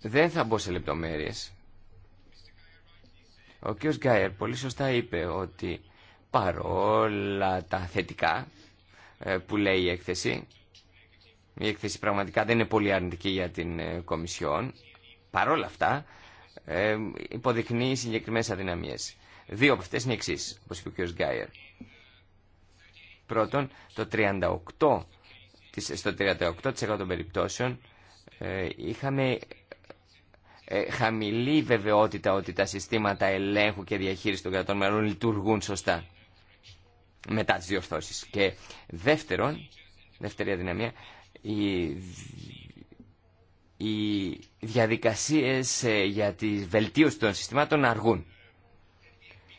Δεν θα μπω σε λεπτομέρειες. Ο κ. Γκάιερ πολύ σωστά είπε ότι παρόλα τα θετικά ε, που λέει η έκθεση, η έκθεση πραγματικά δεν είναι πολύ αρνητική για την ε, Κομισιόν, παρόλα αυτά ε, υποδεικνύει συγκεκριμένε αδυναμίε. Δύο από αυτέ είναι εξή, όπω είπε ο κ. Γκάιερ. Πρώτον, το 38, στο 38% των περιπτώσεων ε, είχαμε ε, χαμηλή βεβαιότητα ότι τα συστήματα ελέγχου και διαχείριση των κρατών μελών λειτουργούν σωστά μετά τις διορθώσεις. Και δεύτερον, δεύτερη αδυναμία, η οι διαδικασίες ε, για τη βελτίωση των συστημάτων αργούν.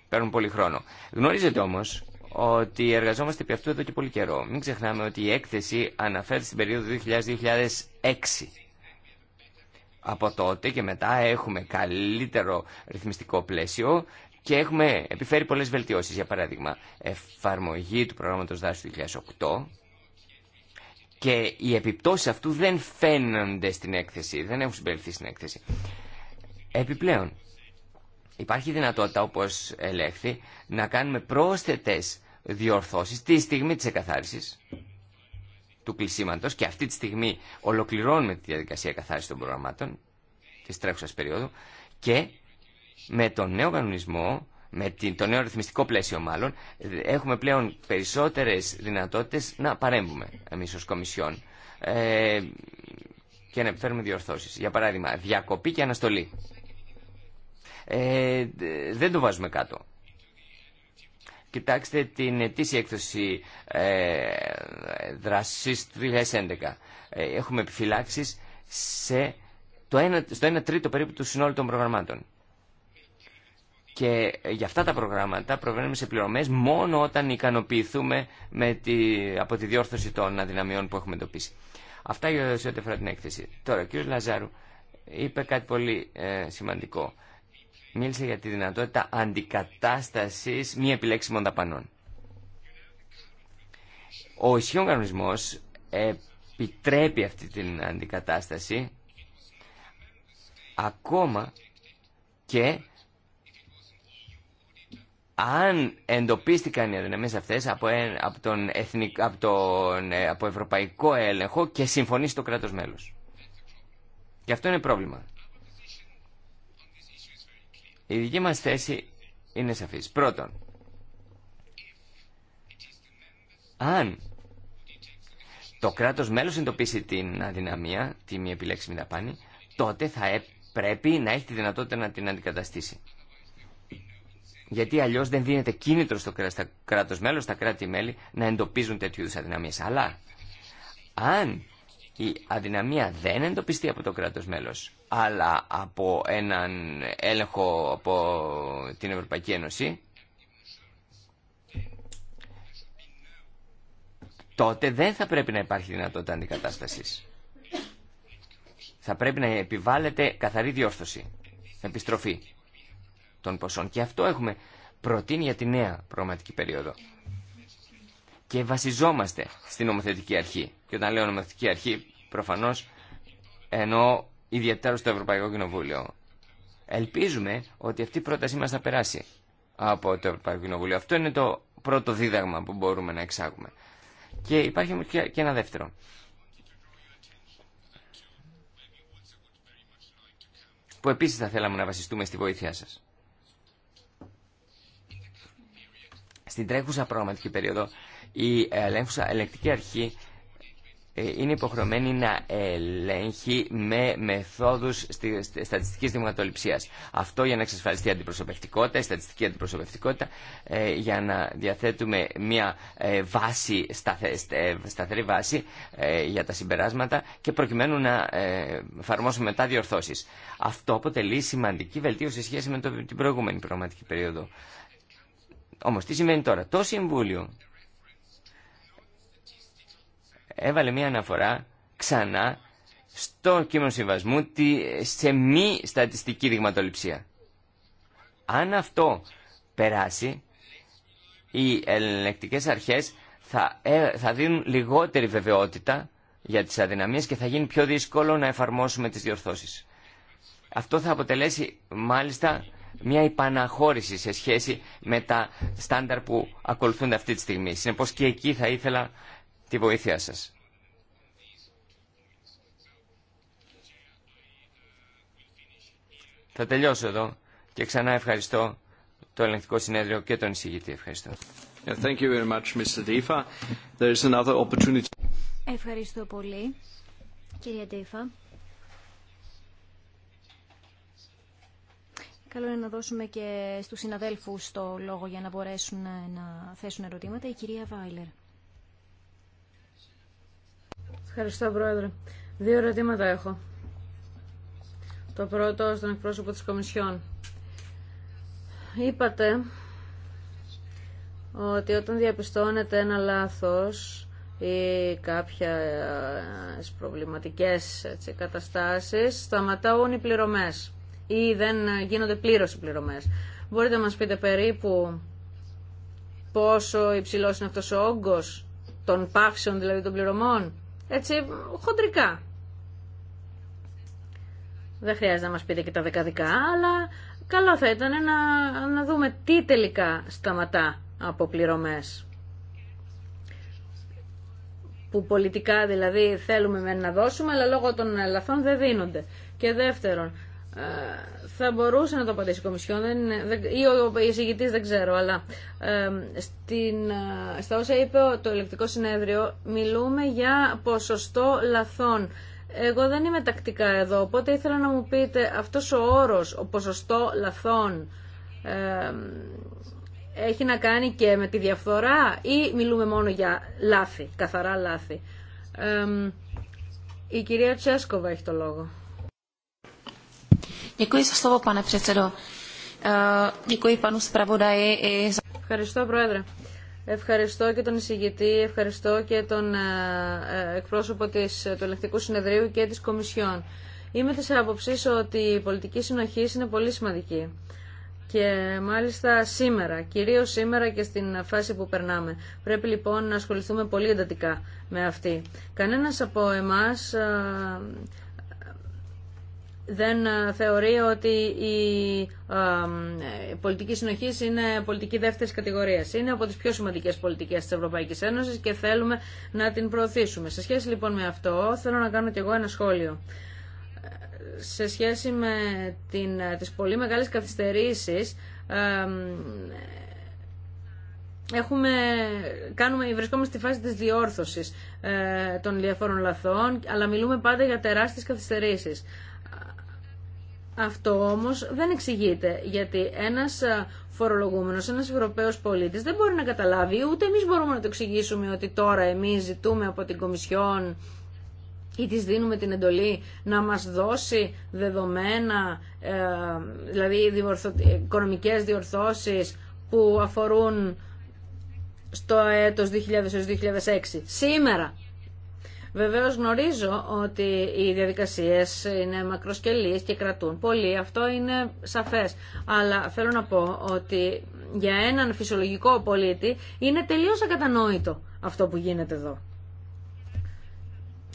Παίρνουν πολύ χρόνο. Γνωρίζετε όμως ότι εργαζόμαστε επί αυτού εδώ και πολύ καιρό. Μην ξεχνάμε ότι η έκθεση αναφέρει στην περίοδο 2000-2006. Από τότε και μετά έχουμε καλύτερο ρυθμιστικό πλαίσιο και έχουμε επιφέρει πολλές βελτιώσεις. Για παράδειγμα, εφαρμογή του προγράμματος του 2008 και οι επιπτώσει αυτού δεν φαίνονται στην έκθεση, δεν έχουν συμπεριληφθεί στην έκθεση. Επιπλέον, υπάρχει δυνατότητα, όπω ελέγχθη, να κάνουμε πρόσθετες διορθώσεις τη στιγμή της εκαθάριση του κλεισίματος και αυτή τη στιγμή ολοκληρώνουμε τη διαδικασία εκαθάριση των προγραμμάτων της τρέχουσα περίοδου και με τον νέο κανονισμό με το νέο ρυθμιστικό πλαίσιο μάλλον, έχουμε πλέον περισσότερες δυνατότητες να παρέμβουμε εμείς ως Κομισιόν ε, και να επιφέρουμε διορθώσεις. Για παράδειγμα, διακοπή και αναστολή. Ε, δεν το βάζουμε κάτω. Κοιτάξτε την ετήσια έκδοση ε, δράσης 2011. Ε, έχουμε επιφυλάξεις σε το στο 1 τρίτο περίπου του συνόλου των προγραμμάτων. Και για αυτά τα προγράμματα προβαίνουμε σε πληρωμές μόνο όταν ικανοποιηθούμε με τη, από τη διόρθωση των αδυναμιών που έχουμε εντοπίσει. Αυτά για ό,τι αφορά την έκθεση. Τώρα, ο κ. Λαζάρου είπε κάτι πολύ ε, σημαντικό. Μίλησε για τη δυνατότητα αντικατάστασης μη επιλέξιμων δαπανών. Ο ισχύων κανονισμό επιτρέπει αυτή την αντικατάσταση ακόμα και αν εντοπίστηκαν οι αδυναμίες αυτές από, από, τον, εθνικ, από τον ε, από ευρωπαϊκό έλεγχο και συμφωνήσει το κράτος μέλος. Και αυτό είναι πρόβλημα. Η δική μας θέση είναι σαφής. Πρώτον, αν το κράτος μέλος εντοπίσει την αδυναμία, τη μη επιλέξιμη δαπάνη, τότε θα ε- πρέπει να έχει τη δυνατότητα να την αντικαταστήσει. Γιατί αλλιώ δεν δίνεται κίνητρο στο κράτο μέλο, στα κράτη-μέλη, να εντοπίζουν τέτοιου είδου αδυναμίε. Αλλά αν η αδυναμία δεν εντοπιστεί από το κράτο μέλος, αλλά από έναν έλεγχο από την Ευρωπαϊκή Ένωση, τότε δεν θα πρέπει να υπάρχει δυνατότητα αντικατάσταση. Θα πρέπει να επιβάλλεται καθαρή διόρθωση, επιστροφή των ποσών. Και αυτό έχουμε προτείνει για τη νέα προγραμματική περίοδο. Και βασιζόμαστε στην νομοθετική αρχή. Και όταν λέω νομοθετική αρχή, προφανώς εννοώ ιδιαίτερα στο Ευρωπαϊκό Κοινοβούλιο. Ελπίζουμε ότι αυτή η πρότασή μας θα περάσει από το Ευρωπαϊκό Κοινοβούλιο. Αυτό είναι το πρώτο δίδαγμα που μπορούμε να εξάγουμε. Και υπάρχει και ένα δεύτερο. Που επίσης θα θέλαμε να βασιστούμε στη βοήθειά σας. Στην τρέχουσα προγραμματική περίοδο η ελέγχουσα ελεκτική αρχή ε, είναι υποχρεωμένη να ελέγχει με μεθόδου στατιστική δημοκρατοληψία. Αυτό για να εξασφαλιστεί η αντιπροσωπευτικότητα, η στατιστική αντιπροσωπευτικότητα, ε, για να διαθέτουμε μια ε, βάση, σταθερή βάση για τα συμπεράσματα και προκειμένου να εφαρμόσουμε μετά διορθώσει. Αυτό αποτελεί σημαντική βελτίωση σε σχέση με την προηγούμενη προγραμματική περίοδο. Όμως τι συμβαίνει τώρα. Το Συμβούλιο έβαλε μια αναφορά ξανά στο κείμενο συμβασμού σε μη στατιστική δειγματοληψία. Αν αυτό περάσει, οι ελεγκτικές αρχές θα, ε, θα δίνουν λιγότερη βεβαιότητα για τις αδυναμίες και θα γίνει πιο δύσκολο να εφαρμόσουμε τις διορθώσεις. Αυτό θα αποτελέσει μάλιστα μια υπαναχώρηση σε σχέση με τα στάνταρ που ακολουθούνται αυτή τη στιγμή. Συνεπώ και εκεί θα ήθελα τη βοήθειά σας. Θα τελειώσω εδώ και ξανά ευχαριστώ το ελεγκτικό συνέδριο και τον εισηγητή. Ευχαριστώ. Thank you very much, Mr. There is another opportunity. Ευχαριστώ πολύ, κύριε Ντίφα. Καλό είναι να δώσουμε και στους συναδέλφους το λόγο για να μπορέσουν να θέσουν ερωτήματα. Η κυρία Βάιλερ. Ευχαριστώ, Πρόεδρε. Δύο ερωτήματα έχω. Το πρώτο στον εκπρόσωπο της Κομισιόν. Είπατε ότι όταν διαπιστώνεται ένα λάθος ή κάποια προβληματικές έτσι, καταστάσεις, σταματάουν οι πληρωμές ή δεν γίνονται πλήρως οι πληρωμές. Μπορείτε να μας πείτε περίπου πόσο υψηλός είναι αυτός ο όγκος των παύσεων, δηλαδή των πληρωμών. Έτσι, χοντρικά. Δεν χρειάζεται να μας πείτε και τα δεκαδικά, αλλά καλό θα ήταν να, να δούμε τι τελικά σταματά από πληρωμές. Που πολιτικά δηλαδή θέλουμε να δώσουμε, αλλά λόγω των λαθών δεν δίνονται. Και δεύτερον, ε, θα μπορούσε να το απαντήσει η Κομισιόν ή ο εισηγητή δεν ξέρω, αλλά ε, στην, ε, στα όσα είπε το ελεκτικό συνέδριο μιλούμε για ποσοστό λαθών. Εγώ δεν είμαι τακτικά εδώ, οπότε ήθελα να μου πείτε αυτός ο όρος, ο ποσοστό λαθών, έχει να κάνει και με τη διαφθορά ή μιλούμε μόνο για λάθη, καθαρά λάθη. η κυρία Τσέσκοβα έχει το λόγο. Ευχαριστώ, Πρόεδρε. Ευχαριστώ και τον εισηγητή, ευχαριστώ και τον ε, ε, εκπρόσωπο της, ε, του Ελεκτικού Συνεδρίου και της Κομισιόν. Είμαι της άποψης ότι η πολιτική συνοχή είναι πολύ σημαντική. Και μάλιστα σήμερα, κυρίως σήμερα και στην φάση που περνάμε. Πρέπει λοιπόν να ασχοληθούμε πολύ εντατικά με αυτή. Κανένας από εμάς δεν ε, θεωρεί ότι η ε, ε, πολιτική συνοχή είναι πολιτική δεύτερη κατηγορία. Είναι από τι πιο σημαντικέ πολιτικέ τη Ευρωπαϊκή Ένωση και θέλουμε να την προωθήσουμε. Σε σχέση λοιπόν με αυτό, θέλω να κάνω κι εγώ ένα σχόλιο. Σε σχέση με την, τις πολύ μεγάλες καθυστερήσεις έχουμε, κάνουμε, βρισκόμαστε στη φάση της διόρθωσης των διαφόρων λαθών, αλλά μιλούμε πάντα για τεράστιες καθυστερήσεις. Αυτό όμως δεν εξηγείται, γιατί ένας ε, φορολογούμενος, ένας Ευρωπαίος πολίτης δεν μπορεί να καταλάβει, ούτε εμείς μπορούμε να το εξηγήσουμε ότι τώρα εμείς ζητούμε από την Κομισιόν ή της δίνουμε την εντολή να μας δώσει δεδομένα, ε, δηλαδή οικονομικές διορθώσεις που αφορούν στο έτος 2000-2006. Σήμερα Βεβαίω γνωρίζω ότι οι διαδικασίε είναι μακροσκελείς και κρατούν πολύ. Αυτό είναι σαφές. Αλλά θέλω να πω ότι για έναν φυσιολογικό πολίτη είναι τελείω ακατανόητο αυτό που γίνεται εδώ.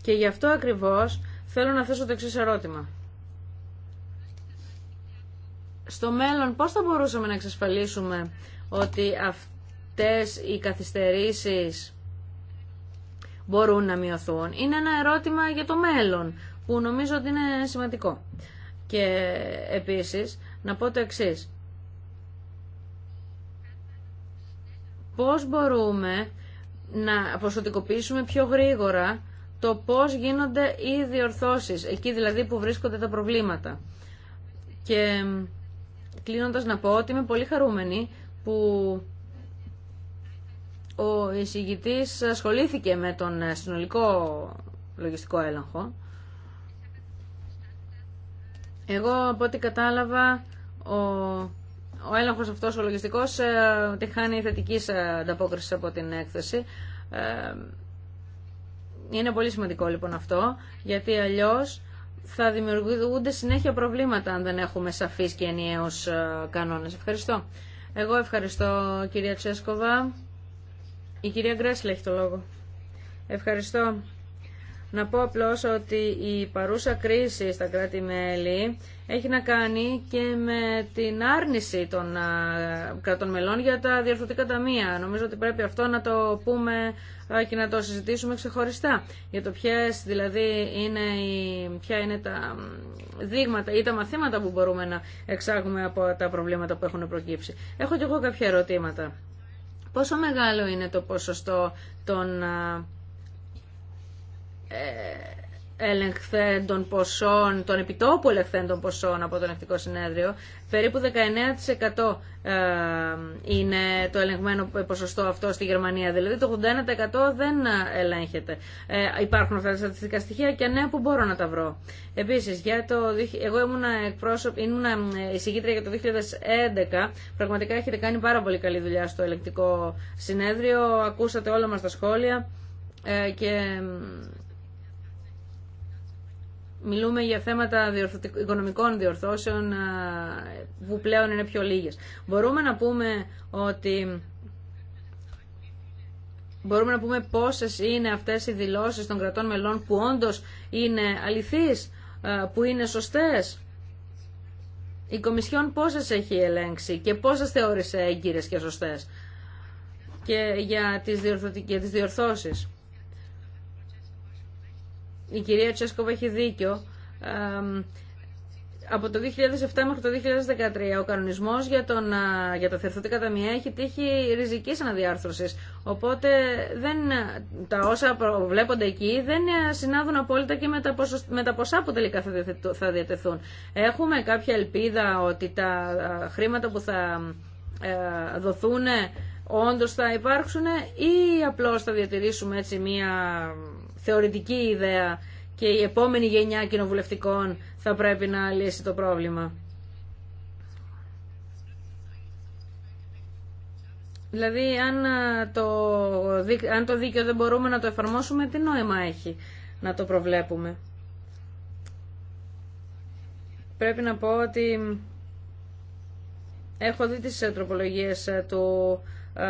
Και γι' αυτό ακριβώ θέλω να θέσω το εξή ερώτημα. Στο μέλλον πώς θα μπορούσαμε να εξασφαλίσουμε ότι αυτές οι καθυστερήσεις μπορούν να μειωθούν. Είναι ένα ερώτημα για το μέλλον που νομίζω ότι είναι σημαντικό. Και επίσης να πω το εξής. Πώς μπορούμε να ποσοτικοποιήσουμε πιο γρήγορα το πώς γίνονται οι διορθώσεις, εκεί δηλαδή που βρίσκονται τα προβλήματα. Και κλείνοντας να πω ότι είμαι πολύ χαρούμενη που ο εισηγητής ασχολήθηκε με τον συνολικό λογιστικό έλεγχο. Εγώ από ό,τι κατάλαβα ο, ο έλεγχος αυτός ο λογιστικός ε, τη χάνει θετική ανταπόκριση από την έκθεση. Ε, είναι πολύ σημαντικό λοιπόν αυτό γιατί αλλιώς θα δημιουργούνται συνέχεια προβλήματα αν δεν έχουμε σαφείς και ενιαίους ε, κανόνες. Ευχαριστώ. Εγώ ευχαριστώ κυρία Τσέσκοβα. Η κυρία Γκρέσλε έχει το λόγο. Ευχαριστώ. Να πω απλώς ότι η παρούσα κρίση στα κράτη-μέλη έχει να κάνει και με την άρνηση των κρατών μελών για τα διορθωτικά ταμεία. Νομίζω ότι πρέπει αυτό να το πούμε και να το συζητήσουμε ξεχωριστά. Για το ποιες δηλαδή είναι, ποια είναι τα δείγματα ή τα μαθήματα που μπορούμε να εξάγουμε από τα προβλήματα που έχουν προκύψει. Έχω και εγώ κάποια ερωτήματα πόσο μεγάλο είναι το ποσοστό των ε, ελεγχθέντων ποσών, των επιτόπου ελεγχθέντων ποσών από το ελεγχτικό συνέδριο. Περίπου 19% ε, είναι το ελεγμένο ποσοστό αυτό στη Γερμανία. Δηλαδή το 81% δεν ελέγχεται. Ε, υπάρχουν αυτά τα στατιστικά στοιχεία και ναι που μπορώ να τα βρω. Επίσης, για το, εγώ ήμουν, εκπρόσωπ, ήμουν ε, εισηγήτρια για το 2011. Πραγματικά έχετε κάνει πάρα πολύ καλή δουλειά στο ελεγχτικό συνέδριο. Ακούσατε όλα μας τα σχόλια και Μιλούμε για θέματα οικονομικών διορθώσεων που πλέον είναι πιο λίγες. Μπορούμε να πούμε ότι μπορούμε να πούμε πόσες είναι αυτές οι δηλώσεις των κρατών μελών που όντως είναι αληθείς, που είναι σωστές. Η Κομισιόν πόσες έχει ελέγξει και πόσες θεώρησε έγκυρες και σωστές και για τις, για τις διορθώσεις η κυρία Τσέσκοβα έχει δίκιο. Από το 2007 μέχρι το 2013 ο κανονισμός για, τον, για τα θερθωτικά ταμεία έχει τύχει ριζικής αναδιάρθρωσης. Οπότε δεν, τα όσα βλέπονται εκεί δεν ε, συνάδουν απόλυτα και με τα, ποσά που τελικά θα, θα διατεθούν. Έχουμε κάποια ελπίδα ότι τα χρήματα που θα ε, δοθούν όντως θα υπάρξουν ή απλώς θα διατηρήσουμε έτσι μία θεωρητική ιδέα και η επόμενη γενιά κοινοβουλευτικών θα πρέπει να λύσει το πρόβλημα. Δηλαδή, αν το, αν το δίκαιο δεν μπορούμε να το εφαρμόσουμε, τι νόημα έχει να το προβλέπουμε. Πρέπει να πω ότι έχω δει τις ε, τροπολογίες ε, του ε,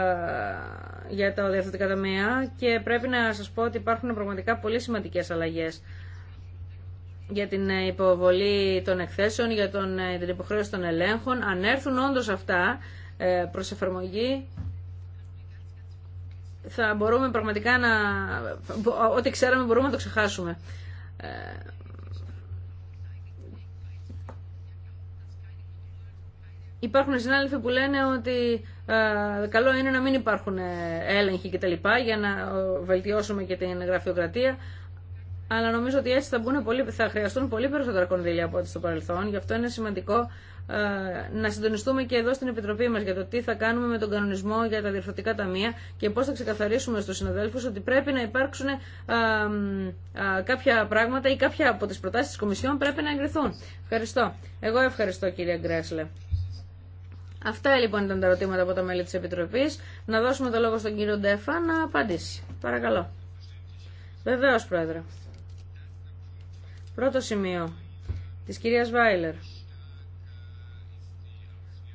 για τα διευθυντικά ταμεία και πρέπει να σας πω ότι υπάρχουν πραγματικά πολύ σημαντικές αλλαγές για την υποβολή των εκθέσεων, για τον, ε, την υποχρέωση των ελέγχων. Αν έρθουν όντως αυτά ε, προς εφαρμογή, θα μπορούμε πραγματικά να... Ό,τι ξέραμε μπορούμε να το ξεχάσουμε. Υπάρχουν συνάδελφοι που λένε ότι ε, καλό είναι να μην υπάρχουν ε, έλεγχοι κτλ. για να ε, βελτιώσουμε και την γραφειοκρατία. Αλλά νομίζω ότι έτσι θα, μπουν πολύ, θα χρειαστούν πολύ περισσότερα κονδύλια από ό,τι στο παρελθόν. Γι' αυτό είναι σημαντικό να συντονιστούμε και εδώ στην Επιτροπή μα για το τι θα κάνουμε με τον κανονισμό για τα διευθυντικά ταμεία και πώ θα ξεκαθαρίσουμε στου συναδέλφου ότι πρέπει να υπάρξουν κάποια πράγματα ή κάποια από τι προτάσει τη Κομισιόν πρέπει να εγκριθούν. Ευχαριστώ. Εγώ ευχαριστώ, κύριε Γκρέσλε. Αυτά λοιπόν ήταν τα ερωτήματα από τα μέλη της Επιτροπής. Να δώσουμε το λόγο στον κύριο Ντέφα να απαντήσει. Παρακαλώ. Βεβαίω, Πρόεδρε. Πρώτο σημείο της κυρίας Βάιλερ.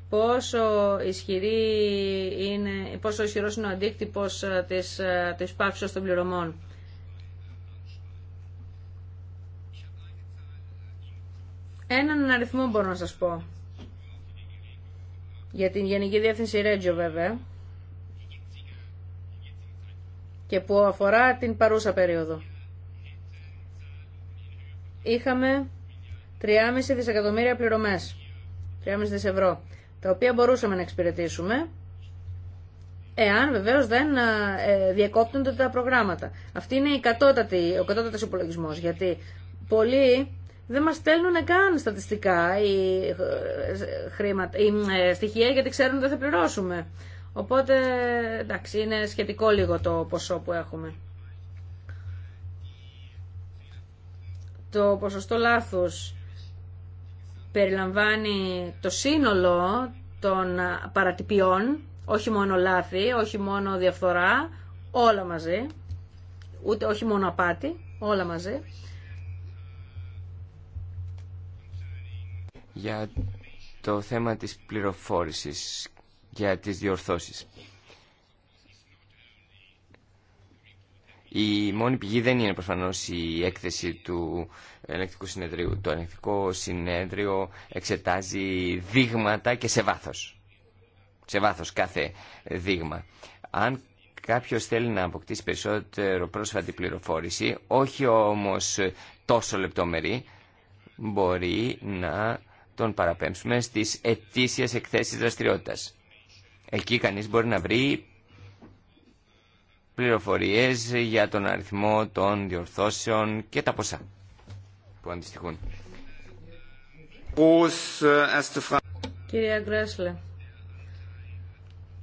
Πόσο, ισχυρή είναι, πόσο ισχυρός είναι ο αντίκτυπος ε, της, ε, της πάυσης των πληρωμών. Έναν αριθμό μπορώ να σας πω για την Γενική Διεύθυνση Ρέτζιο βέβαια και που αφορά την παρούσα περίοδο. Είχαμε 3,5 δισεκατομμύρια πληρωμές, 3,5 δις ευρώ, τα οποία μπορούσαμε να εξυπηρετήσουμε εάν βεβαίως δεν ε, διακόπτονται τα προγράμματα. Αυτή είναι η κατώτατη, ο κατώτατος υπολογισμός, γιατί πολλοί δεν μας στέλνουν καν στατιστικά ή, ε, χρήματα, ή ε, στοιχεία γιατί ξέρουν ότι δεν θα πληρώσουμε. Οπότε, εντάξει, είναι σχετικό λίγο το ποσό που έχουμε. Το ποσοστό λάθους περιλαμβάνει το σύνολο των παρατυπιών, όχι μόνο λάθη, όχι μόνο διαφθορά, όλα μαζί, ούτε όχι μόνο απάτη, όλα μαζί. για το θέμα της πληροφόρησης για τις διορθώσεις. Η μόνη πηγή δεν είναι προφανώς η έκθεση του ελεκτικού συνεδρίου. Το ελεκτικό συνέδριο εξετάζει δείγματα και σε βάθος. Σε βάθος κάθε δείγμα. Αν κάποιος θέλει να αποκτήσει περισσότερο πρόσφατη πληροφόρηση, όχι όμως τόσο λεπτομερή, μπορεί να τον παραπέμψουμε στις ετήσιες εκθέσεις δραστηριότητας. Εκεί κανείς μπορεί να βρει πληροφορίες για τον αριθμό των διορθώσεων και τα ποσά που αντιστοιχούν. Ε, Κυρία Γκρέσλε,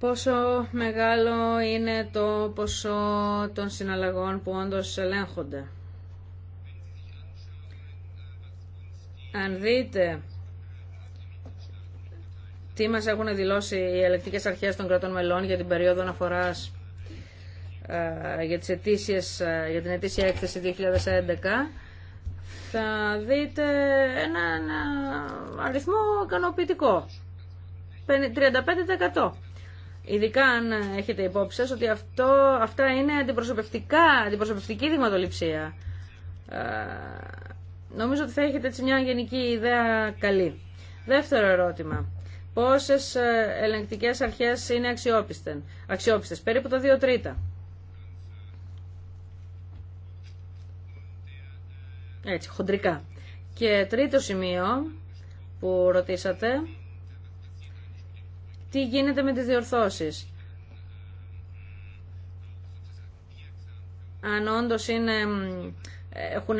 πόσο μεγάλο είναι το ποσό των συναλλαγών που όντως ελέγχονται. Αν δείτε τι μα έχουν δηλώσει οι ελεκτικέ αρχές των κρατών μελών για την περίοδο αναφοράς ε, για, ε, για την ετήσια έκθεση 2011 θα δείτε ένα αριθμό ικανοποιητικό 35% Ειδικά αν έχετε υπόψη σας ότι αυτό, αυτά είναι αντιπροσωπευτικά, αντιπροσωπευτική δειγματοληψία. Ε, νομίζω ότι θα έχετε έτσι μια γενική ιδέα καλή. Δεύτερο ερώτημα πόσες ε, ελεγκτικές αρχές είναι αξιόπιστες, αξιόπιστες περίπου τα 2 τρίτα. Έτσι, χοντρικά. Και τρίτο σημείο που ρωτήσατε, τι γίνεται με τις διορθώσεις. Αν όντως είναι, έχουν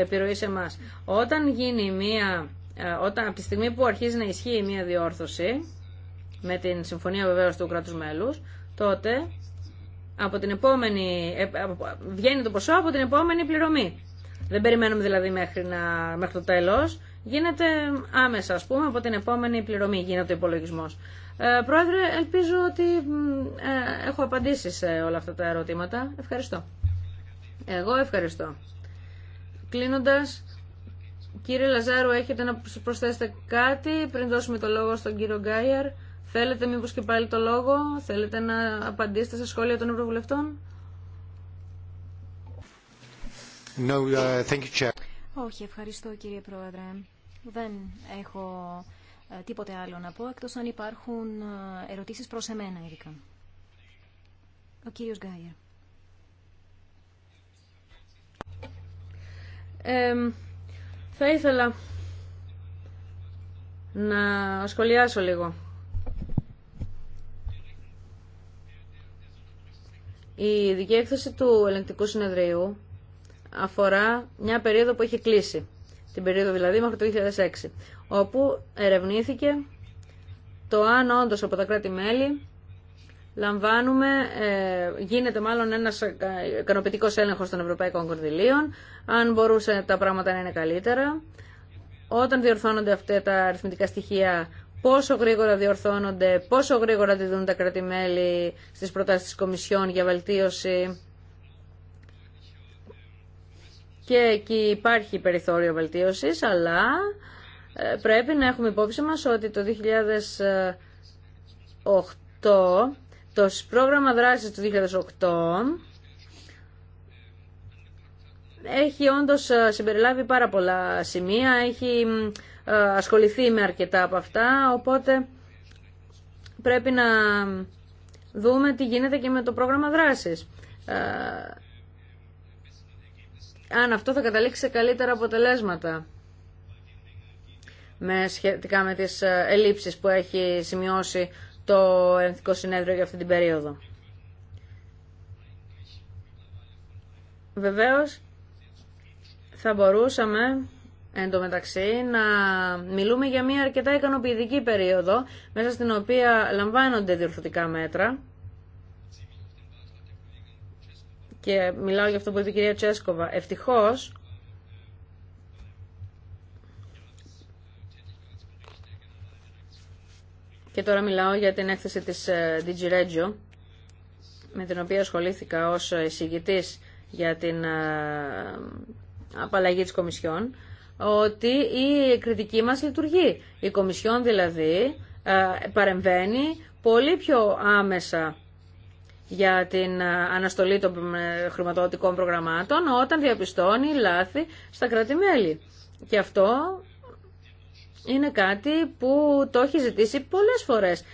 επιρροή σε εμάς. Όταν γίνει μία ε, όταν, από τη στιγμή που αρχίζει να ισχύει μια διόρθωση, με την συμφωνία βεβαίω του κρατου μέλους, τότε από την επόμενη, ε, ε, βγαίνει το ποσό από την επόμενη πληρωμή. Δεν περιμένουμε δηλαδή μέχρι, να, μέχρι το τέλος, γίνεται άμεσα α πούμε από την επόμενη πληρωμή γίνεται ο υπολογισμό. Ε, πρόεδρε, ελπίζω ότι έχω απαντήσει σε όλα αυτά τα ερωτήματα. Ευχαριστώ. Εγώ ευχαριστώ. Κλείνοντας, Κύριε Λαζάρου, έχετε να προσθέσετε κάτι πριν δώσουμε το λόγο στον κύριο Γκάιαρ. Θέλετε μήπως και πάλι το λόγο, θέλετε να απαντήσετε στα σχόλια των Ευρωβουλευτών. No, uh, thank you, Chair. Όχι, ευχαριστώ κύριε Πρόεδρε. Δεν έχω ε, τίποτε άλλο να πω, εκτός αν υπάρχουν ε, ερωτήσεις προς εμένα ειδικά. Ο κύριος Γκάιερ. Θα ήθελα να σχολιάσω λίγο. Η ειδική έκθεση του ελεγκτικού συνεδρίου αφορά μια περίοδο που έχει κλείσει. Την περίοδο δηλαδή μέχρι το 2006. Όπου ερευνήθηκε το αν όντω από τα κράτη-μέλη λαμβάνουμε, ε, γίνεται μάλλον ένας ε, ικανοποιητικό έλεγχος των ευρωπαϊκών κονδυλίων, αν μπορούσε τα πράγματα να είναι καλύτερα. Όταν διορθώνονται αυτά τα αριθμητικά στοιχεία, πόσο γρήγορα διορθώνονται, πόσο γρήγορα τη δουν τα μελη στις προτάσεις της Κομισιόν για βελτίωση. Και εκεί υπάρχει περιθώριο βελτίωσης, αλλά ε, πρέπει να έχουμε υπόψη μας ότι το 2008 το πρόγραμμα δράσης του 2008 έχει όντως ε, συμπεριλάβει πάρα πολλά σημεία, έχει ε, ασχοληθεί με αρκετά από αυτά, οπότε πρέπει να δούμε τι γίνεται και με το πρόγραμμα δράσης. Ε, αν αυτό θα καταλήξει σε καλύτερα αποτελέσματα με σχετικά με τις ελλείψεις που έχει σημειώσει το ελληνικό Συνέδριο για αυτή την περίοδο. Βεβαίως, θα μπορούσαμε εν τω μεταξύ να μιλούμε για μια αρκετά ικανοποιητική περίοδο μέσα στην οποία λαμβάνονται διορθωτικά μέτρα και μιλάω για αυτό που είπε η κυρία Τσέσκοβα. Ευτυχώς Και τώρα μιλάω για την έκθεση της ε, DigiRegio, με την οποία ασχολήθηκα ως εισηγητής για την ε, απαλλαγή της Κομισιόν, ότι η κριτική μας λειτουργεί. Η Κομισιόν δηλαδή ε, παρεμβαίνει πολύ πιο άμεσα για την αναστολή των χρηματοδοτικών προγραμμάτων όταν διαπιστώνει λάθη στα κρατη Και αυτό είναι κάτι που το έχει ζητήσει πολλές φορές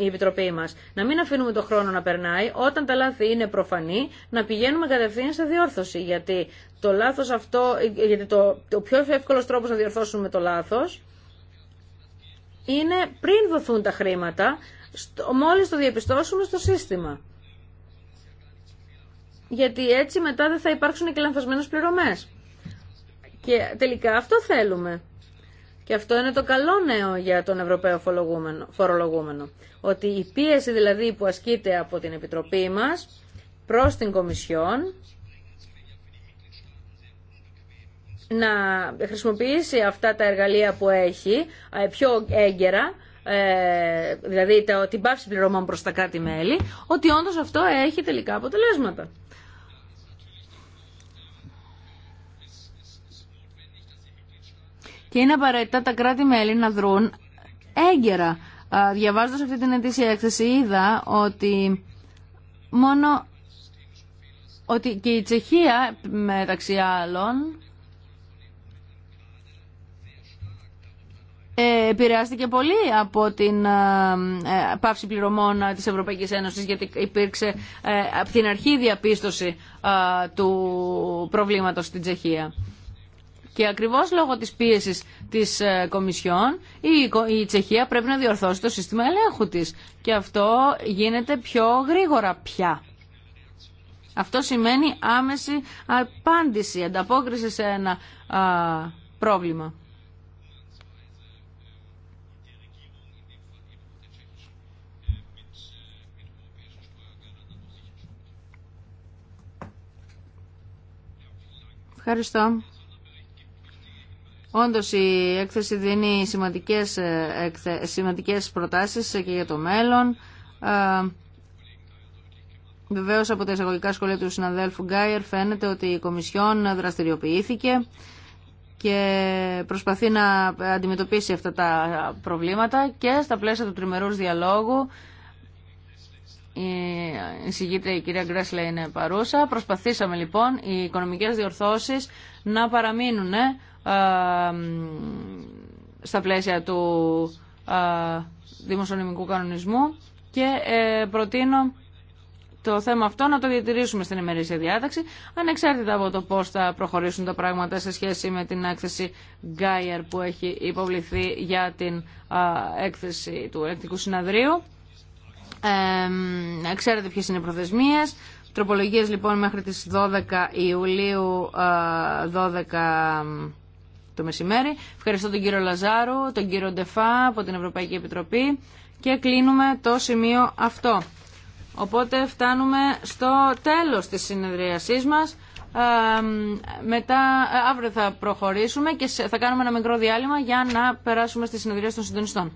η Επιτροπή μας. Να μην αφήνουμε το χρόνο να περνάει, όταν τα λάθη είναι προφανή, να πηγαίνουμε κατευθείαν σε διόρθωση, γιατί το λάθος αυτό, γιατί το, το πιο εύκολος τρόπος να διορθώσουμε το λάθος είναι πριν δοθούν τα χρήματα, στο, μόλις το διαπιστώσουμε στο σύστημα. Γιατί έτσι μετά δεν θα υπάρξουν και λανθασμένες πληρωμές. Και τελικά αυτό θέλουμε. Και αυτό είναι το καλό νέο για τον Ευρωπαίο φορολογούμενο. Ότι η πίεση δηλαδή που ασκείται από την Επιτροπή μας προς την Κομισιόν να χρησιμοποιήσει αυτά τα εργαλεία που έχει ε, πιο έγκαιρα, ε, δηλαδή την πάυση πληρώμων προς τα κράτη-μέλη, ότι όντως αυτό έχει τελικά αποτελέσματα. και είναι απαραίτητα τα κράτη-μέλη να δρουν έγκαιρα. διαβάζοντα αυτή την ετήσια έκθεση είδα ότι μόνο ότι και η Τσεχία μεταξύ άλλων ε, επηρεάστηκε πολύ από την ε, ε, πάυση πληρωμών της Ευρωπαϊκής Ένωσης γιατί υπήρξε από την αρχή διαπίστωση του προβλήματος στην Τσεχία. Και ακριβώς λόγω της πίεσης της ε, Κομισιόν η Τσεχία πρέπει να διορθώσει το σύστημα ελέγχου της. Και αυτό γίνεται πιο γρήγορα πια. Αυτό σημαίνει άμεση απάντηση, ανταπόκριση σε ένα πρόβλημα. Ευχαριστώ. Όντω η έκθεση δίνει σημαντικές, ε, σημαντικές προτάσεις και για το μέλλον. Ε, Βεβαίω από τα εισαγωγικά σχολεία του συναδέλφου Γκάιερ φαίνεται ότι η Κομισιόν δραστηριοποιήθηκε και προσπαθεί να αντιμετωπίσει αυτά τα προβλήματα και στα πλαίσια του τριμερούς διαλόγου η εισηγήτρια η κυρία Γκρέσλε είναι παρούσα. Προσπαθήσαμε λοιπόν οι οικονομικές διορθώσεις να παραμείνουν ε, στα πλαίσια του ε, δημοσιονομικού κανονισμού και ε, προτείνω το θέμα αυτό να το διατηρήσουμε στην ημερήσια διάταξη, ανεξάρτητα από το πώς θα προχωρήσουν τα πράγματα σε σχέση με την έκθεση Γκάιερ που έχει υποβληθεί για την έκθεση του Ελεκτικού Συναδρίου. Ε, ξέρετε ποιες είναι οι προθεσμίες. Τροπολογίες λοιπόν μέχρι τις 12 Ιουλίου 12 το μεσημέρι. Ευχαριστώ τον κύριο Λαζάρου, τον κύριο Ντεφά από την Ευρωπαϊκή Επιτροπή και κλείνουμε το σημείο αυτό. Οπότε φτάνουμε στο τέλος της συνεδρίασής μας. μετά ε, αύριο θα προχωρήσουμε και θα κάνουμε ένα μικρό διάλειμμα για να περάσουμε στη συνεδρία των συντονιστών.